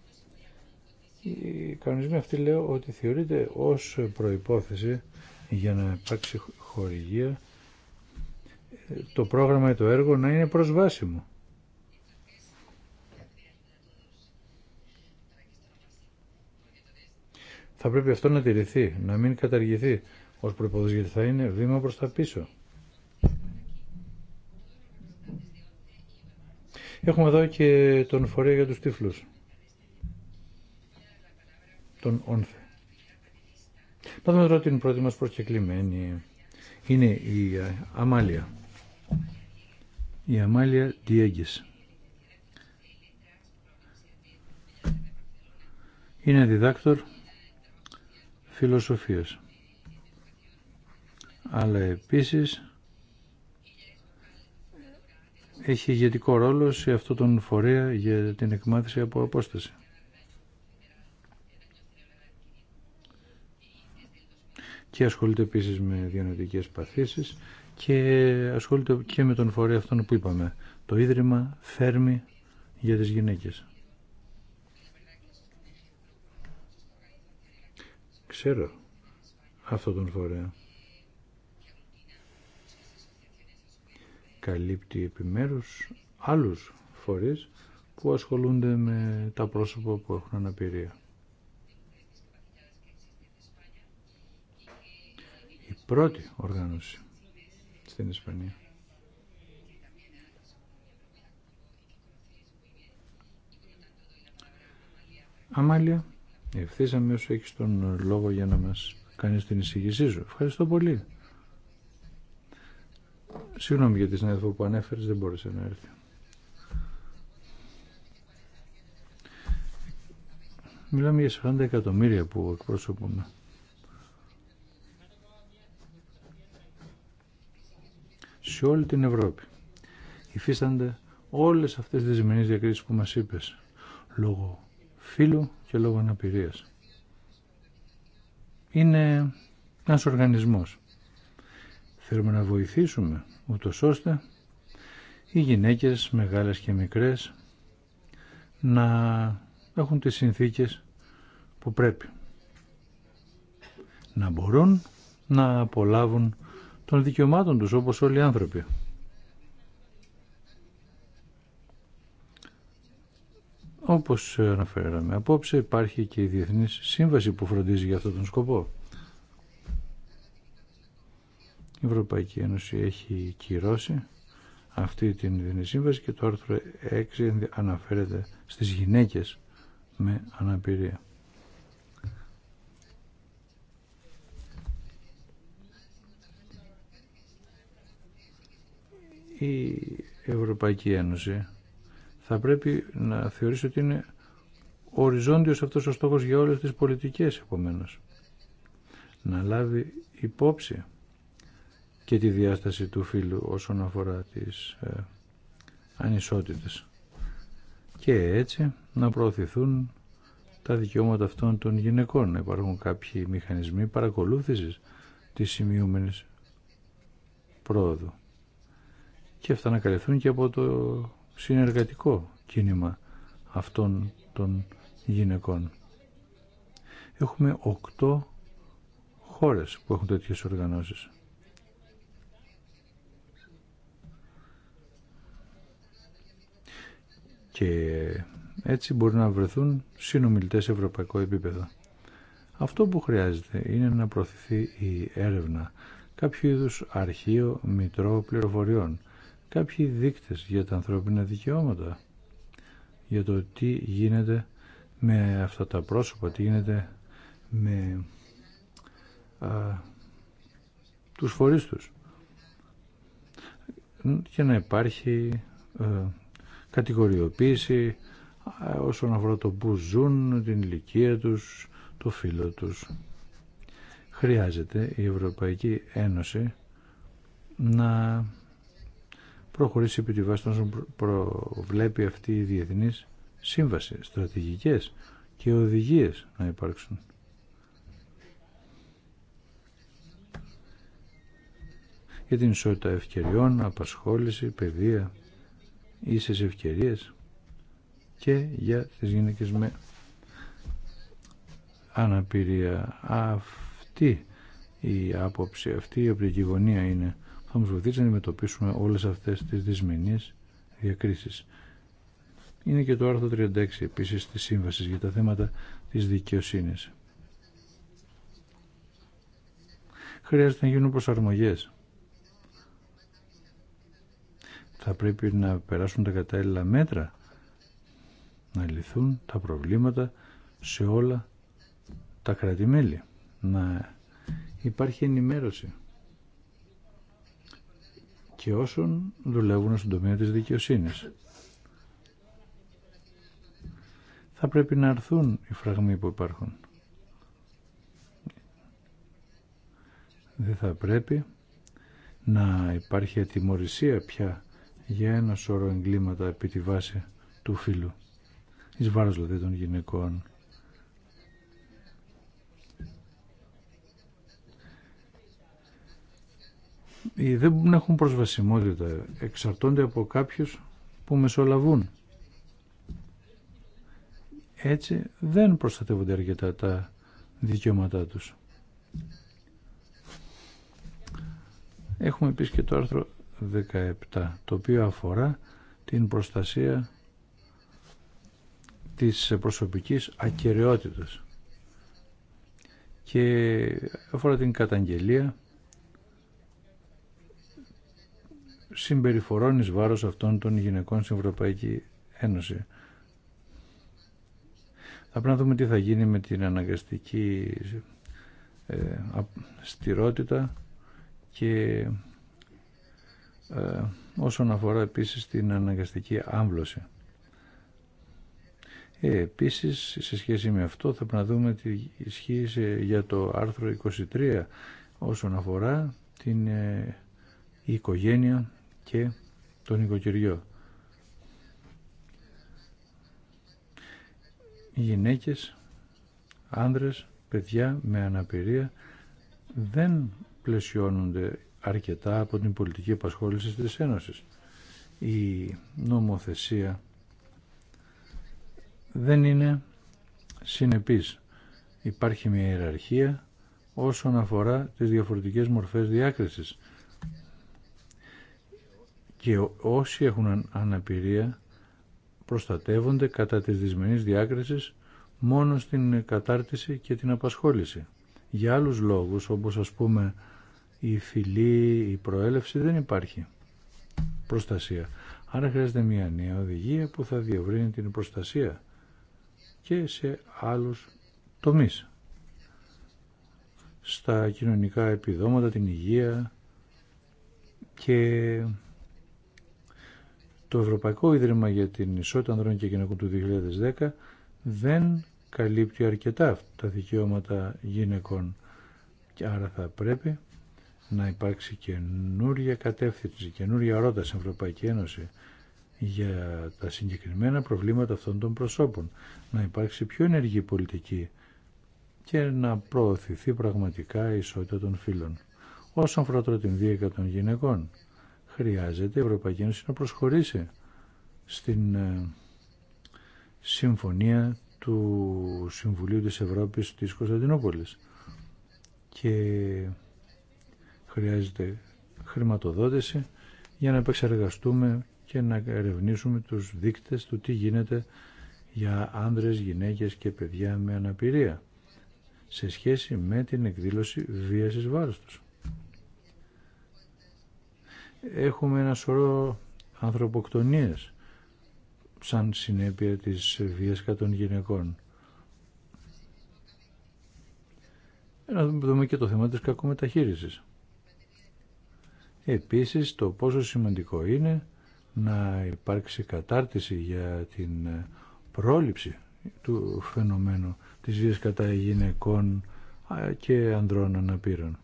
Οι κανονισμοί αυτοί λέω ότι θεωρείται ως προϋπόθεση για να υπάρξει χορηγία ε, το πρόγραμμα ή το έργο να είναι προσβάσιμο. Θα πρέπει αυτό να τηρηθεί, να μην καταργηθεί, ως προϋποδοσία θα είναι βήμα προς τα πίσω. Έχουμε εδώ και τον φορέα για τους τύφλους. Τον ΟΝΦΕ. Να δούμε τώρα την πρώτη μας προσκεκλημένη. Είναι η ε, Αμάλια. Η Αμάλια Διέγκης. Είναι διδάκτορ φιλοσοφίας αλλά επίσης έχει ηγετικό ρόλο σε αυτό τον φορέα για την εκμάθηση από απόσταση. Και ασχολείται επίσης με διανοητικές παθήσεις και ασχολείται και με τον φορέα αυτόν που είπαμε, το Ίδρυμα Θέρμη για τις γυναίκες. Ξέρω αυτόν τον φορέα. καλύπτει επιμέρους άλλους φορείς που ασχολούνται με τα πρόσωπα που έχουν αναπηρία. Η πρώτη οργάνωση στην Ισπανία. Αμάλια, ευθύσαμε όσο έχεις τον λόγο για να μας κάνεις την εισηγησή σου. Ευχαριστώ πολύ. Συγγνώμη για τη συνέδεφο που ανέφερες, δεν μπόρεσε να έρθει. Μιλάμε για 40 εκατομμύρια που εκπρόσωπουμε. Σε όλη την Ευρώπη υφίστανται όλες αυτές τις ζημινές διακρίσεις που μας είπες λόγω φίλου και λόγω αναπηρίας. Είναι ένας οργανισμός Θέλουμε να βοηθήσουμε ούτως ώστε οι γυναίκες μεγάλες και μικρές να έχουν τις συνθήκες που πρέπει να μπορούν να απολάβουν των δικαιωμάτων τους όπως όλοι οι άνθρωποι. Όπως αναφέραμε απόψε υπάρχει και η Διεθνής Σύμβαση που φροντίζει για αυτόν τον σκοπό. Η Ευρωπαϊκή Ένωση έχει κυρώσει αυτή την Διεθνή Σύμβαση και το άρθρο 6 αναφέρεται στις γυναίκες με αναπηρία. Η Ευρωπαϊκή Ένωση θα πρέπει να θεωρήσει ότι είναι οριζόντιος αυτός ο στόχος για όλες τις πολιτικές επομένως. Να λάβει υπόψη και τη διάσταση του φύλου όσον αφορά τις ε, ανισότητες. Και έτσι να προωθηθούν τα δικαιώματα αυτών των γυναικών. Υπάρχουν κάποιοι μηχανισμοί παρακολούθησης της σημειούμενης πρόοδου. Και αυτά να καλυφθούν και από το συνεργατικό κίνημα αυτών των γυναικών. Έχουμε οκτώ χώρες που έχουν τέτοιες οργανώσεις. και έτσι μπορεί να βρεθούν συνομιλητές σε ευρωπαϊκό επίπεδο. Αυτό που χρειάζεται είναι να προωθηθεί η έρευνα, κάποιο είδους αρχείο μητρό πληροφοριών, κάποιοι δείκτες για τα ανθρώπινα δικαιώματα, για το τι γίνεται με αυτά τα πρόσωπα, τι γίνεται με α, τους φορείς τους και να υπάρχει ε, κατηγοριοποίηση ε, όσον αφορά το που ζουν, την ηλικία τους, το φίλο τους. Χρειάζεται η Ευρωπαϊκή Ένωση να προχωρήσει επί τη βάση των προβλέπει αυτή η διεθνής σύμβαση, στρατηγικές και οδηγίες να υπάρξουν. Για την ισότητα ευκαιριών, απασχόληση, παιδεία, ίσες ευκαιρίες και για τις γυναίκες με αναπηρία. Αυτή η άποψη, αυτή η οπτική γωνία είναι θα μας βοηθήσει να αντιμετωπίσουμε όλες αυτές τις δυσμενείς διακρίσεις. Είναι και το άρθρο 36 επίσης της Σύμβασης για τα θέματα της δικαιοσύνης. Χρειάζεται να γίνουν προσαρμογές θα πρέπει να περάσουν τα κατάλληλα μέτρα να λυθούν τα προβλήματα σε όλα τα κρατημέλη να υπάρχει ενημέρωση και όσων δουλεύουν στον τομέα της δικαιοσύνης. Θα πρέπει να αρθούν οι φραγμοί που υπάρχουν. Δεν θα πρέπει να υπάρχει ατιμορρησία πια για ένα σώρο εγκλήματα επί τη βάση του φίλου, Εις βάρος δηλαδή των γυναικών. Οι δεν έχουν προσβασιμότητα, εξαρτώνται από κάποιους που μεσολαβούν. Έτσι δεν προστατεύονται αρκετά τα δικαιώματά τους. Έχουμε επίσης και το άρθρο 17 το οποίο αφορά την προστασία της προσωπικής ακαιρεότητας και αφορά την καταγγελία συμπεριφορών εις βάρος αυτών των γυναικών στην Ευρωπαϊκή Ένωση. Θα πρέπει να δούμε τι θα γίνει με την αναγκαστική ε, στηρότητα και ε, όσον αφορά επίσης την αναγκαστική άμβλωση. Ε, επίσης, σε σχέση με αυτό, θα πρέπει να δούμε τι ισχύει για το άρθρο 23 όσον αφορά την ε, οικογένεια και τον οικοκυριό. Γυναίκες, άνδρες, παιδιά με αναπηρία δεν πλαισιώνονται αρκετά από την πολιτική επασχόληση της Ένωσης. Η νομοθεσία δεν είναι συνεπής. Υπάρχει μια ιεραρχία όσον αφορά τις διαφορετικές μορφές διάκρισης. Και όσοι έχουν αναπηρία προστατεύονται κατά της δυσμενής διάκρισης μόνο στην κατάρτιση και την απασχόληση. Για άλλους λόγους, όπως ας πούμε η φιλή η προέλευση δεν υπάρχει προστασία. Άρα χρειάζεται μια νέα οδηγία που θα διευρύνει την προστασία και σε άλλους τομείς. Στα κοινωνικά επιδόματα, την υγεία και το Ευρωπαϊκό Ίδρυμα για την Ισότητα Ανδρών και Γυναικών του 2010 δεν καλύπτει αρκετά τα δικαιώματα γυναικών και άρα θα πρέπει να υπάρξει καινούρια κατεύθυνση, καινούρια ρότα στην Ευρωπαϊκή Ένωση για τα συγκεκριμένα προβλήματα αυτών των προσώπων, να υπάρξει πιο ενεργή πολιτική και να προωθηθεί πραγματικά η ισότητα των φύλων. Όσον αφορά την βία των γυναικών, χρειάζεται η Ευρωπαϊκή Ένωση να προσχωρήσει στην ε, συμφωνία του Συμβουλίου της Ευρώπης της Κωνσταντινούπολης. Και Χρειάζεται χρηματοδότηση για να επεξεργαστούμε και να ερευνήσουμε τους δείκτες του τι γίνεται για άνδρες, γυναίκες και παιδιά με αναπηρία σε σχέση με την εκδήλωση βίας εις βάρος τους. Έχουμε ένα σωρό ανθρωποκτονίες σαν συνέπεια της βίας κατά των γυναικών. Να δούμε και το θέμα της κακομεταχείρισης. Επίσης το πόσο σημαντικό είναι να υπάρξει κατάρτιση για την ε, πρόληψη του φαινομένου της βίας κατά γυναικών και ανδρών αναπήρων.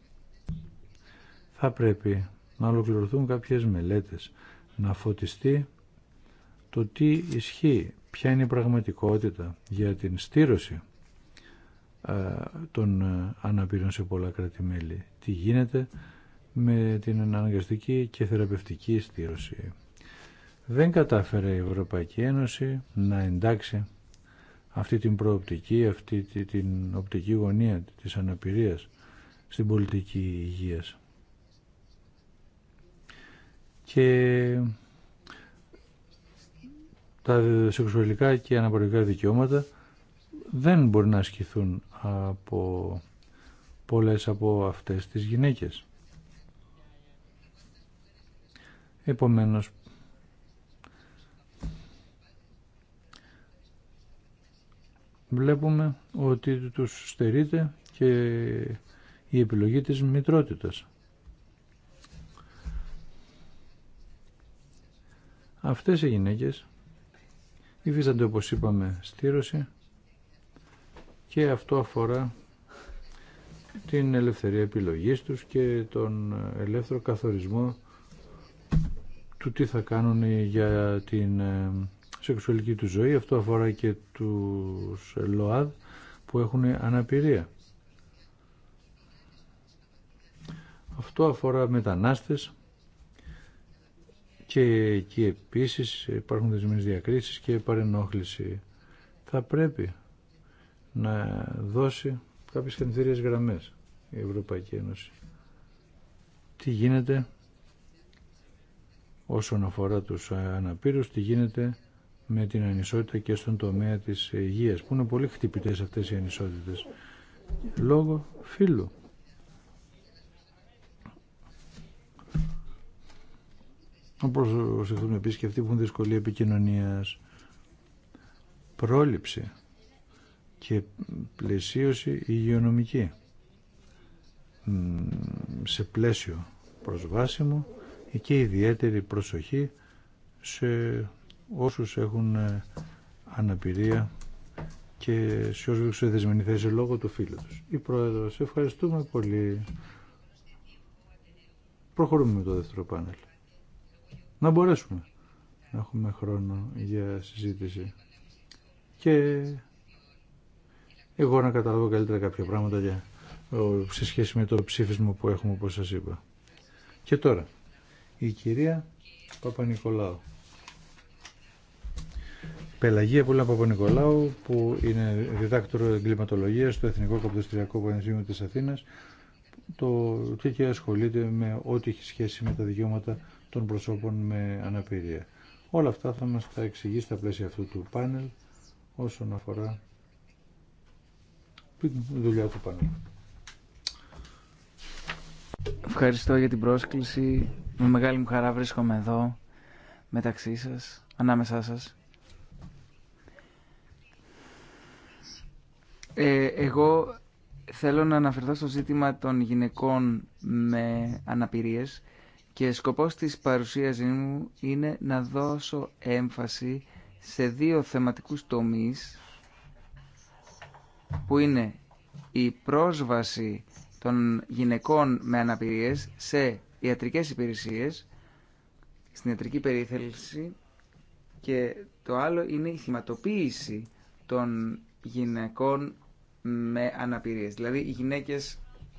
Θα πρέπει να ολοκληρωθούν κάποιες μελέτες, να φωτιστεί το τι ισχύει, ποια είναι η πραγματικότητα για την στήρωση των ε, αναπήρων σε πολλά κρατημέλη, τι γίνεται με την αναγκαστική και θεραπευτική στήρωση. Δεν κατάφερε η Ευρωπαϊκή Ένωση να εντάξει αυτή την προοπτική, αυτή την οπτική γωνία της αναπηρίας στην πολιτική υγείας. Και τα σεξουαλικά και αναπαραγωγικά δικαιώματα δεν μπορεί να ασκηθούν από πολλές από αυτές τις γυναίκες. Επομένως, βλέπουμε ότι τους στερείται και η επιλογή της μητρότητας. Αυτές οι γυναίκες υφίστανται όπως είπαμε στήρωση και αυτό αφορά την ελευθερία επιλογής τους και τον ελεύθερο καθορισμό του τι θα κάνουν για την ε, σεξουαλική του ζωή. Αυτό αφορά και τους ΛΟΑΔ που έχουν αναπηρία. Αυτό αφορά μετανάστες και εκεί επίσης υπάρχουν δεσμένες διακρίσεις και παρενόχληση. Θα πρέπει να δώσει κάποιες κατευθυντήριες γραμμές η Ευρωπαϊκή Ένωση. Τι γίνεται όσον αφορά τους αναπήρους, τι γίνεται με την ανισότητα και στον τομέα της υγείας, που είναι πολύ χτυπητές αυτές οι ανισότητες, λόγω φύλου. Να προσεχθούν επίσης και αυτοί που έχουν δυσκολία επικοινωνίας, πρόληψη και πλαισίωση υγειονομική σε πλαίσιο προσβάσιμο και ιδιαίτερη προσοχή σε όσους έχουν ε, αναπηρία και σε όσους έχουν δεσμενή θέση λόγω του φίλου τους. Η Πρόεδρος, ευχαριστούμε πολύ. Προχωρούμε με το δεύτερο πάνελ. Να μπορέσουμε να έχουμε χρόνο για συζήτηση. Και εγώ να καταλάβω καλύτερα κάποια πράγματα για, σε σχέση με το ψήφισμα που έχουμε όπως σας είπα. Και τώρα, η κυρία Παπα-Νικολάου. Πελαγία Πούλα Παπα-Νικολάου, που είναι διδάκτωρο εγκληματολογίας στο Εθνικό Καπιτοστριακό Πανεπιστήμιο της Αθήνας, το και ασχολείται με ό,τι έχει σχέση με τα δικαιώματα των προσώπων με αναπηρία. Όλα αυτά θα μας τα εξηγεί στα πλαίσια αυτού του πάνελ όσον αφορά τη δουλειά του πάνελ. Ευχαριστώ για την πρόσκληση. Με μεγάλη μου χαρά βρίσκομαι εδώ, μεταξύ σας, ανάμεσά σας. Ε, εγώ θέλω να αναφερθώ στο ζήτημα των γυναικών με αναπηρίες και σκοπός της παρουσίας μου είναι να δώσω έμφαση σε δύο θεματικούς τομείς που είναι η πρόσβαση των γυναικών με αναπηρίες σε ιατρικές υπηρεσίες, στην ιατρική περίθεληση και το άλλο είναι η θυματοποίηση των γυναικών με αναπηρίες, δηλαδή οι γυναίκες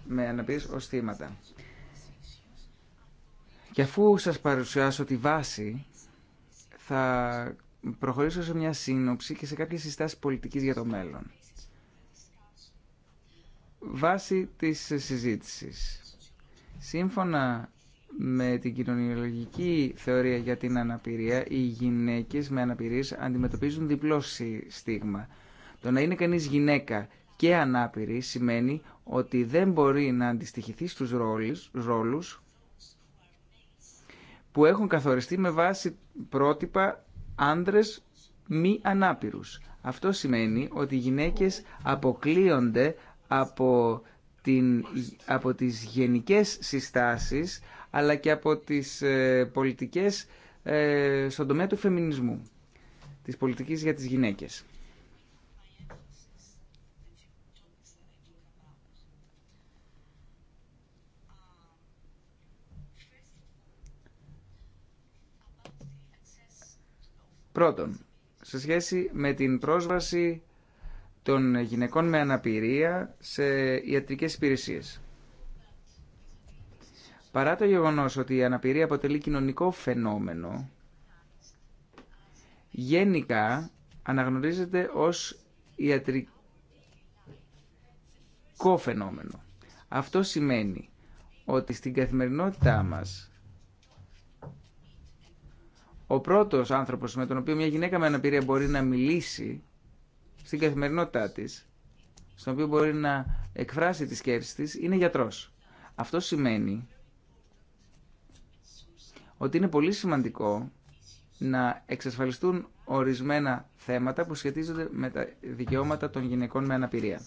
με αναπηρίες ως θύματα. Και αφού σας παρουσιάσω τη βάση, θα προχωρήσω σε μια σύνοψη και σε κάποιες συστάσεις πολιτικής για το μέλλον βάση της συζήτησης. Σύμφωνα με την κοινωνιολογική θεωρία για την αναπηρία, οι γυναίκες με αναπηρία αντιμετωπίζουν διπλό στίγμα. Το να είναι κανείς γυναίκα και ανάπηρη σημαίνει ότι δεν μπορεί να αντιστοιχηθεί στους ρόλους που έχουν καθοριστεί με βάση πρότυπα άνδρες μη ανάπηρους. Αυτό σημαίνει ότι οι γυναίκες αποκλείονται από, την, από τις γενικές συστάσεις αλλά και από τις ε, πολιτικές ε, στον τομέα του φεμινισμού, της πολιτικής για τις γυναίκες. Πρώτον, σε σχέση με την πρόσβαση των γυναικών με αναπηρία σε ιατρικές υπηρεσίες. Παρά το γεγονός ότι η αναπηρία αποτελεί κοινωνικό φαινόμενο, γενικά αναγνωρίζεται ως ιατρικό φαινόμενο. Αυτό σημαίνει ότι στην καθημερινότητά μας ο πρώτος άνθρωπος με τον οποίο μια γυναίκα με αναπηρία μπορεί να μιλήσει στην καθημερινότητά της, στον οποίο μπορεί να εκφράσει τη σκέψη τη, είναι γιατρός. Αυτό σημαίνει ότι είναι πολύ σημαντικό να εξασφαλιστούν ορισμένα θέματα που σχετίζονται με τα δικαιώματα των γυναικών με αναπηρία.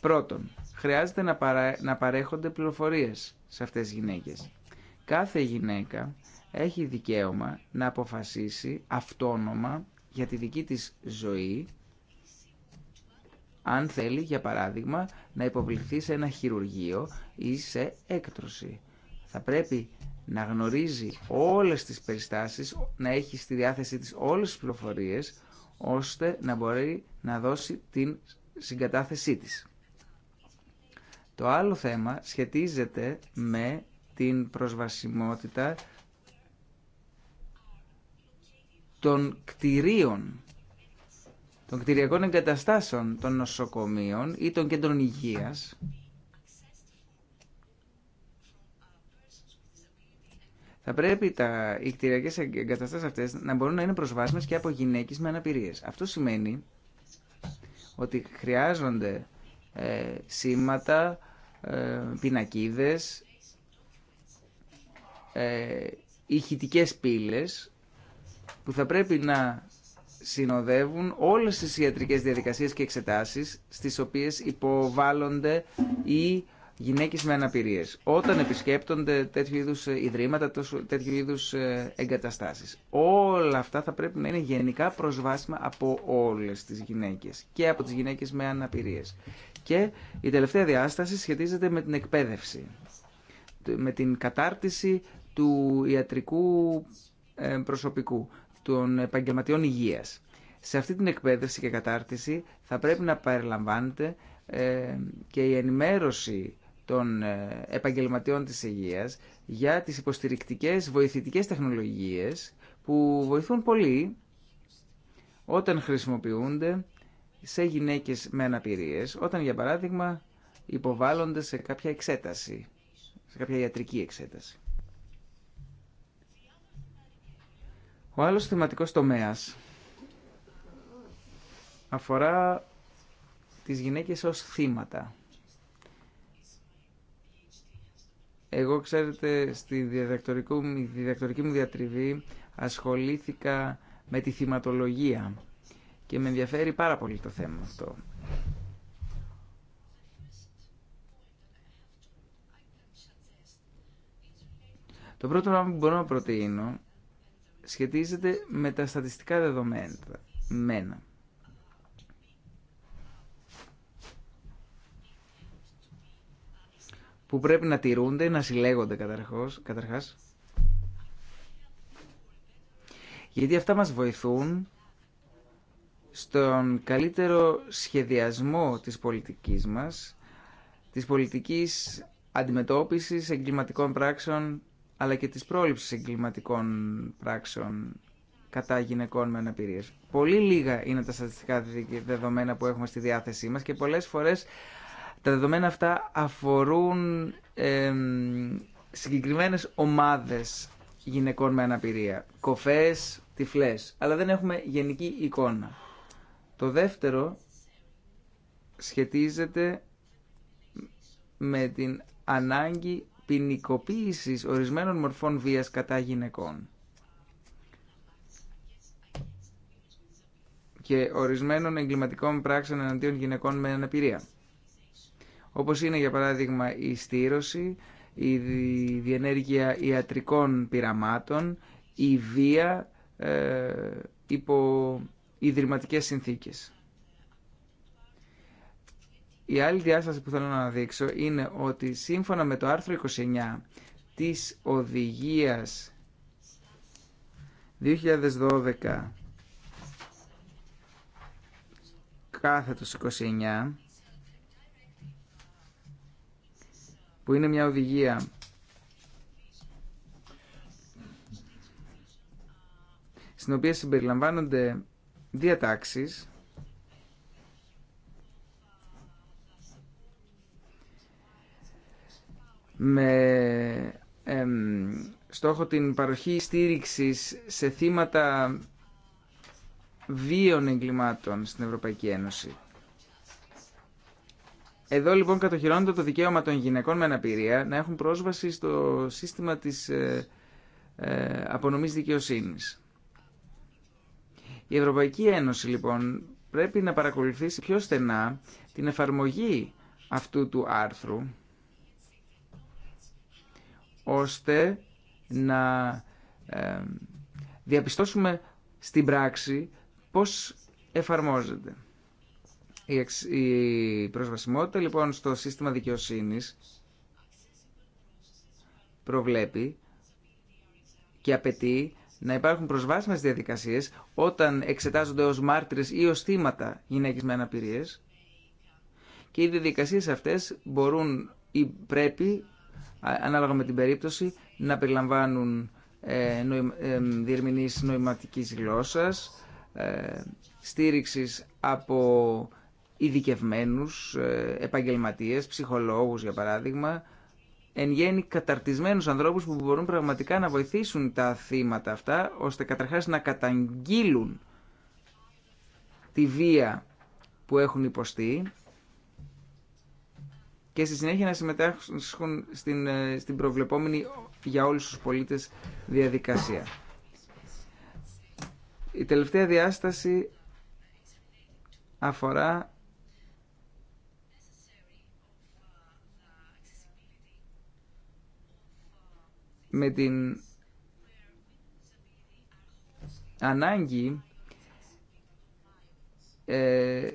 Πρώτον, χρειάζεται να, να παρέχονται πληροφορίες σε αυτές τις γυναίκες. Κάθε γυναίκα έχει δικαίωμα να αποφασίσει αυτόνομα για τη δική της ζωή αν θέλει, για παράδειγμα, να υποβληθεί σε ένα χειρουργείο ή σε έκτρωση. Θα πρέπει να γνωρίζει όλες τις περιστάσεις, να έχει στη διάθεσή της όλες τις πληροφορίες, ώστε να μπορεί να δώσει την συγκατάθεσή της. Το άλλο θέμα σχετίζεται με την προσβασιμότητα των κτηρίων, των κτηριακών εγκαταστάσεων των νοσοκομείων ή των κέντρων υγείας, θα πρέπει τα, οι κτηριακές εγκαταστάσεις αυτές να μπορούν να είναι προσβάσιμες και από γυναίκες με αναπηρίες. Αυτό σημαίνει ότι χρειάζονται ε, σήματα, ε, πινακίδες, ε, ηχητικές πύλες που θα πρέπει να συνοδεύουν όλες τις ιατρικές διαδικασίες και εξετάσεις στις οποίες υποβάλλονται οι γυναίκες με αναπηρίες όταν επισκέπτονται τέτοιου είδους ιδρύματα, τέτοιου είδους ε, εγκαταστάσεις. Όλα αυτά θα πρέπει να είναι γενικά προσβάσιμα από όλες τις γυναίκες και από τις γυναίκες με αναπηρίες. Και η τελευταία διάσταση σχετίζεται με την εκπαίδευση, με την κατάρτιση του ιατρικού ε, προσωπικού, των επαγγελματιών υγείας. Σε αυτή την εκπαίδευση και κατάρτιση θα πρέπει να παρελαμβάνεται ε, και η ενημέρωση των ε, επαγγελματιών της υγείας για τις υποστηρικτικές βοηθητικές τεχνολογίες που βοηθούν πολύ όταν χρησιμοποιούνται σε γυναίκες με αναπηρίες, όταν για παράδειγμα υποβάλλονται σε κάποια εξέταση, σε κάποια ιατρική εξέταση. Ο άλλος θεματικός τομέας αφορά τις γυναίκες ως θύματα. Εγώ, ξέρετε, στη διδακτορική μου διατριβή ασχολήθηκα με τη θυματολογία και με ενδιαφέρει πάρα πολύ το θέμα αυτό. Το πρώτο πράγμα που μπορώ να προτείνω σχετίζεται με τα στατιστικά δεδομένα. που πρέπει να τηρούνται, να συλλέγονται καταρχώς, καταρχάς. Γιατί αυτά μας βοηθούν στον καλύτερο σχεδιασμό της πολιτικής μας, της πολιτικής αντιμετώπισης εγκληματικών πράξεων αλλά και της πρόληψης εγκληματικών πράξεων κατά γυναικών με αναπηρίες. Πολύ λίγα είναι τα στατιστικά δεδομένα που έχουμε στη διάθεσή μας και πολλές φορές τα δεδομένα αυτά αφορούν ε, συγκεκριμένες ομάδες γυναικών με αναπηρία. Κοφές, τυφλές, αλλά δεν έχουμε γενική εικόνα. Το δεύτερο σχετίζεται με την ανάγκη ποινικοποίηση ορισμένων μορφών βίας κατά γυναικών. και ορισμένων εγκληματικών πράξεων εναντίον γυναικών με αναπηρία. Όπως είναι για παράδειγμα η στήρωση, η διενέργεια ιατρικών πειραμάτων, η βία ε, υπό ιδρυματικές συνθήκες. Η άλλη διάσταση που θέλω να δείξω είναι ότι σύμφωνα με το άρθρο 29 της οδηγίας 2012 κάθετος 29 που είναι μια οδηγία στην οποία συμπεριλαμβάνονται διατάξεις με στόχο την παροχή στήριξης σε θύματα βίων εγκλημάτων στην Ευρωπαϊκή Ένωση. Εδώ λοιπόν κατοχυρώνεται το δικαίωμα των γυναικών με αναπηρία να έχουν πρόσβαση στο σύστημα της ε, ε, απονομής δικαιοσύνης. Η Ευρωπαϊκή Ένωση λοιπόν πρέπει να παρακολουθήσει πιο στενά την εφαρμογή αυτού του άρθρου ώστε να διαπιστώσουμε στην πράξη πώς εφαρμόζεται. Η, προσβασιμότητα λοιπόν στο σύστημα δικαιοσύνης προβλέπει και απαιτεί να υπάρχουν προσβάσιμες διαδικασίες όταν εξετάζονται ως μάρτυρες ή ως θύματα γυναίκες με αναπηρίες και οι διαδικασίες αυτές μπορούν ή πρέπει ανάλογα με την περίπτωση, να περιλαμβάνουν ε, ε, διερμηνείς νοηματικής γλώσσας, ε, στήριξης από ειδικευμένους ε, επαγγελματίες, ψυχολόγους για παράδειγμα, εν γέννη καταρτισμένους ανθρώπους που μπορούν πραγματικά να βοηθήσουν τα θύματα αυτά, ώστε καταρχάς να καταγγείλουν τη βία που έχουν υποστεί και στη συνέχεια να συμμετέχουν στην, ε, στην προβλεπόμενη για όλους τους πολίτες διαδικασία. Η τελευταία διάσταση αφορά με την ανάγκη ε,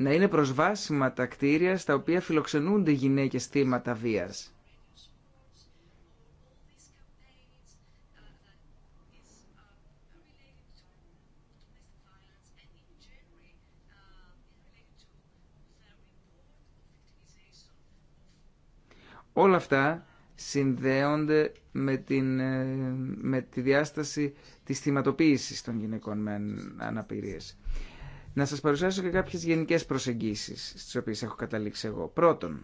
να είναι προσβάσιμα τα κτίρια στα οποία φιλοξενούνται γυναίκες θύματα βίας. Όλα αυτά συνδέονται με, την, ε, με τη διάσταση της θυματοποίησης των γυναικών με αναπηρίες. Να σας παρουσιάσω και κάποιες γενικές προσεγγίσεις στις οποίες έχω καταλήξει εγώ. Πρώτον,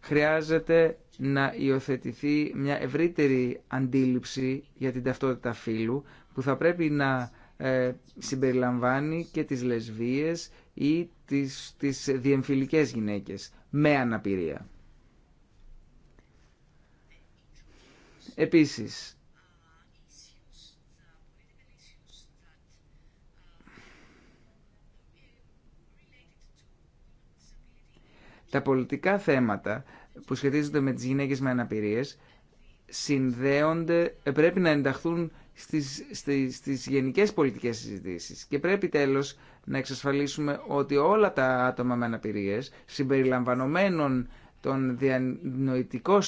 χρειάζεται να υιοθετηθεί μια ευρύτερη αντίληψη για την ταυτότητα φύλου που θα πρέπει να ε, συμπεριλαμβάνει και τις λεσβίες ή τις, τις διεμφυλικές γυναίκες με αναπηρία. Επίσης, Τα πολιτικά θέματα που σχετίζονται με τις γυναίκες με αναπηρίες συνδέονται, ε, πρέπει να ενταχθούν στις, στις, στις γενικές πολιτικές συζητήσεις και πρέπει τέλος να εξασφαλίσουμε ότι όλα τα άτομα με αναπηρίες συμπεριλαμβανομένων των διανοητικών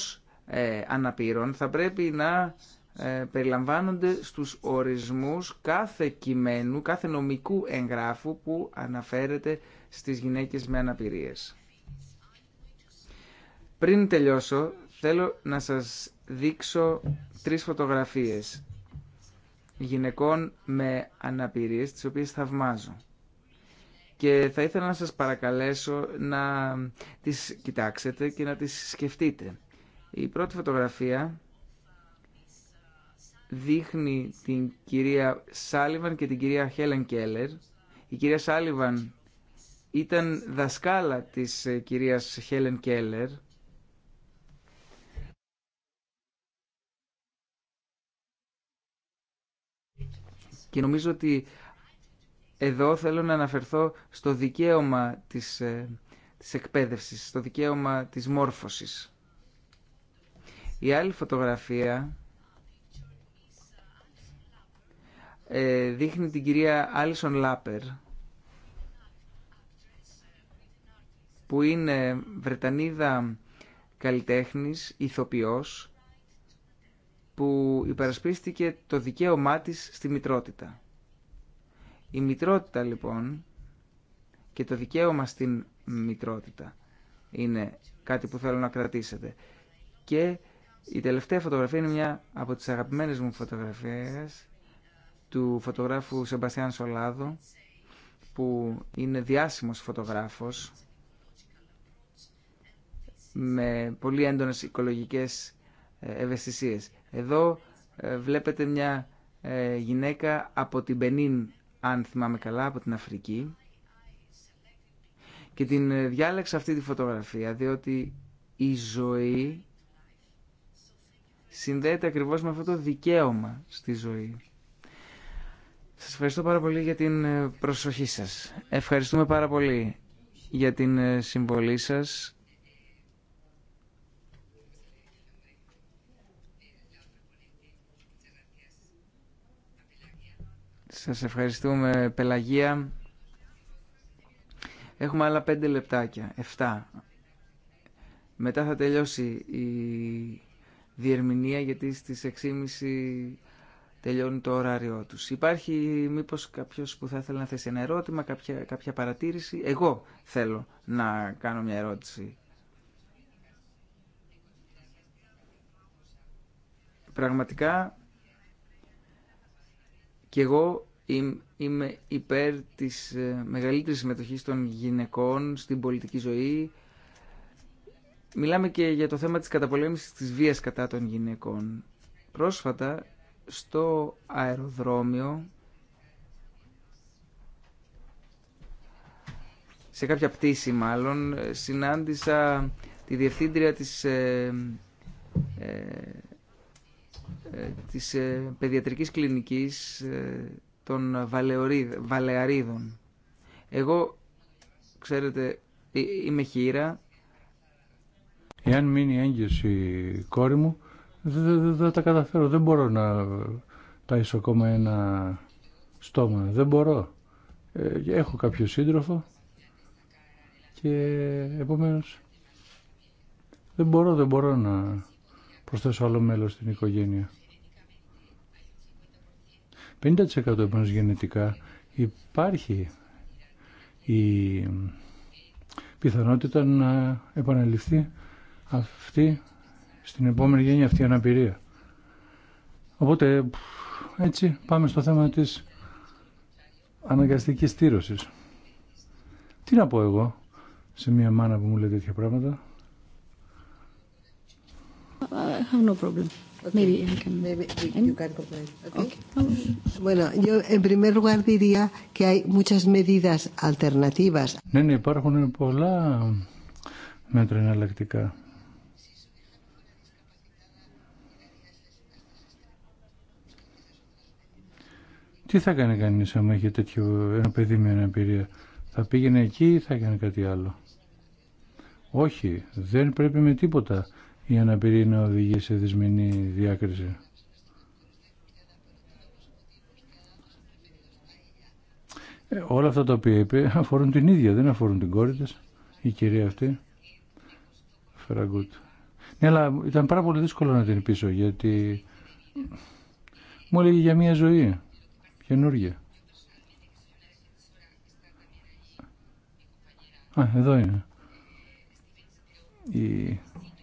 ε, αναπήρων θα πρέπει να ε, περιλαμβάνονται στους ορισμούς κάθε κειμένου, κάθε νομικού εγγράφου που αναφέρεται στις γυναίκες με αναπηρίες. Πριν τελειώσω, θέλω να σας δείξω τρεις φωτογραφίες γυναικών με αναπηρίες, τις οποίες θαυμάζω. Και θα ήθελα να σας παρακαλέσω να τις κοιτάξετε και να τις σκεφτείτε. Η πρώτη φωτογραφία δείχνει την κυρία Σάλιβαν και την κυρία Χέλεν Κέλλερ. Η κυρία Σάλιβαν ήταν δασκάλα της ε, κυρίας Χέλεν Κέλλερ Και νομίζω ότι εδώ θέλω να αναφερθώ στο δικαίωμα της, ε, της εκπαίδευσης, στο δικαίωμα της μόρφωσης. Η άλλη φωτογραφία ε, δείχνει την κυρία Άλισον Λάπερ, που είναι Βρετανίδα καλλιτέχνης, ηθοποιός, που υπερασπίστηκε το δικαίωμά της στη μητρότητα. Η μητρότητα λοιπόν και το δικαίωμα στην μητρότητα είναι κάτι που θέλω να κρατήσετε. Και η τελευταία φωτογραφία είναι μια από τις αγαπημένες μου φωτογραφίες του φωτογράφου Σεμπαστιάν Σολάδο που είναι διάσημος φωτογράφος με πολύ έντονες οικολογικές ευαισθησίες. Εδώ ε, βλέπετε μια ε, γυναίκα από την Πενίν, αν θυμάμαι καλά, από την Αφρική. Και την ε, διάλεξα αυτή τη φωτογραφία, διότι η ζωή συνδέεται ακριβώς με αυτό το δικαίωμα στη ζωή. Σας ευχαριστώ πάρα πολύ για την προσοχή σας. Ευχαριστούμε πάρα πολύ για την συμβολή σας Σας ευχαριστούμε Πελαγία. Έχουμε άλλα πέντε λεπτάκια, εφτά. Μετά θα τελειώσει η διερμηνία γιατί στις 6.30 τελειώνει το ωράριό τους. Υπάρχει μήπως κάποιος που θα ήθελε να θέσει ένα ερώτημα, κάποια, κάποια παρατήρηση. Εγώ θέλω να κάνω μια ερώτηση. Πραγματικά και εγώ είμαι υπέρ της ε, μεγαλύτερης συμμετοχής των γυναικών στην πολιτική ζωή. Μιλάμε και για το θέμα της καταπολέμησης της βίας κατά των γυναικών. Πρόσφατα στο αεροδρόμιο σε κάποια πτήση μάλλον ε, συνάντησα τη διευθύντρια της ε, ε της παιδιατρικής κλινικής των Βαλεαρίδων. Εγώ, ξέρετε, ε, είμαι χείρα. Εάν μείνει έγκυος η κόρη μου, δεν τα καταφέρω. Δεν μπορώ να τα ακόμα ένα στόμα. Δεν μπορώ. Ε, έχω κάποιο σύντροφο και επομένως δεν μπορώ, δεν μπορώ να προσθέσω άλλο μέλος στην οικογένεια. 50% επομένως γενετικά υπάρχει η πιθανότητα να επαναληφθεί αυτή στην επόμενη γενιά αυτή η αναπηρία. Οπότε έτσι πάμε στο θέμα της αναγκαστικής στήρωσης. Τι να πω εγώ σε μια μάνα που μου λέει τέτοια πράγματα. Ναι, ναι, υπάρχουν πολλά μέτρα εναλλακτικά. Τι θα κάνει κανείς άμα είχε τέτοιο παιδί με αναπηρία. Θα πήγαινε εκεί ή θα έκανε κάτι άλλο. Όχι, δεν πρέπει με τίποτα η αναπηρία να οδηγεί σε δυσμενή διάκριση. Ε, όλα αυτά τα οποία είπε αφορούν την ίδια, δεν αφορούν την κόρη της, η κυρία αυτή. Φεραγκούτ. Ναι, αλλά ήταν πάρα πολύ δύσκολο να την πείσω, γιατί μου έλεγε για μια ζωή καινούργια. Α, εδώ είναι. Η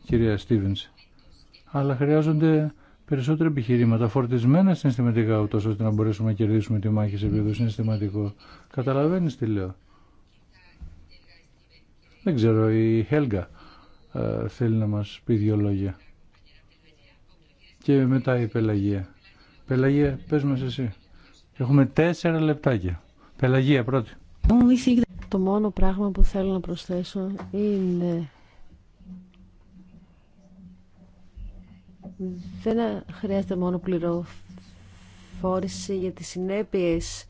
κυρία Στίβενς. Αλλά χρειάζονται περισσότερα επιχειρήματα, φορτισμένα συναισθηματικά, ούτως ώστε να μπορέσουμε να κερδίσουμε τη μάχη σε επίπεδο συναισθηματικό. Καταλαβαίνεις τι λέω. Δεν ξέρω, η Χέλγα ε, θέλει να μας πει δύο λόγια. Και μετά η Πελαγία. Πελαγία, πες μας εσύ. Έχουμε τέσσερα λεπτάκια. Πελαγία πρώτη. Το μόνο πράγμα που θέλω να προσθέσω είναι δεν χρειάζεται μόνο πληροφόρηση για τις συνέπειες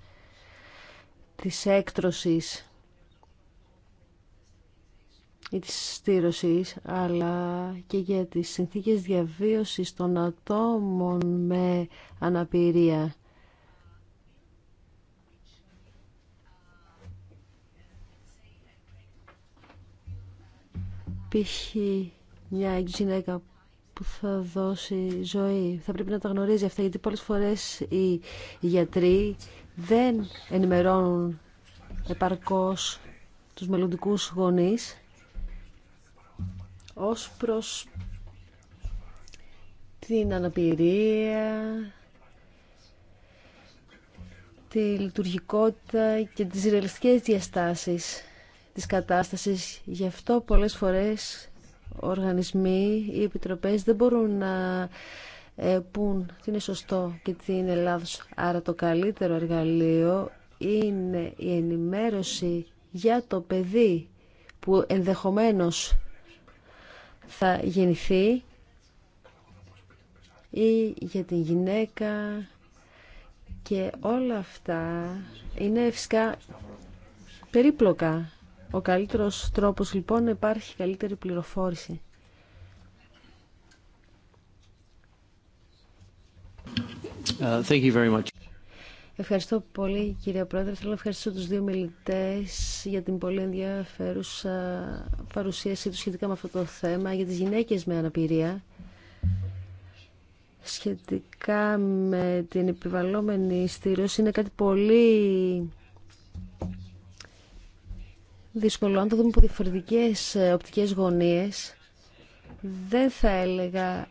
της έκτρωσης ή της στήρωσης, αλλά και για τις συνθήκες διαβίωσης των ατόμων με αναπηρία. Π.χ. μια γυναίκα που θα δώσει ζωή. Θα πρέπει να τα γνωρίζει αυτά, γιατί πολλές φορές οι γιατροί δεν ενημερώνουν επαρκώς τους μελλοντικούς γονείς ως προς την αναπηρία, τη λειτουργικότητα και τις ρεαλιστικές διαστάσεις της κατάστασης. Γι' αυτό πολλές φορές οργανισμοί, οι επιτροπές δεν μπορούν να ε, πούν τι είναι σωστό και τι είναι λάθος. Άρα το καλύτερο εργαλείο είναι η ενημέρωση για το παιδί που ενδεχομένως θα γεννηθεί ή για την γυναίκα και όλα αυτά είναι φυσικά περίπλοκα ο καλύτερος τρόπος λοιπόν να υπάρχει καλύτερη πληροφόρηση. Uh, thank you very much. Ευχαριστώ πολύ κύριε Πρόεδρε. Θέλω να ευχαριστήσω τους δύο μιλητές για την πολύ ενδιαφέρουσα παρουσίασή του σχετικά με αυτό το θέμα για τις γυναίκες με αναπηρία σχετικά με την επιβαλλόμενη στήρωση είναι κάτι πολύ δύσκολο. Αν το δούμε από διαφορετικέ ε, οπτικέ γωνίε δεν θα έλεγα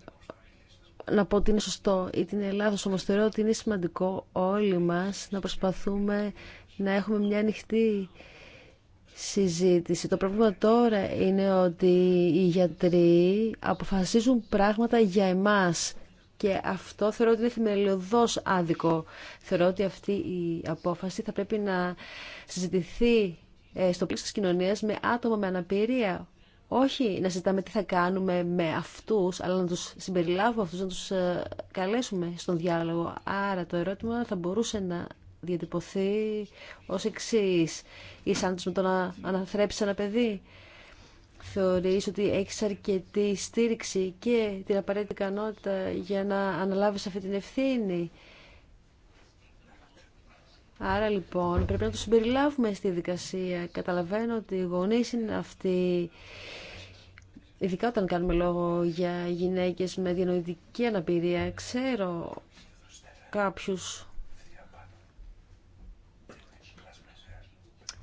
να πω ότι είναι σωστό ή ότι είναι λάθος, όμως θεωρώ ότι είναι σημαντικό όλοι μας να προσπαθούμε να έχουμε μια ανοιχτή συζήτηση. Το πρόβλημα τώρα είναι ότι οι γιατροί αποφασίζουν πράγματα για εμάς και αυτό θεωρώ ότι είναι θεμελιωδώς άδικο. Θεωρώ ότι αυτή η απόφαση θα πρέπει να συζητηθεί ε, στο πλήσιο της κοινωνίας με άτομα με αναπηρία. Όχι να συζητάμε τι θα κάνουμε με αυτούς, αλλά να τους συμπεριλάβουμε αυτούς, να τους ε, καλέσουμε στον διάλογο. Άρα το ερώτημα θα μπορούσε να διατυπωθεί ως εξή. Ή σαν με το να αναθρέψεις ένα παιδί. Θεωρείς ότι έχεις αρκετή στήριξη και την απαραίτητη ικανότητα για να αναλάβεις αυτή την ευθύνη. Άρα λοιπόν πρέπει να το συμπεριλάβουμε στη δικασία. Καταλαβαίνω ότι οι γονείς είναι αυτοί, ειδικά όταν κάνουμε λόγο για γυναίκες με διανοητική αναπηρία. Ξέρω κάποιους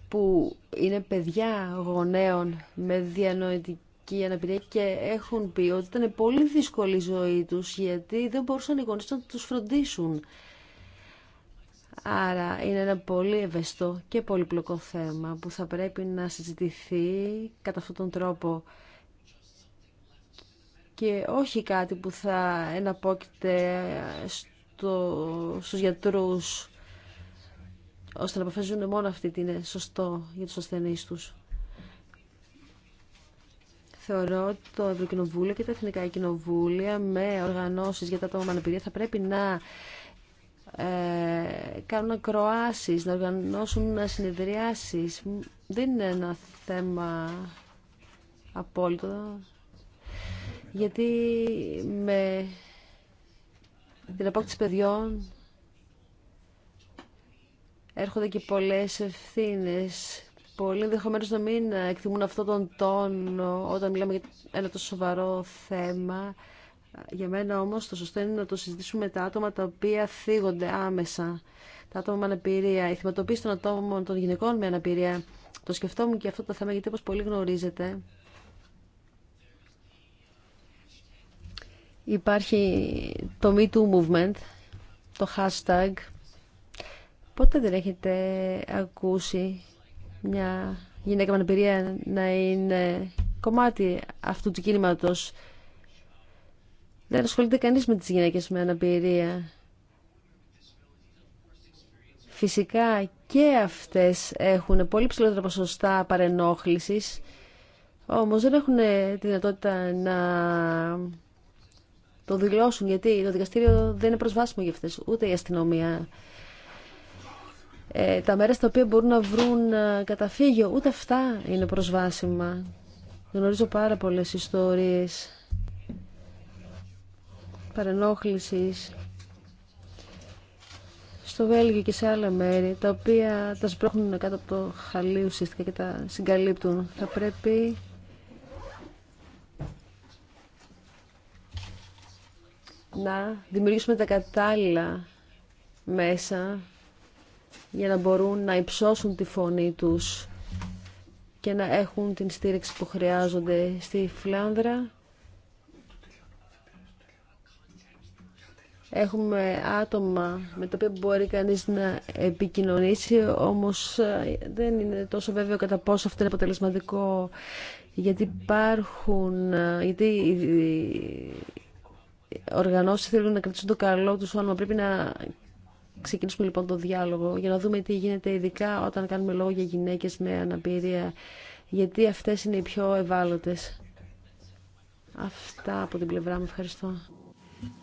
που είναι παιδιά γονέων με διανοητική αναπηρία και έχουν πει ότι ήταν πολύ δύσκολη η ζωή τους γιατί δεν μπορούσαν οι γονείς να τους φροντίσουν. Άρα είναι ένα πολύ ευαιστό και πολυπλοκό θέμα που θα πρέπει να συζητηθεί κατά αυτόν τον τρόπο και όχι κάτι που θα εναπόκειται στο, στους γιατρούς ώστε να αποφασίζουν μόνο αυτή την είναι σωστό για τους ασθενείς τους. Θεωρώ ότι το Ευρωκοινοβούλιο και τα Εθνικά Κοινοβούλια με οργανώσεις για τα άτομα με θα πρέπει να ε, κάνουν ακροάσεις, να οργανώσουν συνεδριάσεις. Δεν είναι ένα θέμα απόλυτο. Γιατί με την απόκτηση παιδιών έρχονται και πολλές ευθύνες. Πολλοί ενδεχομένω να μην εκτιμούν αυτόν τον τόνο όταν μιλάμε για ένα τόσο σοβαρό θέμα. Για μένα όμως το σωστό είναι να το συζητήσουμε με τα άτομα τα οποία θίγονται άμεσα. Τα άτομα με αναπηρία, η θυματοποίηση των ατόμων, των γυναικών με αναπηρία. Το σκεφτόμουν και αυτό το θέμα γιατί όπως πολύ γνωρίζετε. Υπάρχει το Me Movement, το hashtag. Πότε δεν έχετε ακούσει μια γυναίκα με αναπηρία να είναι κομμάτι αυτού του κίνηματος δεν ασχολείται κανείς με τις γυναίκες με αναπηρία. Φυσικά και αυτές έχουν πολύ ψηλότερα ποσοστά παρενόχλησης, όμως δεν έχουν τη δυνατότητα να το δηλώσουν, γιατί το δικαστήριο δεν είναι προσβάσιμο για αυτές, ούτε η αστυνομία. Ε, τα μέρες τα οποία μπορούν να βρουν ε, καταφύγιο, ούτε αυτά είναι προσβάσιμα. Γνωρίζω πάρα πολλές ιστορίες παρενόχλησης στο Βέλγιο και σε άλλα μέρη, τα οποία τα σπρώχνουν κάτω από το χαλί ουσιαστικά και τα συγκαλύπτουν. Θα πρέπει να δημιουργήσουμε τα κατάλληλα μέσα για να μπορούν να υψώσουν τη φωνή τους και να έχουν την στήριξη που χρειάζονται στη Φλάνδρα. Έχουμε άτομα με τα οποία μπορεί κανείς να επικοινωνήσει, όμως ε, δεν είναι τόσο βέβαιο κατά πόσο αυτό είναι αποτελεσματικό, γιατί υπάρχουν, ε, γιατί οι οργανώσεις θέλουν να κρατήσουν το καλό τους όνομα. Πρέπει να ξεκινήσουμε λοιπόν το διάλογο για να δούμε τι γίνεται ειδικά όταν κάνουμε λόγο για γυναίκες με αναπηρία, γιατί αυτές είναι οι πιο ευάλωτες. Αυτά από την πλευρά μου. Ευχαριστώ.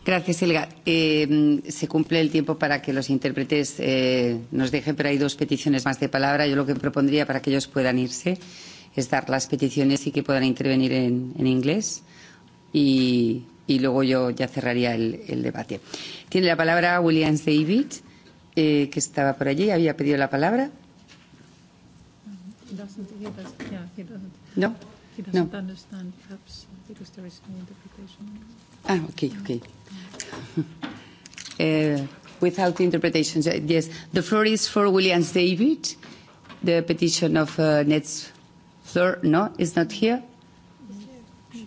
Gracias, Elga. Eh, se cumple el tiempo para que los intérpretes eh, nos dejen, pero hay dos peticiones más de palabra. Yo lo que propondría para que ellos puedan irse es dar las peticiones y que puedan intervenir en, en inglés. Y, y luego yo ya cerraría el, el debate. Tiene la palabra William David, eh, que estaba por allí, había pedido la palabra. No, no. Ah, okay, okay. Uh, without interpretation, yes. The floor is for Williams David. The petition of uh, Nets Floor, no, is not here?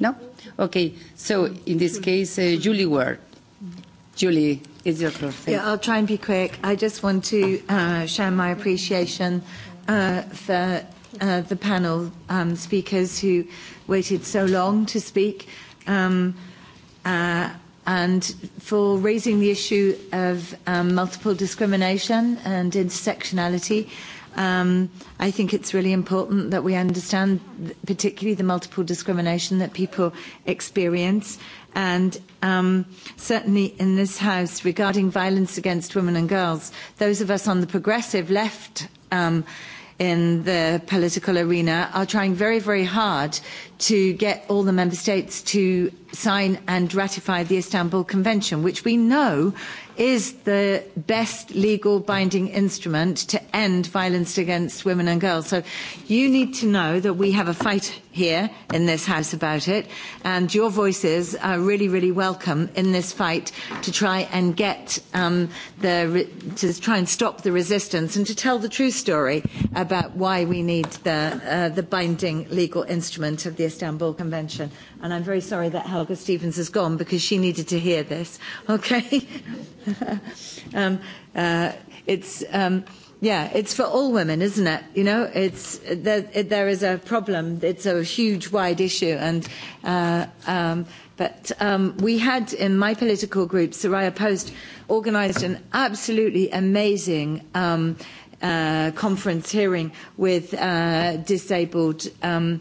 No? Okay, so in this case, uh, Julie Ward. Julie, is your floor. Yeah, I'll try and be quick. I just want to uh, share my appreciation uh, for uh, the panel um, speakers who waited so long to speak. Um, and for raising the issue of multiple discrimination and intersectionality. I think it's really important that we understand particularly the multiple discrimination that people experience. And certainly in this House, regarding violence against women and girls, those of us on the progressive left in the political arena are trying very, very hard to get all the member states to sign and ratify the Istanbul Convention, which we know is the best legal binding instrument to end violence against women and girls. So you need to know that we have a fight here in this House about it, and your voices are really, really welcome in this fight to try and get the to try and stop the resistance and to tell the true story about why we need the the binding legal instrument of the Istanbul Convention. And I'm very sorry that Helga Stevens has gone because she needed to hear this. Okay um, uh, it's um, yeah, it's for all women, isn't it? You know, it's there, there is a problem. It's a huge, wide issue, and uh, um, but um, we had in my political group, Soraya Post, organised an absolutely amazing. Um, uh, conference hearing with uh, disabled um,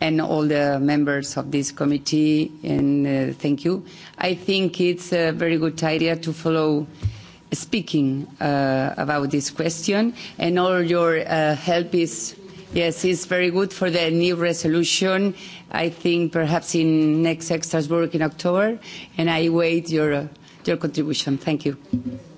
and all the members of this committee, and thank you. I think it's a very good idea to follow speaking about this question, and all your help is, yes, is very good for the new resolution. I think perhaps in next Strasbourg in October, and I await your your contribution. Thank you.